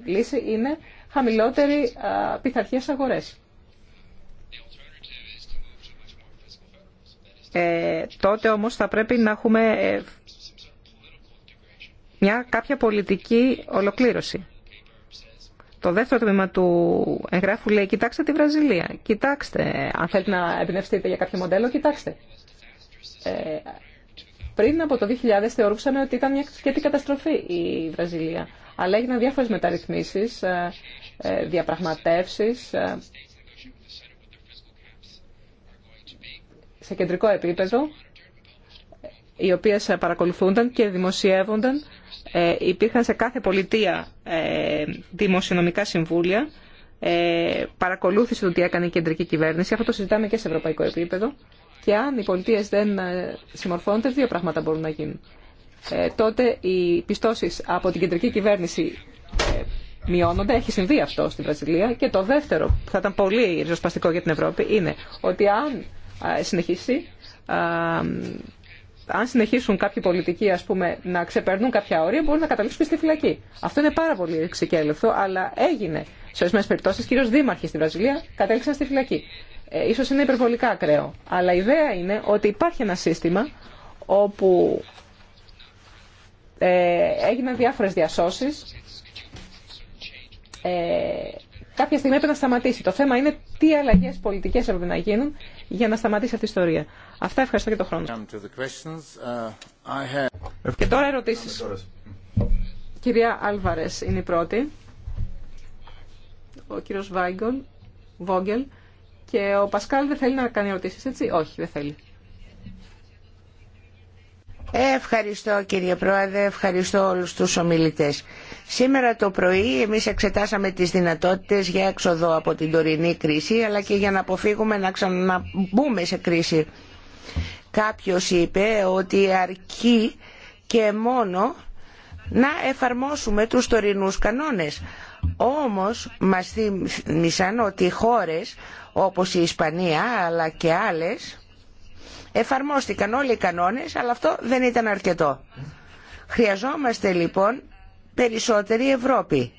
Speaker 3: λύση είναι χαμηλότερη πειθαρχία στις αγορές. Ε, τότε όμως θα πρέπει να έχουμε μια κάποια πολιτική ολοκλήρωση το δεύτερο τμήμα του εγγράφου λέει «Κοιτάξτε τη Βραζιλία, κοιτάξτε, αν θέλετε να εμπνευστείτε για κάποιο μοντέλο, κοιτάξτε». Ε, πριν από το 2000 θεωρούσαμε ότι ήταν μια σχετική καταστροφή η Βραζιλία, αλλά έγιναν διάφορες μεταρρυθμίσεις, ε, ε, διαπραγματεύσεις, ε, σε κεντρικό επίπεδο, οι οποίες παρακολουθούνταν και δημοσιεύονταν ε, υπήρχαν σε κάθε πολιτεία ε, δημοσιονομικά συμβούλια, ε, παρακολούθησε το τι έκανε η κεντρική κυβέρνηση. Αυτό το συζητάμε και σε ευρωπαϊκό επίπεδο. Και αν οι πολιτείες δεν ε, συμμορφώνονται, δύο πράγματα μπορούν να γίνουν. Ε, τότε οι πιστώσεις από την κεντρική κυβέρνηση μειώνονται. Έχει συμβεί αυτό στην Βραζιλία. Και το δεύτερο, που θα ήταν πολύ ριζοσπαστικό για την Ευρώπη, είναι ότι αν συνεχίσει αν συνεχίσουν κάποιοι πολιτικοί ας πούμε, να ξεπερνούν κάποια όρια, μπορούν να καταλήξουν στη φυλακή. Αυτό είναι πάρα πολύ εξικέλευθο, αλλά έγινε σε ορισμένε περιπτώσει, κυρίω δήμαρχοι στη Βραζιλία κατέληξαν στη φυλακή. Ε, ίσως είναι υπερβολικά ακραίο. Αλλά η ιδέα είναι ότι υπάρχει ένα σύστημα όπου ε, έγιναν διάφορες διασώσεις. Ε, κάποια στιγμή έπρεπε να σταματήσει. Το θέμα είναι τι αλλαγές πολιτικές έπρεπε να γίνουν για να σταματήσει αυτή η ιστορία.
Speaker 5: Αυτά ευχαριστώ και τον χρόνο. Uh, και τώρα ερωτήσεις. Κυρία
Speaker 3: Άλβαρες είναι η πρώτη. Ο κύριος Βάγκον, Βόγγελ. Και ο Πασκάλ δεν θέλει να κάνει ερωτήσεις, έτσι. Όχι, δεν θέλει.
Speaker 6: Ευχαριστώ κύριε Πρόεδρε, ευχαριστώ όλους τους ομιλητές. Σήμερα το πρωί εμείς εξετάσαμε τις δυνατότητες για έξοδο από την τωρινή κρίση αλλά και για να αποφύγουμε να ξαναμπούμε σε κρίση. Κάποιος είπε ότι αρκεί και μόνο να εφαρμόσουμε τους τωρινούς κανόνες. Όμως μας θύμισαν ότι χώρες όπως η Ισπανία αλλά και άλλες εφαρμόστηκαν όλοι οι κανόνες αλλά αυτό δεν ήταν αρκετό. Χρειαζόμαστε λοιπόν περισσότερη Ευρώπη.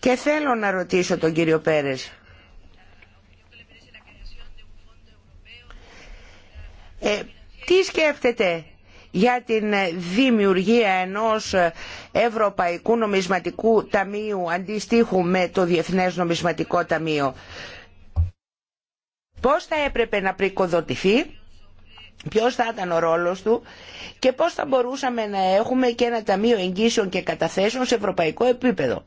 Speaker 6: Και θέλω να ρωτήσω τον κύριο Πέρες. Ε, τι σκέφτεται για την δημιουργία ενός Ευρωπαϊκού Νομισματικού Ταμείου αντίστοιχου με το Διεθνές Νομισματικό Ταμείο. Πώς θα έπρεπε να πρικοδοτηθεί, ποιος θα ήταν ο ρόλος του και πώς θα μπορούσαμε να έχουμε και ένα Ταμείο Εγγύσεων και Καταθέσεων σε ευρωπαϊκό επίπεδο.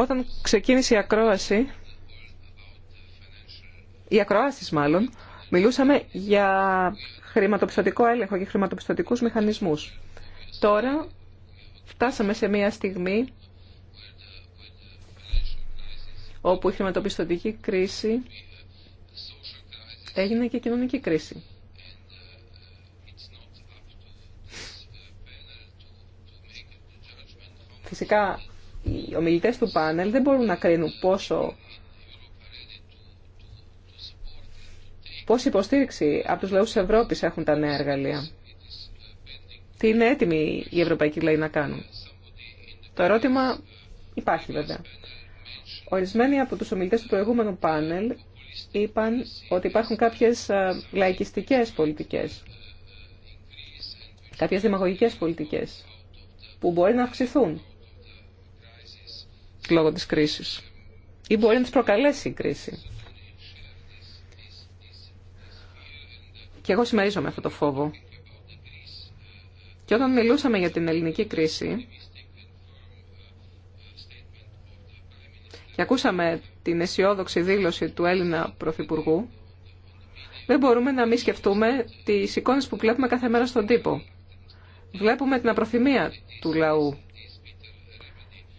Speaker 6: Όταν ξεκίνησε η
Speaker 3: ακρόαση, η ακρόαση μάλλον, μιλούσαμε για χρηματοπιστωτικό έλεγχο και χρηματοπιστωτικούς μηχανισμούς. Τώρα φτάσαμε σε μια στιγμή όπου η χρηματοπιστωτική κρίση έγινε και κοινωνική κρίση. Φυσικά οι ομιλητές του πάνελ δεν μπορούν να κρίνουν πόσο πόση υποστήριξη από τους λαούς της Ευρώπης έχουν τα νέα εργαλεία. Τι είναι έτοιμοι οι ευρωπαϊκοί λαοί να κάνουν. Το ερώτημα υπάρχει βέβαια. Ορισμένοι από τους ομιλητές του προηγούμενου πάνελ είπαν ότι υπάρχουν κάποιες ε, λαϊκιστικές πολιτικές, κάποιες δημαγωγικές πολιτικές που μπορεί να αυξηθούν λόγω της κρίσης ή μπορεί να τις προκαλέσει η κρίση. Και εγώ συμμερίζομαι αυτό το φόβο. Και όταν μιλούσαμε για την ελληνική κρίση και ακούσαμε την αισιόδοξη δήλωση του Έλληνα Πρωθυπουργού, δεν μπορούμε να μη σκεφτούμε τις εικόνες που βλέπουμε κάθε μέρα στον τύπο. Βλέπουμε την απροθυμία του λαού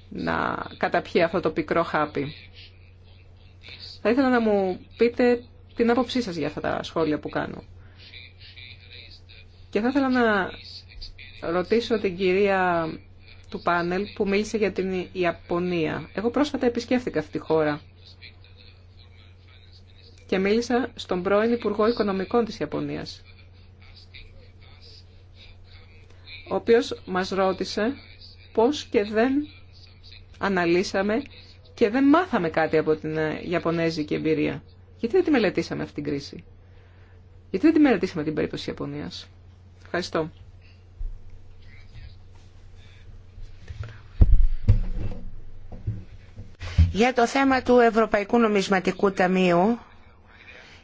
Speaker 3: να καταπιεί αυτό το πικρό χάπι. Θα ήθελα να μου πείτε την άποψή σας για αυτά τα σχόλια που κάνω. Και θα ήθελα να ρωτήσω την κυρία του πάνελ που μίλησε για την Ιαπωνία. Εγώ πρόσφατα επισκέφθηκα αυτή τη χώρα και μίλησα στον πρώην Υπουργό Οικονομικών της Ιαπωνίας, ο οποίος μας ρώτησε πώς και δεν αναλύσαμε και δεν μάθαμε κάτι από την ε, Ιαπωνέζικη εμπειρία. Γιατί δεν τη μελετήσαμε αυτή την κρίση. Γιατί δεν τη μελετήσαμε την περίπτωση Ιαπωνία. Ιαπωνίας. Ευχαριστώ.
Speaker 6: Για το θέμα του Ευρωπαϊκού Νομισματικού Ταμείου,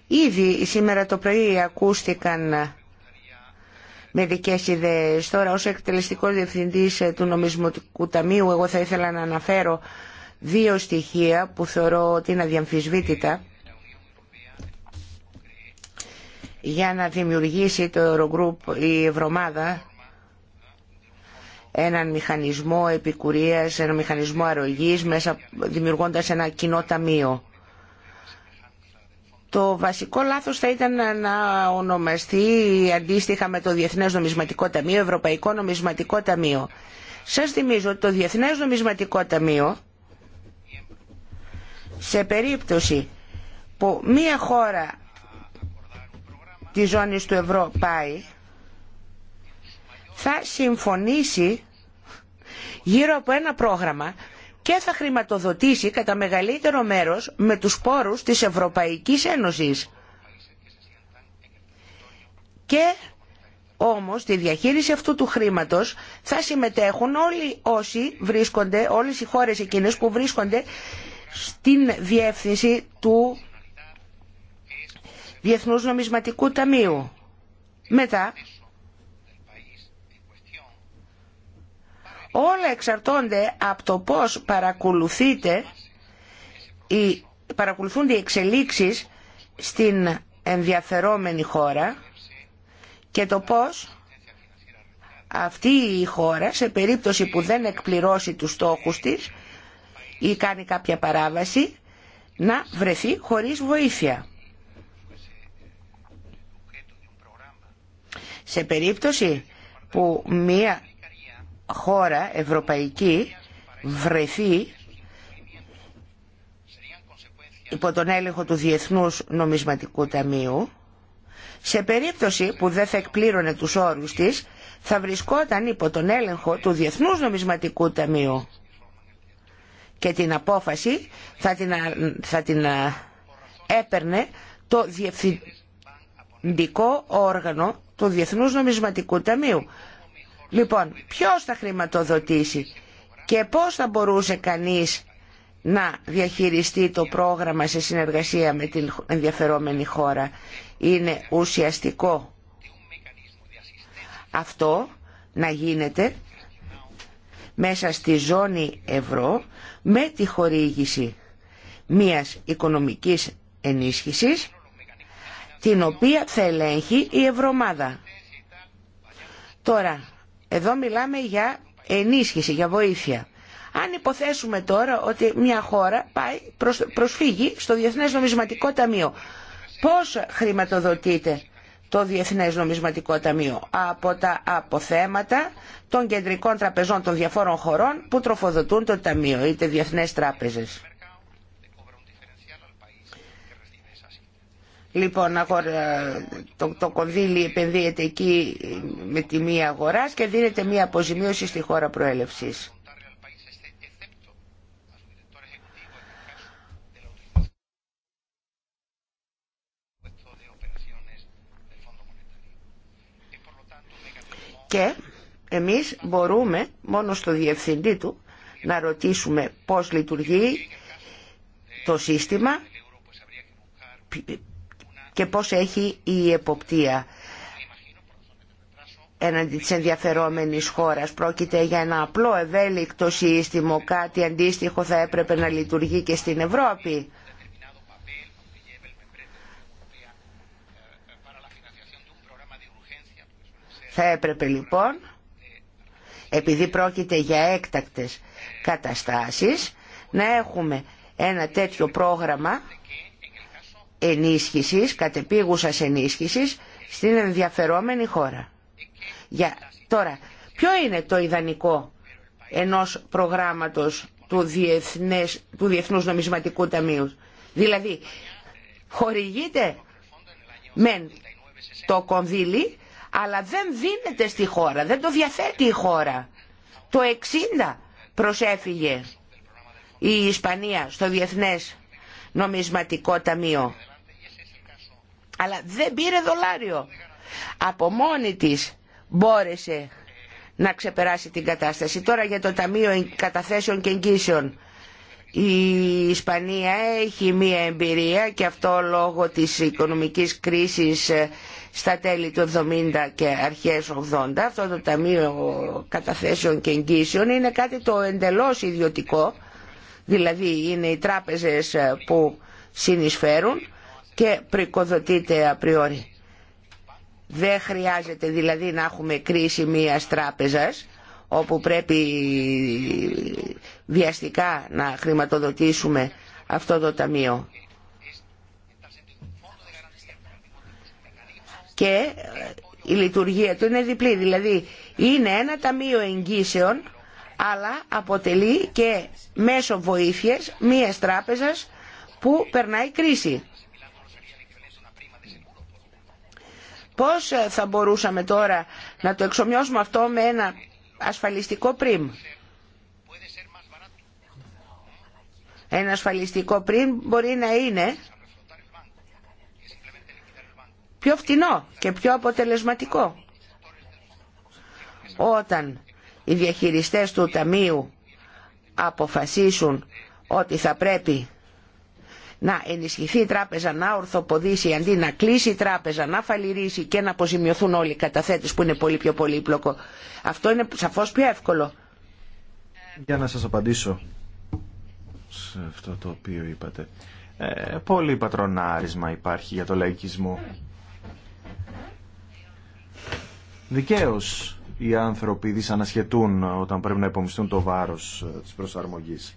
Speaker 6: ήδη σήμερα το πρωί ακούστηκαν με δικέ ιδέες. Τώρα ως εκτελεστικός διευθυντής ε, του Νομισματικού Ταμείου εγώ θα ήθελα να αναφέρω δύο στοιχεία που θεωρώ ότι είναι αδιαμφισβήτητα για να δημιουργήσει το Eurogroup η Ευρωμάδα έναν μηχανισμό επικουρίας, έναν μηχανισμό αρρωγής μέσα, δημιουργώντας ένα κοινό ταμείο. Το βασικό λάθος θα ήταν να ονομαστεί αντίστοιχα με το Διεθνές Νομισματικό Ταμείο, Ευρωπαϊκό Νομισματικό Ταμείο. Σας θυμίζω ότι το Διεθνές Νομισματικό Ταμείο σε περίπτωση που μία χώρα της ζώνης του ευρώ πάει θα συμφωνήσει γύρω από ένα πρόγραμμα και θα χρηματοδοτήσει κατά μεγαλύτερο μέρος με τους πόρους της Ευρωπαϊκής Ένωσης. Και όμως στη διαχείριση αυτού του χρήματος θα συμμετέχουν όλοι όσοι βρίσκονται, όλες οι χώρες εκείνες που βρίσκονται στην διεύθυνση του Διεθνούς Νομισματικού Ταμείου. Μετά Όλα εξαρτώνται από το πώς παρακολουθείτε ή παρακολουθούνται οι εξελίξεις στην ενδιαφερόμενη χώρα και το πώς αυτή η χώρα σε περίπτωση που δεν εκπληρώσει τους στόχους της ή κάνει κάποια παράβαση να βρεθεί χωρίς βοήθεια. Σε περίπτωση που μία χώρα ευρωπαϊκή βρεθεί υπό τον έλεγχο του Διεθνούς Νομισματικού Ταμείου σε περίπτωση που δεν θα εκπλήρωνε τους όρους της θα βρισκόταν υπό τον έλεγχο του Διεθνούς Νομισματικού Ταμείου και την απόφαση θα την, θα την έπαιρνε το Διευθυντικό Όργανο του Διεθνούς Νομισματικού Ταμείου Λοιπόν, ποιος θα χρηματοδοτήσει και πώς θα μπορούσε κανείς να διαχειριστεί το πρόγραμμα σε συνεργασία με την ενδιαφερόμενη χώρα είναι ουσιαστικό αυτό να γίνεται μέσα στη ζώνη ευρώ με τη χορήγηση μίας οικονομικής ενίσχυσης την οποία θα ελέγχει η Ευρωμάδα. Τώρα, εδώ μιλάμε για ενίσχυση, για βοήθεια. Αν υποθέσουμε τώρα ότι μια χώρα πάει, προσφύγει στο Διεθνές Νομισματικό Ταμείο, πώς χρηματοδοτείται το Διεθνές Νομισματικό Ταμείο από τα αποθέματα των κεντρικών τραπεζών των διαφόρων χωρών που τροφοδοτούν το Ταμείο, είτε Διεθνές Τράπεζες. Λοιπόν, το, το κονδύλι επενδύεται εκεί με τη μία αγοράς και δίνεται μία αποζημίωση στη χώρα προέλευσης. Και εμείς μπορούμε μόνο στο διευθυντή του να ρωτήσουμε πώς λειτουργεί το σύστημα, και πώς έχει η εποπτεία έναντι της ενδιαφερόμενης χώρας. Πρόκειται για ένα απλό ευέλικτο σύστημα, κάτι αντίστοιχο θα έπρεπε να λειτουργεί και στην Ευρώπη. Θα έπρεπε λοιπόν, επειδή πρόκειται για έκτακτες καταστάσεις, να έχουμε ένα τέτοιο πρόγραμμα ενίσχυσης, κατεπίγουσας ενίσχυσης στην ενδιαφερόμενη χώρα. Για, τώρα, ποιο είναι το ιδανικό ενός προγράμματος του, Διεθνές, του Διεθνούς Νομισματικού Ταμείου. Δηλαδή, χορηγείται με το κονδύλι, αλλά δεν δίνεται στη χώρα, δεν το διαθέτει η χώρα. Το 60 προσέφυγε η Ισπανία στο Διεθνές νομισματικό ταμείο. Αλλά δεν πήρε δολάριο. Από μόνη της μπόρεσε να ξεπεράσει την κατάσταση. Τώρα για το Ταμείο Καταθέσεων και Εγγύσεων. Η Ισπανία έχει μία εμπειρία και αυτό λόγω της οικονομικής κρίσης ε, στα τέλη του 70 και αρχές 80. Αυτό το Ταμείο Καταθέσεων και Εγγύσεων είναι κάτι το εντελώς ιδιωτικό δηλαδή είναι οι τράπεζες ε, που συνεισφέρουν και πρικοδοτείται απριόρι. Δεν χρειάζεται δηλαδή να έχουμε κρίση μιας τράπεζας όπου πρέπει βιαστικά να χρηματοδοτήσουμε αυτό το ταμείο. Και ε, η λειτουργία του είναι διπλή, δηλαδή είναι ένα ταμείο εγγύσεων αλλά αποτελεί και μέσω βοήθειας μίας τράπεζας που περνάει κρίση. Πώς θα μπορούσαμε τώρα να το εξομοιώσουμε αυτό με ένα ασφαλιστικό πριμ. Ένα ασφαλιστικό πριμ μπορεί να είναι πιο φτηνό και πιο αποτελεσματικό. Όταν οι διαχειριστές του Ταμείου αποφασίσουν ότι θα πρέπει να ενισχυθεί η τράπεζα, να ορθοποδήσει αντί να κλείσει η τράπεζα, να φαλυρίσει και να αποζημιωθούν όλοι οι καταθέτες που είναι πολύ πιο πολύπλοκο. Αυτό είναι σαφώς πιο εύκολο.
Speaker 1: Για να σας απαντήσω σε αυτό το οποίο είπατε. Ε, πολύ πατρονάρισμα υπάρχει για το λαϊκισμό. Δικαίως οι άνθρωποι δυσανασχετούν όταν πρέπει να υπομισθούν το βάρος ε, της προσαρμογής.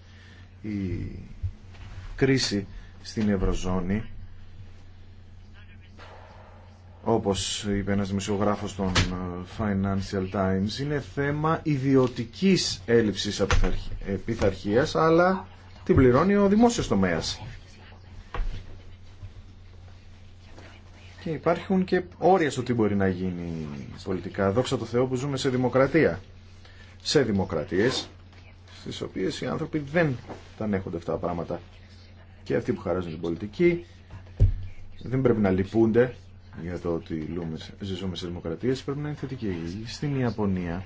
Speaker 1: Η κρίση στην Ευρωζώνη όπως είπε ένας δημοσιογράφος των ε, Financial Times, είναι θέμα ιδιωτικής έλλειψης επιθαρχίας, αλλά την πληρώνει ο δημόσιος τομέας. και υπάρχουν και όρια στο τι μπορεί να γίνει πολιτικά. Δόξα τω Θεώ που ζούμε σε δημοκρατία. Σε δημοκρατίες στις οποίες οι άνθρωποι δεν τα ανέχονται αυτά τα πράγματα. Και αυτοί που χαράζουν την πολιτική δεν πρέπει να λυπούνται για το ότι ζούμε σε δημοκρατίες. Πρέπει να είναι θετικοί. Στην Ιαπωνία,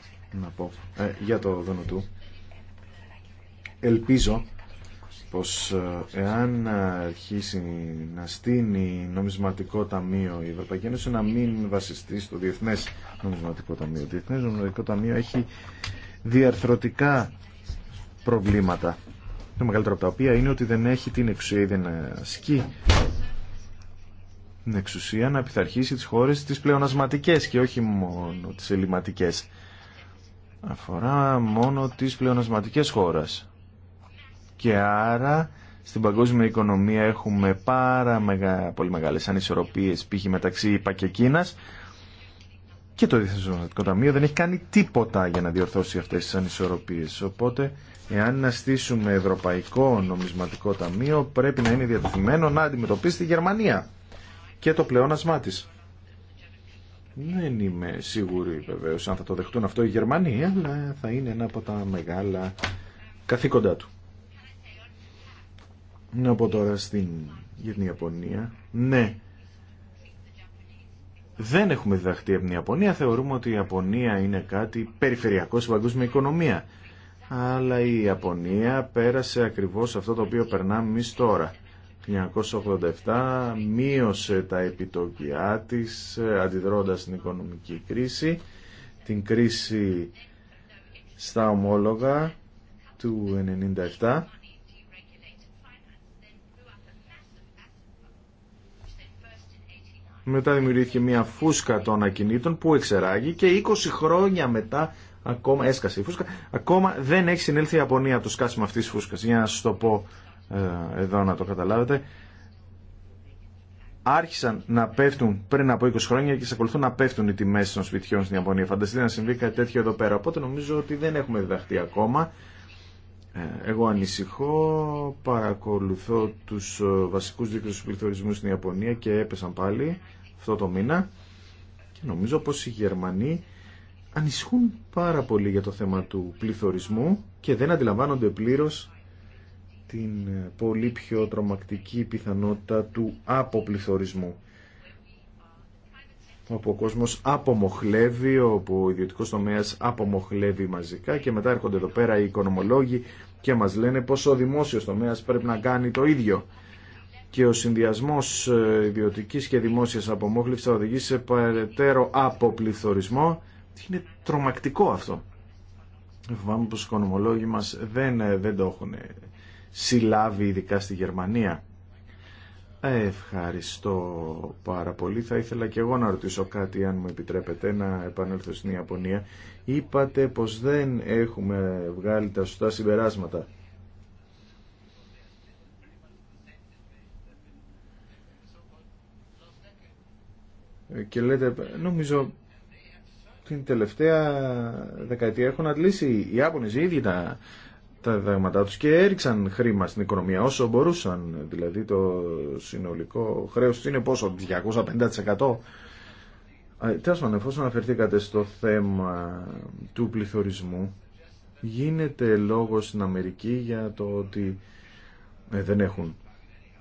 Speaker 1: ε, για το δόνοτου, ελπίζω πως ε, εάν αρχίσει να στείνει νομισματικό ταμείο η Ευρωπαϊκή Ένωση να μην βασιστεί στο Διεθνές Νομισματικό Ταμείο. Το Διεθνές Νομισματικό Ταμείο έχει διαρθρωτικά προβλήματα. Το μεγαλύτερο από τα οποία είναι ότι δεν έχει την εξουσία ή δεν ασκεί την εξουσία να πειθαρχήσει τις χώρες τις πλεονασματικές και όχι μόνο τις ελληματικές. Αφορά μόνο τις πλεονασματικές χώρες και άρα στην παγκόσμια οικονομία έχουμε πάρα μεγα, πολύ μεγάλες ανισορροπίες π.χ. μεταξύ ΙΠΑ και Κίνας και το Διεθνές Ταμείο δεν έχει κάνει τίποτα για να διορθώσει αυτές τις ανισορροπίες. Οπότε, εάν να στήσουμε Ευρωπαϊκό Νομισματικό Ταμείο, πρέπει να είναι διατεθειμένο να αντιμετωπίσει τη Γερμανία και το πλεόνασμά της. Δεν είμαι σίγουρη βεβαίω αν θα το δεχτούν αυτό οι Γερμανοί, αλλά θα είναι ένα από τα μεγάλα καθήκοντά του. Να πω τώρα στην, για την Ιαπωνία. Ναι, δεν έχουμε διδαχτεί από την Ιαπωνία. Θεωρούμε ότι η Ιαπωνία είναι κάτι περιφερειακό στην παγκόσμια οικονομία. Αλλά η Ιαπωνία πέρασε ακριβώς αυτό το οποίο περνάμε εμείς τώρα. 1987 μείωσε τα επιτόκια της αντιδρώντας την οικονομική κρίση, την κρίση στα ομόλογα του 1997 Μετά δημιουργήθηκε μια φούσκα των ακινήτων που εξεράγει και 20 χρόνια μετά ακόμα έσκασε η φούσκα. Ακόμα δεν έχει συνέλθει η Απονία το σκάσιμο αυτής της φούσκας. Για να σα το πω ε, εδώ να το καταλάβετε. Άρχισαν να πέφτουν πριν από 20 χρόνια και εξακολουθούν να πέφτουν οι τιμές των σπιτιών στην Ιαπωνία. Φανταστείτε να συμβεί κάτι τέτοιο εδώ πέρα. Οπότε νομίζω ότι δεν έχουμε διδαχθεί ακόμα ε, εγώ ανησυχώ, παρακολουθώ τους ε, βασικούς δείκτες του πληθωρισμού στην Ιαπωνία και έπεσαν πάλι αυτό το μήνα και νομίζω πως οι Γερμανοί ανησυχούν πάρα πολύ για το θέμα του πληθωρισμού και δεν αντιλαμβάνονται πλήρως την ε, πολύ πιο τρομακτική πιθανότητα του αποπληθωρισμού όπου ο κόσμος απομοχλεύει, όπου ο ιδιωτικός τομέας απομοχλεύει μαζικά και μετά έρχονται εδώ πέρα οι οικονομολόγοι και μας λένε πως ο δημόσιος τομέας πρέπει να κάνει το ίδιο. Και ο συνδυασμός ε, ιδιωτικής και δημόσιας απομόχλευσης θα οδηγήσει σε περαιτέρω αποπληθωρισμό. Είναι τρομακτικό αυτό. Φοβάμαι πως οι οικονομολόγοι μας δεν, ε, δεν το έχουν ε, συλλάβει ειδικά στη Γερμανία. Ευχαριστώ πάρα πολύ. Θα ήθελα και εγώ να ρωτήσω κάτι, αν μου επιτρέπετε, να επανέλθω στην Ιαπωνία. Είπατε πως δεν έχουμε βγάλει τα σωστά συμπεράσματα. Και λέτε, νομίζω, την τελευταία δεκαετία έχουν αντλήσει οι Ιάπωνες οι ίδιοι τα τα διδάγματά τους και έριξαν χρήμα στην οικονομία όσο μπορούσαν. Δηλαδή το συνολικό χρέος είναι πόσο, 250%. Τέλος πάντων, εφόσον αναφερθήκατε στο θέμα του πληθωρισμού, γίνεται λόγο στην Αμερική για το ότι ε, δεν έχουν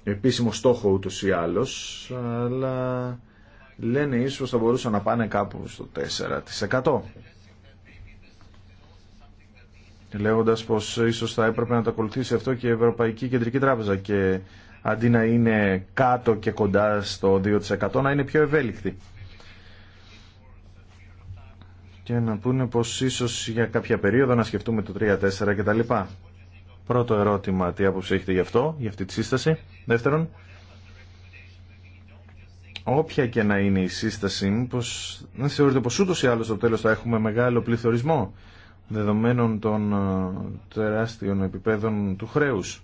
Speaker 1: επίσημο στόχο ούτως ή άλλως, αλλά λένε ίσως θα μπορούσαν να πάνε κάπου στο 4%. Λέγοντα πως ίσως θα έπρεπε να το ακολουθήσει αυτό και η Ευρωπαϊκή Κεντρική Τράπεζα και αντί να είναι κάτω και κοντά στο 2% να είναι πιο ευέλικτη. Και να πούνε πως ίσως για κάποια περίοδο να σκεφτούμε το 3-4 κτλ. Πρώτο ερώτημα, τι άποψη έχετε γι' αυτό, για αυτή τη σύσταση. Δεύτερον, όποια και να είναι η σύσταση, μήπως δεν θεωρείτε πως ούτως ή άλλως στο τέλος θα έχουμε μεγάλο πληθωρισμό δεδομένων των ε, τεράστιων επιπέδων του χρέους.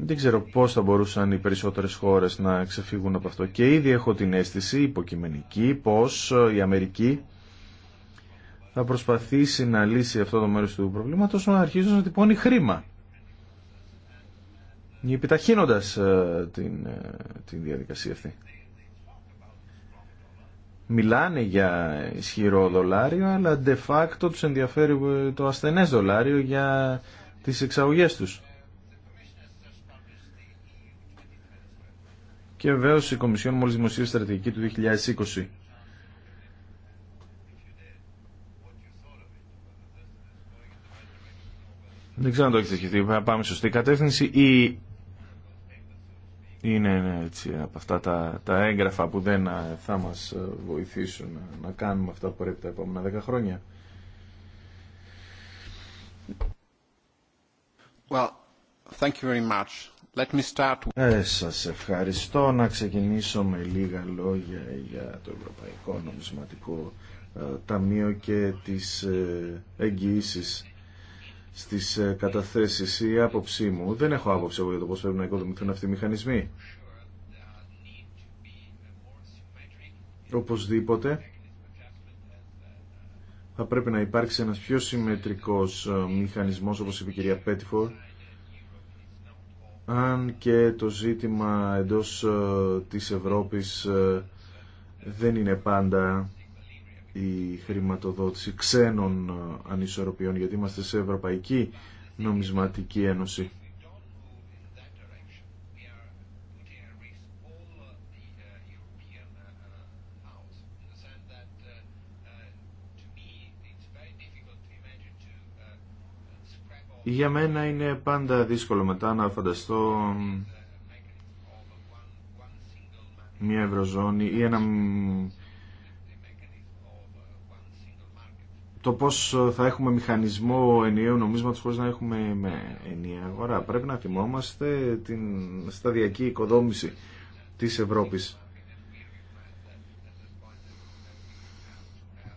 Speaker 1: Δεν ξέρω πώς θα μπορούσαν οι περισσότερες χώρες να ξεφύγουν από αυτό. Και ήδη έχω την αίσθηση υποκειμενική πως ε, η Αμερική θα προσπαθήσει να λύσει αυτό το μέρος του προβλήματος να αρχίζουν να τυπώνει χρήμα. Επιταχύνοντας ε, την, την διαδικασία αυτή μιλάνε για ισχυρό δολάριο, αλλά de facto τους ενδιαφέρει ε, το ασθενές δολάριο για τις εξαγωγές τους. Και βεβαίω η Κομισιόν μόλις δημοσίευσε στρατηγική του 2020. Δεν ξέρω αν το έχετε σκεφτεί. Πάμε σωστή κατεύθυνση ή είναι έτσι, από αυτά τα, τα έγγραφα που δεν ε, θα μας ε, βοηθήσουν να, κάνουμε αυτά που πρέπει τα επόμενα δέκα χρόνια.
Speaker 5: Well, you very much. Let me start...
Speaker 1: ε, σας ευχαριστώ να ξεκινήσω με λίγα λόγια για το Ευρωπαϊκό Νομισματικό ε, Ταμείο και τις εγγυήσεις στις ε, καταθέσεις η άποψή μου. Δεν έχω άποψη εγώ για το πώς πρέπει να οικοδομηθούν αυτοί οι μηχανισμοί. Οπωσδήποτε θα πρέπει να υπάρξει ένας πιο συμμετρικός ε, μηχανισμός όπως είπε η κυρία Πέτιφορ αν και το ζήτημα εντός ε, της Ευρώπης δεν είναι πάντα η χρηματοδότηση ξένων ε, ανισορροπιών, γιατί είμαστε σε Ευρωπαϊκή Νομισματική Ένωση. Για μένα είναι πάντα δύσκολο μετά να φανταστώ μια ευρωζώνη ή ένα το πώ ε, θα έχουμε μηχανισμό ενιαίου νομίσματος χωρίς να έχουμε με ενιαία αγορά. Πρέπει να θυμόμαστε την σταδιακή οικοδόμηση της Ευρώπης.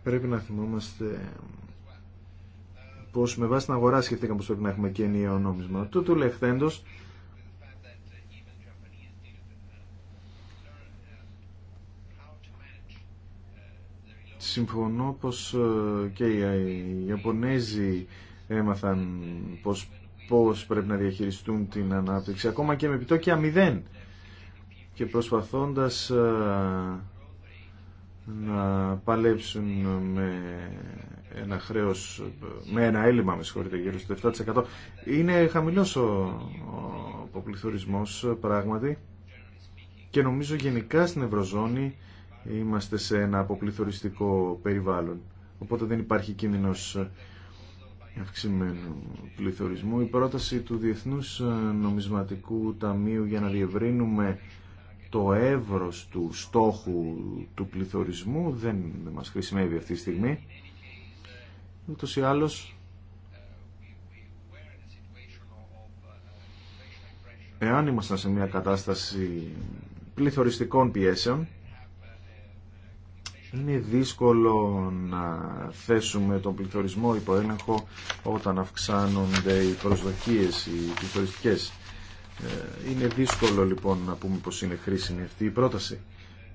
Speaker 1: Πρέπει να θυμόμαστε πως με βάση την αγορά σκεφτήκαμε πω πρέπει να έχουμε και ενιαίο νόμισμα. Τούτου λεχθέντος συμφωνώ πως ε, και ε, οι Ιαπωνέζοι έμαθαν πως πώς πρέπει να διαχειριστούν την ανάπτυξη, ακόμα και με επιτόκια μηδέν. Και προσπαθώντας ε, να παλέψουν με ένα χρέος, με ένα έλλειμμα, με συγχωρείτε, γύρω στο 7%. Είναι χαμηλός ο, ο πράγματι και νομίζω γενικά στην Ευρωζώνη είμαστε σε ένα αποπληθωριστικό περιβάλλον. Οπότε δεν υπάρχει κίνδυνος αυξημένου πληθωρισμού. Η πρόταση του Διεθνούς Νομισματικού Ταμείου για να διευρύνουμε το εύρος του στόχου του πληθωρισμού δεν μας χρησιμεύει αυτή τη στιγμή. Ούτως ή άλλως, εάν ήμασταν σε μια κατάσταση πληθωριστικών πιέσεων, είναι δύσκολο να θέσουμε τον πληθωρισμό υπό έλεγχο όταν αυξάνονται οι προσδοκίες, οι πληθωριστικές. Ε, είναι δύσκολο λοιπόν να πούμε πως είναι χρήσιμη αυτή η πρόταση.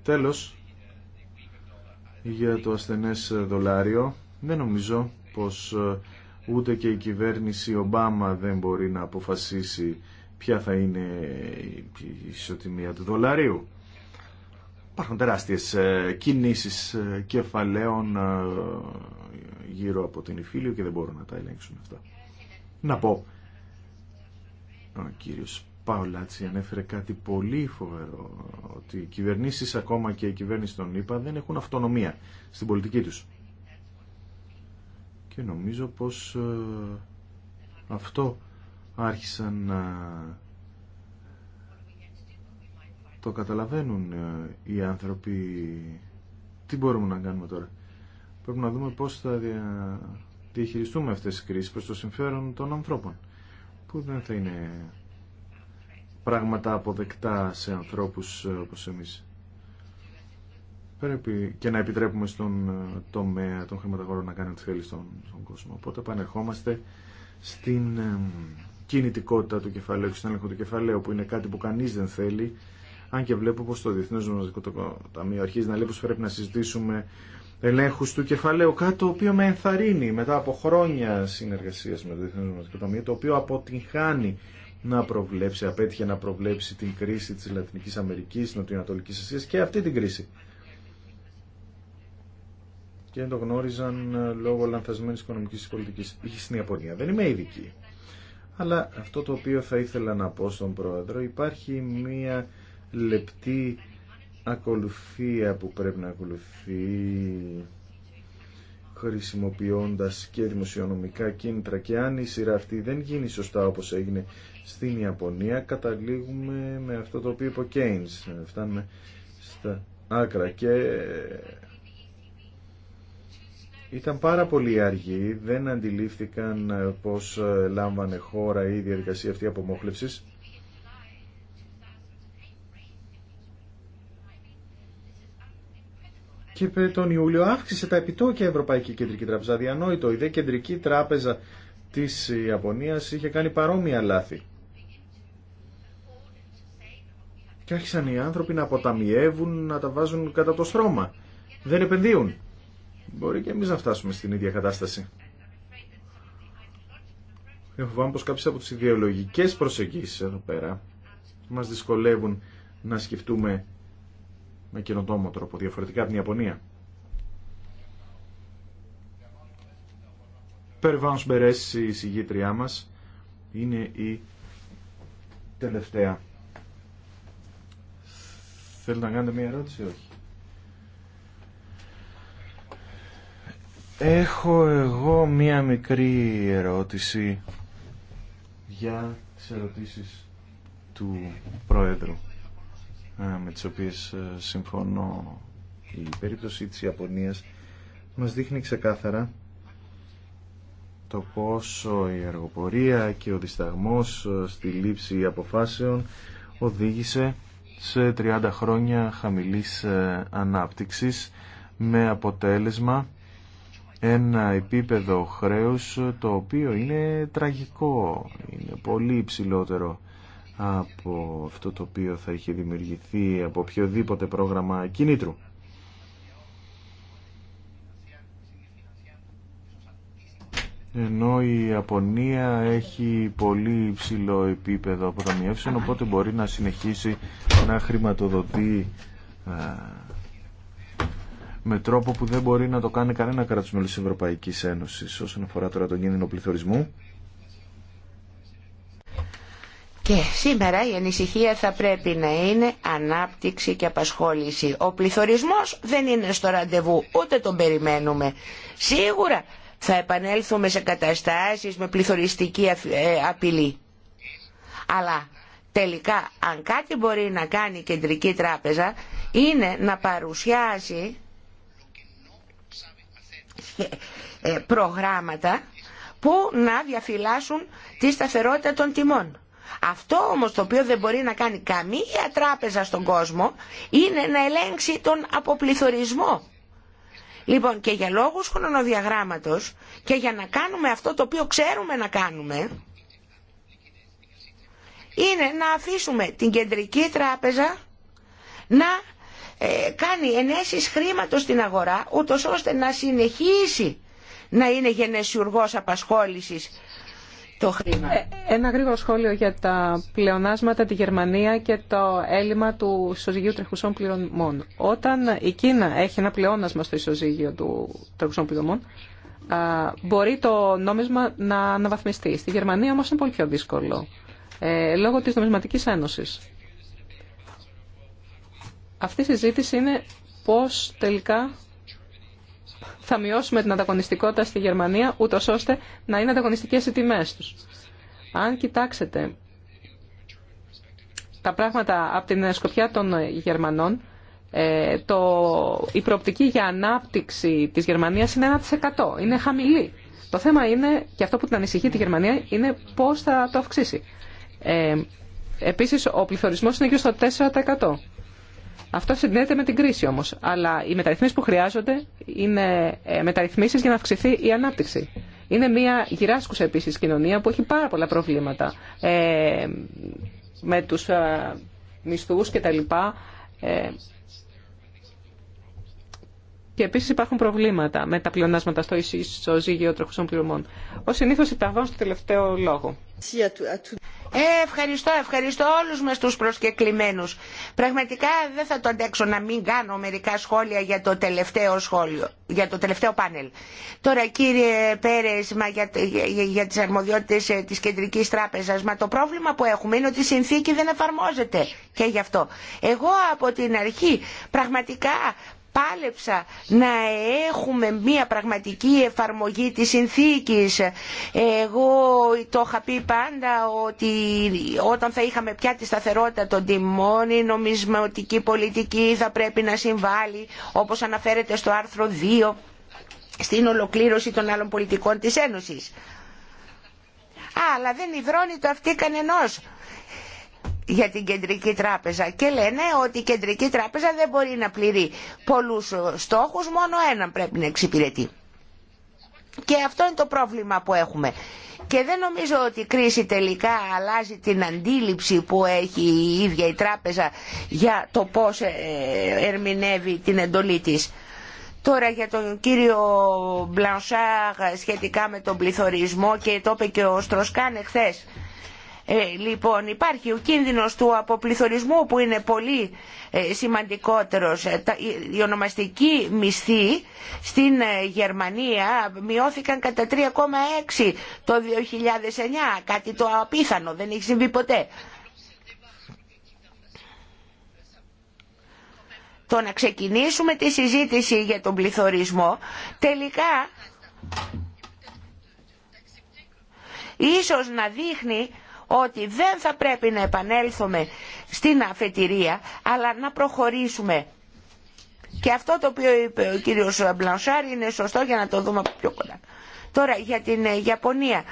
Speaker 1: Τέλος, για το ασθενές δολάριο, δεν νομίζω πως ε, ούτε και η κυβέρνηση Ομπάμα δεν μπορεί να αποφασίσει ποια θα είναι η ισοτιμία του δολαρίου. Υπάρχουν τεράστιες ε, κινήσεις ε, κεφαλαίων ε, γύρω από την Ιφίλιο και δεν μπορούν να τα ελέγξουν αυτά. Να πω, ο κύριος Παολάτση ανέφερε κάτι πολύ φοβερό, ότι οι κυβερνήσεις, ακόμα και οι κυβέρνηση των ΗΠΑ, δεν έχουν αυτονομία στην πολιτική τους. Και νομίζω πως αυτό άρχισαν να το καταλαβαίνουν ε, οι άνθρωποι. Τι μπορούμε να κάνουμε τώρα. Πρέπει να δούμε πώς θα διαχειριστούμε αυτές τις κρίσεις προς το συμφέρον των ανθρώπων. Που δεν θα είναι πράγματα αποδεκτά σε ανθρώπους ε, όπως εμείς. Πρέπει και να επιτρέπουμε στον ε, τομέα των χρηματαγορών να κάνει ό,τι θέλει στον, στον κόσμο. Οπότε επανερχόμαστε στην κινητικότητα του κεφαλαίου και στον έλεγχο του κεφαλαίου που είναι κάτι που κανείς δεν θέλει αν και βλέπω πω το Διεθνές Νομοθετικό Ταμείο αρχίζει να λέει πω πρέπει να συζητήσουμε ελέγχου του κεφαλαίου, κάτι το οποίο με ενθαρρύνει μετά από χρόνια συνεργασία με το Διεθνές Νομοθετικό Ταμείο, το οποίο αποτυγχάνει να προβλέψει, απέτυχε να προβλέψει την κρίση τη Λατινική Αμερική της Νοτιοανατολικής Ασίας και αυτή την κρίση. Και το γνώριζαν ε, λόγω λανθασμένη οικονομική πολιτική Είχε στην Ιαπωνία. Δεν είμαι ειδική. Αλλά αυτό το οποίο θα ήθελα να πω στον Πρόεδρο, υπάρχει μία λεπτή ακολουθία που πρέπει να ακολουθεί χρησιμοποιώντας και δημοσιονομικά κίνητρα και αν η σειρά αυτή δεν γίνει σωστά όπως έγινε στην Ιαπωνία καταλήγουμε με αυτό το οποίο είπε ο φτάνουμε στα άκρα και ε, ήταν πάρα πολύ αργοί δεν αντιλήφθηκαν ε, πως ε, λάμβανε χώρα η διαδικασία αυτή απομόχλευσης και τον Ιούλιο αύξησε τα επιτόκια Ευρωπαϊκή Κεντρική Τράπεζα. Διανόητο, Η δε Κεντρική Τράπεζα τη Ιαπωνία είχε κάνει παρόμοια λάθη. Και άρχισαν οι άνθρωποι να αποταμιεύουν, να τα βάζουν κατά το στρώμα. Δεν επενδύουν. Μπορεί και εμείς να φτάσουμε στην ίδια κατάσταση. Εγώ φοβάμαι πως κάποιες από τις ιδεολογικές προσεγγίσεις εδώ πέρα μας δυσκολεύουν να σκεφτούμε με καινοτόμο τρόπο, διαφορετικά από την Ιαπωνία. Περβάνος Μπερές, η συγγήτριά μας, είναι η τελευταία. Θέλω να κάνετε μία ερώτηση όχι. Έχω εγώ μία μικρή ερώτηση για τις ερωτήσεις του Πρόεδρου. Ε, με τις οποίες ε, συμφωνώ η περίπτωση της Ιαπωνίας μας δείχνει ξεκάθαρα το πόσο η εργοπορία και ο δισταγμός ε, στη λήψη αποφάσεων οδήγησε σε 30 χρόνια χαμηλής ανάπτυξης με αποτέλεσμα ένα επίπεδο χρέους το οποίο είναι τραγικό, είναι πολύ υψηλότερο από αυτό το οποίο θα είχε δημιουργηθεί από οποιοδήποτε πρόγραμμα κινήτρου. ενώ η Απονία έχει πολύ υψηλό επίπεδο αποταμιεύσεων οπότε μπορεί να συνεχίσει να χρηματοδοτεί με τρόπο που δεν μπορεί να το κάνει κανένα κράτος μέλος της Ευρωπαϊκής Ένωσης όσον αφορά τώρα τον κίνδυνο πληθωρισμού
Speaker 6: και σήμερα η ανησυχία θα πρέπει να είναι ανάπτυξη και απασχόληση. Ο πληθωρισμός δεν είναι στο ραντεβού, ούτε τον περιμένουμε. Σίγουρα θα επανέλθουμε σε καταστάσεις με πληθωριστική ε, απειλή. Αλλά τελικά αν κάτι μπορεί να κάνει η Κεντρική Τράπεζα είναι να παρουσιάζει ε, προγράμματα που να διαφυλάσσουν τη σταθερότητα των τιμών. Αυτό όμως το οποίο δεν μπορεί να κάνει καμία τράπεζα στον κόσμο είναι να ελέγξει τον αποπληθωρισμό. Λοιπόν και για λόγους χρονοδιαγράμματος και για να κάνουμε αυτό το οποίο ξέρουμε να κάνουμε είναι να αφήσουμε την κεντρική τράπεζα να ε, κάνει ενέσεις χρήματος στην αγορά ούτως ώστε να συνεχίσει να είναι γενεσιουργός απασχόλησης ε, ένα γρήγορο σχόλιο για τα πλεονάσματα,
Speaker 3: τη Γερμανία και το έλλειμμα του ισοζυγίου τρεχουσών πληρωμών. Όταν η Κίνα έχει ένα πλεόνασμα στο ισοζύγιο του τρεχουσών πληρωμών, μπορεί το νόμισμα να αναβαθμιστεί. Στη Γερμανία όμως είναι πολύ πιο δύσκολο, ε, λόγω της νομισματικής ένωσης. Αυτή η συζήτηση είναι πώς τελικά θα μειώσουμε την ανταγωνιστικότητα στη Γερμανία, ούτω ώστε να είναι ανταγωνιστικέ οι τιμέ του. Αν κοιτάξετε τα πράγματα από την σκοπιά των Γερμανών, ε, το, η προοπτική για ανάπτυξη της Γερμανίας είναι 1%. Είναι χαμηλή. Το θέμα είναι, και αυτό που την ανησυχεί τη Γερμανία, είναι πώς θα το αυξήσει. Ε, επίσης, ο πληθωρισμός είναι γύρω στο 4%. Αυτό συνδέεται με την κρίση όμω. Αλλά οι μεταρρυθμίσει που χρειάζονται είναι ε, μεταρρυθμίσει για να αυξηθεί η ανάπτυξη. Είναι μια γυράσκουσα επίση κοινωνία που έχει πάρα πολλά προβλήματα ε, με του ε, μισθού κτλ. Ε, και επίση υπάρχουν προβλήματα με τα πλεονάσματα στο ισοζύγιο τροχουσών πληρωμών. Ω συνήθω υπερβάλλουν στο τελευταίο λόγο.
Speaker 6: Ε, ευχαριστώ, ευχαριστώ όλους με τους προσκεκλημένους. Πραγματικά δεν θα το αντέξω να μην κάνω μερικά σχόλια για το τελευταίο σχόλιο, για το τελευταίο πάνελ. Τώρα κύριε Πέρε για, για, για τις αρμοδιότητες ε, της Κεντρικής Τράπεζας, μα το πρόβλημα που έχουμε είναι ότι η συνθήκη δεν εφαρμόζεται και γι' αυτό. Εγώ από την αρχή πραγματικά πάλεψα να έχουμε μια πραγματική εφαρμογή της συνθήκης. Εγώ το είχα πει πάντα ότι όταν θα είχαμε πια τη σταθερότητα των τιμών η νομισματική πολιτική θα πρέπει να συμβάλλει όπως αναφέρεται στο άρθρο 2 στην ολοκλήρωση των άλλων πολιτικών της Ένωσης. Αλλά δεν υδρώνει το αυτή κανενός για την Κεντρική Τράπεζα και λένε ότι η Κεντρική Τράπεζα δεν μπορεί να πληρεί πολλούς ε, στόχους, μόνο έναν πρέπει να εξυπηρετεί. Και αυτό είναι το πρόβλημα που έχουμε. Και δεν νομίζω ότι η κρίση τελικά αλλάζει την αντίληψη που έχει η ίδια η τράπεζα για το πώς ε, ερμηνεύει την εντολή της. Τώρα για τον κύριο Μπλανσάγ σχετικά με τον πληθωρισμό και το είπε και ο Στροσκάν εχθές ε, λοιπόν υπάρχει ο κίνδυνος του αποπληθωρισμού που είναι πολύ ε, σημαντικότερος. Οι ε, ονομαστικοί μισθοί στην Γερμανία μειώθηκαν κατά 3,6 το 2009, κάτι το απίθανο, δεν έχει συμβεί ποτέ. Το να ξεκινήσουμε τη συζήτηση για τον πληθωρισμό τελικά ίσως να δείχνει ότι δεν θα πρέπει να επανέλθουμε στην αφετηρία αλλά να προχωρήσουμε. Και αυτό το οποίο είπε ο κύριος Μπλανσάρη είναι σωστό για να το δούμε πιο κοντά. Τώρα για την ε, Ιαπωνία.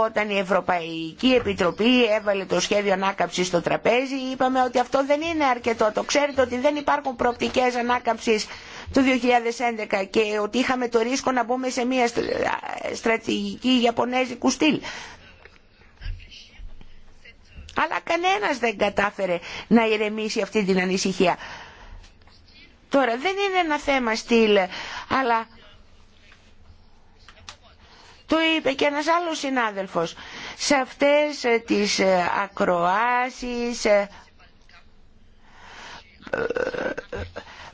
Speaker 6: Όταν η Ευρωπαϊκή Επιτροπή έβαλε το σχέδιο ανάκαμψης στο τραπέζι είπαμε ότι αυτό δεν είναι αρκετό. Το ξέρετε ότι δεν υπάρχουν προοπτικές ανάκαμψης το 2011 και ότι είχαμε το ρίσκο να μπούμε σε μια στρατηγική Ιαπωνέζικου στυλ. Αλλά κανένας δεν κατάφερε να ηρεμήσει αυτή την ανησυχία. Τώρα δεν είναι ένα θέμα στυλ, αλλά το είπε και ένας άλλος συνάδελφος. Σε αυτές ε, τις ε, ακροάσεις ε,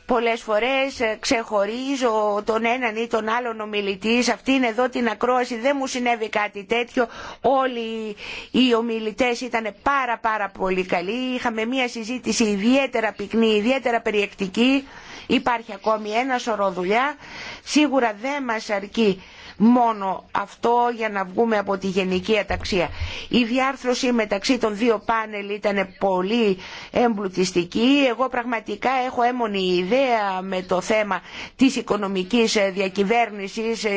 Speaker 6: πολλές φορές ε, ξεχωρίζω τον έναν ή τον άλλον ομιλητή αυτή αυτήν εδώ την ακρόαση δεν μου συνέβη κάτι τέτοιο όλοι οι ομιλητές ήταν πάρα πάρα πολύ καλοί είχαμε μια συζήτηση ιδιαίτερα πυκνή ιδιαίτερα περιεκτική υπάρχει ακόμη ένα σωρό δουλειά σίγουρα δεν μας αρκεί μόνο αυτό για να βγούμε από τη γενική αταξία. Η διάρθρωση μεταξύ των δύο πάνελ ήταν πολύ εμπλουτιστική. Εγώ πραγματικά έχω έμονη ιδέα με το θέμα της οικονομικής ε, διακυβέρνησης, ε,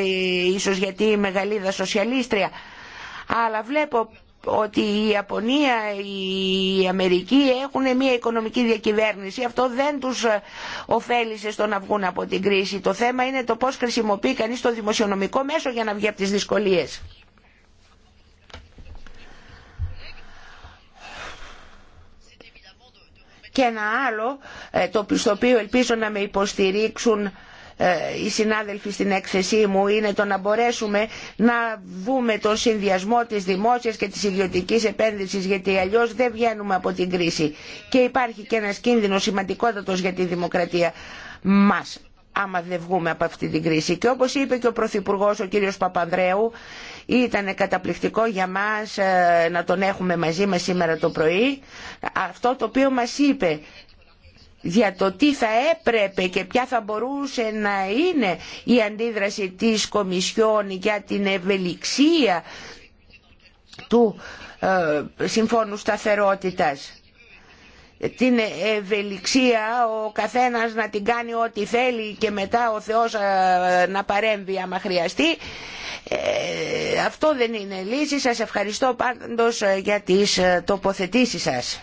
Speaker 6: ίσως γιατί είμαι Γαλλίδα σοσιαλίστρια. Αλλά βλέπω ότι η Ιαπωνία, η Αμερική έχουν μια οικονομική διακυβέρνηση. Αυτό δεν τους ε, ωφέλησε στο να βγουν από την κρίση. Το θέμα είναι το πώς χρησιμοποιεί κανείς το δημοσιονομικό μέσο για να βγει από τις δυσκολίες. Και ένα άλλο, ε, το οποίο ελπίζω να με υποστηρίξουν ε, οι συνάδελφοι στην έκθεσή μου είναι το να μπορέσουμε να δούμε τον συνδυασμό της δημόσιας και της ιδιωτικής επένδυσης γιατί αλλιώς δεν βγαίνουμε από την κρίση και υπάρχει και ένας κίνδυνος σημαντικότατος για τη δημοκρατία μας άμα δεν βγούμε από αυτή την κρίση. Και όπως είπε και ο Πρωθυπουργό ο κύριος Παπανδρέου, ήταν καταπληκτικό για μας ε, να τον έχουμε μαζί μας σήμερα το πρωί. Αυτό το οποίο μας είπε για το τι θα έπρεπε και ποια θα μπορούσε να είναι η αντίδραση της Κομισιόν για την ευελιξία του ε, Συμφώνου Σταθερότητας. Την ευελιξία ο καθένας να την κάνει ό,τι θέλει και μετά ο Θεός ε, να παρέμβει άμα χρειαστεί. Ε, αυτό δεν είναι λύση. Σας ευχαριστώ πάντως ε, για τις τοποθετήσεις σας.